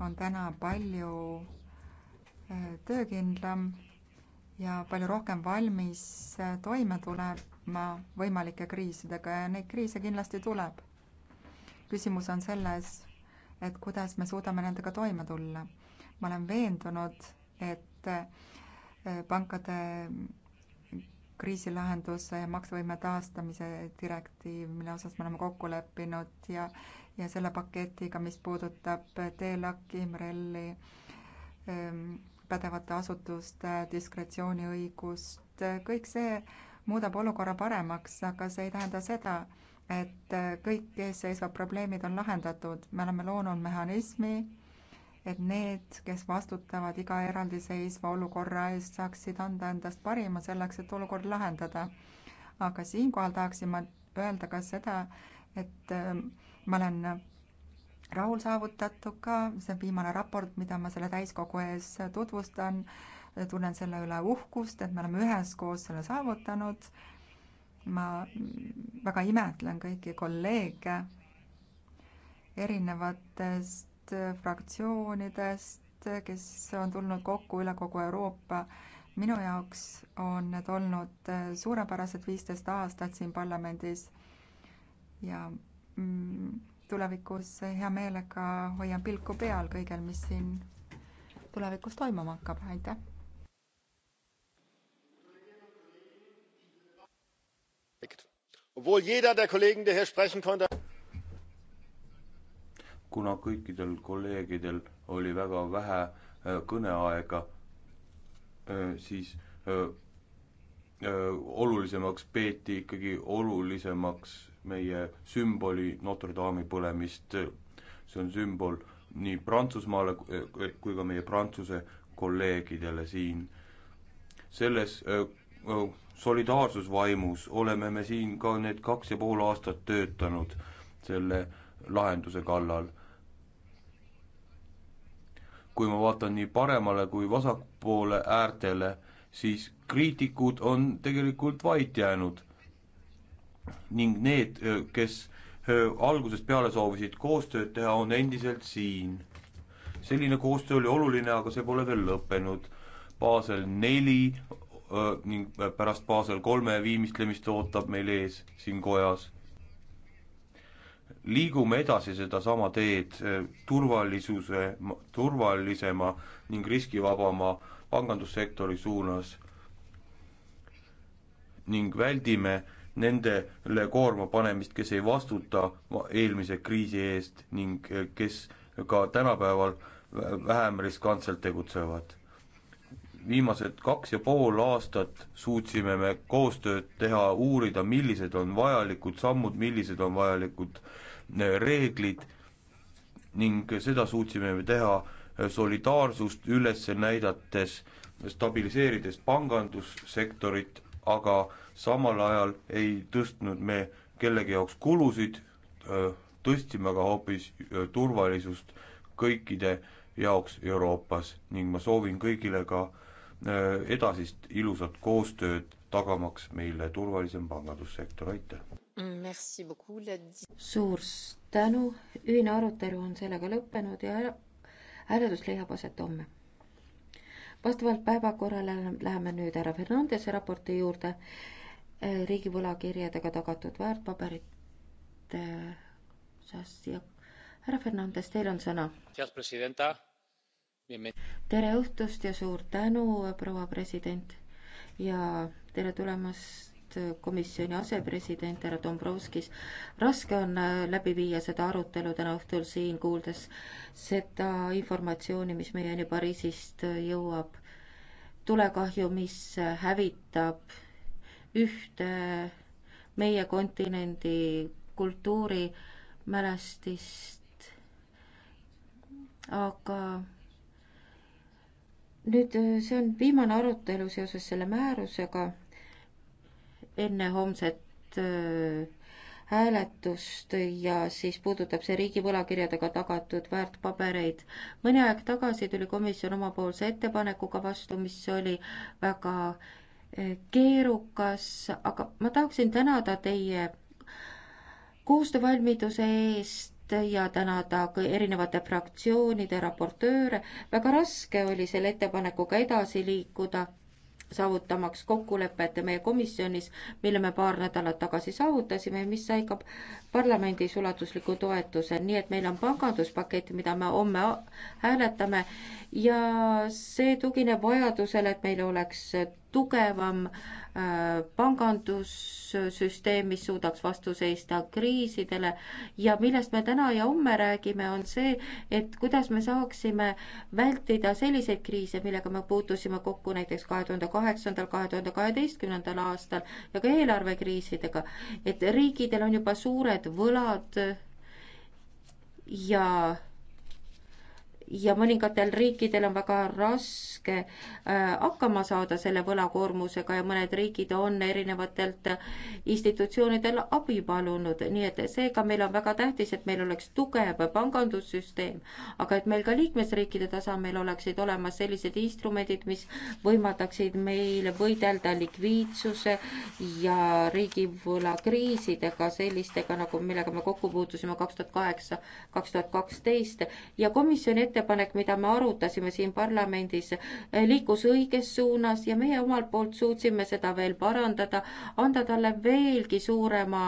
Speaker 11: on täna palju äh, töökindlam ja palju rohkem valmis toime tulema võimalike kriisidega ja neid kriise kindlasti tuleb. küsimus on selles, et kuidas me suudame nendega toime tulla ma olen veendunud, et äh, pankade kriisilahenduse ja maksevõime taastamise direktiiv, mille osas me oleme kokku leppinud ja, ja selle paketiga, mis puudutab TLAC-i, MREL-i, ähm, pädevate asutuste diskretsiooniõigust, kõik see muudab olukorra paremaks, aga see ei tähenda seda, et kõik eesseisvad probleemid on lahendatud. me oleme loonud mehhanismi, et need, kes vastutavad iga eraldiseisva olukorra eest, saaksid anda endast parima selleks, et olukord lahendada. aga siinkohal tahaksin ma öelda ka seda, et ähm, ma olen rahul saavutatuga, see on viimane raport, mida ma selle täiskogu ees tutvustan. tunnen selle üle uhkust, et me oleme üheskoos selle saavutanud. ma väga imetlen kõiki kolleege erinevatest Äh, fraktsioonidest, kes on tulnud kokku üle kogu Euroopa. minu jaoks on need olnud äh, suurepärased viisteist aastat siin parlamendis ja mm, tulevikus hea meelega hoian pilku peal kõigel, mis siin tulevikus toimuma hakkab, aitäh! obwohl jeder der kollegen der hier sprechen konnte
Speaker 9: kuna kõikidel kolleegidel oli väga vähe äh, kõneaega, äh, siis äh, olulisemaks peeti ikkagi olulisemaks meie sümboli Notre Dame'i põlemist. see on sümbol nii Prantsusmaale kui ka meie Prantsuse kolleegidele siin. selles solidaarsusvaimus oleme me siin ka need kaks ja pool aastat töötanud selle lahenduse kallal kui ma vaatan nii paremale kui vasakpoole äärtele, siis kriitikud on tegelikult vait jäänud. ning need, kes algusest peale soovisid koostööd teha, on endiselt siin. selline koostöö oli oluline, aga see pole veel lõppenud. Basel neli ning pärast Basel kolme viimistlemist ootab meil ees siin kojas liigume edasi sedasama teed eh, turvalisuse, turvalisema ning riskivabama pangandussektori suunas ning väldime nendele koorma panemist, kes ei vastuta eelmise kriisi eest ning eh, kes ka tänapäeval vähem riskantselt tegutsevad. viimased kaks ja pool aastat suutsime me koostööd teha, uurida, millised on vajalikud sammud, millised on vajalikud äh, reeglid ning seda suutsime me teha solidaarsust üles näidates, stabiliseerides pangandussektorit, aga samal ajal ei tõstnud me kellegi jaoks kulusid, tõstsime aga hoopis turvalisust kõikide jaoks Euroopas ning ma soovin kõigile ka edasist ilusat koostööd, tagamaks meile turvalisem pangandussektor, aitäh!
Speaker 10: suur tänu, ühine arutelu on sellega lõppenud ja hääletus leiab aset homme. vastavalt päevakorrale läheme nüüd härra Fernandese raporti juurde, eh, riigi võlakirjadega tagatud väärtpaberite eh, osas ja härra Fernandes, teil on sõna. tere õhtust ja suur tänu, proua president ja tere tulemast president, komisjoni asepresident härra Dombrovskis. raske on äh, läbi viia seda arutelu täna õhtul siin, kuuldes seda informatsiooni, mis meieni Pariisist äh, jõuab. tulekahju, mis äh, hävitab ühte meie kontinendi kultuurimälestist. aga nüüd see on viimane arutelu seoses selle määrusega enne homset hääletust ja siis puudutab see riigi võlakirjadega tagatud väärtpabereid. mõni aeg tagasi tuli komisjon omapoolse ettepanekuga vastu, mis oli väga keerukas, aga ma tahaksin tänada teie koostöövalmiduse eest ja tänada ka erinevate fraktsioonide raportööre. väga raske oli selle ettepanekuga edasi liikuda saavutamaks kokkulepet meie komisjonis, mille me paar nädalat tagasi saavutasime ja mis sai ka parlamendis ulatusliku toetuse, nii et meil on panganduspakett, mida me homme hääletame ja see tugineb vajadusele, et meil oleks tugevam äh, pangandussüsteem, mis suudaks vastu seista kriisidele ja millest me täna ja homme räägime, on see, et kuidas me saaksime vältida selliseid kriise, millega me puutusime kokku näiteks kahe tuhande kaheksandal, kahe tuhande kaheteistkümnendal aastal ja ka eelarvekriisidega, et riikidel on juba suured võlad ja ja mõningatel riikidel on väga raske äh, hakkama saada selle võlakoormusega ja mõned riigid on erinevatelt äh, institutsioonidel abi palunud, nii et seega meil on väga tähtis, et meil oleks tugev pangandussüsteem, aga et meil ka liikmesriikide tasemel oleksid olemas sellised instrumendid, mis võimaldaksid meil võidelda likviidsuse ja riigivõlakriisidega, sellistega nagu, millega me kokku puutusime kaks tuhat kaheksa, kaks tuhat kaksteist ja komisjoni ette ettepanek, mida me arutasime siin parlamendis, liikus õiges suunas ja meie omalt poolt suutsime seda veel parandada, anda talle veelgi suurema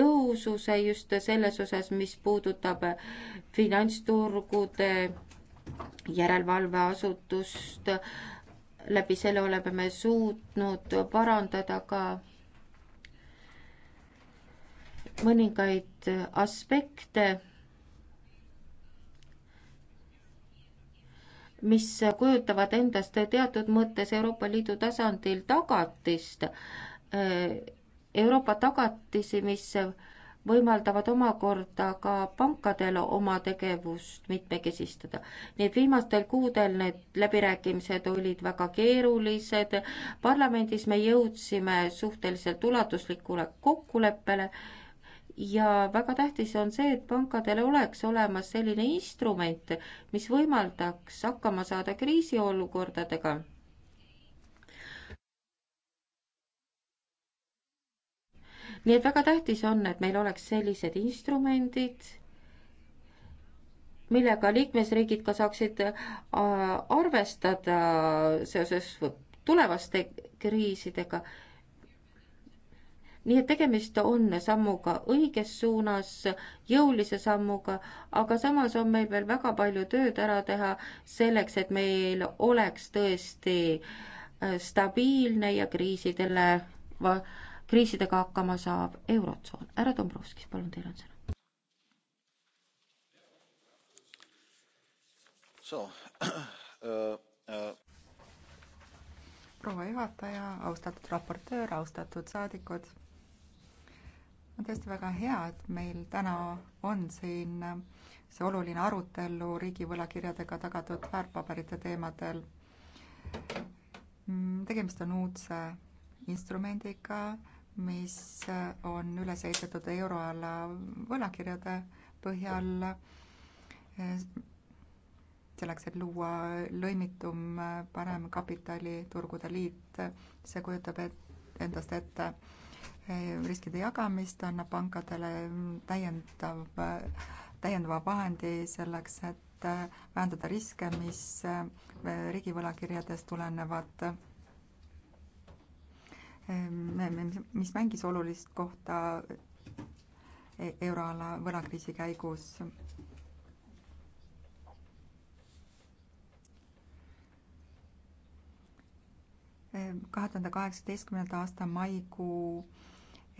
Speaker 10: tõususe just selles osas, mis puudutab finantsturgude järelevalveasutust. läbi selle oleme me suutnud parandada ka mõningaid aspekte mis kujutavad endast teatud mõttes Euroopa Liidu tasandil tagatist, eh, Euroopa tagatisi, mis võimaldavad omakorda ka pankadel oma tegevust mitmekesistada. nii et viimastel kuudel need läbirääkimised olid väga keerulised, parlamendis me jõudsime suhteliselt ulatuslikule kokkuleppele ja väga tähtis on see, et pankadel oleks olemas selline instrument, mis võimaldaks hakkama saada kriisiolukordadega. nii et väga tähtis on, et meil oleks sellised instrumendid, millega liikmesriigid ka saaksid äh, arvestada seoses tulevaste kriisidega nii et tegemist on sammuga õiges suunas, jõulise sammuga, aga samas on meil veel väga palju tööd ära teha selleks, et meil oleks tõesti äh, stabiilne ja kriisidele, kriisidega hakkama saav Eurotsoon. härra Dombrovskis, palun, teil on sõna.
Speaker 3: So, uh, [clears throat] uh
Speaker 11: proua juhataja, austatud raportöör, austatud saadikud on tõesti väga hea, et meil täna on siin see oluline arutelu riigivõlakirjadega tagatud väärtpaberite teemadel. Mm, tegemist on uudse instrumendiga, mis on üles ehitatud euroala võlakirjade põhjal selleks, et luua lõimitum, parem kapitaliturgude liit. see kujutab et, endast ette riskide jagamist, annab pankadele täiendav, täiendava vahendi selleks, et äh, vähendada riske, mis äh, riigivõlakirjadest tulenevad ehm, mis mängis olulist kohta e, euroala võlakriisi käigus. Ehm, kahe tuhande kaheksateistkümnenda aasta maikuu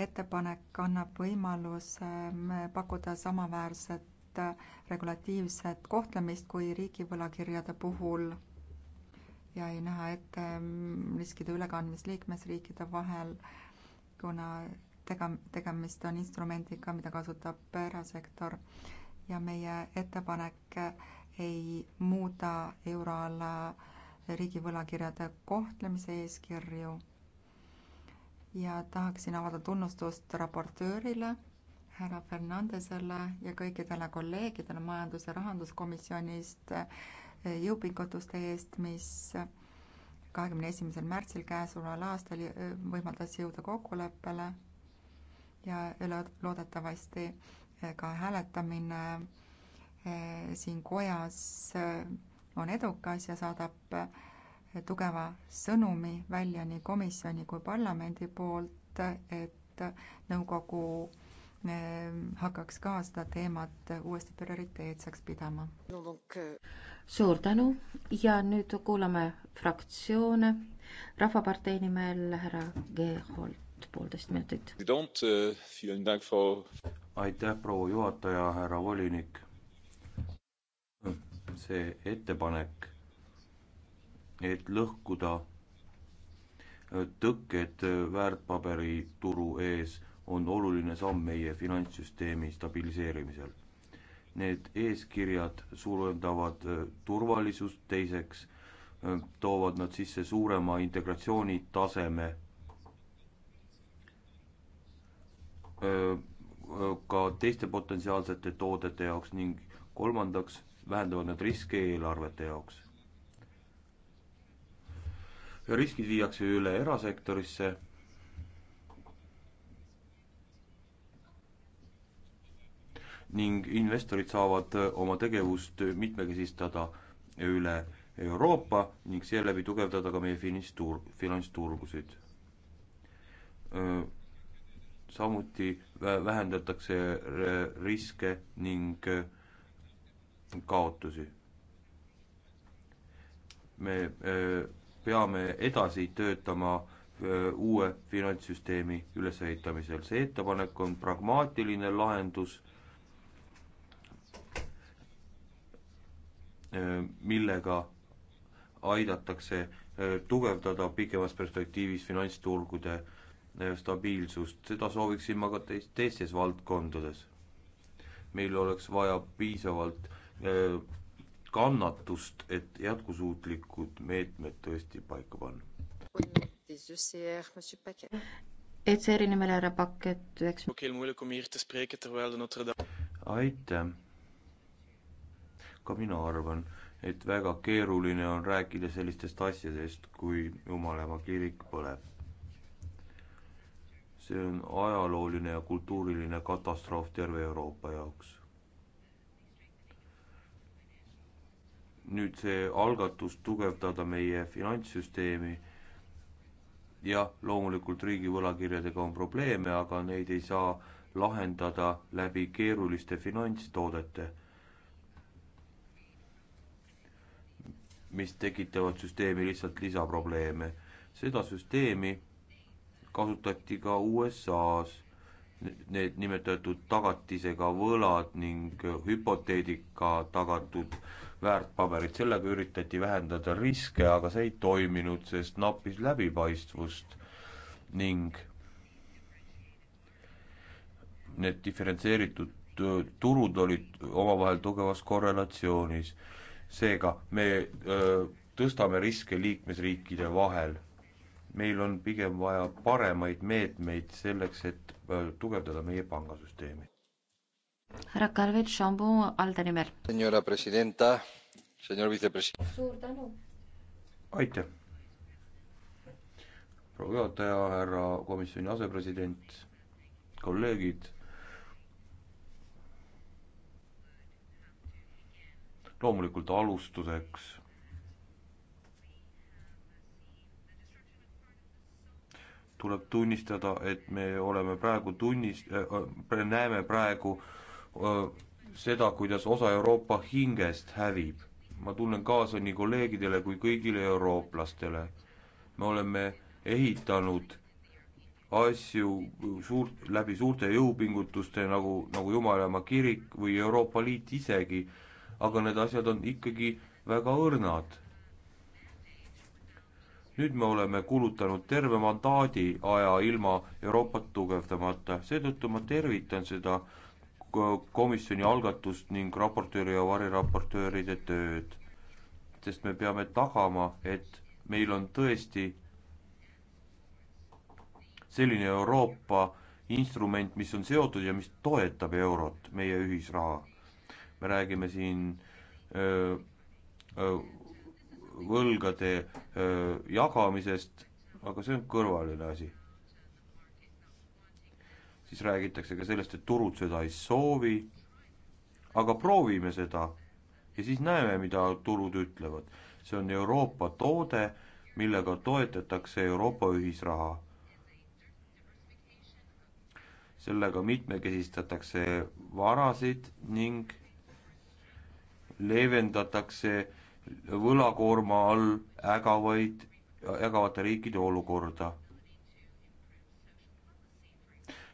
Speaker 11: ettepanek annab võimaluse äh, pakkuda samaväärset äh, regulatiivset kohtlemist kui riigivõlakirjade puhul ja ei näha ette äh, riskide ülekandmist liikmesriikide vahel, kuna tega-, tegemist on instrumendiga, mida kasutab erasektor ja meie ettepanek ei muuda euroala riigivõlakirjade kohtlemise eeskirju ja tahaksin avada tunnustust raportöörile, härra Fernandesele ja kõikidele kolleegidele Majandus- ja Rahanduskomisjonist eh, jõupingutuste eest, mis kahekümne esimesel märtsil käesoleval aastal eh, võimaldas jõuda kokkuleppele ja loodetavasti eh, ka hääletamine siin kojas on edukas ja saadab tugeva sõnumi välja nii komisjoni kui parlamendi poolt, et nõukogu eh, hakkaks ka seda teemat uuesti prioriteetseks pidama. suur tänu
Speaker 10: ja nüüd kuulame fraktsioone. rahvapartei nimel härra
Speaker 9: Geeholt poolteist minutit.
Speaker 6: Eh, aitäh, proua
Speaker 9: juhataja, härra volinik. see ettepanek et lõhkuda äh, tõkked äh, väärtpaberituru ees on oluline samm meie finantssüsteemi stabiliseerimisel. Need eeskirjad suurendavad äh, turvalisust, teiseks toovad nad sisse suurema integratsiooni taseme. ka teiste potentsiaalsete toodete jaoks ning kolmandaks vähendavad nad riske eelarvete jaoks ja riskid viiakse üle erasektorisse. ning investorid saavad oma tegevust mitmekesistada üle Euroopa ning seeläbi tugevdada ka meie finistur-, finantsturgusid. samuti vähendatakse riske ning kaotusi. me öö, peame edasi töötama uue finantssüsteemi ülesehitamisel. see ettepanek on pragmaatiline lahendus, millega aidatakse tugevdada pikemas perspektiivis finantsturgude stabiilsust, seda sooviksin ma ka teis-, teistes valdkondades. meil oleks vaja piisavalt kannatust, et jätkusuutlikud meetmed tõesti paika panna.
Speaker 10: ECR-i nimel härra Pakk, et üheks.
Speaker 9: aitäh. ka mina arvan, et väga keeruline on rääkida sellistest asjadest, kui Jumalaema kirik põleb. see on ajalooline ja kultuuriline katastroof terve Euroopa jaoks nüüd see algatus tugevdada meie finantssüsteemi, jah, loomulikult riigi võlakirjadega on probleeme, aga neid ei saa lahendada läbi keeruliste finantstoodete, mis tekitavad süsteemi lihtsalt lisaprobleeme. seda süsteemi kasutati ka USA-s need nimetatud tagatisega võlad ning hüpoteedika tagatud väärtpaberid, sellega üritati vähendada riske, aga see ei toiminud, sest nappis läbipaistvust ning need diferentseeritud turud olid omavahel tugevas korrelatsioonis. seega me öö, tõstame riske liikmesriikide vahel. meil on pigem vaja paremaid meetmeid selleks, et öö, tugevdada meie pangasüsteemi
Speaker 10: härra Calvet Chambon ALDE nimel.
Speaker 1: suur tänu.
Speaker 9: aitäh. proua juhataja, härra komisjoni asepresident, kolleegid. loomulikult alustuseks tuleb tunnistada, et me oleme praegu tunnist- äh,, äh näeme praegu äh, Äh, seda, kuidas osa Euroopa hingest hävib. ma tunnen kaasa nii kolleegidele kui kõigile eurooplastele. me oleme ehitanud asju suurt, läbi suurte jõupingutuste, nagu, nagu Jumalaema kirik või Euroopa Liit isegi, aga need asjad on ikkagi väga õrnad. nüüd me oleme kulutanud terve mandaadi aja ilma Euroopat tugevdamata, seetõttu ma tervitan seda äh, komisjoni algatust ning raportööri ja variraportööride tööd, sest me peame tagama, et meil on tõesti selline Euroopa instrument, mis on seotud ja mis toetab eurot, meie ühisraha. me räägime siin öö, öö, võlgade öö, jagamisest, aga see on kõrvaline asi siis räägitakse ka sellest, et turud seda ei soovi, aga proovime seda ja siis näeme, mida turud ütlevad. see on Euroopa toode, millega toetatakse Euroopa ühisraha. sellega mitmekesistatakse varasid ning leevendatakse võlakoorma all ägavaid, ägavate riikide olukorda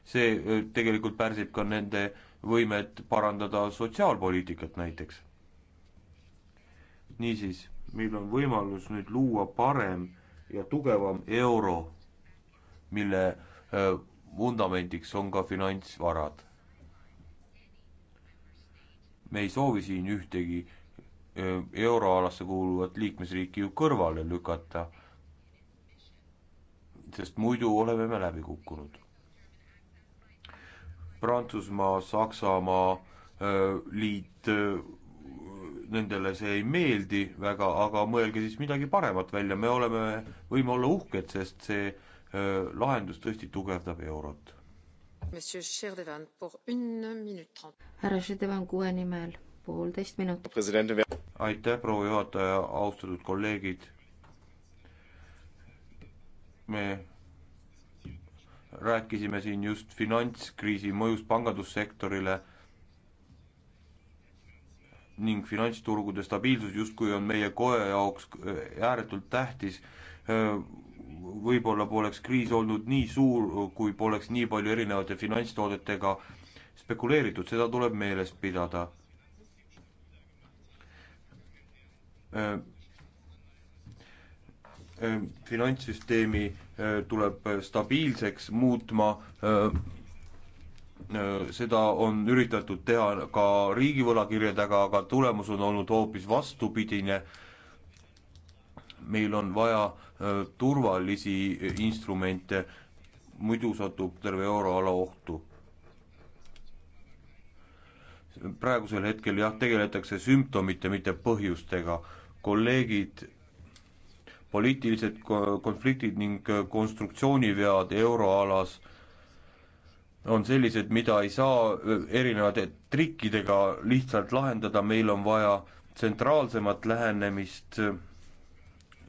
Speaker 9: see äh, tegelikult pärsib ka nende võimet parandada sotsiaalpoliitikat näiteks. niisiis, meil on võimalus nüüd luua parem ja tugevam euro, mille äh, vundamendiks on ka finantsvarad. me ei soovi siin ühtegi äh, euroalasse kuuluvat liikmesriiki ju kõrvale lükata, sest muidu oleme me läbi kukkunud Prantsusmaa, Saksamaa äh, liit, äh, nendele see ei meeldi väga, aga mõelge siis midagi paremat välja, me oleme, võime olla uhked, sest see äh, lahendus tõesti tugevdab eurot.
Speaker 10: härra Šedevan kuue nimel poolteist
Speaker 9: minutit. aitäh, proua juhataja, austatud kolleegid. me rääkisime siin just finantskriisi mõjust pangandussektorile ning finantsturgude stabiilsus justkui on meie koja jaoks äh, ääretult tähtis. Äh, võib-olla poleks kriis olnud nii suur, kui poleks nii palju erinevate finantstoodetega spekuleeritud, seda tuleb meeles pidada äh, finantssüsteemi tuleb stabiilseks muutma, seda on üritatud teha ka riigivõlakirjadega, aga tulemus on olnud hoopis vastupidine. meil on vaja turvalisi instrumente, muidu satub terve euroala ohtu. praegusel hetkel jah, tegeletakse sümptomite, mitte põhjustega. kolleegid poliitilised konfliktid ning äh, konstruktsioonivead euroalas on sellised, mida ei saa äh, erinevate trikkidega lihtsalt lahendada, meil on vaja tsentraalsemat lähenemist äh,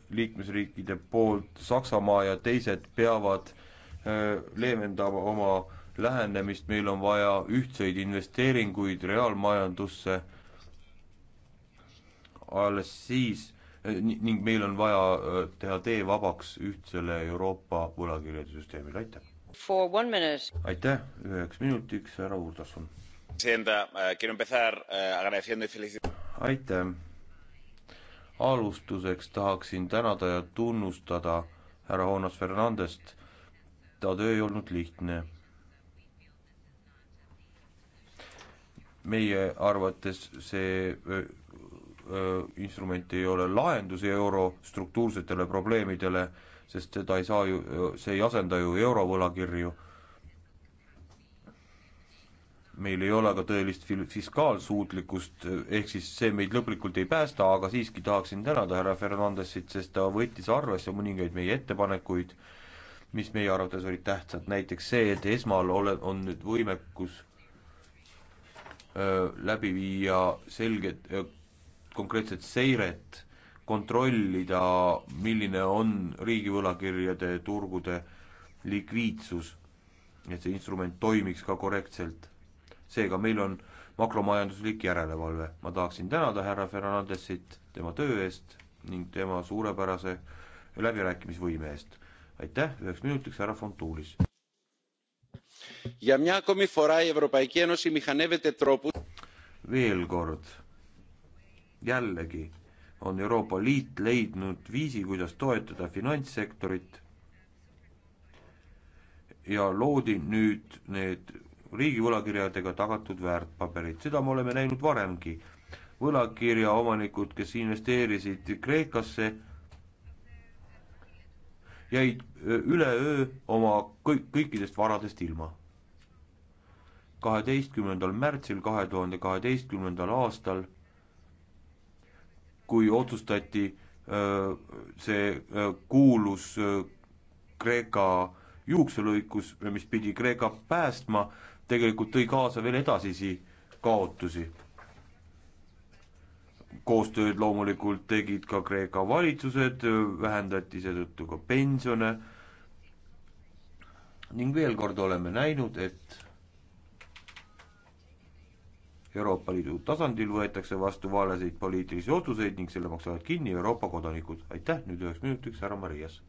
Speaker 9: liikmesriikide poolt, Saksamaa ja teised peavad leevendama oma lähenemist, meil on vaja ühtseid investeeringuid reaalmajandusse, alles siis Äh, ning meil on vaja äh, teha tee vabaks ühtsele Euroopa võlakirjandusüsteemile,
Speaker 4: aitäh!
Speaker 9: aitäh, üheks minutiks, härra Urtasson.
Speaker 4: Eh, eh,
Speaker 9: aitäh! alustuseks tahaksin tänada ja tunnustada härra Jonas Fernandest, ta töö ei olnud lihtne. meie arvates see eh, Äh, instrument ei ole lahendus euro struktuursetele probleemidele, sest seda ei saa ju, see ei asenda ju eurovõlakirju. meil ei ole ka tõelist fiskaalsuutlikkust, ehk siis see meid lõplikult ei päästa, aga siiski tahaksin tänada härra Fernandesit, sest ta võttis arvesse mõningaid meie ettepanekuid, mis meie arvates olid tähtsad, näiteks see, et esmal ole, on nüüd võimekus äh, läbi viia selged äh, konkreetset seiret, kontrollida, milline on riigi võlakirjade turgude likviidsus, et see instrument toimiks ka korrektselt. seega meil on makromajanduslik järelevalve. ma tahaksin tänada härra Fernandesit tema töö eest ning tema suurepärase läbirääkimisvõime eest. aitäh, üheks minutiks härra Fontuulis. veel kord jällegi on Euroopa Liit leidnud viisi, kuidas toetada finantssektorit ja loodi nüüd need riigivõlakirjadega tagatud väärtpaberid, seda me oleme näinud varemgi. võlakirja omanikud, kes investeerisid Kreekasse, jäid üleöö oma kõik, kõikidest varadest ilma. kaheteistkümnendal märtsil kahe tuhande kaheteistkümnendal aastal kui otsustati äh, see äh, kuulus äh, Kreeka juukselõikus, mis pidi Kreeka päästma, tegelikult tõi kaasa veel edasisi kaotusi. koostööd loomulikult tegid ka Kreeka valitsused, vähendati seetõttu ka pensione ning veel kord oleme näinud, et Euroopa Liidu tasandil võetakse vastu valesid poliitilisi otsuseid ning selle maksavad kinni Euroopa kodanikud. aitäh, nüüd üheks minutiks härra Marias.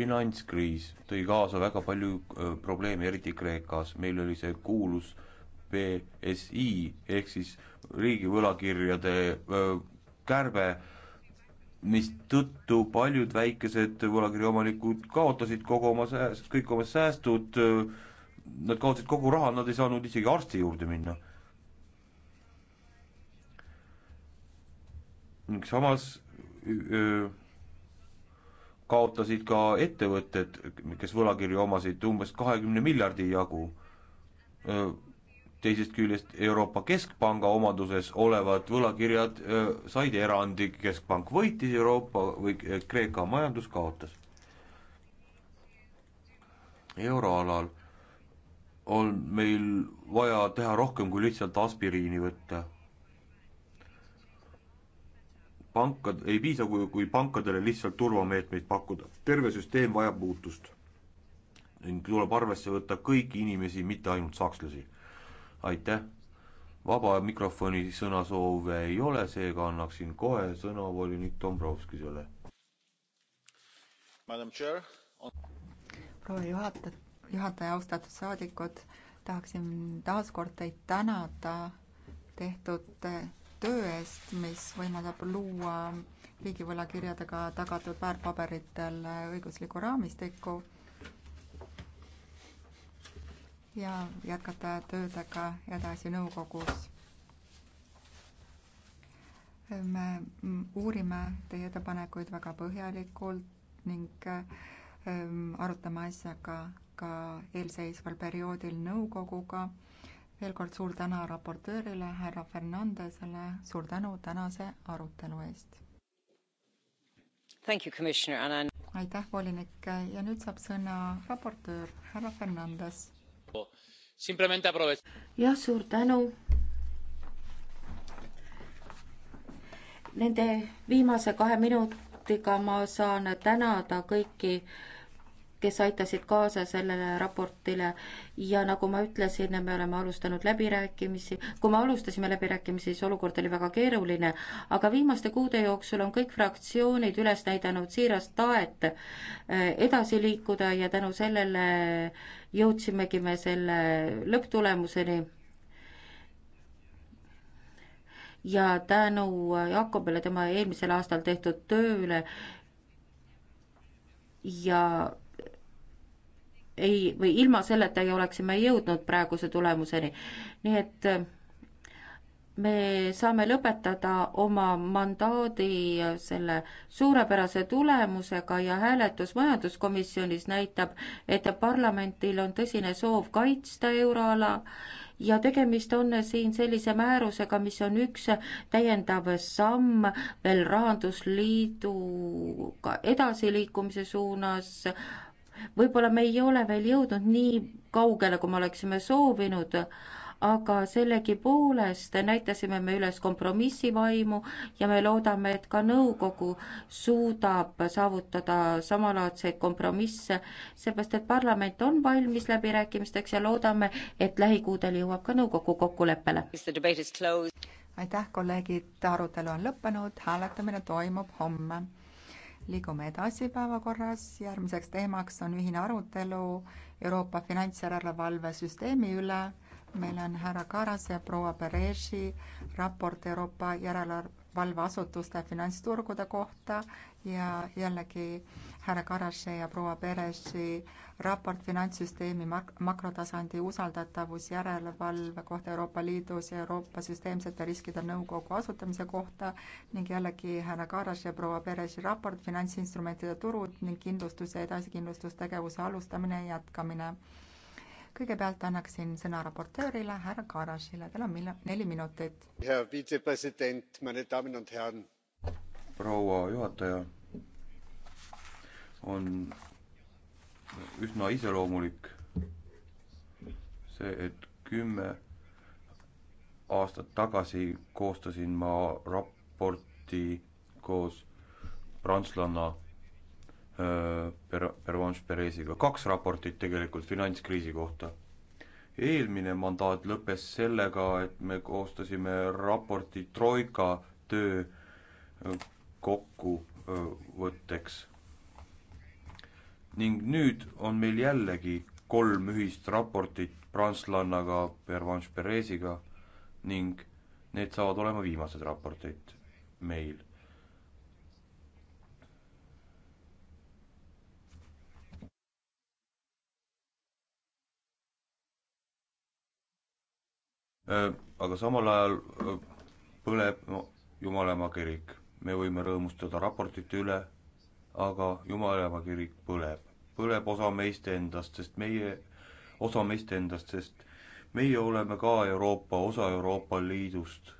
Speaker 9: finantskriis tõi kaasa väga palju öö, probleeme, eriti Kreekas, meil oli see kuulus BSI ehk siis riigivõlakirjade öö, kärbe mistõttu paljud väikesed võlakirja omanikud kaotasid kogu oma sääst, kõik oma säästud, nad kaotasid kogu raha, nad ei saanud isegi arsti juurde minna. ning samas öö, kaotasid ka ettevõtted, kes võlakirju omasid umbes kahekümne miljardi jagu öö, teisest küljest Euroopa Keskpanga omaduses olevad võlakirjad said erandi, keskpank võitis Euroopa või Kreeka majandus kaotas. euroalal on meil vaja teha rohkem kui lihtsalt aspiriini võtta. pankad, ei piisa, kui, kui pankadele lihtsalt turvameetmeid pakkuda, terve süsteem vajab muutust ning tuleb arvesse võtta kõiki inimesi, mitte ainult sakslasi aitäh! vaba mikrofoni sõnasoove ei ole, seega annaksin kohe sõna volinik Dombrovskisele.
Speaker 11: proua juhataja, juhataja, austatud saadikud, tahaksin taas kord teid tänada tehtud töö eest, mis võimaldab luua riigivõlakirjadega tagatud väärtpaberitel õiguslikku raamistikku ja jätkata töödega edasi nõukogus. me uurime teie ettepanekuid väga põhjalikult ning ähm, arutame asja ka, ka eelseisval perioodil nõukoguga. veel kord suur tänu raportöörile, härra Fernandesele, suur tänu tänase arutelu eest.
Speaker 2: Thank you, Commissioner Annan
Speaker 11: aitäh, volinik ja nüüd saab sõna raportöör härra Fernandes jah, suur tänu.
Speaker 10: Nende viimase kahe minutiga ma saan tänada kõiki kes aitasid kaasa sellele raportile ja nagu ma ütlesin, me oleme alustanud läbirääkimisi, kui me alustasime läbirääkimisi, siis olukord oli väga keeruline, aga viimaste kuude jooksul on kõik fraktsioonid üles näidanud siirast tahet eh, edasi liikuda ja tänu sellele jõudsimegi me selle lõpptulemuseni ja tänu Jakobile tema eelmisel aastal tehtud tööle ja ei, või ilma selleta ei oleksime jõudnud praeguse tulemuseni. nii et äh, me saame lõpetada oma mandaadi äh, selle suurepärase tulemusega ja hääletus majanduskomisjonis näitab, et parlamentil on tõsine soov kaitsta euroala ja tegemist on siin sellise määrusega, mis on üks täiendav samm veel Rahandusliiduga edasiliikumise suunas võib-olla me ei ole veel jõudnud nii kaugele, kui me oleksime soovinud, aga sellegipoolest näitasime me üles kompromissivaimu ja me loodame, et ka nõukogu suudab saavutada samalaadseid kompromisse, seepärast et parlament on valmis läbirääkimisteks ja loodame, et lähikuudel jõuab ka nõukogu kokkuleppele.
Speaker 11: aitäh, kolleegid, arutelu on lõppenud, hääletamine toimub homme liigume edasi päevakorras, järgmiseks teemaks on ühine arutelu Euroopa finantsjärelevalvesüsteemi üle. meil on härra Karas ja proua Bereži raport Euroopa järelevalveasutuste finantsturgude kohta ja jällegi härra Karase ja proua Peresi raport finantssüsteemi mak-, makrotasandi usaldatavus järelevalve kohta Euroopa Liidus ja Euroopa Süsteemsete Riskide Nõukogu asutamise kohta ning jällegi härra Karas ja proua Peresi raport finantsinstrumentide turud ning kindlustuse edasikindlustustegevuse alustamine ja jätkamine. kõigepealt annaksin sõna raportöörile, härra Karasile, teil on mil-, neli minutit.
Speaker 9: proua juhataja on üsna iseloomulik see, et kümme aastat tagasi koostasin ma raporti koos prantslanna Per-, Pervanche Peresiga, kaks raportit tegelikult finantskriisi kohta. eelmine mandaat lõppes sellega, et me koostasime raporti Troika töö kokkuvõtteks ning nüüd on meil jällegi kolm ühist raportit prantslannaga, Pervanche Peresiga ning need saavad olema viimased raportid meil. Äh, aga samal ajal äh, põleb no, Jumalamaa kirik, me võime rõõmustada raportite üle aga Jumalama kirik põleb. põleb osa meist endast, sest meie, osa meist endast, sest meie oleme ka Euroopa, osa Euroopa Liidust.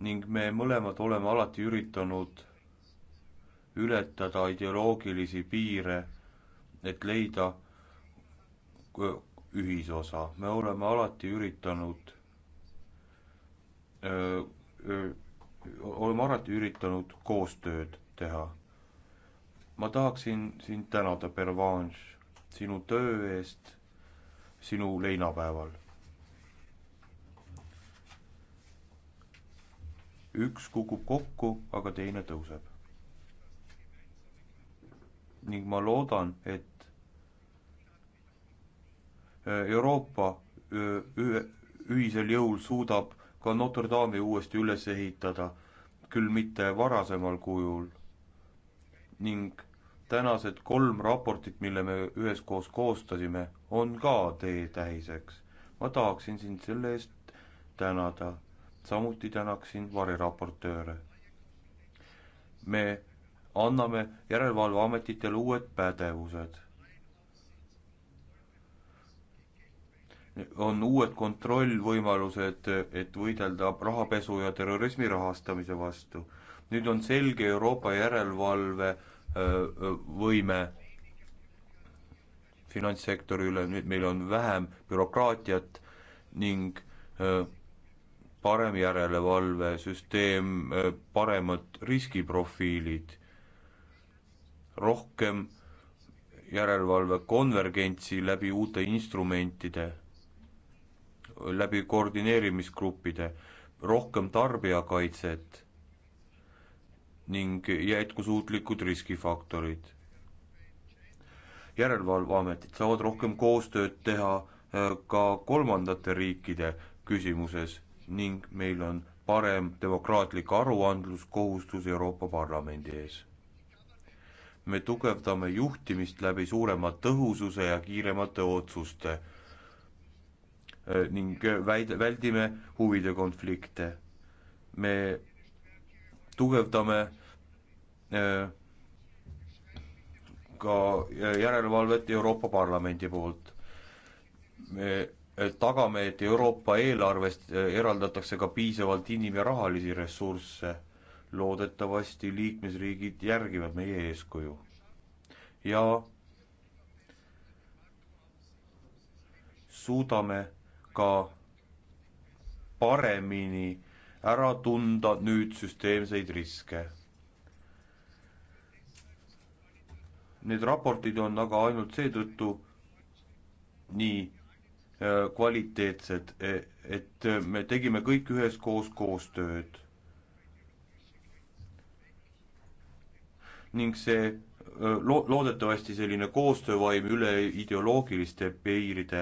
Speaker 9: ning me mõlemad oleme alati üritanud ületada ideoloogilisi piire, et leida ühisosa, me oleme alati üritanud öö, öö, oleme alati üritanud koostööd teha. ma tahaksin sind tänada, Pervanš, sinu töö eest sinu leinapäeval. üks kukub kokku, aga teine tõuseb. ning ma loodan, et äh, Euroopa äh, ühe, ühisel jõul suudab ka Notre Dame'i uuesti üles ehitada, küll mitte varasemal kujul ning tänased kolm raportit, mille me üheskoos koostasime, on ka teetähiseks. ma tahaksin sind selle eest tänada. samuti tänaksin variraportööre. me anname järelevalveametitele uued pädevused. on uued kontrollvõimalused, et võidelda rahapesu ja terrorismi rahastamise vastu. nüüd on selge Euroopa järelevalve äh, võime finantssektori üle, nüüd meil on vähem bürokraatiat ning parem järelevalvesüsteem, paremad riskiprofiilid, rohkem järelevalve konvergentsi läbi uute instrumentide, läbi koordineerimisgruppide, rohkem tarbijakaitset ning jätkusuutlikud riskifaktorid. järelevalveametid saavad rohkem koostööd teha äh, ka kolmandate riikide küsimuses ning meil on parem demokraatlik aruandluskohustus Euroopa Parlamendi ees. me tugevdame juhtimist läbi suurema tõhususe ja kiiremate otsuste äh, ning väid-, väldime huvide konflikte. me tugevdame Äh, ka järelevalvet Euroopa Parlamendi poolt. me äh, tagame, et Euroopa eelarvest äh, eraldatakse ka piisavalt inim- ja rahalisi ressursse. loodetavasti liikmesriigid järgivad meie eeskuju. ja suudame ka paremini ära tunda nüüd süsteemseid riske Need raportid on aga ainult seetõttu nii äh, kvaliteetsed, e-, et äh, me tegime kõik üheskoos koostööd. ning see äh, lo-, loodetavasti selline koostöövaim üle ideoloogiliste piiride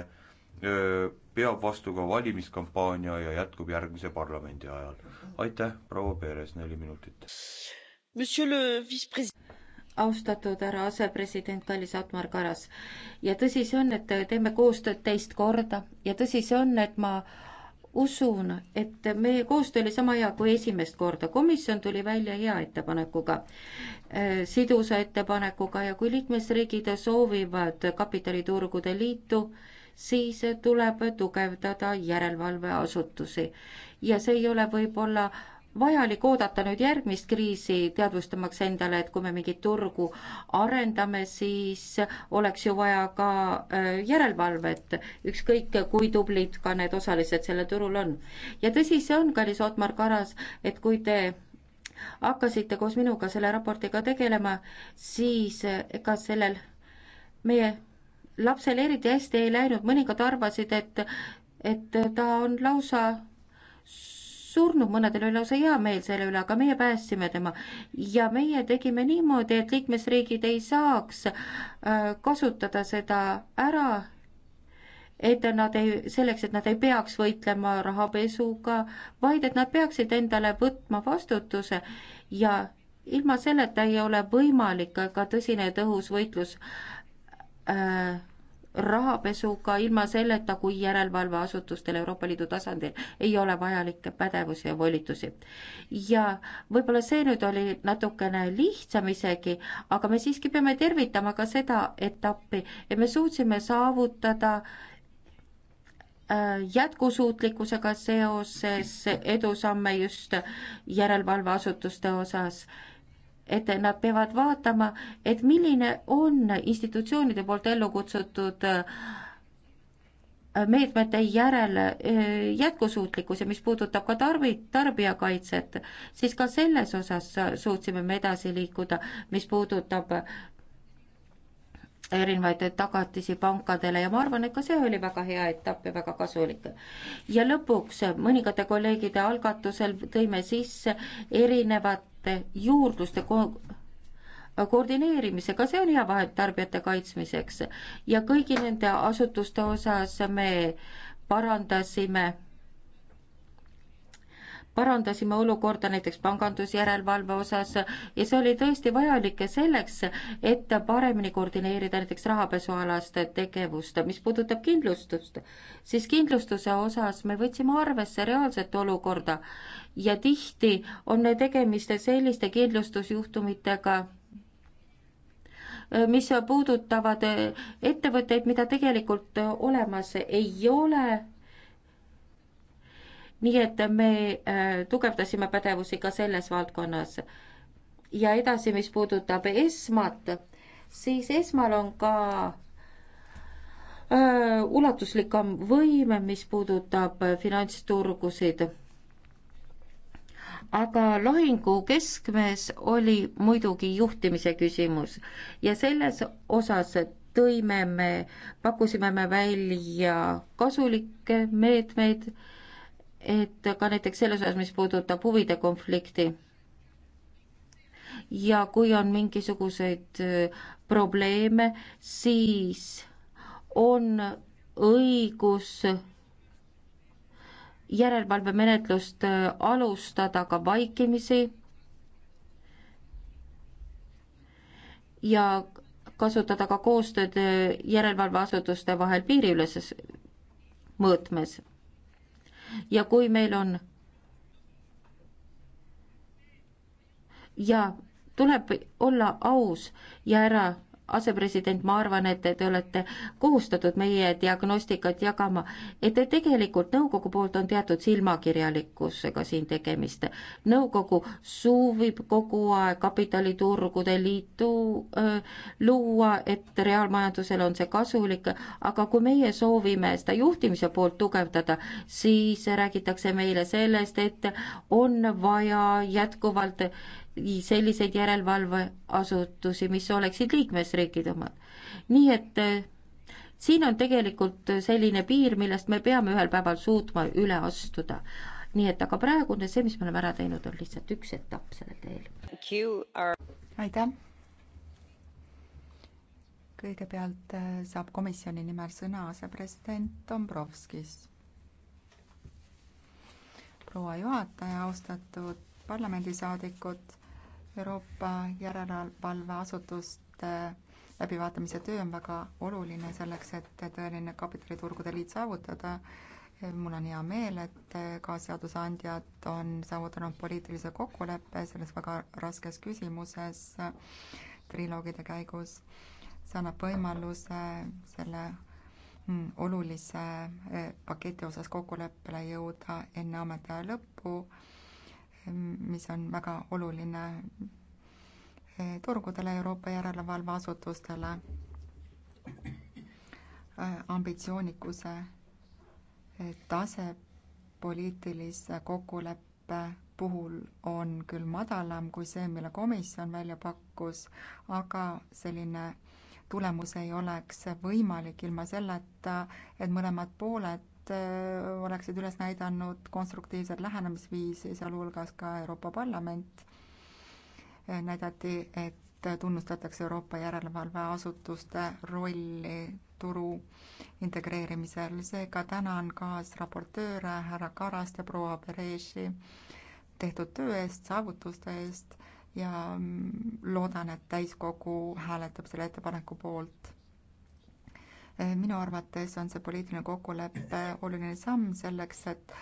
Speaker 9: peab vastu ka valimiskampaania ja jätkub järgmise parlamendi ajal. aitäh, proua Peres, neli minutit
Speaker 10: austatud härra asepresident, kallis Atmar Karas. ja tõsi see on, et teeme koostööd teist korda ja tõsi see on, et ma usun, et meie koostöö oli sama hea kui esimest korda. komisjon tuli välja hea ettepanekuga, eh, sidusa ettepanekuga ja kui liikmesriigid soovivad kapitaliturgude liitu, siis tuleb tugevdada järelevalveasutusi. ja see ei ole võib-olla vajalik oodata nüüd järgmist kriisi, teadvustamaks endale, et kui me mingit turgu arendame, siis oleks ju vaja ka äh, järelevalvet, ükskõik kui tublid ka need osalised sellel turul on. ja tõsi see on, kallis Otmar Karas, et kui te hakkasite koos minuga selle raportiga tegelema, siis ega äh, sellel meie lapsel eriti hästi ei läinud, mõningad arvasid, et, et ta on lausa surnud, mõnedel oli lausa hea meel selle üle, aga meie päästsime tema. ja meie tegime niimoodi, et liikmesriigid ei saaks äh, kasutada seda ära, et nad ei, selleks, et nad ei peaks võitlema rahapesuga, vaid et nad peaksid endale võtma vastutuse ja ilma selleta ei ole võimalik ka tõsine ja tõhus võitlus äh, rahapesuga ilma selleta, kui järelevalveasutustel Euroopa Liidu tasandil ei ole vajalikke pädevusi ja volitusi. ja võib-olla see nüüd oli natukene lihtsam isegi, aga me siiski peame tervitama ka seda etappi, et me suutsime saavutada äh, jätkusuutlikkusega seoses edusamme just järelevalveasutuste osas et nad peavad vaatama, et milline on institutsioonide poolt ellu kutsutud äh, meetmete järel äh, jätkusuutlikkus ja mis puudutab ka tarbi, tarbijakaitset, siis ka selles osas suutsime me edasi liikuda, mis puudutab erinevaid tagatisi pankadele ja ma arvan, et ka see oli väga hea etapp ja väga kasulik. ja lõpuks mõningate kolleegide algatusel tõime sisse erinevad erinevate juurdluste ko-, koordineerimisega, see on hea vahend tarbijate kaitsmiseks ja kõigi nende asutuste osas me parandasime parandasime olukorda näiteks pangandusjärelevalve osas ja see oli tõesti vajalik selleks, et paremini koordineerida näiteks rahapesualast tegevust. mis puudutab kindlustust, siis kindlustuse osas me võtsime arvesse reaalset olukorda ja tihti on tegemist selliste kindlustusjuhtumitega, mis puudutavad ettevõtteid, mida tegelikult olemas ei ole nii et me äh, tugevdasime pädevusi ka selles valdkonnas. ja edasi, mis puudutab ESMA-t, siis ESMA-l on ka öö, äh, ulatuslikum võime, mis puudutab finantsturgusid. aga lahingu keskmes oli muidugi juhtimise küsimus ja selles osas tõime me, pakkusime me välja kasulikke meetmeid meet, et ka näiteks selles osas, mis puudutab huvide konflikti ja kui on mingisuguseid äh, probleeme, siis on õigus järelevalvemenetlust äh, alustada ka vaikimisi ja kasutada ka koostööd äh, järelevalveasutuste vahel piiriüleses mõõtmes ja kui meil on ja tuleb olla aus ja ära asepresident, ma arvan, et te olete kohustatud meie diagnostikat jagama, et tegelikult nõukogu poolt on teatud silmakirjalikkusega siin tegemist. nõukogu soovib kogu aeg kapitaliturgude liitu öö, luua, et reaalmajandusele on see kasulik, aga kui meie soovime seda juhtimise poolt tugevdada, siis räägitakse meile sellest, et on vaja jätkuvalt selliseid järelevalveasutusi, mis oleksid liikmesriikide omad. nii et eh, siin on tegelikult selline piir, millest me peame ühel päeval suutma üle astuda. nii et aga praegune, see, mis me oleme ära teinud, on lihtsalt üks etapp sellel
Speaker 8: teel.
Speaker 11: aitäh! kõigepealt eh, saab komisjoni nimel sõna asepresident Dombrovskis. proua juhataja, austatud parlamendisaadikud Euroopa järelevalveasutuste läbivaatamise töö on väga oluline selleks, et tõeline kapitaliturgude liit saavutada. mul on hea meel, et kaasseadusandjad on saavutanud poliitilise kokkuleppe selles väga raskes küsimuses triloogide käigus. see annab võimaluse selle hmm, olulise eh, paketi osas kokkuleppele jõuda enne ametiaja lõppu mis on väga oluline eh, turgudele, Euroopa järelevalveasutustele, eh, ambitsioonikuse eh, tase poliitilise kokkuleppe puhul on küll madalam kui see, mille komisjon välja pakkus, aga selline tulemus ei oleks võimalik ilma selleta, et mõlemad pooled liikmed äh, oleksid üles näidanud konstruktiivset lähenemisviisi, sealhulgas ka Euroopa Parlament, äh, näidati, et tunnustatakse Euroopa järelevalveasutuste rolli turu integreerimisel, seega tänan kaasraportööre härra Karast ja proua Bereši tehtud töö eest, saavutuste eest ja mm, loodan, et täiskogu hääletab selle ettepaneku poolt Eh, minu arvates on see poliitiline kokkulepe oluline samm selleks, et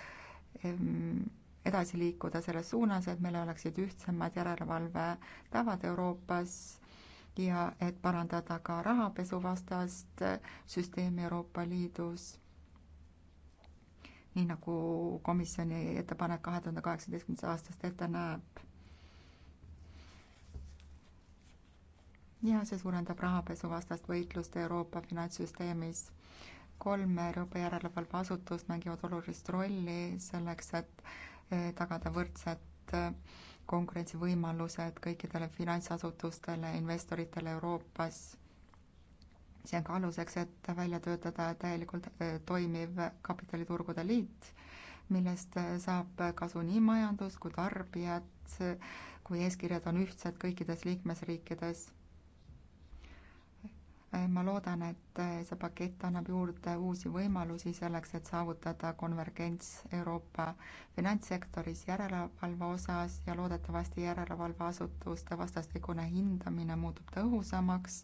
Speaker 11: edasi liikuda selles suunas, et meil oleksid ühtsemad järelevalvetavad Euroopas ja et parandada ka rahapesuvastast eh, süsteemi Euroopa Liidus nii nagu komisjoni ettepanek kahe tuhande kaheksateistkümnendast aastast ette näeb. ja see suurendab rahapesuvastast võitlust Euroopa finantssüsteemis. kolm Euroopa järelevalveasutust mängivad olulist rolli selleks, et eh, tagada võrdsed eh, konkurentsivõimalused kõikidele finantsasutustele, investoritele Euroopas. see on ka aluseks, et välja töötada täielikult eh, toimiv kapitaliturgude liit, millest saab kasu nii majandus kui tarbijad, kui eeskirjad on ühtsed kõikides liikmesriikides ma loodan, et see pakett annab juurde uusi võimalusi selleks, et saavutada konvergents Euroopa finantssektoris järelevalve osas ja loodetavasti järelevalveasutuste vastastikune hindamine muutub tõhusamaks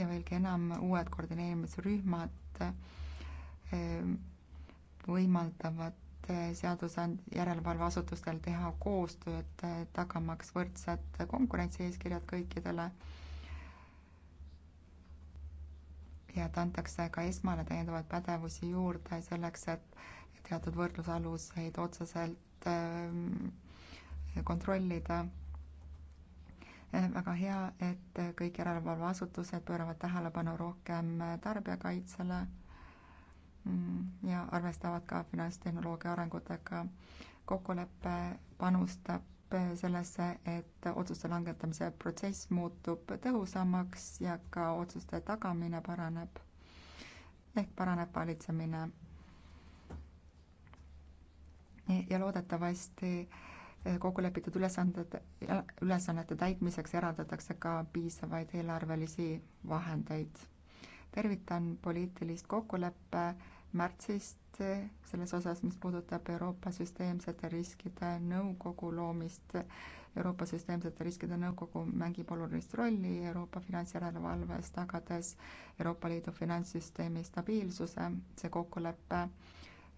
Speaker 11: ja veelgi enam, uued koordineerimisrühmad ehm, võimaldavad seadusand-, järelevalveasutustel teha koostööd, tagamaks võrdsed konkurentsieeskirjad kõikidele ja et antakse ka esmale täiendavaid pädevusi juurde selleks, et teatud võrdlusaluseid otseselt ähm, kontrollida. Äh, väga hea, et kõik järelevalveasutused pööravad tähelepanu rohkem äh, tarbijakaitsele mm, ja arvestavad ka finantstehnoloogia arengutega. kokkulepe panustab Äh, sellesse, et otsuste langetamise protsess muutub tõhusamaks ja ka otsuste tagamine paraneb ehk paraneb valitsemine. ja loodetavasti äh, kokku lepitud ülesanded, ülesannete täitmiseks eraldatakse ka piisavaid eelarvelisi vahendeid. tervitan poliitilist kokkuleppe märtsist eh, selles osas, mis puudutab Euroopa Süsteemsete Riskide Nõukogu loomist. Euroopa Süsteemsete Riskide Nõukogu mängib olulist rolli Euroopa finantsjärelevalves, tagades Euroopa Liidu finantssüsteemi stabiilsuse. see kokkulepe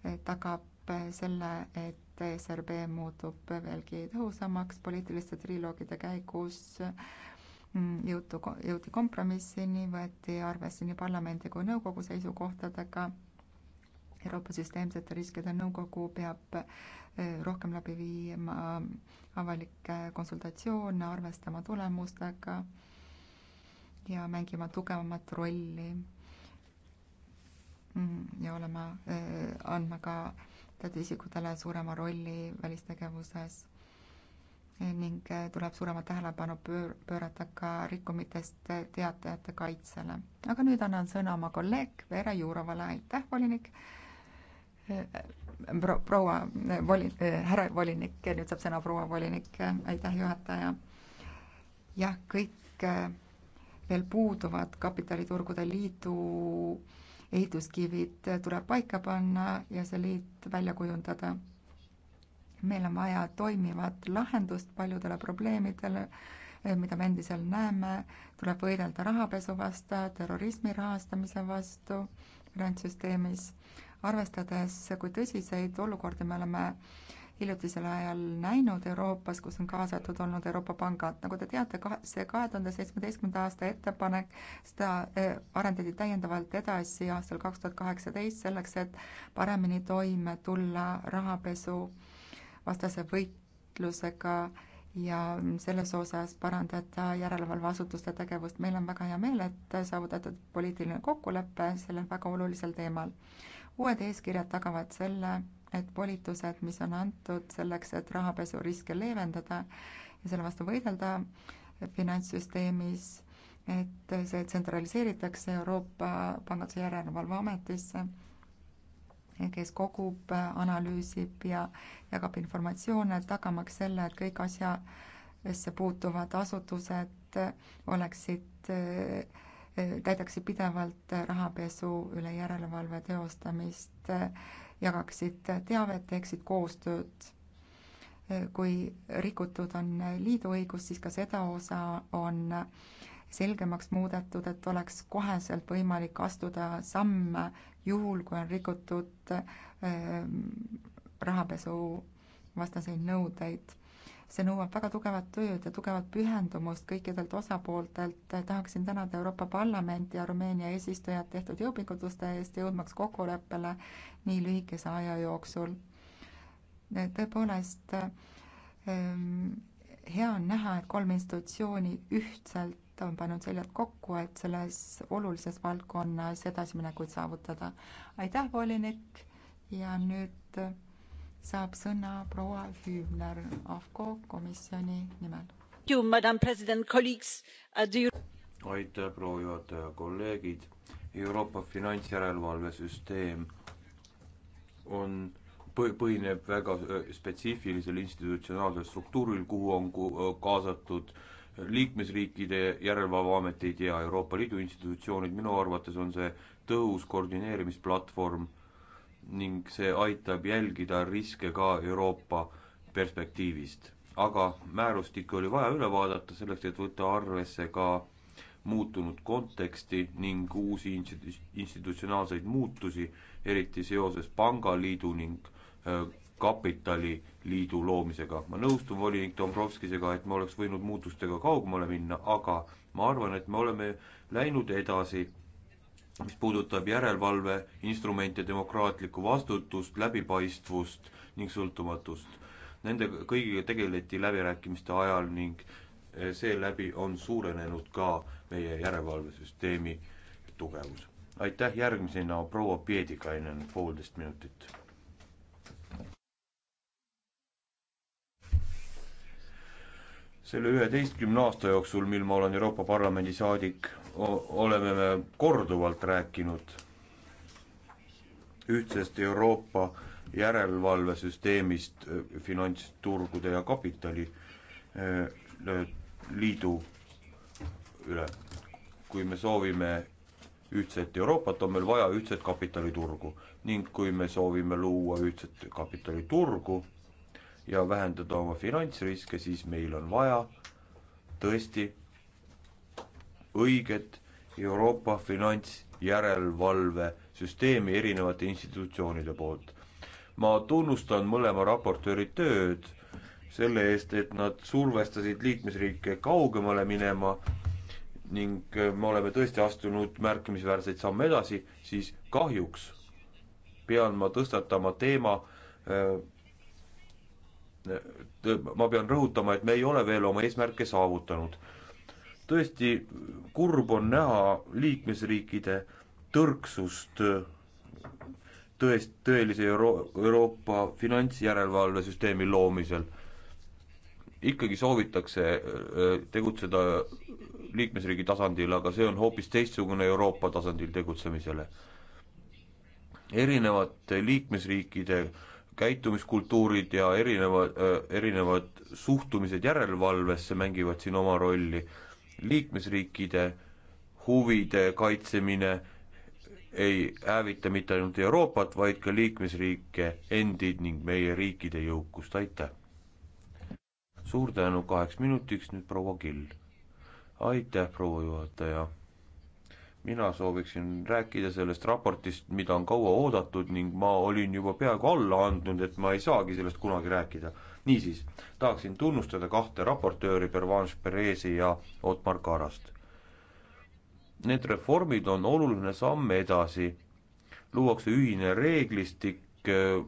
Speaker 11: eh, tagab eh, selle, et e SRB muutub veelgi tõhusamaks poliitiliste triloogide käigus mm, jõutu, jõuti kompromissini, võeti arvesse nii parlamendi kui nõukogu seisukohtadega Euroopa Süsteemsete Riskide Nõukogu peab eh, rohkem läbi viima avalikke konsultatsioone, arvestama tulemustega ja mängima tugevamat rolli. Mm, ja olema, eh, andma ka teatud isikutele suurema rolli välistegevuses eh, ning tuleb suuremat tähelepanu pöör-, pöörata ka rikkumitest teatajate kaitsele. aga nüüd annan sõna oma kolleeg Vera Jurovale, aitäh, volinik! pro-, proua eh, voli-, eh, härra volinik, nüüd saab sõna proua volinik, eh, aitäh, juhataja. jah, kõik veel puuduvad kapitaliturgude liidu ehituskivid tuleb paika panna ja see liit välja kujundada. meil on vaja toimivat lahendust paljudele probleemidele, mida me endiselt näeme, tuleb võidelda rahapesu vastu, terrorismi rahastamise vastu finantssüsteemis arvestades, kui tõsiseid olukordi me oleme hiljutisel ajal näinud Euroopas, kus on kaasatud olnud Euroopa pangad. nagu te teate, kahe, see kahe tuhande seitsmeteistkümnenda aasta ettepanek, seda eh, arendati täiendavalt edasi aastal kaks tuhat kaheksateist selleks, et paremini toime tulla rahapesu vastase võitlusega ja selles osas parandada järelevalveasutuste tegevust. meil on väga hea meel, et saavutatud poliitiline kokkulepe sellel väga olulisel teemal uued eeskirjad tagavad selle, et volitused, mis on antud selleks, et rahapesuriske leevendada ja selle vastu võidelda finantssüsteemis, et see tsentraliseeritakse Euroopa Panganduse Järelevalve Ametisse, kes kogub, analüüsib ja jagab informatsioone, tagamaks selle, et kõik asjasse puutuvad asutused oleksid Äh, täidaksid pidevalt äh, rahapesu üle järelevalve teostamist, äh, jagaksid teavet, teeksid koostööd. kui rikutud on liidu õigust, siis ka seda osa on selgemaks muudetud, et oleks koheselt võimalik astuda samme juhul, kui on rikutud rahapesuvastaseid nõudeid see nõuab väga tugevat tööd ja tugevat pühendumust kõikidelt osapooltelt. tahaksin tänada Euroopa Parlamenti ja Rumeenia eesistujat tehtud jõupingutuste eest, jõudmaks kokkuleppele nii lühikese aja jooksul. tõepoolest ehm, hea on näha, et kolm institutsiooni ühtselt on pannud seljad kokku, et selles olulises valdkonnas edasiminekuid saavutada. aitäh, volinik ja nüüd saab sõna proua Hübner AFCO komisjoni nimel. Uh,
Speaker 9: aitäh, proua juhataja, kolleegid. Euroopa finantsjärelevalvesüsteem on põhineb väga äh, spetsiifilisel institutsionaalsel struktuuril, kuhu on äh, kaasatud liikmesriikide järelevalveametid ja Euroopa Liidu institutsioonid, minu arvates on see tõhus koordineerimisplatvorm ning see aitab jälgida riske ka Euroopa perspektiivist. aga määrustik oli vaja üle vaadata selleks, et võtta arvesse ka muutunud konteksti ning uusi institu-, institutsionaalseid muutusi, eriti seoses pangaliidu ning kapitaliliidu loomisega. ma nõustun volinik Dombrovskisega, et me oleks võinud muutustega kaugemale minna, aga ma arvan, et me oleme läinud edasi mis puudutab järelevalve instrumente, demokraatlikku vastutust, läbipaistvust ning sõltumatust. Nende kõigiga tegeleti läbirääkimiste ajal ning eh, seeläbi on suurenenud ka meie järelevalvesüsteemi tugevus. aitäh, järgmisena proua Piedikainen, poolteist minutit. selle üheteistkümne aasta jooksul, mil ma olen Euroopa Parlamendi saadik, oleme me korduvalt rääkinud ühtsest Euroopa järelevalvesüsteemist eh, finantsturgude ja kapitali eh, liidu üle. kui me soovime ühtset Euroopat, on meil vaja ühtset kapitaliturgu ning kui me soovime luua ühtset kapitaliturgu ja vähendada oma finantsriske, siis meil on vaja tõesti õiget Euroopa finantsjärelevalvesüsteemi erinevate institutsioonide poolt. ma tunnustan mõlema raportööri tööd selle eest, et nad survestasid liikmesriike kaugemale minema ning me oleme tõesti astunud märkimisväärseid samme edasi, siis kahjuks pean ma tõstatama teema, äh, ma pean rõhutama, et me ei ole veel oma eesmärke saavutanud tõesti kurb on näha liikmesriikide tõrksust tõest, tõelise Euro-, Euroopa finantsjärelevalvesüsteemi loomisel. ikkagi soovitakse äh, tegutseda liikmesriigi tasandil, aga see on hoopis teistsugune Euroopa tasandil tegutsemisele. erinevate liikmesriikide käitumiskultuurid ja erinevad, äh, erinevad suhtumised järelevalvesse mängivad siin oma rolli liikmesriikide huvide kaitsemine ei hävita mitte ainult Euroopat, vaid ka liikmesriike endid ning meie riikide jõukust, aitäh! suur tänu kaheks minutiks, nüüd proua Kill. aitäh, proua juhataja! mina sooviksin rääkida sellest raportist, mida on kaua oodatud ning ma olin juba peaaegu alla andnud, et ma ei saagi sellest kunagi rääkida niisiis, tahaksin tunnustada kahte raportööri, Pervanche Perezi ja Otmar Karast. Need reformid on oluline samm edasi, luuakse ühine reeglistik eh,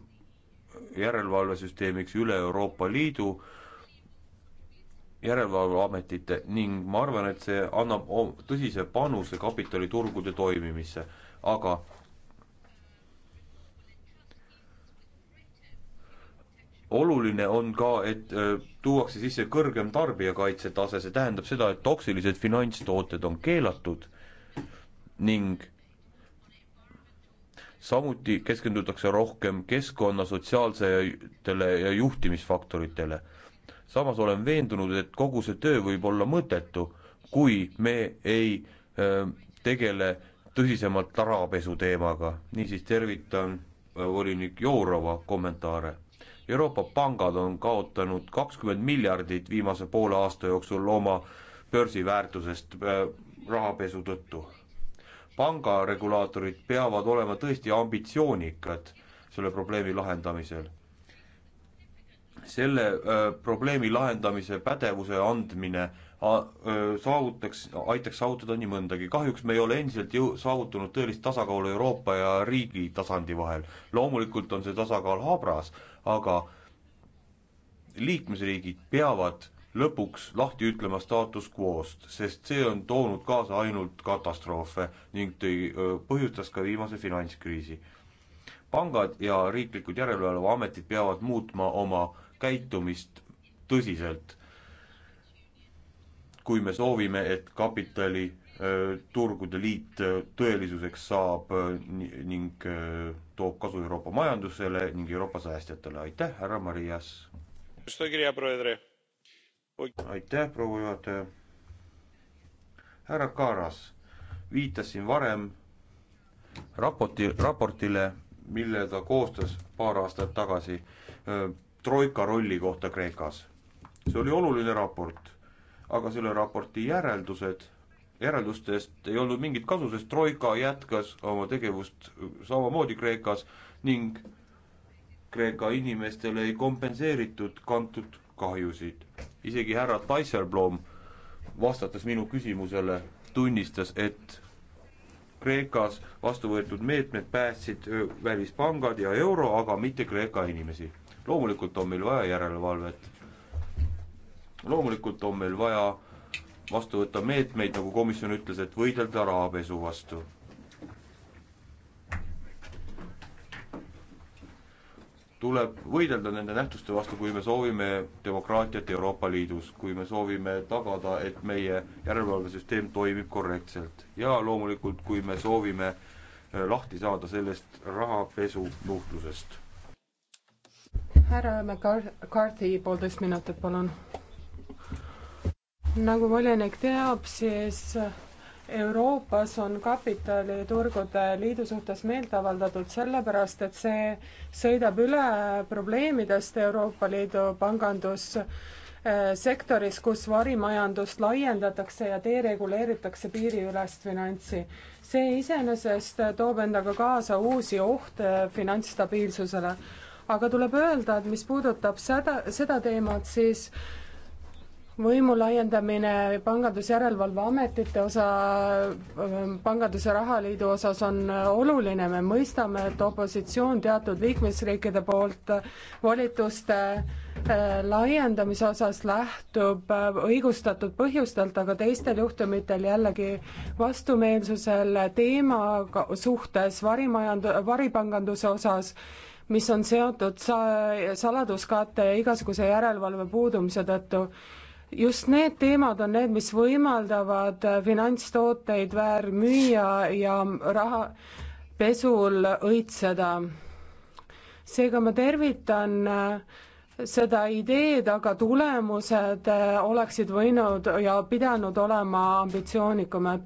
Speaker 9: järelevalvesüsteemiks üle Euroopa Liidu järelevalveametite ning ma arvan, et see annab tõsise panuse kapitaliturgude toimimisse, aga oluline on ka, et äh, tuuakse sisse kõrgem tarbijakaitse tase, see tähendab seda, et toksilised finantstooted on keelatud ning samuti keskendutakse rohkem keskkonna, sotsiaalsetele ja juhtimisfaktoritele. samas olen veendunud, et kogu see töö võib olla mõttetu, kui me ei öö, äh, tegele tõsisemalt rahapesu teemaga. niisiis tervitan äh, volinik Jourova kommentaare Euroopa pangad on kaotanud kakskümmend miljardit viimase poole aasta jooksul oma börsiväärtusest äh, rahapesu tõttu. pangaregulaatorid peavad olema tõesti ambitsioonikad selle probleemi lahendamisel. selle öö, äh, probleemi lahendamise pädevuse andmine äh, saavutaks, aitaks saavutada nii mõndagi. kahjuks me ei ole endiselt ju saavutanud tõelist tasakaalu Euroopa ja riigi tasandi vahel. loomulikult on see tasakaal habras, aga liikmesriigid peavad lõpuks lahti ütlema status quo'st, sest see on toonud kaasa ainult katastroofe ning tõi, põhjustas ka viimase finantskriisi. pangad ja riiklikud järelevalveametid peavad muutma oma käitumist tõsiselt, kui me soovime, et kapitali turgude liit tõelisuseks saab ning toob kasu Euroopa majandusele ning Euroopa säästjatele. aitäh, härra Marias! aitäh, proua juhataja! härra Kaaras viitas siin varem raporti, raportile, mille ta koostas paar aastat tagasi troika rolli kohta Kreekas. see oli oluline raport, aga selle raporti järeldused järeldustest ei olnud mingit kasu, sest Troika jätkas oma tegevust samamoodi Kreekas ning Kreeka inimestele ei kompenseeritud kantud kahjusid. isegi härra Taisselblom, vastates minu küsimusele, tunnistas, et Kreekas vastu võetud meetmed päästsid välispangad ja euro, aga mitte Kreeka inimesi. loomulikult on meil vaja järelevalvet. loomulikult on meil vaja vastu võtta meetmeid, nagu komisjon ütles, et võidelda rahapesu vastu. tuleb võidelda nende nähtuste vastu, kui me soovime demokraatiat Euroopa Liidus, kui me soovime tagada, et meie järelevalvesüsteem toimib korrektselt ja loomulikult, kui me soovime äh, lahti saada sellest rahapesu nuhtlusest.
Speaker 12: härra McCarthy, poolteist minutit, palun nagu volinik teab, siis Euroopas on kapitaliturgude liidu suhtes meelt avaldatud sellepärast, et see sõidab üle probleemidest Euroopa Liidu pangandussektoris, kus varimajandust laiendatakse ja dereguleeritakse piiriülest finantsi. see iseenesest toob endaga kaasa uusi ohte finantsstabiilsusele. aga tuleb öelda, et mis puudutab seda, seda teemat, siis võimu laiendamine Pangandusjärelevalve ametite osa, ähm, panganduse rahaliidu osas on oluline, me mõistame, et opositsioon teatud liikmesriikide poolt volituste äh, laiendamise osas lähtub äh, õigustatud põhjustelt, aga teistel juhtumitel jällegi vastumeelsusel teema suhtes varimajand-, varipanganduse osas mis on seotud sa-, saladuskaate ja igasuguse järelevalve puudumise tõttu just need teemad on need, mis võimaldavad äh, finantstooteid väärmüüa ja rahapesul õitseda. seega ma tervitan äh, seda ideed, aga tulemused äh, oleksid võinud ja pidanud olema ambitsioonikumad.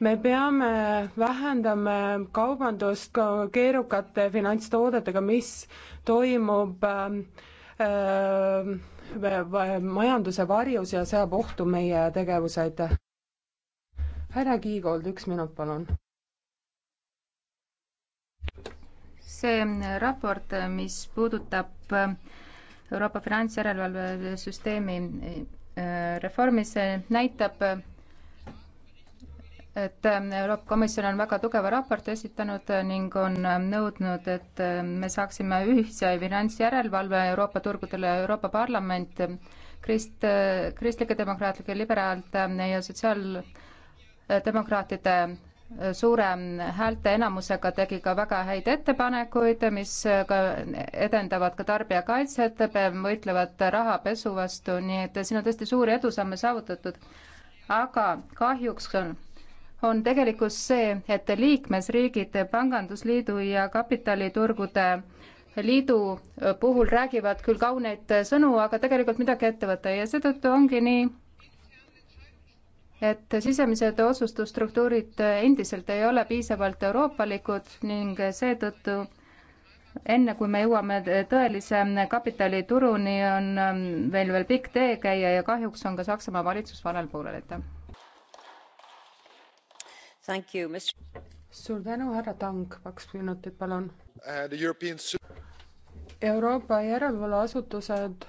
Speaker 12: me peame vähendama kaubandust ka keerukate finantstoodetega, mis toimub ähm, äh, majanduse varjus ja seab ohtu meie tegevuse, aitäh. härra Kiigold, üks minut, palun.
Speaker 7: see raport, mis puudutab Euroopa finantsjärelevalvesüsteemi eh, reformi, see näitab et ähm, Euroopa Komisjon on väga tugeva raporti esitanud äh, ning on ähm, nõudnud, et äh, me saaksime ühise finantsjärelevalve Euroopa turgudele ja Euroopa Parlament äh, krist, kristlike demokraatlike liberaalide ja sotsiaaldemokraatide suure häälteenamusega tegi ka väga häid ettepanekuid, mis ka edendavad ka tarbijakaitset, võitlevad rahapesu vastu, nii et siin on tõesti suuri edusamme saavutatud. aga kahjuks on on tegelikkus see, et liikmesriigid Pangandusliidu ja Kapitaliturgude Liidu puhul räägivad küll kauneid sõnu, aga tegelikult midagi ette võtta ja seetõttu ongi nii, et sisemised otsustusstruktuurid endiselt ei ole piisavalt euroopalikud ning seetõttu enne kui me jõuame tõelise kapitalituruni, on veel veel pikk tee käia ja kahjuks on ka Saksamaa valitsus valel poolel, aitäh
Speaker 12: suur tänu, härra Tang, kaks minutit, palun
Speaker 8: uh,. European...
Speaker 12: Euroopa järelevalveasutused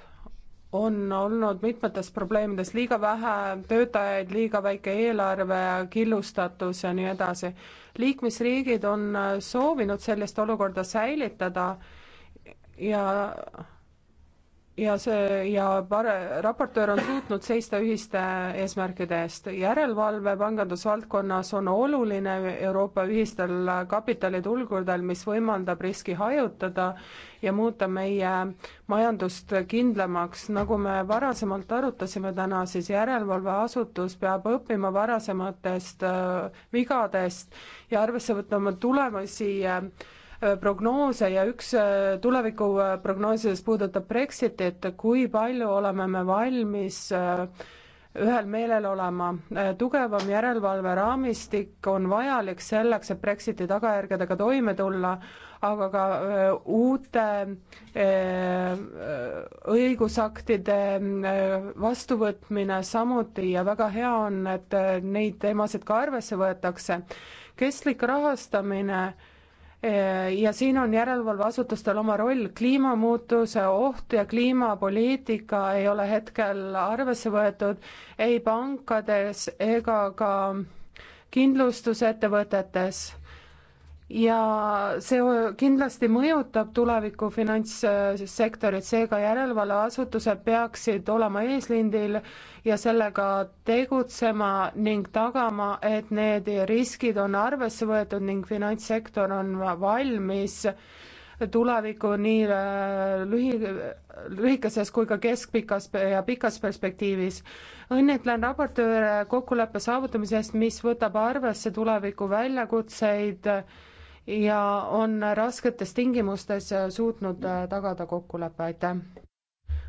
Speaker 12: on olnud mitmetes probleemides, liiga vähe töötajaid, liiga väike eelarve, killustatus ja nii edasi. liikmesriigid on äh, soovinud sellist olukorda säilitada ja ja see ja pare-, raportöör on suutnud seista ühiste eesmärkide eest. järelevalve pangandusvaldkonnas on oluline Euroopa ühistel kapitaliturgudel, mis võimaldab riski hajutada ja muuta meie majandust kindlamaks. nagu me varasemalt arutasime täna, siis järelevalveasutus peab õppima varasematest äh, vigadest ja arvesse võtma tulevasi äh, prognoose ja üks äh, tulevikuprognoosidest äh, puudutab Brexitit, kui palju oleme me valmis äh, ühel meelel olema. tugevam järelevalveraamistik on vajalik selleks, et Brexiti tagajärgedega toime tulla, aga ka uute õigusaktide vastuvõtmine samuti ja väga hea on, et neid teemasid ka arvesse võetakse. kestlik rahastamine ja siin on järelevalveasutustel oma roll, kliimamuutuse oht ja kliimapoliitika ei ole hetkel arvesse võetud ei pankades ega ka kindlustusettevõtetes ja see kindlasti mõjutab tuleviku finantssektorit, seega järelevalveasutused peaksid olema eeslindil ja sellega tegutsema ning tagama, et need riskid on arvesse võetud ning finantssektor on valmis tulevikku nii äh, lühi, lühikeses kui ka keskpikas ja pikas perspektiivis. õnnitlen raportööre kokkuleppe saavutamise eest, mis võtab arvesse tuleviku väljakutseid ja on rasketes tingimustes suutnud äh, tagada kokkuleppe, aitäh!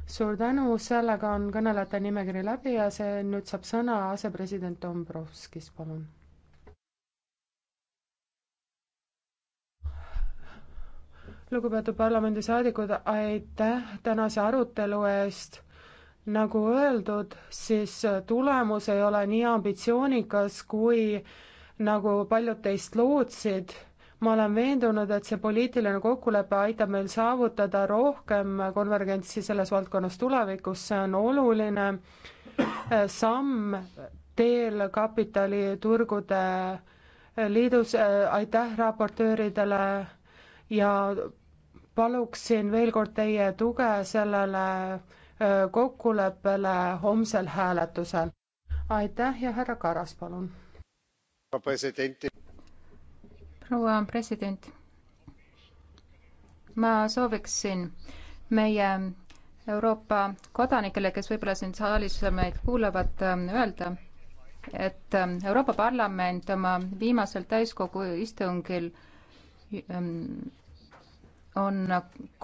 Speaker 12: suur tänu, sellega on kõnelejate nimekiri läbi ja see nüüd saab sõna asepresident Dombrovskis, palun. lugupeetud parlamendisaadikud, aitäh tänase arutelu eest. nagu öeldud, siis tulemus ei ole nii ambitsioonikas, kui nagu paljud teist lootsid ma olen veendunud, et see poliitiline kokkulepe aitab meil saavutada rohkem konvergentsi selles valdkonnas tulevikus, see on oluline eh, samm teel kapitaliturgude liidus, eh, aitäh raportööridele ja paluksin veel kord teie tuge sellele eh, kokkuleppele homsel hääletusel. aitäh ja härra Karas, palun! proua president,
Speaker 7: ma sooviksin meie Euroopa kodanikele, kes võib-olla siin saalis meid kuulavad, öelda, et Euroopa Parlament oma viimasel täiskogu istungil ähm, on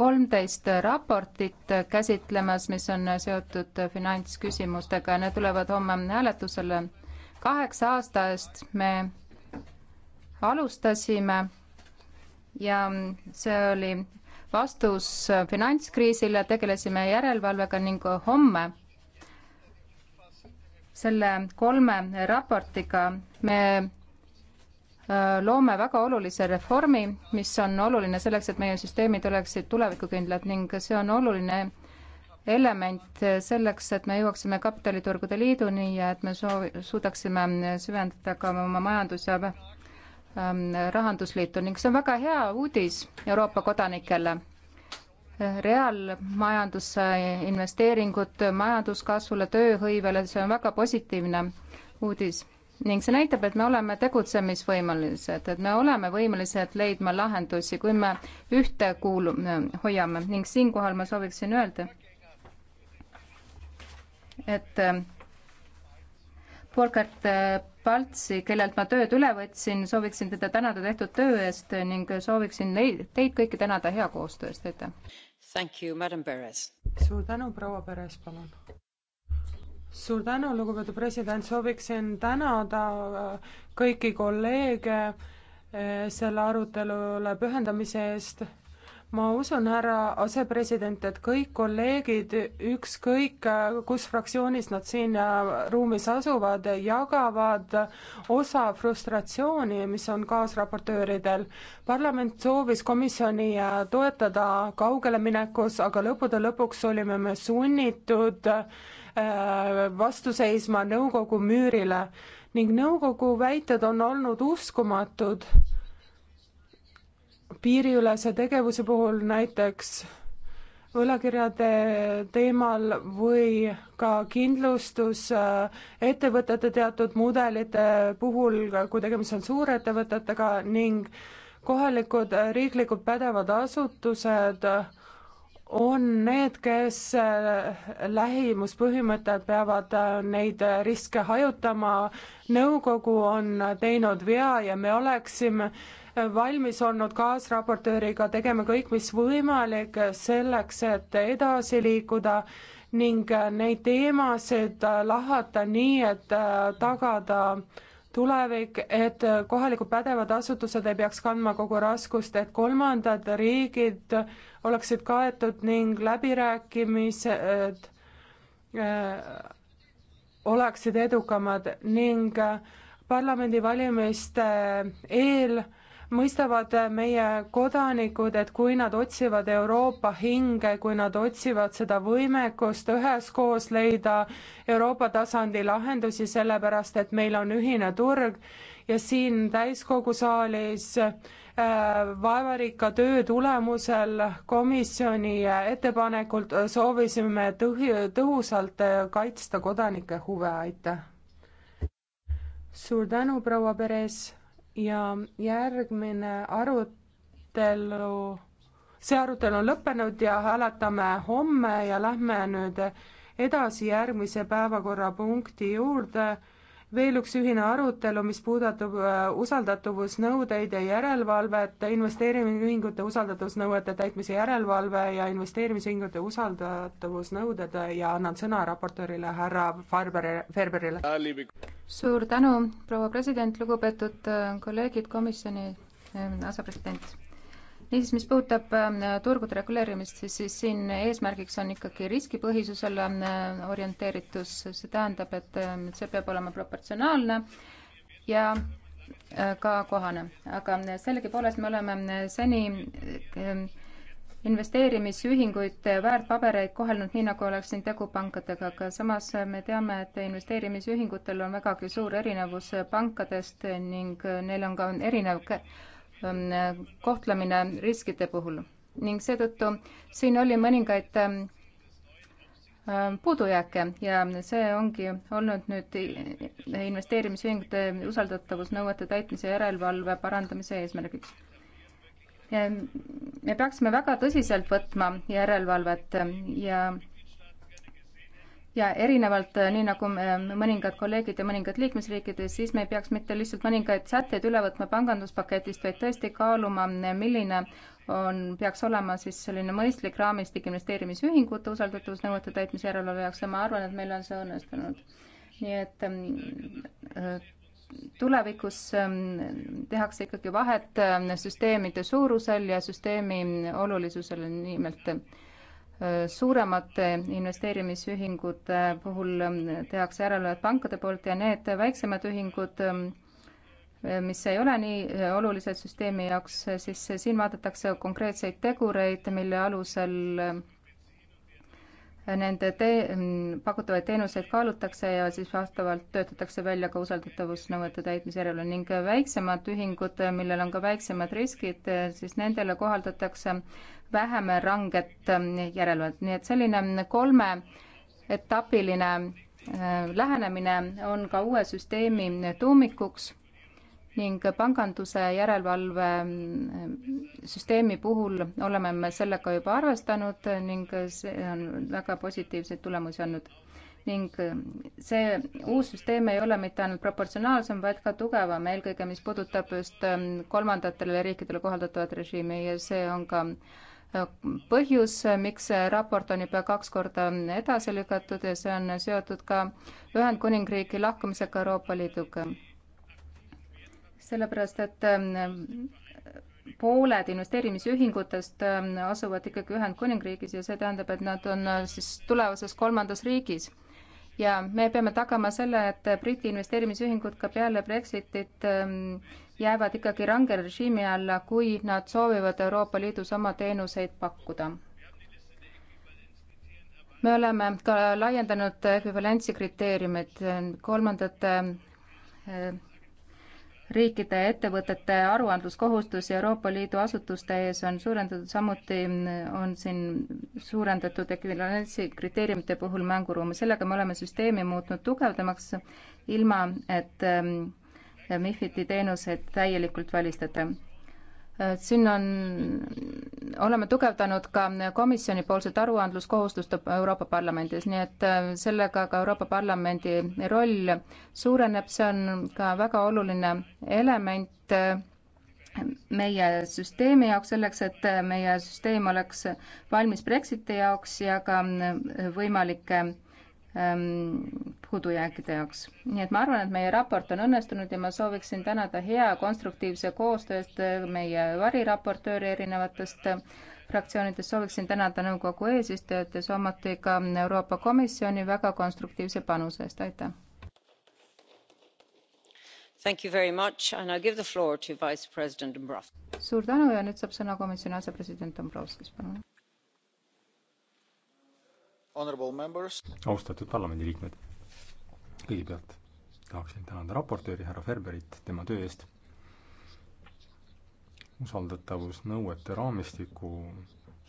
Speaker 7: kolmteist raportit käsitlemas, mis on seotud finantsküsimustega ja need tulevad homme hääletusele. kaheksa aasta eest me alustasime ja see oli vastus finantskriisile, tegelesime järelevalvega ning homme selle kolme raportiga me äh, loome väga olulise reformi, mis on oluline selleks, et meie süsteemid oleksid tulevikukindlad ning see on oluline element selleks, et me jõuaksime kapitaliturgude liiduni ja et me soovi-, suudaksime süvendada ka oma majandus- ja Ähm, rahandusliitu ning see on väga hea uudis Euroopa kodanikele. reaalmajandusse investeeringud majanduskasvule, tööhõivele, see on väga positiivne uudis ning see näitab, et me oleme tegutsemisvõimelised, et me oleme võimelised leidma lahendusi, kui me ühte kuulu-, äh, hoiame ning siinkohal ma sooviksin öelda, et Polkart äh, äh, Paltsi, kellelt ma tööd üle võtsin, sooviksin teda tänada tehtud töö eest ning sooviksin neid, teid kõiki tänada hea koostöö eest, aitäh!
Speaker 12: suur tänu, proua Peres, palun! suur tänu, lugupeetud president, sooviksin tänada äh, kõiki kolleege äh, selle arutelule pühendamise eest ma usun, härra asepresident, et kõik kolleegid, ükskõik kus fraktsioonis nad siin äh, ruumis asuvad, jagavad osa frustratsiooni, mis on kaasraportööridel. parlament soovis komisjoni äh, toetada kaugele minekus, aga lõppude lõpuks olime me sunnitud äh, vastu seisma nõukogu müürile ning nõukogu väited on olnud uskumatud piiriülese tegevuse puhul näiteks võlakirjade teemal või ka kindlustusettevõtete äh, teatud mudelite puhul, kui tegemist on suurettevõtetega ning kohalikud äh, riiklikud pädevad asutused äh, on need, kes lähimuspõhimõttel peavad neid riske hajutama. nõukogu on teinud vea ja me oleksime valmis olnud kaasraportööriga tegema kõik, mis võimalik selleks, et edasi liikuda ning neid teemasid lahata nii, et äh, tagada tulevik, et kohalikud pädevad asutused ei peaks kandma kogu raskust, et kolmandad riigid oleksid kaetud ning läbirääkimised äh, oleksid edukamad ning äh, parlamendivalimiste eel mõistavad meie kodanikud, et kui nad otsivad Euroopa hinge, kui nad otsivad seda võimekust üheskoos leida Euroopa tasandi lahendusi, sellepärast et meil on ühine turg ja siin täiskogu saalis äh, vaevarikka töö tulemusel komisjoni ettepanekult soovisime tõhi-, tõhusalt äh, kaitsta kodanike huve, aitäh! suur tänu, proua Peres! ja järgmine arutelu, see arutelu on lõppenud ja hääletame homme ja lähme nüüd edasi järgmise päevakorrapunkti juurde veel üks ühine arutelu, mis puudutab äh, usaldatavusnõudeid ja järelevalvet, investeerimisühingute usaldatavusnõuete täitmise järelevalve ja investeerimisühingute usaldatavusnõuded ja annan sõna raportöörile härra Farberile, Ferberile.
Speaker 7: suur tänu, proua president, lugupeetud äh, kolleegid, komisjoni äh, asepresident niisiis, mis puudutab ähm, turgude reguleerimist, siis, siis siin eesmärgiks on ikkagi riskipõhisusele äh, orienteeritus, see tähendab, ähm, et see peab olema proportsionaalne ja äh, ka kohane, aga sellegipoolest me oleme äh, seni ähm, investeerimisühinguid, väärtpabereid kohelnud nii, nagu oleks siin tegu pankadega, aga samas me teame, et investeerimisühingutel on vägagi suur erinevus pankadest ning neil on ka erinev Ähm, kohtlemine riskide puhul ning seetõttu siin oli mõningaid ähm, ähm, puudujääke ja see ongi olnud nüüd investeerimisühingute usaldatavusnõuete täitmise järelevalve parandamise eesmärgiks. me peaksime väga tõsiselt võtma järelevalvet ja ja erinevalt, äh, nii nagu äh, mõningad kolleegid ja mõningad liikmesriigid, siis me ei peaks mitte lihtsalt mõningaid sätteid üle võtma panganduspaketist, vaid tõesti kaaluma, äh, milline on, peaks olema siis selline mõistlik raamistik investeerimisühingute usaldatavusnõuete täitmise järelevalve jaoks ja ma arvan, et meil on see õnnestunud. nii et tulevikus ähm, tehakse ikkagi vahet süsteemide suurusel ja süsteemi olulisusel nimelt suuremate investeerimisühingute puhul tehakse järelevalvet pankade poolt ja need väiksemad ühingud, mis ei ole nii olulised süsteemi jaoks, siis siin vaadatakse konkreetseid tegureid, mille alusel nende tee-, pakutavaid teenuseid kaalutakse ja siis vastavalt töötatakse välja ka usaldatavusnõuete täitmise järelevalve ning väiksemad ühingud, millel on ka väiksemad riskid, siis nendele kohaldatakse vähem ranget ähm, järelevalvet, nii et selline kolmeetapiline äh, lähenemine on ka uue süsteemi tuumikuks ning panganduse järelevalve äh, süsteemi puhul oleme me sellega juba arvestanud ning see on väga positiivseid tulemusi andnud. ning äh, see uus süsteem ei ole mitte ainult proportsionaalsem, vaid ka tugevam, eelkõige mis puudutab just ähm, kolmandatele riikidele kohaldatavat režiimi ja see on ka äh, põhjus, miks see raport on juba kaks korda edasi lükatud ja see on seotud ka Ühendkuningriigi lahkumisega Euroopa Liiduga. sellepärast, et ähm, pooled investeerimisühingutest ähm, asuvad ikkagi Ühendkuningriigis ja see tähendab, et nad on äh, siis tulevases kolmandas riigis ja me peame tagama selle, et Briti investeerimisühingud ka peale Brexitit ähm, jäävad ikkagi range režiimi alla, kui nad soovivad Euroopa Liidus oma teenuseid pakkuda. me oleme ka laiendanud ekvivalentsi kriteeriumid kolmandate eh, riikide ettevõtete aruandluskohustusi Euroopa Liidu asutuste ees on suurendatud, samuti mm, on siin suurendatud ekvivalentsi kriteeriumite puhul mänguruumi, sellega me oleme süsteemi muutnud tugevdamaks, ilma et ähm, MIFID-i teenused täielikult välistada. siin on, oleme tugevdanud ka komisjonipoolset aruandluskohustust Euroopa Parlamendis, nii et sellega ka Euroopa Parlamendi roll suureneb, see on ka väga oluline element meie süsteemi jaoks, selleks et meie süsteem oleks valmis Brexiti jaoks ja ka võimalike Ähm, puudujääkide jaoks. nii et ma arvan, et meie raport on õnnestunud ja ma sooviksin tänada hea konstruktiivse koostöö eest äh, meie variraportööri erinevatest äh, fraktsioonidest, sooviksin tänada nõukogu eesistujat ja samuti ka Euroopa Komisjoni väga konstruktiivse panuse eest, aitäh! suur tänu ja nüüd saab sõna komisjoni asepresident Dombrovskis, palun!
Speaker 3: austatud
Speaker 6: parlamendiliikmed, kõigepealt tahaksin tänada raportööri härra Ferberit tema töö eest. usaldatavusnõuete raamistiku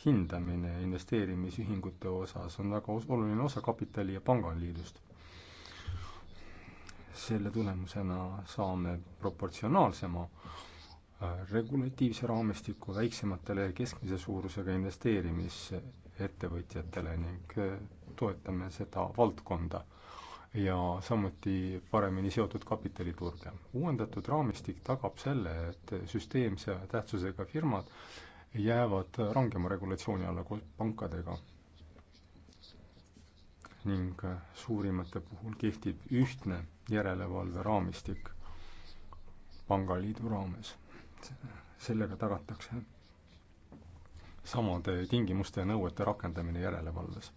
Speaker 6: hindamine investeerimisühingute osas on väga oluline osa kapitali- ja pangaliidust. selle tulemusena saame proportsionaalsema äh, regulatiivse raamistiku väiksematele ja keskmise suurusega investeerimis- ettevõtjatele ning äh, toetame seda valdkonda ja samuti paremini seotud kapitaliturge. uuendatud raamistik tagab selle, et süsteemse tähtsusega firmad jäävad rangema regulatsiooni alla koos pankadega. ning äh, suurimate puhul kehtib ühtne järelevalveraamistik pangaliidu raames. sellega tagatakse samade tingimuste ja nõuete rakendamine järelevalves.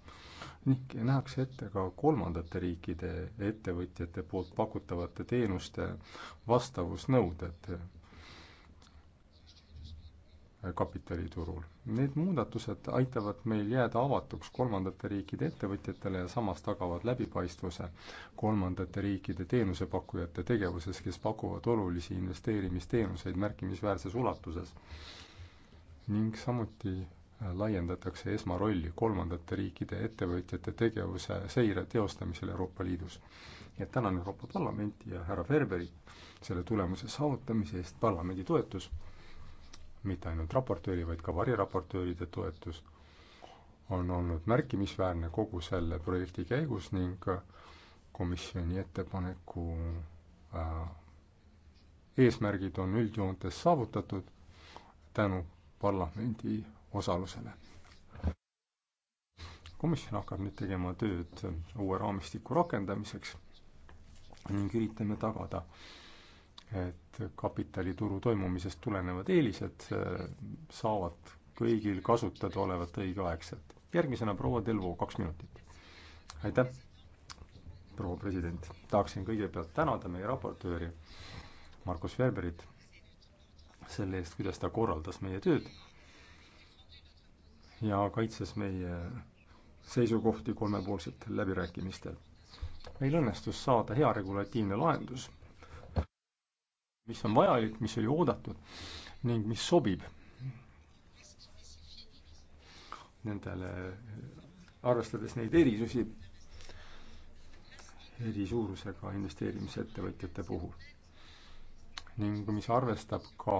Speaker 6: ning nähakse ette ka kolmandate riikide ettevõtjate poolt pakutavate teenuste vastavusnõuded kapitaliturul. Need muudatused aitavad meil jääda avatuks kolmandate riikide ettevõtjatele ja samas tagavad läbipaistvuse kolmandate riikide teenusepakkujate tegevuses, kes pakuvad olulisi investeerimisteenuseid märkimisväärses ulatuses ning samuti äh, laiendatakse ESMA rolli kolmandate riikide ettevõtjate tegevuse seire teostamisel Euroopa Liidus. nii et tänan Euroopa Parlamenti ja härra Ferberi selle tulemuse saavutamise eest, parlamendi toetus, mitte ainult raportööri, vaid ka variraportööride toetus, on olnud märkimisväärne kogu selle projekti käigus ning komisjoni ettepaneku äh, eesmärgid on üldjoontes saavutatud tänu parlamendi osalusele. komisjon hakkab nüüd tegema tööd uue raamistiku rakendamiseks ning üritame tagada, et kapitalituru toimumisest tulenevad eelised eh, saavad kõigil kasutada olevat õigeaegselt. järgmisena proua Delvo, kaks minutit. aitäh, proua president. tahaksin kõigepealt tänada meie raportööri Markus Verberit selle eest, kuidas ta korraldas meie tööd ja kaitses meie seisukohti kolmepoolsetel läbirääkimistel. meil õnnestus saada hea regulatiivne lahendus, mis on vajalik, mis oli oodatud ning mis sobib nendele, arvestades neid erisusi, eri suurusega investeerimisettevõtjate puhul ning mis arvestab ka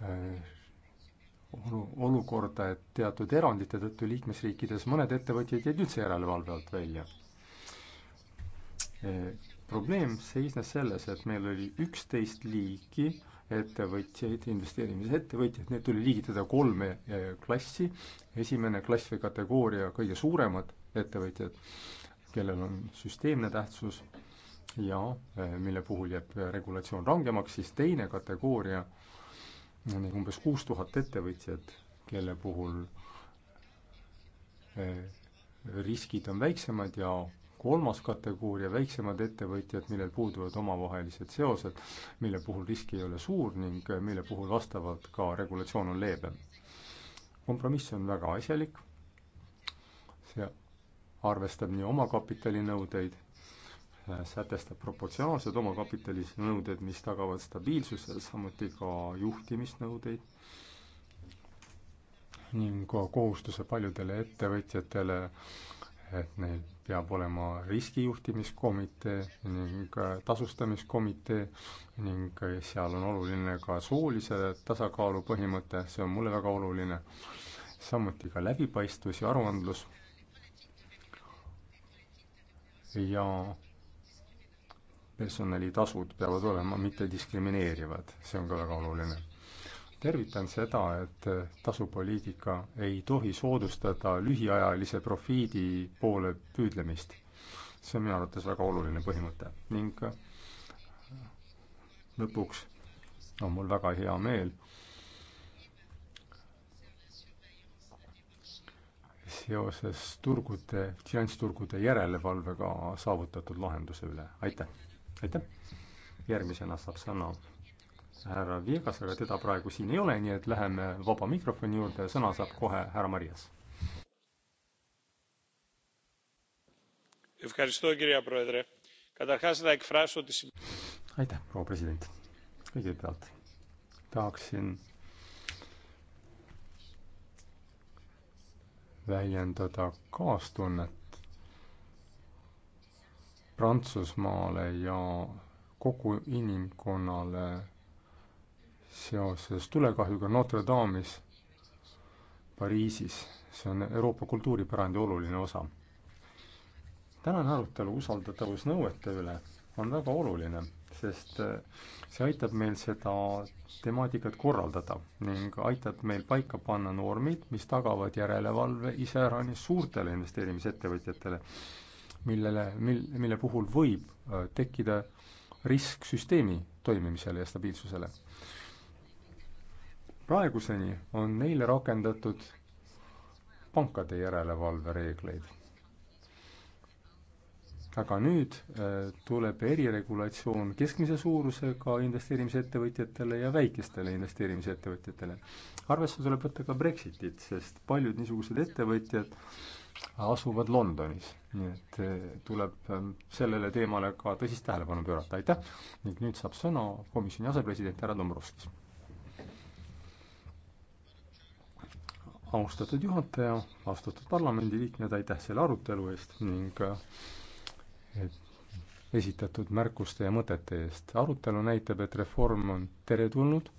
Speaker 6: äh, olu-, olukorda, et teatud erandite tõttu liikmesriikides mõned ettevõtjad jäid üldse järelevalve alt välja. Äh, probleem seisnes selles, et meil oli üksteist liiki ettevõtjaid, investeerimisettevõtjaid, need tuli liigitada kolme äh, klassi. esimene klass või kategooria, kõige suuremad ettevõtjad, kellel on süsteemne tähtsus ja eh, mille puhul jääb eh, regulatsioon rangemaks, siis teine kategooria, neid umbes kuus tuhat ettevõtjat, kelle puhul eh, riskid on väiksemad ja kolmas kategooria, väiksemad ettevõtjad, millel puuduvad omavahelised seosed, mille puhul risk ei ole suur ning mille puhul vastavalt ka regulatsioon on leebem. kompromiss on väga asjalik, see arvestab nii omakapitali nõudeid sätestab proportsionaalsed omakapitalisnõuded, mis tagavad stabiilsuse, samuti ka juhtimisnõudeid ning kohustuse paljudele ettevõtjatele, et neil peab olema riskijuhtimiskomitee ning tasustamiskomitee ning seal on oluline ka soolise tasakaalu põhimõte, see on mulle väga oluline, samuti ka läbipaistvus ja aruandlus ja personalitasud peavad olema mittediskrimineerivad, see on ka väga oluline. tervitan seda, et tasupoliitika ei tohi soodustada lühiajalise profiidi poole püüdlemist. see on minu arvates väga oluline põhimõte ning lõpuks on mul väga hea meel seoses turgude, finantsturgude järelevalvega saavutatud lahenduse üle, aitäh! aitäh! järgmisena saab sõna härra Viegas, aga teda praegu siin ei ole, nii et läheme vaba mikrofoni juurde ja sõna saab kohe härra Marias. aitäh, proua president. kõigepealt tahaksin väljendada kaastunnet Prantsusmaale ja kogu inimkonnale seoses tulekahjuga Notre Dame'is Pariisis. see on Euroopa kultuuripärandi oluline osa. tänane arutelu usaldatavusnõuete üle on väga oluline, sest eh, see aitab meil seda temaatikat korraldada ning aitab meil paika panna normid, mis tagavad järelevalve iseäranis suurtele investeerimisettevõtjatele millele, mil-, mille puhul võib äh, tekkida risk süsteemi toimimisele ja stabiilsusele. praeguseni on neile rakendatud pankade järelevalve reegleid. aga nüüd äh, tuleb eriregulatsioon keskmise suurusega investeerimisettevõtjatele ja väikestele investeerimisettevõtjatele. arvesse tuleb võtta ka Brexitit, sest paljud niisugused ettevõtjad äh, asuvad Londonis. nii et eh, tuleb ähm, sellele teemale ka tõsist tähelepanu pöörata, aitäh! ning nüüd saab sõna komisjoni asepresident härra Dombrovskis. austatud juhataja, austatud parlamendiliikmed, aitäh selle arutelu eest ning äh, esitatud märkuste ja mõtete eest. arutelu näitab, et reform on teretulnud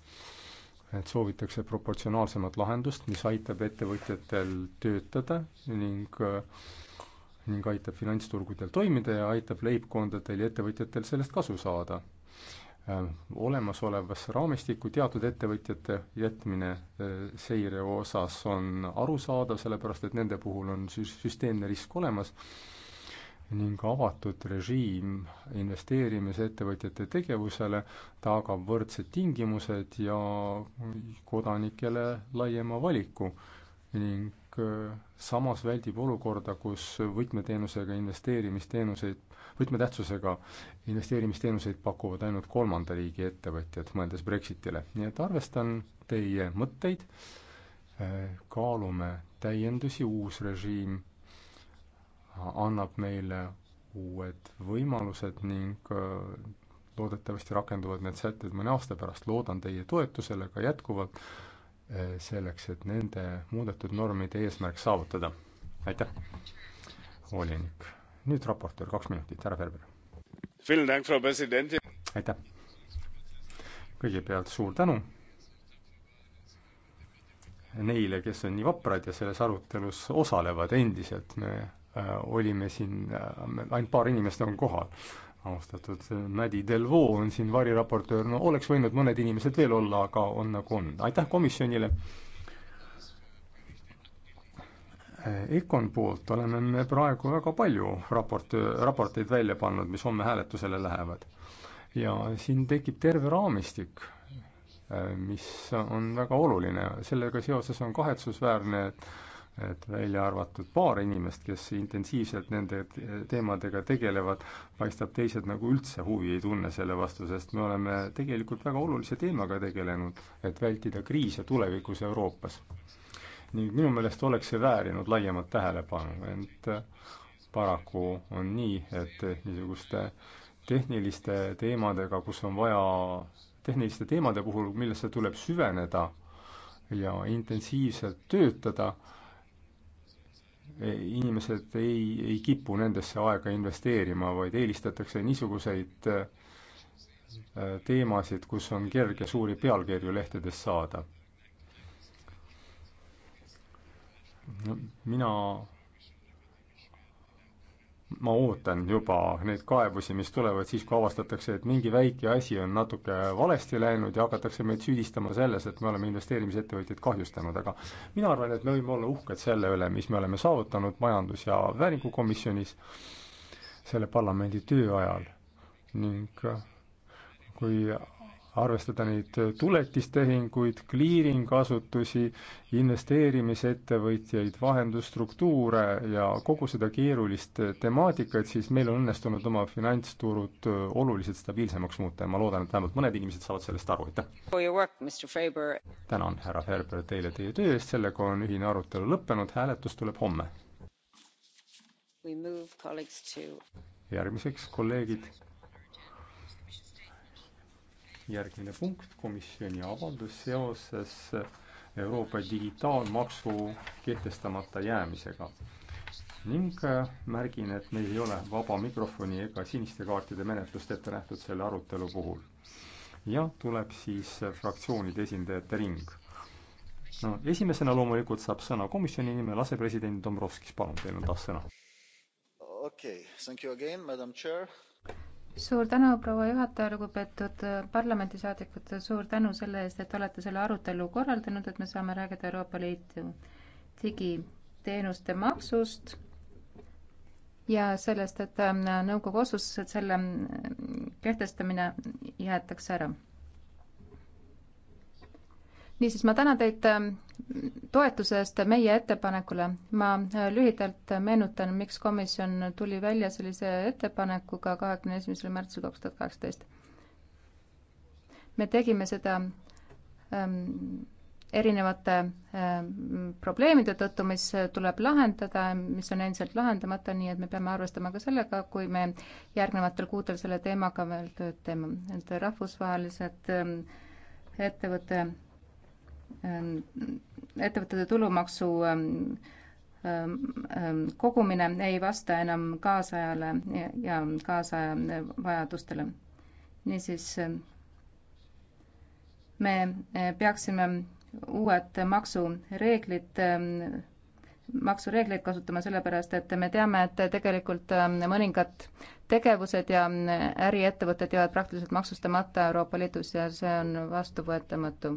Speaker 6: et soovitakse proportsionaalsemat lahendust, mis aitab ettevõtjatel töötada ning ning aitab finantsturgudel toimida ja aitab leibkondadel ja ettevõtjatel sellest kasu saada. olemasolevasse raamistikku teatud ettevõtjate jätmine eh, seire osas on arusaadav, sellepärast et nende puhul on süsteemne risk olemas ning avatud režiim investeerimisettevõtjate tegevusele tagab võrdsed tingimused ja kodanikele laiema valiku ning äh, samas väldib olukorda, kus võtmeteenusega investeerimisteenuseid, võtmetähtsusega investeerimisteenuseid pakuvad ainult kolmanda riigi ettevõtjad, mõeldes Brexitile. nii et arvestan teie mõtteid, äh, kaalume täiendusi, uus režiim annab meile uued võimalused ning äh, loodetavasti rakenduvad need sätted mõne aasta pärast. loodan teie toetusele ka jätkuvalt äh, selleks, et nende muudetud normide eesmärk saavutada. aitäh, volinik. nüüd raportöör, kaks minutit, härra
Speaker 9: Ferber.
Speaker 6: aitäh. kõigepealt suur tänu neile, kes on nii vaprad ja selles arutelus osalevad endiselt, me Äh, olime siin, äh, ainult paar inimest on kohal. austatud äh, Madi Delvaux on siin variraportöör, no oleks võinud mõned inimesed veel olla, aga on nagu on. aitäh komisjonile! EKOn poolt oleme me praegu väga palju raport, raporteid välja pannud, mis homme hääletusele lähevad. ja siin tekib terve raamistik, mis on väga oluline, sellega seoses on kahetsusväärne, et et välja arvatud paar inimest, kes intensiivselt nende teemadega tegelevad, paistab teised nagu üldse huvi ei tunne selle vastu, sest me oleme tegelikult väga olulise teemaga tegelenud, et vältida kriise tulevikus Euroopas. ning minu meelest oleks see väärinud laiemat tähelepanu, ent äh, paraku on nii, et niisuguste tehniliste teemadega, kus on vaja, tehniliste teemade puhul, millesse tuleb süveneda ja intensiivselt töötada, inimesed ei, ei kipu nendesse aega investeerima, vaid eelistatakse niisuguseid äh, teemasid, kus on kerge suuri pealkirju lehtedest saada. mina ma ootan juba neid kaebusi, mis tulevad siis, kui avastatakse, et mingi väike asi on natuke valesti läinud ja hakatakse meid süüdistama selles, et me oleme investeerimisettevõtjaid kahjustanud, aga mina arvan, et me võime olla uhked selle üle, mis me oleme saavutanud Majandus- ja Vääringukomisjonis selle parlamendi töö ajal ning kui arvestada neid tuletistehinguid, kliiringasutusi, investeerimisettevõtjaid, vahendusstruktuure ja kogu seda keerulist temaatikat, siis meil on õnnestunud oma finantsturud oluliselt stabiilsemaks muuta ja ma loodan, et vähemalt mõned inimesed saavad sellest aru,
Speaker 3: aitäh!
Speaker 6: tänan, härra Ferber, teile teie töö eest, sellega on ühine arutelu lõppenud, hääletus tuleb homme.
Speaker 10: To...
Speaker 6: järgmiseks, kolleegid järgmine punkt, komisjoni avaldus seoses Euroopa digitaalmaksu kehtestamata jäämisega. ning äh, märgin, et meil ei ole vaba mikrofoni ega siniste kaartide menetlust ette nähtud selle arutelu puhul. ja tuleb siis fraktsioonide esindajate ring. no esimesena loomulikult saab sõna komisjoni nimel asepresident Dombrovskis, palun, teil on taas sõna.
Speaker 3: okei okay,, thank you again, madam chair
Speaker 6: suur
Speaker 7: tänu, proua juhataja, lugupeetud parlamendisaadikud, suur tänu selle eest, et olete selle arutelu korraldanud, et me saame rääkida Euroopa Liidu digiteenuste maksust ja sellest, et äh, nõukogu otsustas, et selle äh, kehtestamine jäetakse ära niisiis, ma tänan teid ähm, toetuse eest meie ettepanekule. ma äh, lühidalt meenutan, miks komisjon tuli välja sellise ettepanekuga kahekümne esimesel märtsil kaks tuhat kaheksateist. me tegime seda ähm, erinevate ähm, probleemide tõttu, mis tuleb lahendada, mis on endiselt lahendamata, nii et me peame arvestama ka sellega, kui me järgnevatel kuudel selle teemaga veel tööd teeme. et rahvusvahelised ähm, ettevõtte Ähm, ettevõtete tulumaksu ähm, ähm, kogumine ei vasta enam kaasajale ja kaasaja vajadustele. niisiis me äh, peaksime uued maksureeglid, maksureegleid kasutama sellepärast, et me teame, et tegelikult mõningad tegevused ja äriettevõtted jäävad praktiliselt maksustamata Euroopa Liidus ja see on vastuvõetamatu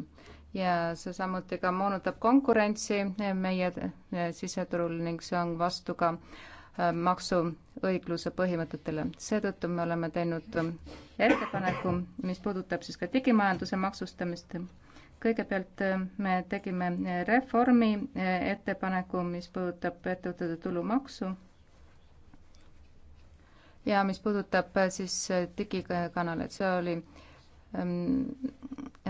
Speaker 7: ja see samuti ka moonutab konkurentsi meie eh, siseturul ning see on vastu ka eh, maksuõigluse põhimõtetele. seetõttu me oleme teinud eh, ettepaneku, mis puudutab siis ka digimajanduse maksustamist. kõigepealt me tegime reformi ettepaneku, mis puudutab ettevõtete tulumaksu ja mis puudutab siis digikanaleid, see oli ehm,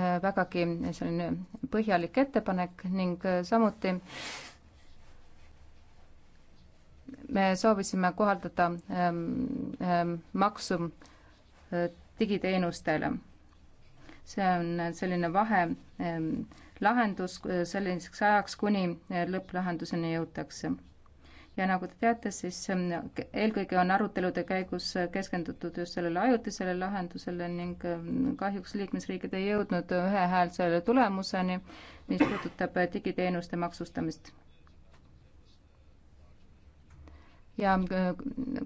Speaker 7: Äh, vägagi selline põhjalik ettepanek ning äh, samuti me soovisime kohaldada ähm, ähm, maksu äh, digiteenustele. see on selline vahe ähm, lahendus selliseks ajaks, kuni lõpplahenduseni jõutakse ja nagu te teate, siis ähm, eelkõige on arutelude käigus äh, keskendutud just sellele ajutisele lahendusele ning ähm, kahjuks liikmesriigid ei jõudnud äh, ühehäälsele tulemuseni, mis puudutab äh, digiteenuste maksustamist. ja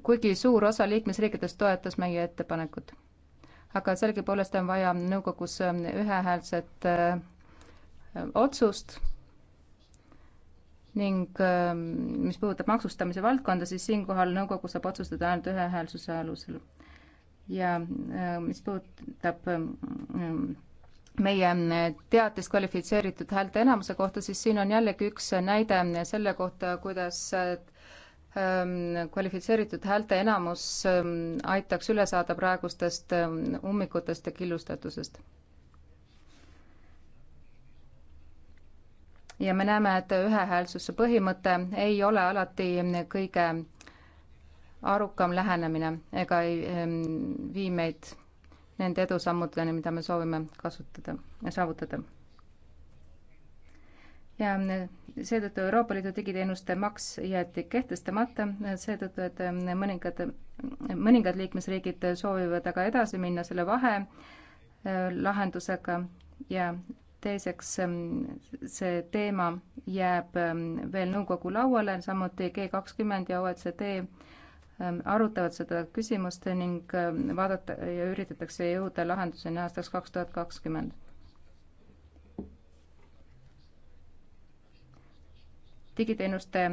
Speaker 7: kuigi suur osa liikmesriikidest toetas meie ettepanekut, aga sellegipoolest on vaja nõukogus ähm, ühehäälset otsust ning ähm, mis puudutab maksustamise valdkonda, siis siinkohal nõukogu saab otsustada ainult ühehäälsuse alusel. ja äh, mis puudutab ähm, ähm, meie äh, teatist kvalifitseeritud häälte enamuse kohta, siis siin on jällegi üks näide selle kohta, kuidas kvalifitseeritud häälte enamus aitaks üle saada praegustest ummikutest ja killustatusest ja me näeme, et ühehäälsuse põhimõte ei ole alati kõige arukam lähenemine ega ei ehm, vii meid nende edusammudeni, mida me soovime kasutada ja saavutada. ja ehm, seetõttu Euroopa Liidu digiteenuste maks jäeti kehtestamata, seetõttu, et ehm, mõningad, mõningad liikmesriigid soovivad aga edasi minna selle vahe lahendusega ja teiseks, ähm, see teema jääb ähm, veel nõukogu lauale, samuti G kakskümmend ja OECD ähm, arutavad seda küsimust ning vaadata ja üritatakse jõuda lahenduseni aastaks kaks tuhat kakskümmend. digiteenuste eh,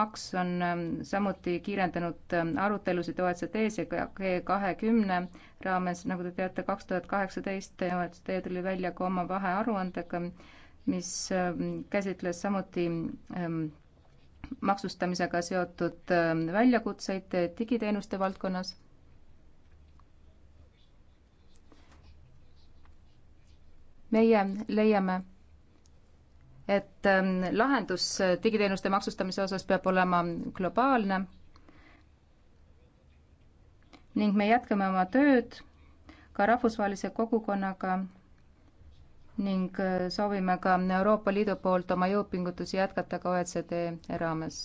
Speaker 7: maks on eh, samuti kiirendanud eh, arutelusid OECD-s ja G kahekümne raames, nagu te teate, kaks tuhat kaheksateist OECD tuli välja ka oma vahearuandega, mis käsitles samuti maksustamisega seotud väljakutseid digiteenuste valdkonnas. meie leiame et ähm, lahendus äh, digiteenuste maksustamise osas peab olema globaalne ning me jätkame oma tööd ka rahvusvahelise kogukonnaga ning äh, soovime ka Euroopa Liidu poolt oma jõupingutusi jätkata ka OECD raames.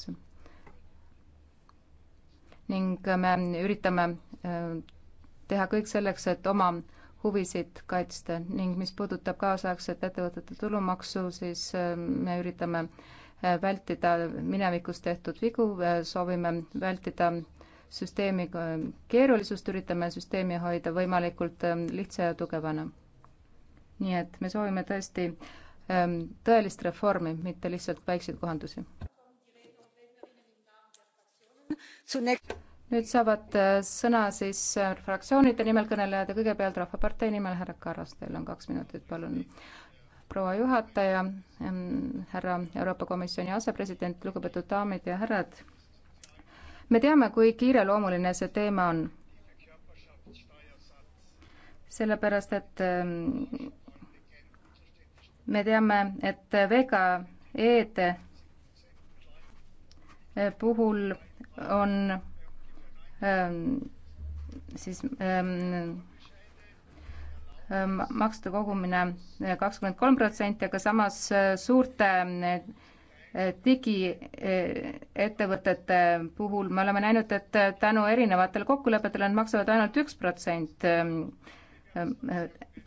Speaker 7: ning äh, me üritame teha kõik selleks, et oma huvisid kaitsta ning mis puudutab kaasaegset ettevõtete tulumaksu, siis ähm, me üritame äh, vältida minevikus tehtud vigu, äh, soovime vältida süsteemi äh, keerulisust, üritame süsteemi hoida võimalikult ähm, lihtsa ja tugevana. nii et me soovime tõesti ähm, tõelist reformi, mitte lihtsalt väikseid kohandusi nüüd saavad äh, sõna siis äh, fraktsioonide nimel kõnelejad ja kõigepealt Rahvapartei nimel härra Karras, teil on kaks minutit, palun. proua juhataja, ähm, härra Euroopa Komisjoni asepresident, lugupeetud daamid ja härrad. me teame, kui kiireloomuline see teema on. sellepärast, et ähm, me teame, et VKE-de äh, puhul on Ähm, siis ähm, ähm, maksude kogumine äh, kakskümmend kolm protsenti, aga samas äh, suurte äh, digiettevõtete puhul me oleme näinud, et tänu erinevatele kokkulepetele nad maksavad ainult üks protsent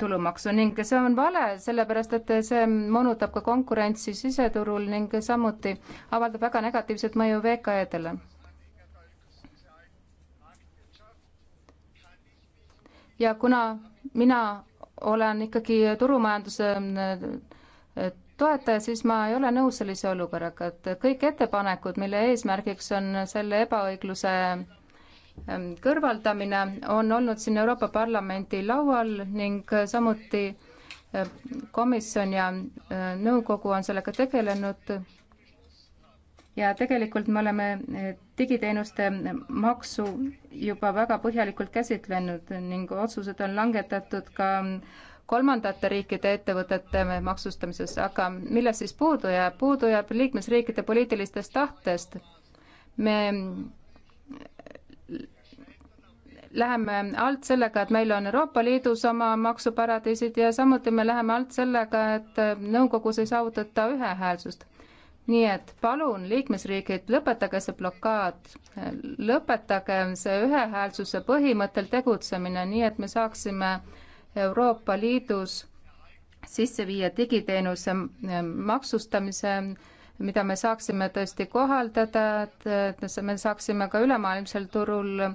Speaker 7: tulumaksu ning see on vale, sellepärast et see moonutab ka konkurentsi siseturul ning samuti avaldab väga negatiivset mõju VKE-dele ja kuna mina olen ikkagi turumajanduse mm, äh, toetaja, siis ma ei ole nõus sellise olukorraga, et kõik ettepanekud, mille eesmärgiks on selle ebaõigluse mm, kõrvaldamine, on olnud siin Euroopa Parlamendi laual ning samuti äh, komisjon ja äh, nõukogu on sellega tegelenud ja tegelikult me oleme eh, digiteenuste maksu juba väga põhjalikult käsitlenud ning otsused on langetatud ka kolmandate riikide ettevõtete maksustamises, aga millest siis puudu jääb? puudu jääb liikmesriikide poliitilistest tahtest. me eh, läheme alt sellega, et meil on Euroopa Liidus oma maksuparadiisid ja samuti me läheme alt sellega, et eh, nõukogus ei saavutata ühehäälsust nii et palun, liikmesriigid, lõpetage see blokaad, lõpetage see ühehäälsuse põhimõttel tegutsemine, nii et me saaksime Euroopa Liidus sisse viia digiteenuse maksustamise, mida me saaksime tõesti kohaldada, et me saaksime ka ülemaailmsel turul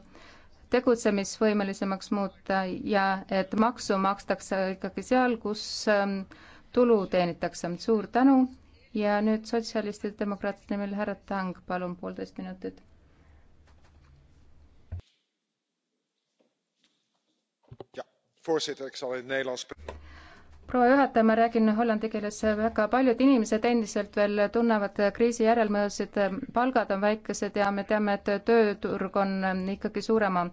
Speaker 7: tegutsemisvõimelisemaks muuta ja et maksu makstakse ikkagi seal, kus tulu teenitakse. suur tänu ja nüüd sotsialistide demokraatide nimel härra Tang, palun poolteist minutit. proua juhataja, ma räägin hollandi keeles, väga paljud inimesed endiselt veel tunnevad kriisi järelmõjusid, palgad on väikesed ja me teame, et tööturg on ikkagi suurema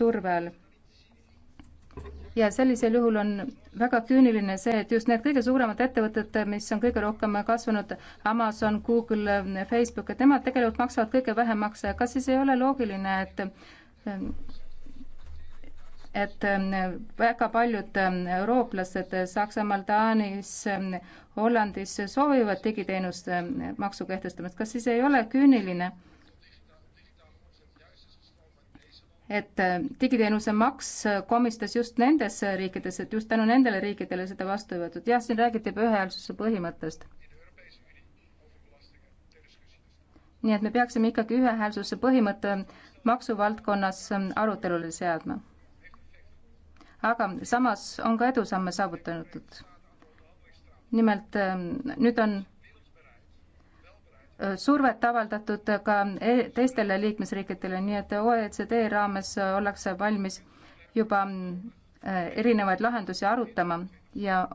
Speaker 7: surve all ja sellisel juhul on väga küüniline see, et just need kõige suuremad ettevõtted, mis on kõige rohkem kasvanud, Amazon, Google, Facebook, et nemad tegelikult maksavad kõige vähem makse, kas siis ei ole loogiline, et et väga paljud eurooplased Saksamaal, Taanis, Hollandis soovivad digiteenuste maksu kehtestamist, kas siis ei ole küüniline? et äh, digiteenuse maks äh, komistas just nendes riikides, et just tänu nendele riikidele seda vastu ei võetud. jah, siin räägiti juba ühehäälsuse põhimõttest. nii et me peaksime ikkagi ühehäälsuse põhimõtte maksuvaldkonnas ähm, arutelule seadma. aga samas on ka edusamme saavutatud. nimelt ähm, nüüd on survet avaldatud ka e-, teistele liikmesriikidele, nii et OECD raames ollakse valmis juba äh, erinevaid lahendusi arutama ja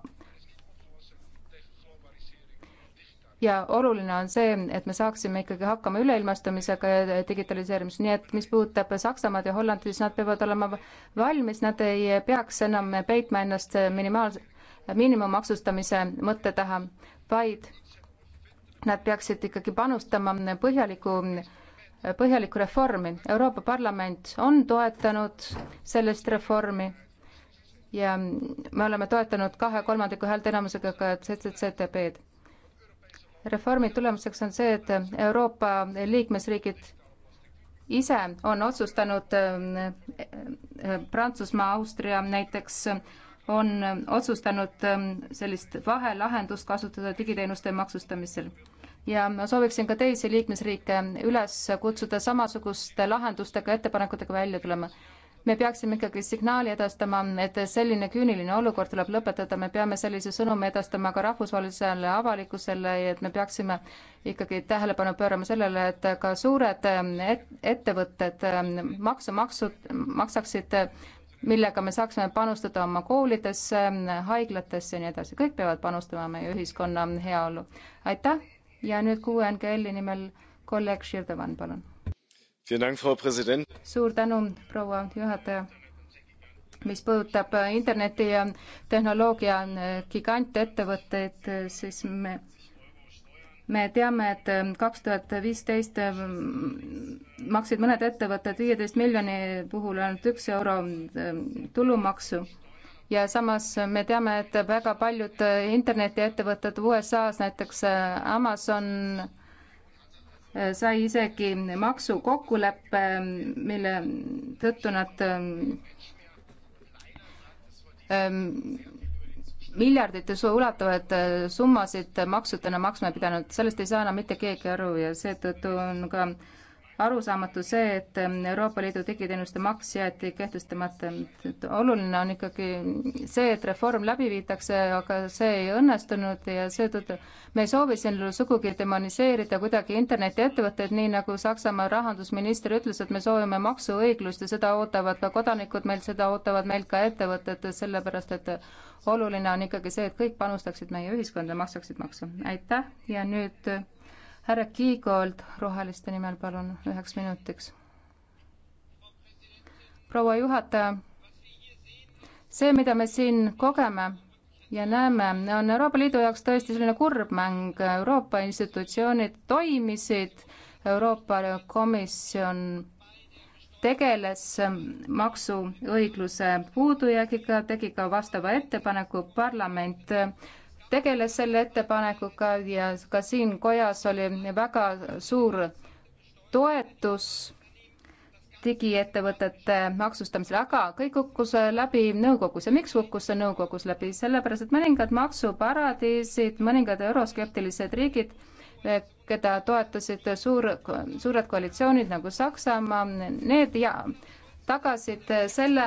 Speaker 7: ja oluline on see, et me saaksime ikkagi hakkama üleilmastamisega ja digitaliseerimisega, nii et mis puudutab Saksamaad ja Hollandi, siis nad peavad olema valmis, nad ei peaks enam peitma ennast minimaal-, miinimummaksustamise mõtte taha, vaid nad peaksid ikkagi panustama põhjaliku põhjalikku reformi. Euroopa Parlament on toetanud sellist reformi ja me oleme toetanud kahe kolmandiku häälteenamusega ka CCCTB-d. reformi tulemuseks on see, et Euroopa liikmesriigid ise on otsustanud, Prantsusmaa, Austria näiteks, on otsustanud sellist vahelahendust kasutada digiteenuste maksustamisel ja ma sooviksin ka teisi liikmesriike üles kutsuda samasuguste lahendustega, ettepanekutega välja tulema. me peaksime ikkagi signaali edastama, et selline küüniline olukord tuleb lõpetada, me peame sellise sõnumi edastama ka rahvusvahelisele avalikkusele ja et me peaksime ikkagi tähelepanu pöörama sellele, et ka suured et, ettevõtted maksu maksud, maksaksid millega me saaksime panustada oma koolidesse, haiglatesse ja nii edasi, kõik peavad panustama meie ühiskonna heaollu. aitäh! ja nüüd QNGL-i nimel kolleeg Širdevan, palun. suur tänu, proua juhataja. mis puudutab äh, interneti ja tehnoloogia äh, gigantettevõtteid, äh, siis me, me teame, et kaks tuhat viisteist maksid mõned ettevõtted viieteist miljoni puhul ainult üks euro tulumaksu ja samas me teame, et väga paljud internetiettevõtted USA-s, näiteks äh, Amazon, äh, sai isegi maksukokkuleppe, mille tõttu nad ähm, ähm, miljardite ulatavaid äh, summasid maksudena maksma pidanud, sellest ei saa enam mitte keegi aru ja seetõttu on ka äh, arusaamatu see, et ähm, Euroopa Liidu digiteenuste maks jäeti kehtestamata. oluline on ikkagi see, et reform läbi viidakse, aga see ei õnnestunud ja seetõttu me ei soovi siin sugugi demoniseerida kuidagi internetiettevõtteid, nii nagu Saksamaa rahandusminister ütles, et me soovime maksuõiglust ja seda ootavad ka kodanikud meilt, seda ootavad meilt ka ettevõtted, sellepärast et oluline on ikkagi see, et kõik panustaksid meie ühiskonda, maksaksid makse. aitäh ja nüüd härra Kiigold Roheliste nimel, palun, üheks minutiks. proua juhataja, see, mida me siin kogeme ja näeme, on Euroopa Liidu jaoks tõesti selline kurb mäng, Euroopa institutsioonid toimisid, Euroopa Komisjon tegeles maksuõigluse puudujäägiga, tegi ka vastava ettepaneku, parlament tegeles selle ettepanekuga ja ka siin kojas oli väga suur toetus digiettevõtete maksustamisele, aga kõik kukkus läbi nõukogus ja miks kukkus see nõukogus läbi, sellepärast et mõningad maksuparadiisid, mõningad euroskeptilised riigid, keda toetasid suur, suured koalitsioonid nagu Saksamaa, need ja tagasid äh, selle,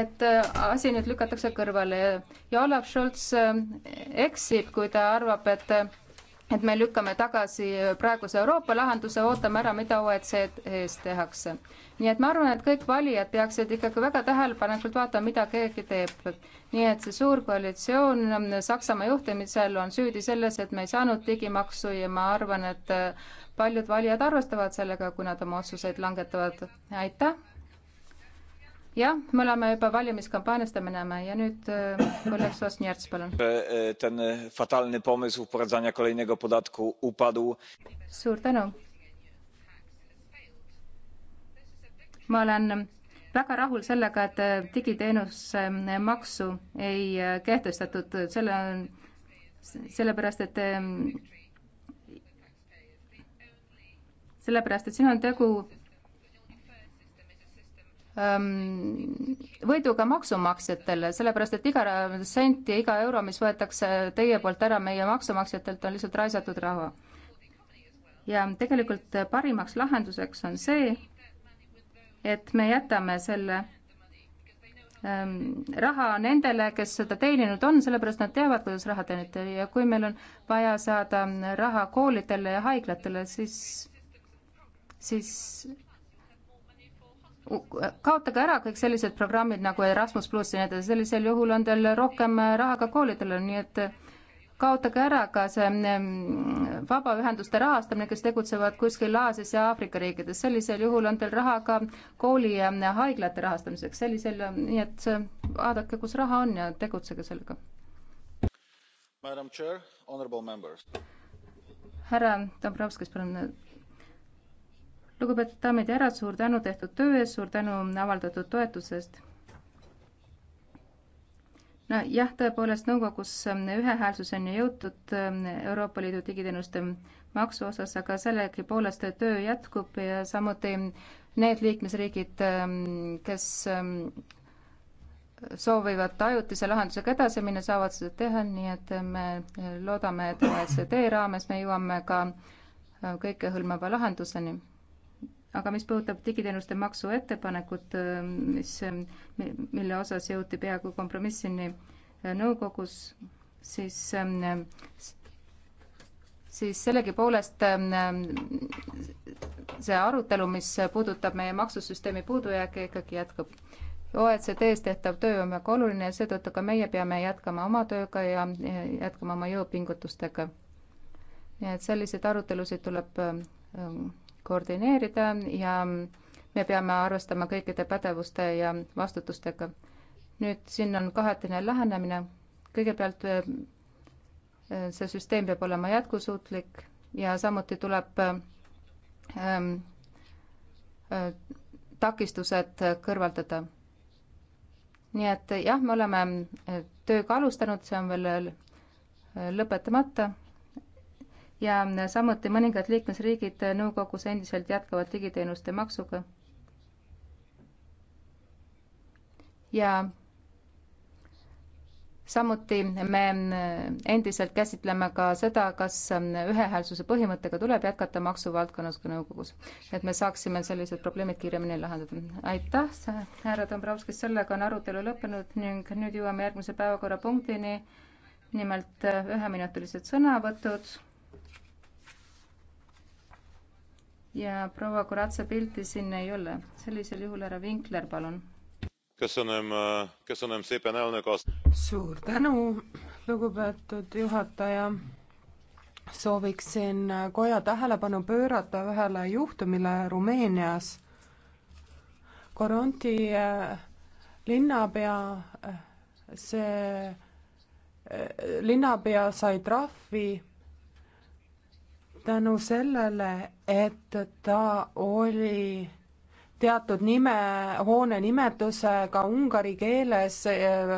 Speaker 7: et äh, asi nüüd lükatakse kõrvale ja Olav Scholz äh, eksib, kui ta arvab, et et me lükkame tagasi praeguse Euroopa lahenduse, ootame ära, mida OECD-s e tehakse. nii et ma arvan, et kõik valijad peaksid ikkagi väga tähelepanelikult vaatama, mida keegi teeb. nii et see suur koalitsioon Saksamaa juhtimisel on süüdi selles, et me ei saanud digimaksu ja ma arvan, et paljud valijad arvestavad sellega, kui nad oma otsuseid langetavad. aitäh! jah, me oleme juba valimiskampaaniasse minema ja nüüd äh, kolleeg Sosnjärts, palun.
Speaker 4: E, ten fatalny pomysł wprowadzania kolejnego podatku upadł.
Speaker 7: suur tänu. ma olen väga rahul sellega, et e, digiteenuse e, maksu ei kehtestatud, selle, sellepärast et sellepärast, et siin on tegu Ähm, võiduga maksumaksjatele, sellepärast et iga sent ja iga euro, mis võetakse teie poolt ära meie maksumaksjatelt, on lihtsalt raisatud raha. ja tegelikult parimaks lahenduseks on see, et me jätame selle ähm, raha nendele, kes seda teeninud on, sellepärast nad teavad, kuidas raha teenida ja kui meil on vaja saada raha koolidele ja haiglatele, siis, siis kaotage ära kõik sellised programmid nagu Erasmus pluss ja nii edasi, sellisel juhul on teil rohkem raha ka koolidele, nii et kaotage ära ka see mm, vabaühenduste rahastamine, kes tegutsevad kuskil Aasias ja Aafrika riikides, sellisel juhul on teil raha ka kooli ja mm, haiglate rahastamiseks, sellisel, mm, nii et äh, vaadake, kus raha on ja tegutsege sellega. härra Dombrovskis, palun lugupeetud daamid ja härrad, suur tänu tehtud töö eest, suur tänu avaldatud toetusest. nojah, tõepoolest nõukogus ähm, ühehäälsuseni jõutud ähm, Euroopa Liidu digiteenuste maksu osas, aga sellegipoolest töö jätkub ja samuti need liikmesriigid, ähm, kes soovivad ajutise lahendusega edasi minna, saavad seda teha, nii et me loodame, et OECD e raames me jõuame ka äh, kõikehõlmava lahenduseni aga mis puudutab digiteenuste maksu ettepanekut, äh, mis, äh, mille osas jõuti peaaegu kompromissini äh, nõukogus, siis, ähm, siis sellegipoolest ähm, see arutelu, mis puudutab meie maksusüsteemi puudujääke, ikkagi jätkub. OECD-s tehtav töö on väga oluline ja seetõttu ka meie peame jätkama oma tööga ja jätkama oma jõupingutustega. nii et selliseid arutelusid tuleb koordineerida ja me peame arvestama kõikide pädevuste ja vastutustega. nüüd siin on kahetine lähenemine, kõigepealt äh, see süsteem peab olema jätkusuutlik ja samuti tuleb ähm, äh, takistused kõrvaldada. nii et jah, me oleme äh, tööga alustanud, see on veel äh, lõpetamata ja samuti mõningad liikmesriigid nõukogus endiselt jätkavad digiteenuste maksuga. ja samuti me endiselt käsitleme ka seda, kas ühehäälsuse põhimõttega tuleb jätkata maksuvaldkonnas ka nõukogus, et me saaksime sellised probleemid kiiremini lahendada. aitäh, härra Dombrovskis, sellega on arutelu lõppenud ning nüüd jõuame järgmise päevakorrapunktini nimelt üheminutilised sõnavõtud ja proua Kuratsa pilti siin ei ole. sellisel juhul härra Vinkler, palun.
Speaker 12: suur tänu, lugupeetud juhataja. sooviksin koja tähelepanu pöörata ühele juhtumile Rumeenias. Coronti linnapea, see linnapea sai trahvi tänu sellele, et ta oli teatud nime, hoone nimetusega ungari keeles eh,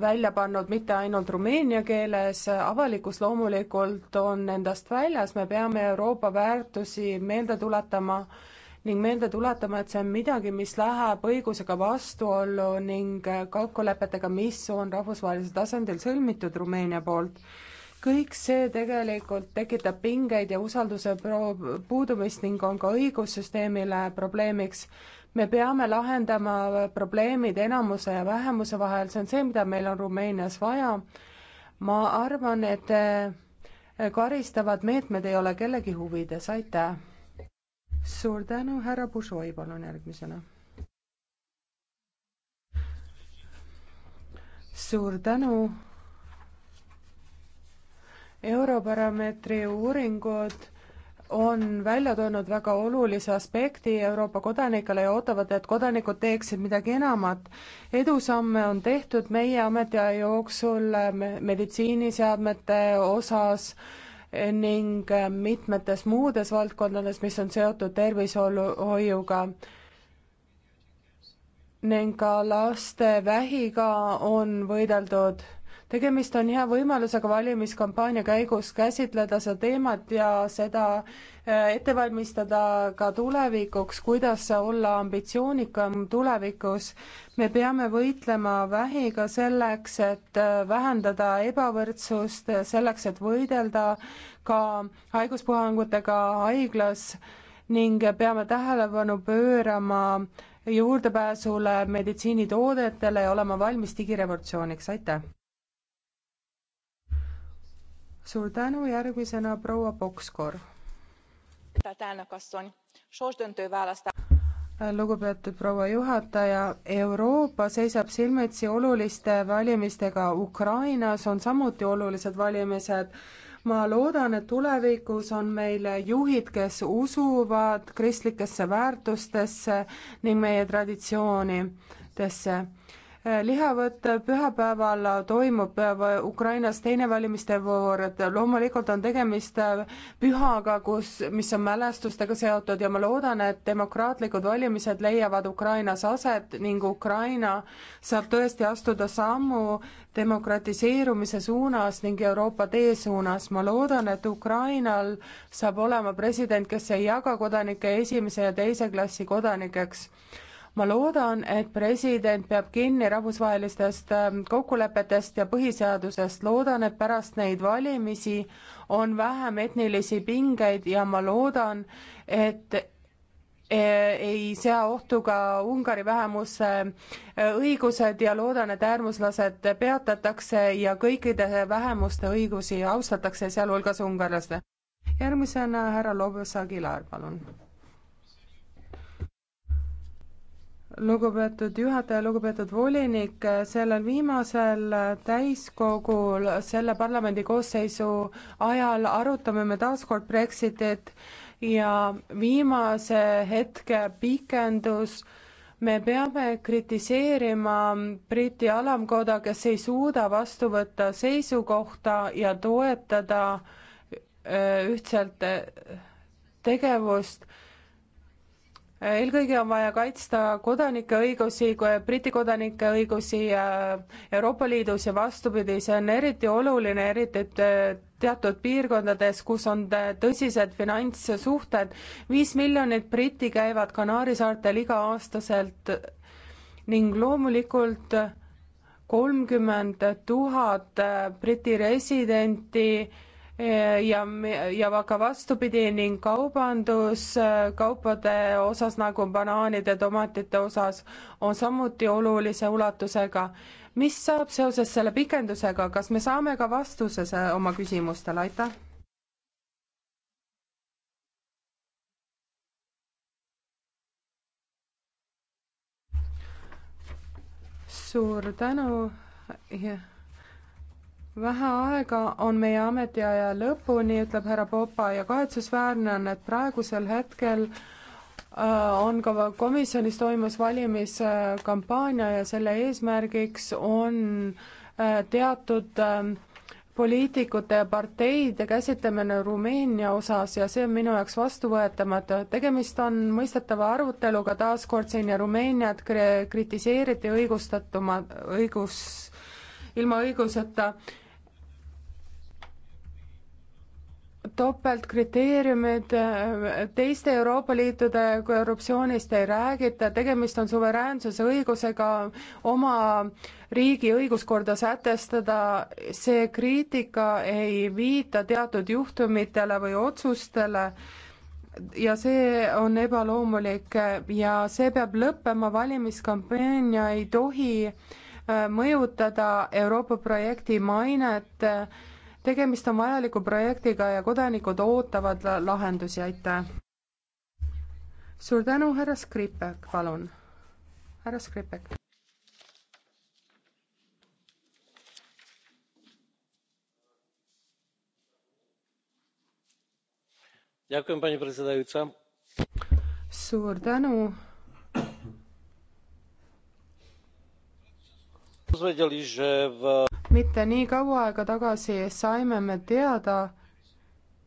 Speaker 12: välja pannud, mitte ainult rumeenia keeles, avalikkus loomulikult on endast väljas, me peame Euroopa väärtusi meelde tuletama ning meelde tuletama, et see on midagi, mis läheb õigusega vastuollu ning kokkulepetega, mis on rahvusvahelisel tasandil sõlmitud Rumeenia poolt kõik see tegelikult tekitab pingeid ja usalduse pro-, puudumist ning on ka õigussüsteemile probleemiks. me peame lahendama probleemid enamuse ja vähemuse vahel, see on see, mida meil on Rumeenias vaja. ma arvan, et eh, karistavad meetmed ei ole kellegi huvides, aitäh. suur tänu, härra Bushoi, palun järgmisena. suur tänu Eurobaromeetri uuringud on välja toonud väga olulise aspekti Euroopa kodanikele ja ootavad, et kodanikud teeksid midagi enamat. edusamme on tehtud meie ametiaja jooksul meditsiiniseadmete osas eh, ning eh, mitmetes muudes valdkondades, mis on seotud tervishoiuga. ning ka laste vähiga on võideldud tegemist on hea võimalusega valimiskampaania käigus käsitleda seda teemat ja seda äh, ette valmistada ka tulevikuks, kuidas olla ambitsioonikam tulevikus. me peame võitlema vähiga selleks, et äh, vähendada ebavõrdsust, selleks, et võidelda ka haiguspuhangutega haiglas ning peame tähelepanu pöörama juurdepääsule meditsiinitoodetele ja olema valmis digirevolutsiooniks, aitäh! suur tänu, järgmisena proua Pokskor. lugupeetud proua juhataja, Euroopa seisab silmitsi oluliste valimistega, Ukrainas on samuti olulised valimised ma loodan, et tulevikus on meil juhid, kes usuvad kristlikesse väärtustesse ning meie traditsioonidesse lihavõtt pühapäeval toimub Ukrainas teine valimiste voor, et loomulikult on tegemist pühaga, kus, mis on mälestustega seotud ja ma loodan, et demokraatlikud valimised leiavad Ukrainas aset ning Ukraina saab tõesti astuda sammu demokratiseerumise suunas ning Euroopa tee suunas. ma loodan, et Ukrainal saab olema president, kes ei jaga kodanikke esimese ja teise klassi kodanikeks ma loodan, et president peab kinni rahvusvahelistest ähm, kokkulepetest ja põhiseadusest, loodan, et pärast neid valimisi on vähem etnilisi pingeid ja ma loodan, et äh, ei sea ohtu ka Ungari vähemuse äh, õigused ja loodan, et äärmuslased peatatakse ja kõikide vähemuste õigusi austatakse, sealhulgas ungarlaste. järgmisena härra Lobos Aguilar, palun lugupeetud juhataja, lugupeetud volinik, sellel viimasel täiskogul selle parlamendi koosseisu ajal arutame me taas kord Brexitit ja viimase hetke pikendus me peame kritiseerima Briti alamkoda, kes ei suuda vastu võtta seisukohta ja toetada äh, ühtselt äh, tegevust eelkõige on vaja kaitsta kodanike õigusi, Briti kodanike õigusi äh, Euroopa Liidus ja vastupidi, see on eriti oluline, eriti äh, teatud piirkondades, kus on äh, tõsised finantssuhted. viis miljonit Briti käivad Kanaari saartel iga-aastaselt ning loomulikult kolmkümmend tuhat Briti residenti ja, ja aga vastupidi ning kaubandus kaupade osas nagu banaanide, tomatite osas on samuti olulise ulatusega. mis saab seoses selle pikendusega, kas me saame ka vastuse oma küsimustele, aitäh? suur tänu yeah vähe aega on meie ametiaja lõpuni, ütleb härra Popa ja kahetsusväärne on, et praegusel hetkel äh, on ka komisjonis toimus valimiskampaania ja selle eesmärgiks on äh, teatud äh, poliitikute ja parteide käsitlemine Rumeenia osas ja see on minu jaoks vastuvõetamatu. tegemist on mõistetava aruteluga taaskord siin ja Rumeeniat kritiseeriti õigustatuma, õigus, ilma õiguseta topeltkriteeriumid, äh, teiste Euroopa Liitude korruptsioonist ei räägita, tegemist on suveräänsuse õigusega oma riigi õiguskorda sätestada, see kriitika ei viita teatud juhtumitele või otsustele ja see on ebaloomulik ja see peab lõppema, valimiskampaania ei tohi äh, mõjutada Euroopa projekti mainet tegemist on vajaliku projektiga ja kodanikud ootavad lahendusi, aitäh. suur tänu, härra Skripek, palun. härra Skripek.
Speaker 3: paní předsedající dozvedeli že
Speaker 4: v
Speaker 12: mitte nii kaua aega tagasi saime me teada,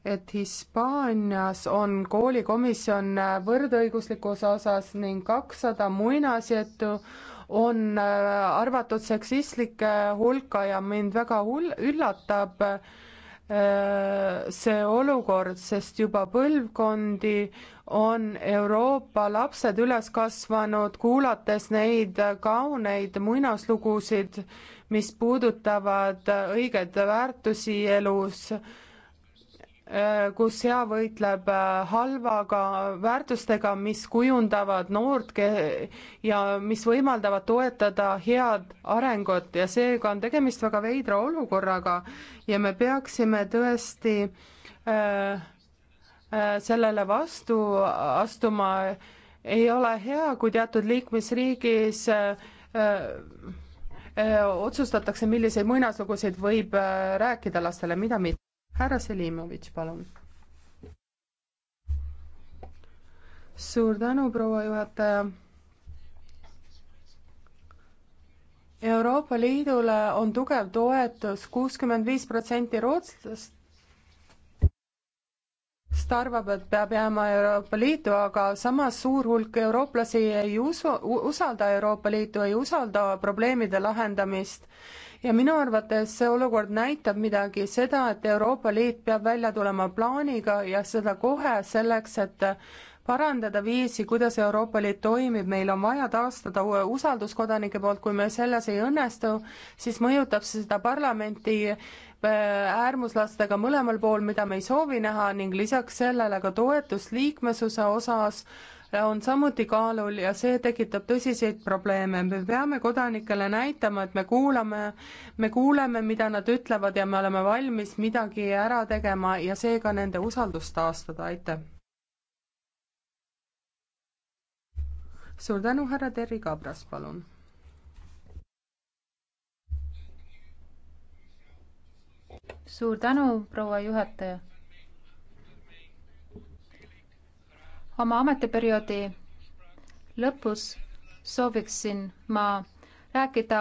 Speaker 12: et Hispaanias on koolikomisjon võrdõiguslikkuse osas ning kakssada muinasjuttu on äh, arvatud seksistlike hulka ja mind väga hull-, üllatab äh, see olukord, sest juba põlvkondi on Euroopa lapsed üles kasvanud, kuulates neid kauneid muinaslugusid, mis puudutavad õigeid väärtusi elus, kus hea võitleb halvaga väärtustega, mis kujundavad noort ja mis võimaldavad toetada head arengut ja seega on tegemist väga veidra olukorraga ja me peaksime tõesti äh, äh sellele vastu astuma. ei ole hea, kui teatud liikmesriigis äh, äh otsustatakse, milliseid muinaslugusid võib rääkida lastele, mida mitte. härra Selimovitš, palun. suur tänu, proua juhataja. Euroopa Liidule on tugev toetus, kuuskümmend viis protsenti rootslast ta arvab, et peab jääma Euroopa Liitu, aga samas suur hulk eurooplasi ei usu, usalda Euroopa Liitu, ei usalda probleemide lahendamist. ja minu arvates see olukord näitab midagi, seda, et Euroopa Liit peab välja tulema plaaniga ja seda kohe selleks, et parandada viisi, kuidas Euroopa Liit toimib, meil on vaja taastada usaldus kodanike poolt, kui me selles ei õnnestu, siis mõjutab see seda parlamenti Äh, äärmuslastega mõlemal pool, mida me ei soovi näha ning lisaks sellele ka toetus liikmesuse osas on samuti kaalul ja see tekitab tõsiseid probleeme. me peame kodanikele näitama, et me kuulame, me kuuleme, mida nad ütlevad ja me oleme valmis midagi ära tegema ja seega nende usaldust taastada, aitäh. suur tänu, härra Terri Kabras, palun suur tänu, proua juhataja.
Speaker 7: oma ametiperioodi lõpus sooviksin ma rääkida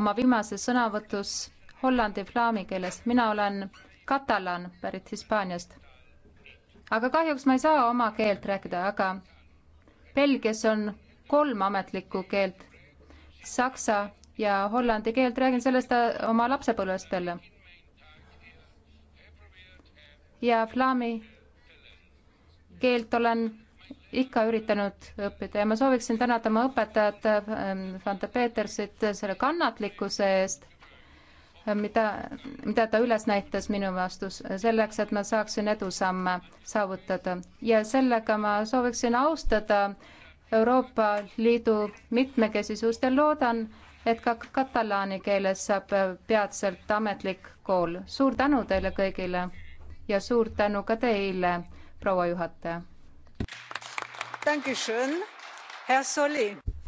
Speaker 7: oma viimases sõnavõtus hollandi flaami keeles. mina olen katalan pärit Hispaaniast. aga kahjuks ma ei saa oma keelt rääkida, aga Belgias on kolm ametlikku keelt. Saksa ja hollandi keelt räägin sellest oma lapsepõlvest veel ja flaami keelt olen ikka üritanud õppida ja ma sooviksin tänada oma õpetajat Fanta ähm, Petersit selle kannatlikkuse eest, äh, mida, mida ta üles näitas minu vastus, äh, selleks, et ma saaksin edusamme saavutada ja sellega ma sooviksin austada Euroopa Liidu mitmekesisust ja loodan, et ka katalaani keeles saab äh, peatselt ametlik kool. suur tänu teile kõigile! ja suur tänu ka teile, proua juhataja.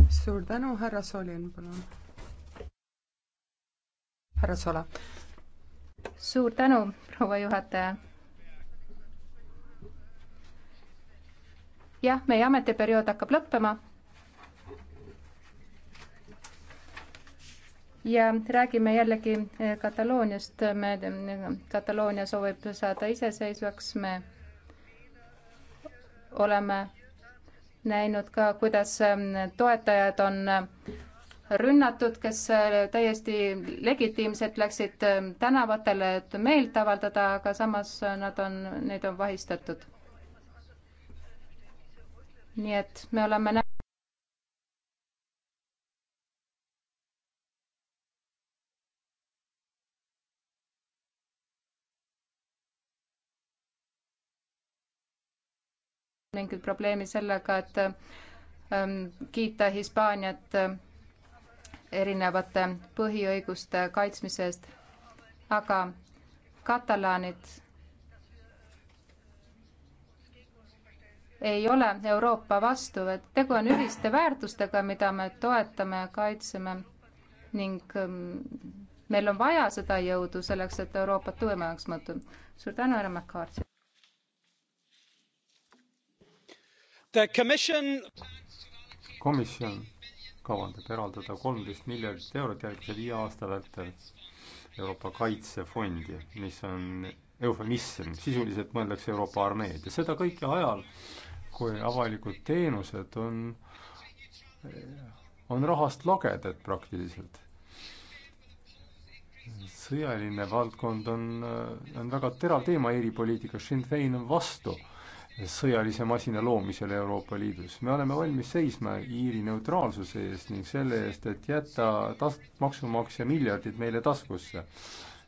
Speaker 12: suur tänu, härra Solin, palun. härra Sola. suur tänu, proua juhataja
Speaker 7: jah, meie ametiperiood hakkab lõppema ja räägime jällegi eh, Katalooniast, me, Kataloonia soovib saada iseseisvaks, me oleme näinud ka, kuidas eh, toetajad on eh, rünnatud, kes täiesti legitiimselt läksid tänavatele, et meelt avaldada, aga samas nad on, neid on vahistatud. nii et me oleme näinud mingit probleemi sellega, et ähm, kiita Hispaaniat äh, erinevate põhiõiguste kaitsmise eest, aga katalaanid ei ole Euroopa vastu, et tegu on ühiste väärtustega, mida me toetame ja kaitseme ning ähm, meil on vaja seda jõudu selleks, et Euroopat tuimemaks muuta. suur tänu, härra McCarthy.
Speaker 2: komisjon
Speaker 6: kavandab eraldada kolmteist miljardit eurot järgmise viie aasta vältel Euroopa Kaitsefondi, mis on eufemism, sisuliselt mõeldakse Euroopa armeed ja seda kõike ajal, kui avalikud teenused on, on rahast lagedad praktiliselt. sõjaline valdkond on, on väga terav teema eri poliitikas, Sinn Fein on vastu sõjalise masina loomisele Euroopa Liidus. me oleme valmis seisma Iiri neutraalsuse eest ning selle eest, et jätta tas-, maksumaksja miljardid meile taskusse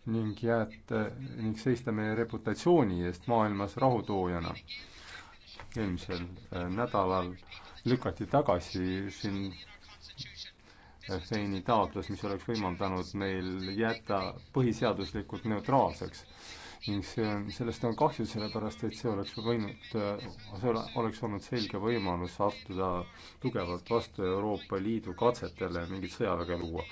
Speaker 6: ning jätta, ning seista meie reputatsiooni eest maailmas rahutoojana. eelmisel äh, nädalal lükati tagasi siin Feini äh, taotlus, mis oleks võimaldanud meil jääda põhiseaduslikult neutraalseks ning see, sellest on kahju, sellepärast et see oleks võinud, see oleks olnud selge võimalus astuda tugevalt vastu Euroopa Liidu katsetele mingit sõjaväge luua.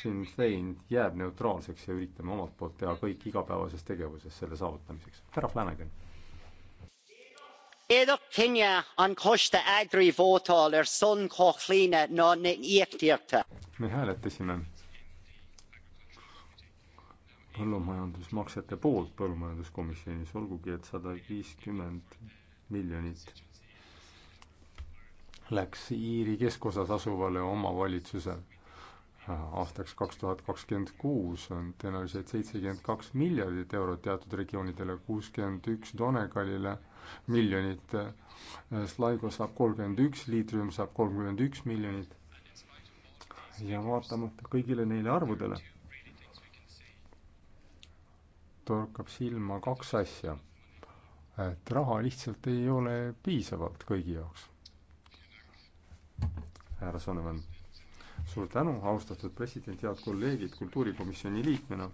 Speaker 6: Sinn Fein jääb neutraalseks ja üritame omalt poolt teha kõik igapäevases tegevuses selle saavutamiseks. härra Flanagan.
Speaker 2: Éadach cinenne an coiste eagraí vótáil ar son chomhlíne ná na íochtaíochta.
Speaker 6: me hääletasime põllumajandusmaksete poolt põllumajanduskomisjonis, olgugi et sada viiskümmend miljonit läks Iiri keskosas asuvale omavalitsusele. Äh, aastaks kaks tuhat kakskümmend kuus on tõenäoliselt seitsekümmend kaks miljardit eurot teatud regioonidele, kuuskümmend üks Donegalile miljonit, äh, Sligo saab kolmkümmend üks, Leedrium saab kolmkümmend üks miljonit ja vaatamata kõigile neile arvudele torkab silma kaks asja. et raha lihtsalt ei ole piisavalt kõigi jaoks. härra Sonevan, suur tänu, austatud president, head kolleegid, kultuurikomisjoni liikmena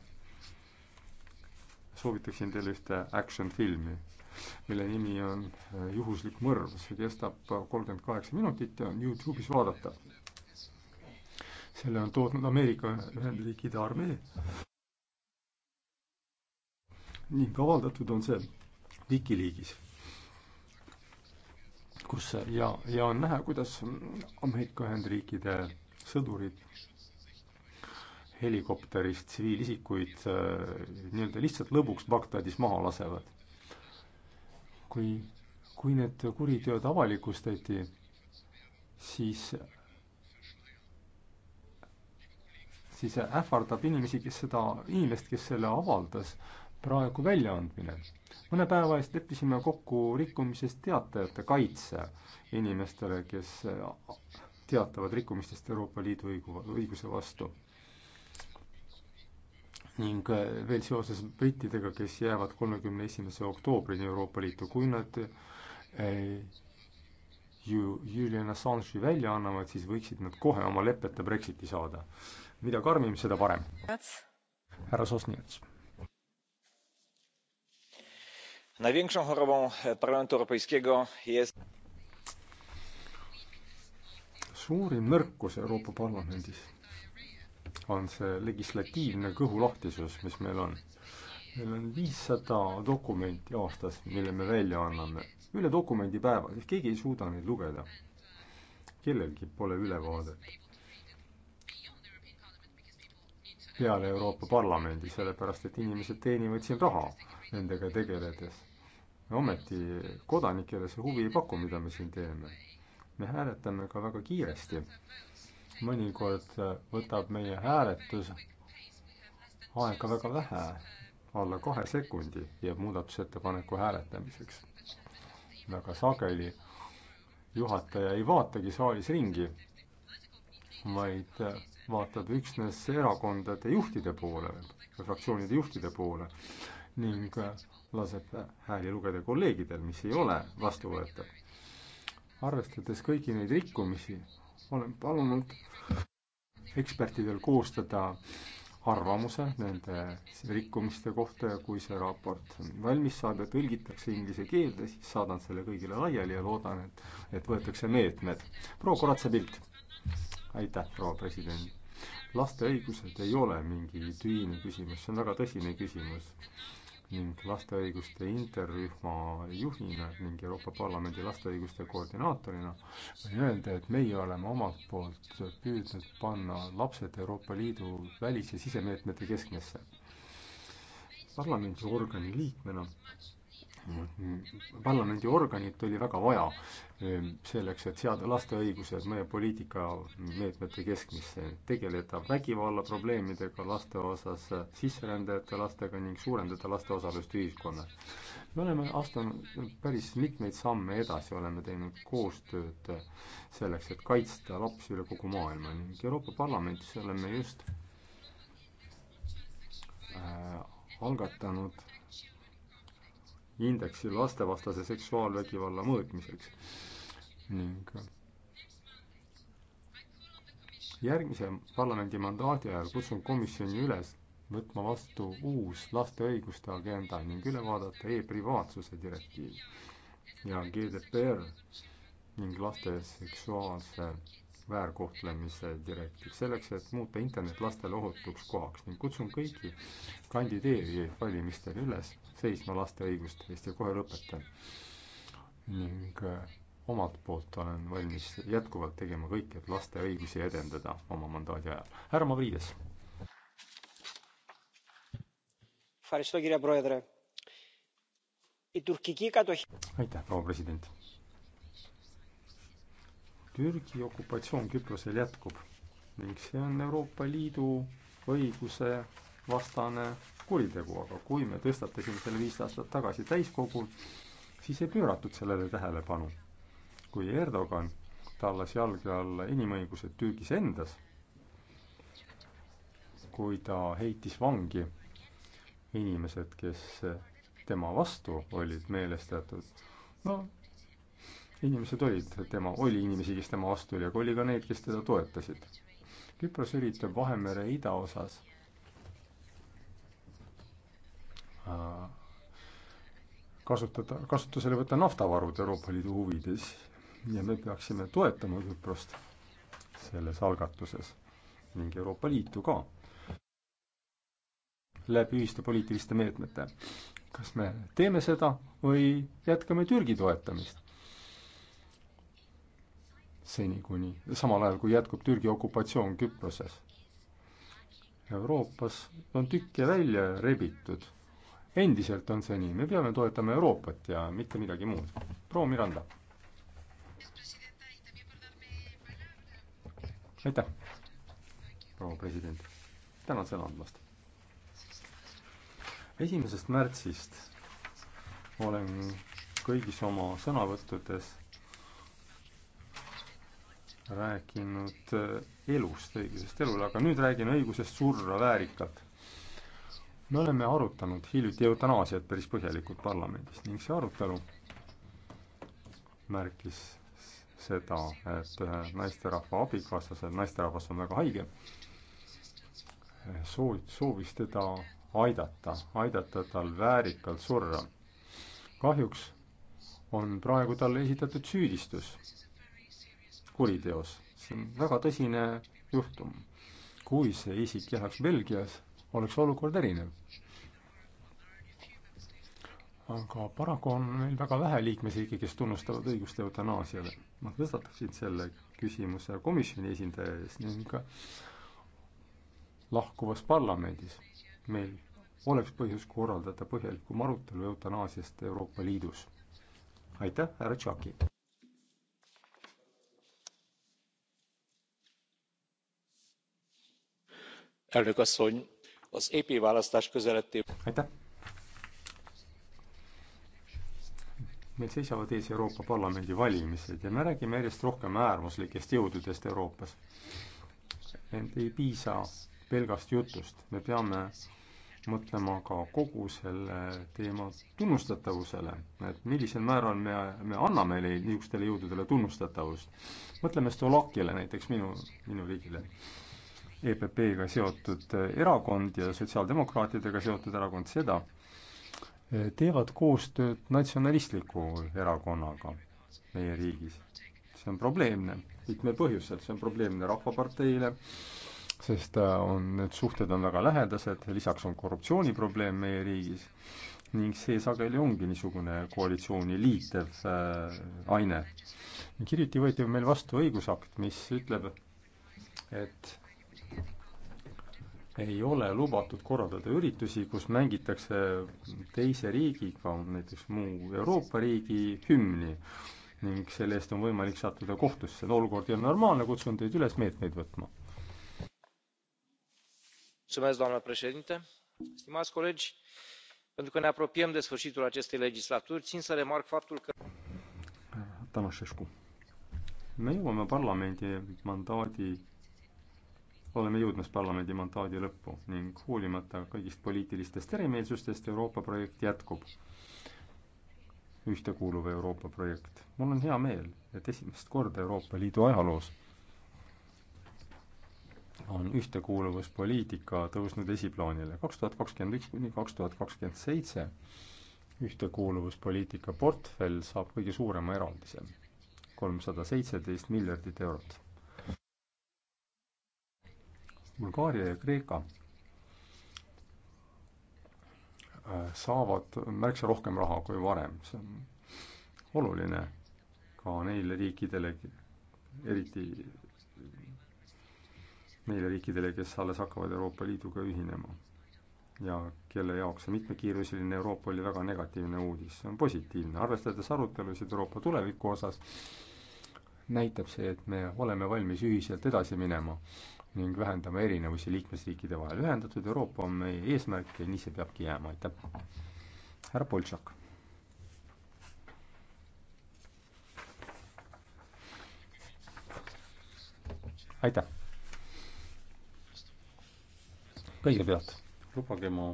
Speaker 6: soovitaksin teile ühte action filmi, mille nimi on äh, Juhuslik mõrv, see kestab kolmkümmend kaheksa minutit ja on Youtube'is vaadatav. selle on tootnud Ameerika Ühendriikide armee ning avaldatud on see Wikileakis, kus ja, ja on näha, kuidas Ameerika Ühendriikide sõdurid helikopterist tsiviilisikuid äh, nii-öelda lihtsalt lõbuks Bagdadis maha lasevad. kui, kui need kuriteod avalikustati, siis siis ähvardab inimesi, kes seda, inimest, kes selle avaldas äh,, praegu väljaandmine. mõne päeva eest leppisime kokku rikkumisest teatajate kaitse inimestele, kes teatavad rikkumistest Euroopa Liidu õigu, õiguse vastu. ning äh, veel seoses brittidega, kes jäävad kolmekümne esimese oktoobrini Euroopa Liitu, kui nad ei, äh, ju Julian Assange'i välja annavad, siis võiksid nad kohe oma leppeta Brexiti saada. mida karmim, seda parem. härra Sosnitš
Speaker 4: największą chorobą e, parlamentu europejskiego jest
Speaker 6: suurim nõrkus Euroopa Parlamendis on see legislatiivne kõhulahtisus, mis meil on. meil on viissada dokumenti aastas, mille me välja anname. üle dokumendi päevas, ehk keegi ei suuda neid lugeda. kellelgi pole ülevaadet. peale Euroopa Parlamendi, sellepärast et inimesed teenivad siin raha nendega tegeledes ometi kodanikele see huvi ei paku, mida me siin teeme. me hääletame ka väga kiiresti. mõnikord võtab meie hääletus aega väga vähe, alla kahe sekundi jääb muudatusettepaneku hääletamiseks. väga sageli juhataja ei vaatagi saalis ringi, vaid vaatab üksnes erakondade juhtide poole, fraktsioonide juhtide poole ning laseb hääli lugeda kolleegidel, mis ei ole vastuvõetav. arvestades kõiki neid rikkumisi, olen palunud ekspertidel koostada arvamuse nende rikkumiste kohta ja kui see raport valmis saab ja tõlgitakse inglise keelde, siis saadan selle kõigile laiali ja loodan, et, et võetakse meetmed. proua Koratsa-Pilt. aitäh, proua president. laste õigused ei ole mingi tühine küsimus, see on väga tõsine küsimus ning laste õiguste interrühma juhina ning Euroopa Parlamendi laste õiguste koordinaatorina võin öelda, et meie oleme omalt poolt püüdnud panna lapsed Euroopa Liidu välis- ja sisemeetmete keskmesse. parlamendi organi liikmena parlamendiorganit oli väga vaja ehm, selleks, et seada laste õigused meie poliitikameetmete keskmisse, tegeleda vägivalla probleemidega laste osas, sisserändajate lastega ning suurendada laste osalust ühiskonnas. me oleme astunud päris mitmeid samme edasi, oleme teinud koostööd selleks, et kaitsta lapsi üle kogu maailma ning Euroopa Parlamendis oleme just äh, algatanud indeksi lastevastase seksuaalvägivalla mõõtmiseks. ning järgmise parlamendi mandaadi ajal kutsun komisjoni üles võtma vastu uus laste õiguste agenda ning üle vaadata e-privaatsuse direktiiv ja GDPR ning laste seksuaalse väärkohtlemise direktiiv selleks, et muuta internet lastele ohutuks kohaks ning kutsun kõiki kandideerijaid valimistel üles seisma laste õiguste eest ja kohe lõpetan. ning äh, omalt poolt olen valmis jätkuvalt tegema kõik, et laste õigusi edendada oma mandaadi ajal. härra Mavrides. aitäh, proua president. Türgi okupatsioon Küprosel jätkub ning see on Euroopa Liidu õiguse vastane kuritegu, aga kui me tõstatasime selle viis aastat tagasi täiskogul, siis ei pööratud sellele tähelepanu. kui Erdogan tallas jalge alla inimõigused Türgis endas, kui ta heitis vangi inimesed, kes tema vastu olid meelestatud, no inimesed olid tema, oli inimesi, kes tema vastu oli, aga oli ka neid, kes teda toetasid. Küpros üritab Vahemere idaosas Äh, kasutada, kasutusele võtta naftavarud Euroopa Liidu huvides ja me peaksime toetama Küprost selles algatuses ning Euroopa Liitu ka läbi ühiste poliitiliste meetmete. kas me teeme seda või jätkame Türgi toetamist? seni kuni, samal ajal kui jätkub Türgi okupatsioon Küproses. Euroopas on tükke välja rebitud endiselt on see nii, me peame toetama Euroopat ja mitte midagi muud. proua Miranda. aitäh, proua president, tänan sõna andmast. esimesest märtsist olen kõigis oma sõnavõttudes rääkinud äh, elust, õigusest elule, aga nüüd räägin õigusest surra väärikalt me oleme arutanud hiljuti eutanaasiat päris põhjalikult parlamendis ning see arutelu märkis seda, et ühe äh, naisterahva abikaasa, see naisterahvas on väga haige, soo-, soovis teda aidata, aidata tal väärikalt surra. kahjuks on praegu talle esitatud süüdistus kuriteos. see on väga tõsine juhtum. kui see isik jääks Belgias, oleks olukord erinev aga paraku on meil väga vähe liikmesriike, kes tunnustavad õigust eutanaasiale. ma tõstataksin selle küsimuse komisjoni esindaja ees ning lahkuvas parlamendis meil oleks põhjust korraldada põhjalikum arutelu eutanaasiast Euroopa Liidus. aitäh, härra Tšaki!
Speaker 4: elnök asszony, az EP választás közeletében...
Speaker 6: aitäh! meil seisavad ees Euroopa Parlamendi valimised ja me räägime järjest rohkem äärmuslikest jõududest Euroopas. ent ei piisa pelgast jutust, me peame mõtlema ka kogu selle teema tunnustatavusele, et millisel määral me, me anname neile, niisugustele jõududele tunnustatavust. mõtleme Slovakkiale näiteks, minu, minu riigile. EPP-ga seotud erakond ja sotsiaaldemokraatidega seotud erakond, seda teevad koostööd natsionalistliku erakonnaga meie riigis. see on probleemne mitmel põhjusel, see on probleemne Rahvaparteile, sest ta äh, on, need suhted on väga lähedased, lisaks on korruptsiooniprobleem meie riigis ning see sageli ongi niisugune koalitsiooni liitev äh, aine. ning hiljuti võeti meil vastu õigusakt, mis ütleb, et ei ole lubatud korraldada üritusi, kus mängitakse teise riigiga, näiteks muu Euroopa riigi hümni ning selle eest on võimalik sattuda kohtusse. olukord ei ole normaalne, kutsun teid üles meetmeid võtma.
Speaker 4: doamnă președintă
Speaker 3: stimați colegi pentru că ne apropiem de sfârșitul acestei legislaturi țin să remarc
Speaker 4: faptul că
Speaker 6: Tamașescu. me jõuame parlamendi mandaadi oleme jõudmas parlamendi mandaadi lõppu ning hoolimata kõigist poliitilistest erimeelsustest Euroopa projekt jätkub. ühtekuuluv Euroopa projekt. mul on hea meel, et esimest korda Euroopa Liidu ajaloos on ühtekuuluvuspoliitika tõusnud esiplaanile. kaks tuhat kakskümmend üks kuni kaks tuhat kakskümmend seitse ühtekuuluvuspoliitika portfell saab kõige suurema eraldise, kolmsada seitseteist miljardit eurot Bulgaaria ja Kreeka äh, saavad märksa rohkem raha kui varem, see on oluline ka neile riikidele, eriti neile riikidele, kes alles hakkavad Euroopa Liiduga ühinema ja kelle jaoks see mitmekiiruseline Euroopa oli väga negatiivne uudis. see on positiivne, arvestades arutelusid Euroopa tuleviku osas, näitab see, et me oleme valmis ühiselt edasi minema ning vähendame erinevusi liikmesriikide vahel. ühendatud Euroopa on meie eesmärk ja nii see peabki jääma, aitäh. härra Boltšak. aitäh. kõigepealt lubage ma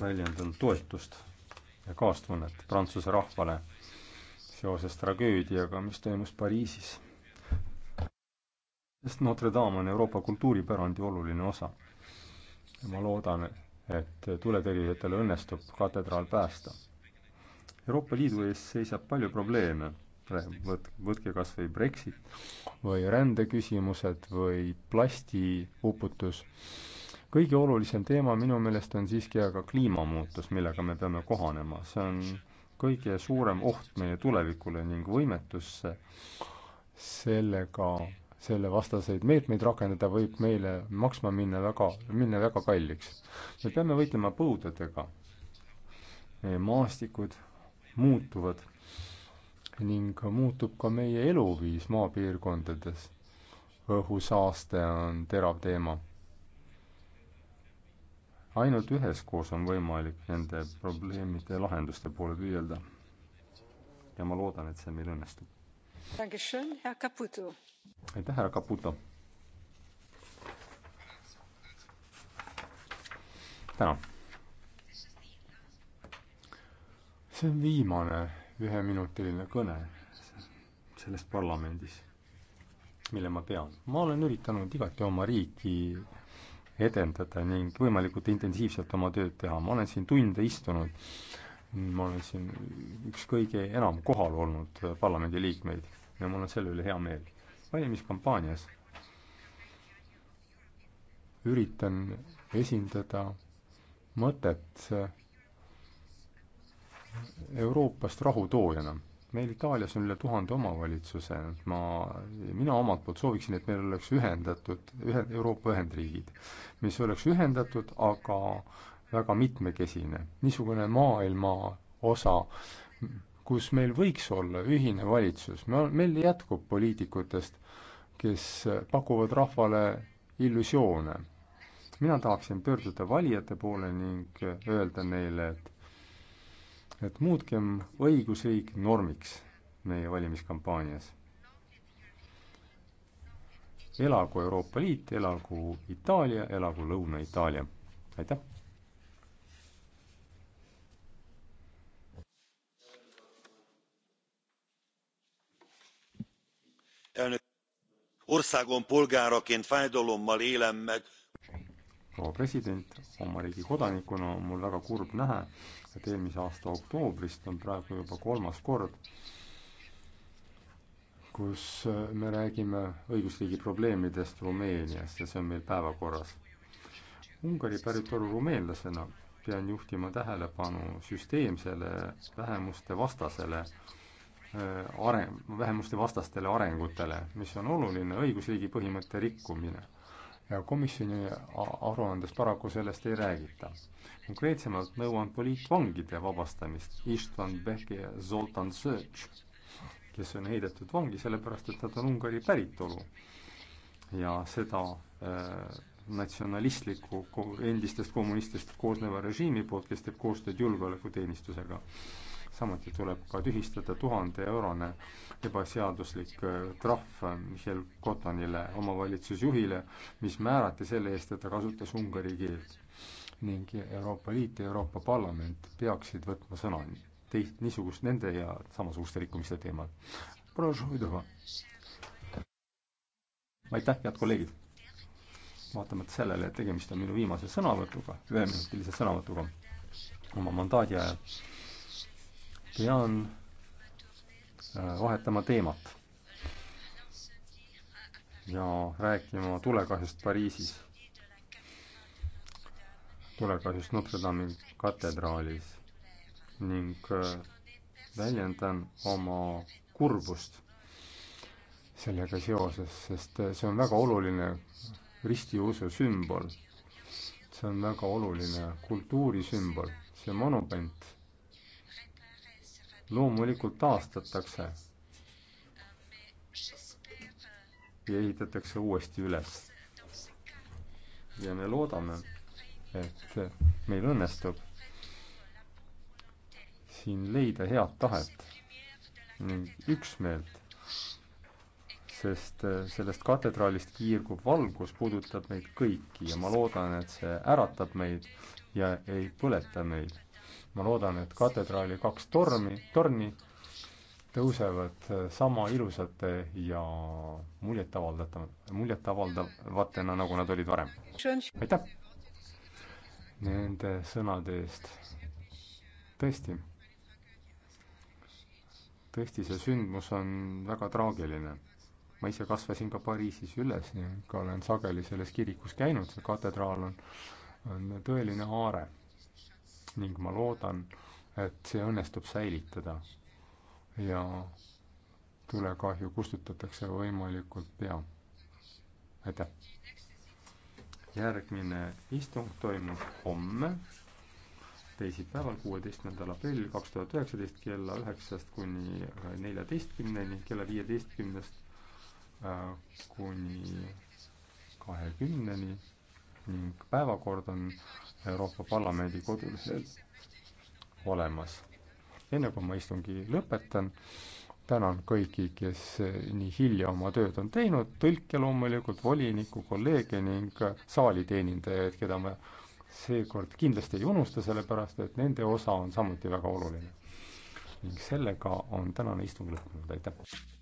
Speaker 6: väljendan toetust ja kaastunnet Prantsuse rahvale seoses tragöödiaga, mis toimus Pariisis sest Notre Dame on Euroopa kultuuripärandi oluline osa. ja ma loodan, et tuletõrjujatele õnnestub katedraal päästa. Euroopa Liidu ees seisab palju probleeme, võt-, võtke kas või Brexit või rändeküsimused või plastiuputus. kõige olulisem teema minu meelest on siiski aga kliimamuutus, millega me peame kohanema, see on kõige suurem oht meie tulevikule ning võimetus sellega selle vastaseid meetmeid rakendada, võib meile maksma minna väga, minna väga kalliks. me peame võitlema põudadega. meie maastikud muutuvad ning muutub ka meie eluviis maapiirkondades. õhusaaste on terav teema. ainult üheskoos on võimalik nende probleemide lahenduste poole püüelda. ja ma loodan, et see meil õnnestub aitäh, härra Caputo. tänan. see on viimane üheminutiline kõne selles parlamendis, mille ma pean. ma olen üritanud igati oma riiki edendada ning võimalikult intensiivselt oma tööd teha. ma olen siin tunde istunud, ma olen siin üks kõige enam kohal olnud parlamendiliikmeid ja mul on selle üle hea meel valimiskampaanias üritan esindada mõtet Euroopast rahutoojana. meil Itaalias on üle tuhande omavalitsuse, ma, mina omalt poolt sooviksin, et meil oleks ühendatud, ühe, Euroopa ühendriigid, mis oleks ühendatud, aga väga mitmekesine. niisugune maailma osa, kus meil võiks olla ühine valitsus, me, meil jätkub poliitikutest kes pakuvad rahvale illusioone. mina tahaksin pöörduda valijate poole ning öelda neile, et et muutkem õigusriik normiks meie valimiskampaanias. elagu Euroopa Liit, elagu Itaalia, elagu Lõuna-Itaalia. aitäh!
Speaker 9: elnök országom polgáraként fájdalommal élem meg.
Speaker 6: proua president, oma riigi kodanikuna on mul väga kurb näha, et eelmise aasta oktoobrist on praegu juba kolmas kord, kus me räägime õigusriigi probleemidest Rumeenias ja see on meil päevakorras. Ungari päritolu rumeenlasena pean juhtima tähelepanu süsteemsele vähemuste vastasele äh, Äh, are-, vähemuste vastastele arengutele, mis on oluline õigusriigi põhimõtte rikkumine. ja komisjoni aruandes paraku sellest ei räägita. konkreetsemalt nõuan poliitvangide vabastamist, Istvan Beki ja Zoltan Sõõtš, kes on heidetud vangi sellepärast, et nad on Ungari päritolu. ja seda äh, natsionalistliku, endistest kommunistidest koosneva režiimi poolt, kes teeb koostööd julgeolekuteenistusega samuti tuleb ka tühistada tuhandeeurone ebaseaduslik äh, trahv Michel Kotanile, omavalitsusjuhile, mis määrati selle eest, et ta kasutas ungari keelt. ning Euroopa Liit ja Euroopa Parlament peaksid võtma sõna teist, niisugust nende ja samasuguste rikkumiste teemal. aitäh, head kolleegid! vaatamata sellele, et tegemist on minu viimase sõnavõtuga, üheminutilise sõnavõtuga oma mandaadi ajal pean äh, vahetama teemat ja rääkima tulekahjust Pariisis, tulekahjust Notre Dame'i katedraalis ning äh, väljendan oma kurbust sellega seoses, sest äh, see on väga oluline ristiusu sümbol. see on väga oluline kultuurisümbol, see monument loomulikult taastatakse ja ehitatakse uuesti üles. ja me loodame, et meil õnnestub siin leida head tahet ning üksmeelt, sest sellest katedraalist kiirgub valgus, puudutab meid kõiki ja ma loodan, et see äratab meid ja ei põleta meid ma loodan, et katedraali kaks tormi, torni tõusevad eh, sama ilusate ja muljetavaldav, muljetavaldavatena, nagu nad olid varem. aitäh nende sõnade eest. tõesti, tõesti, see sündmus on väga traagiline. ma ise kasvasin ka Pariisis üles ning olen sageli selles kirikus käinud, see katedraal on, on tõeline haare ning ma loodan, et see õnnestub säilitada ja tulekahju kustutatakse võimalikult pea. aitäh! järgmine istung toimub homme, teisipäeval, kuueteistkümnendal aprill kaks tuhat üheksateist kella üheksast kuni neljateistkümneni, kella viieteistkümnest äh, kuni kahekümneni ning päevakord on Euroopa Parlamendi kodulehel olemas. enne kui ma istungi lõpetan, tänan kõiki, kes nii hilja oma tööd on teinud, tõlke loomulikult, volinikku, kolleege ning saaliteenindajaid, keda ma seekord kindlasti ei unusta, sellepärast et nende osa on samuti väga oluline. ning sellega on tänane istung lõppenud, aitäh!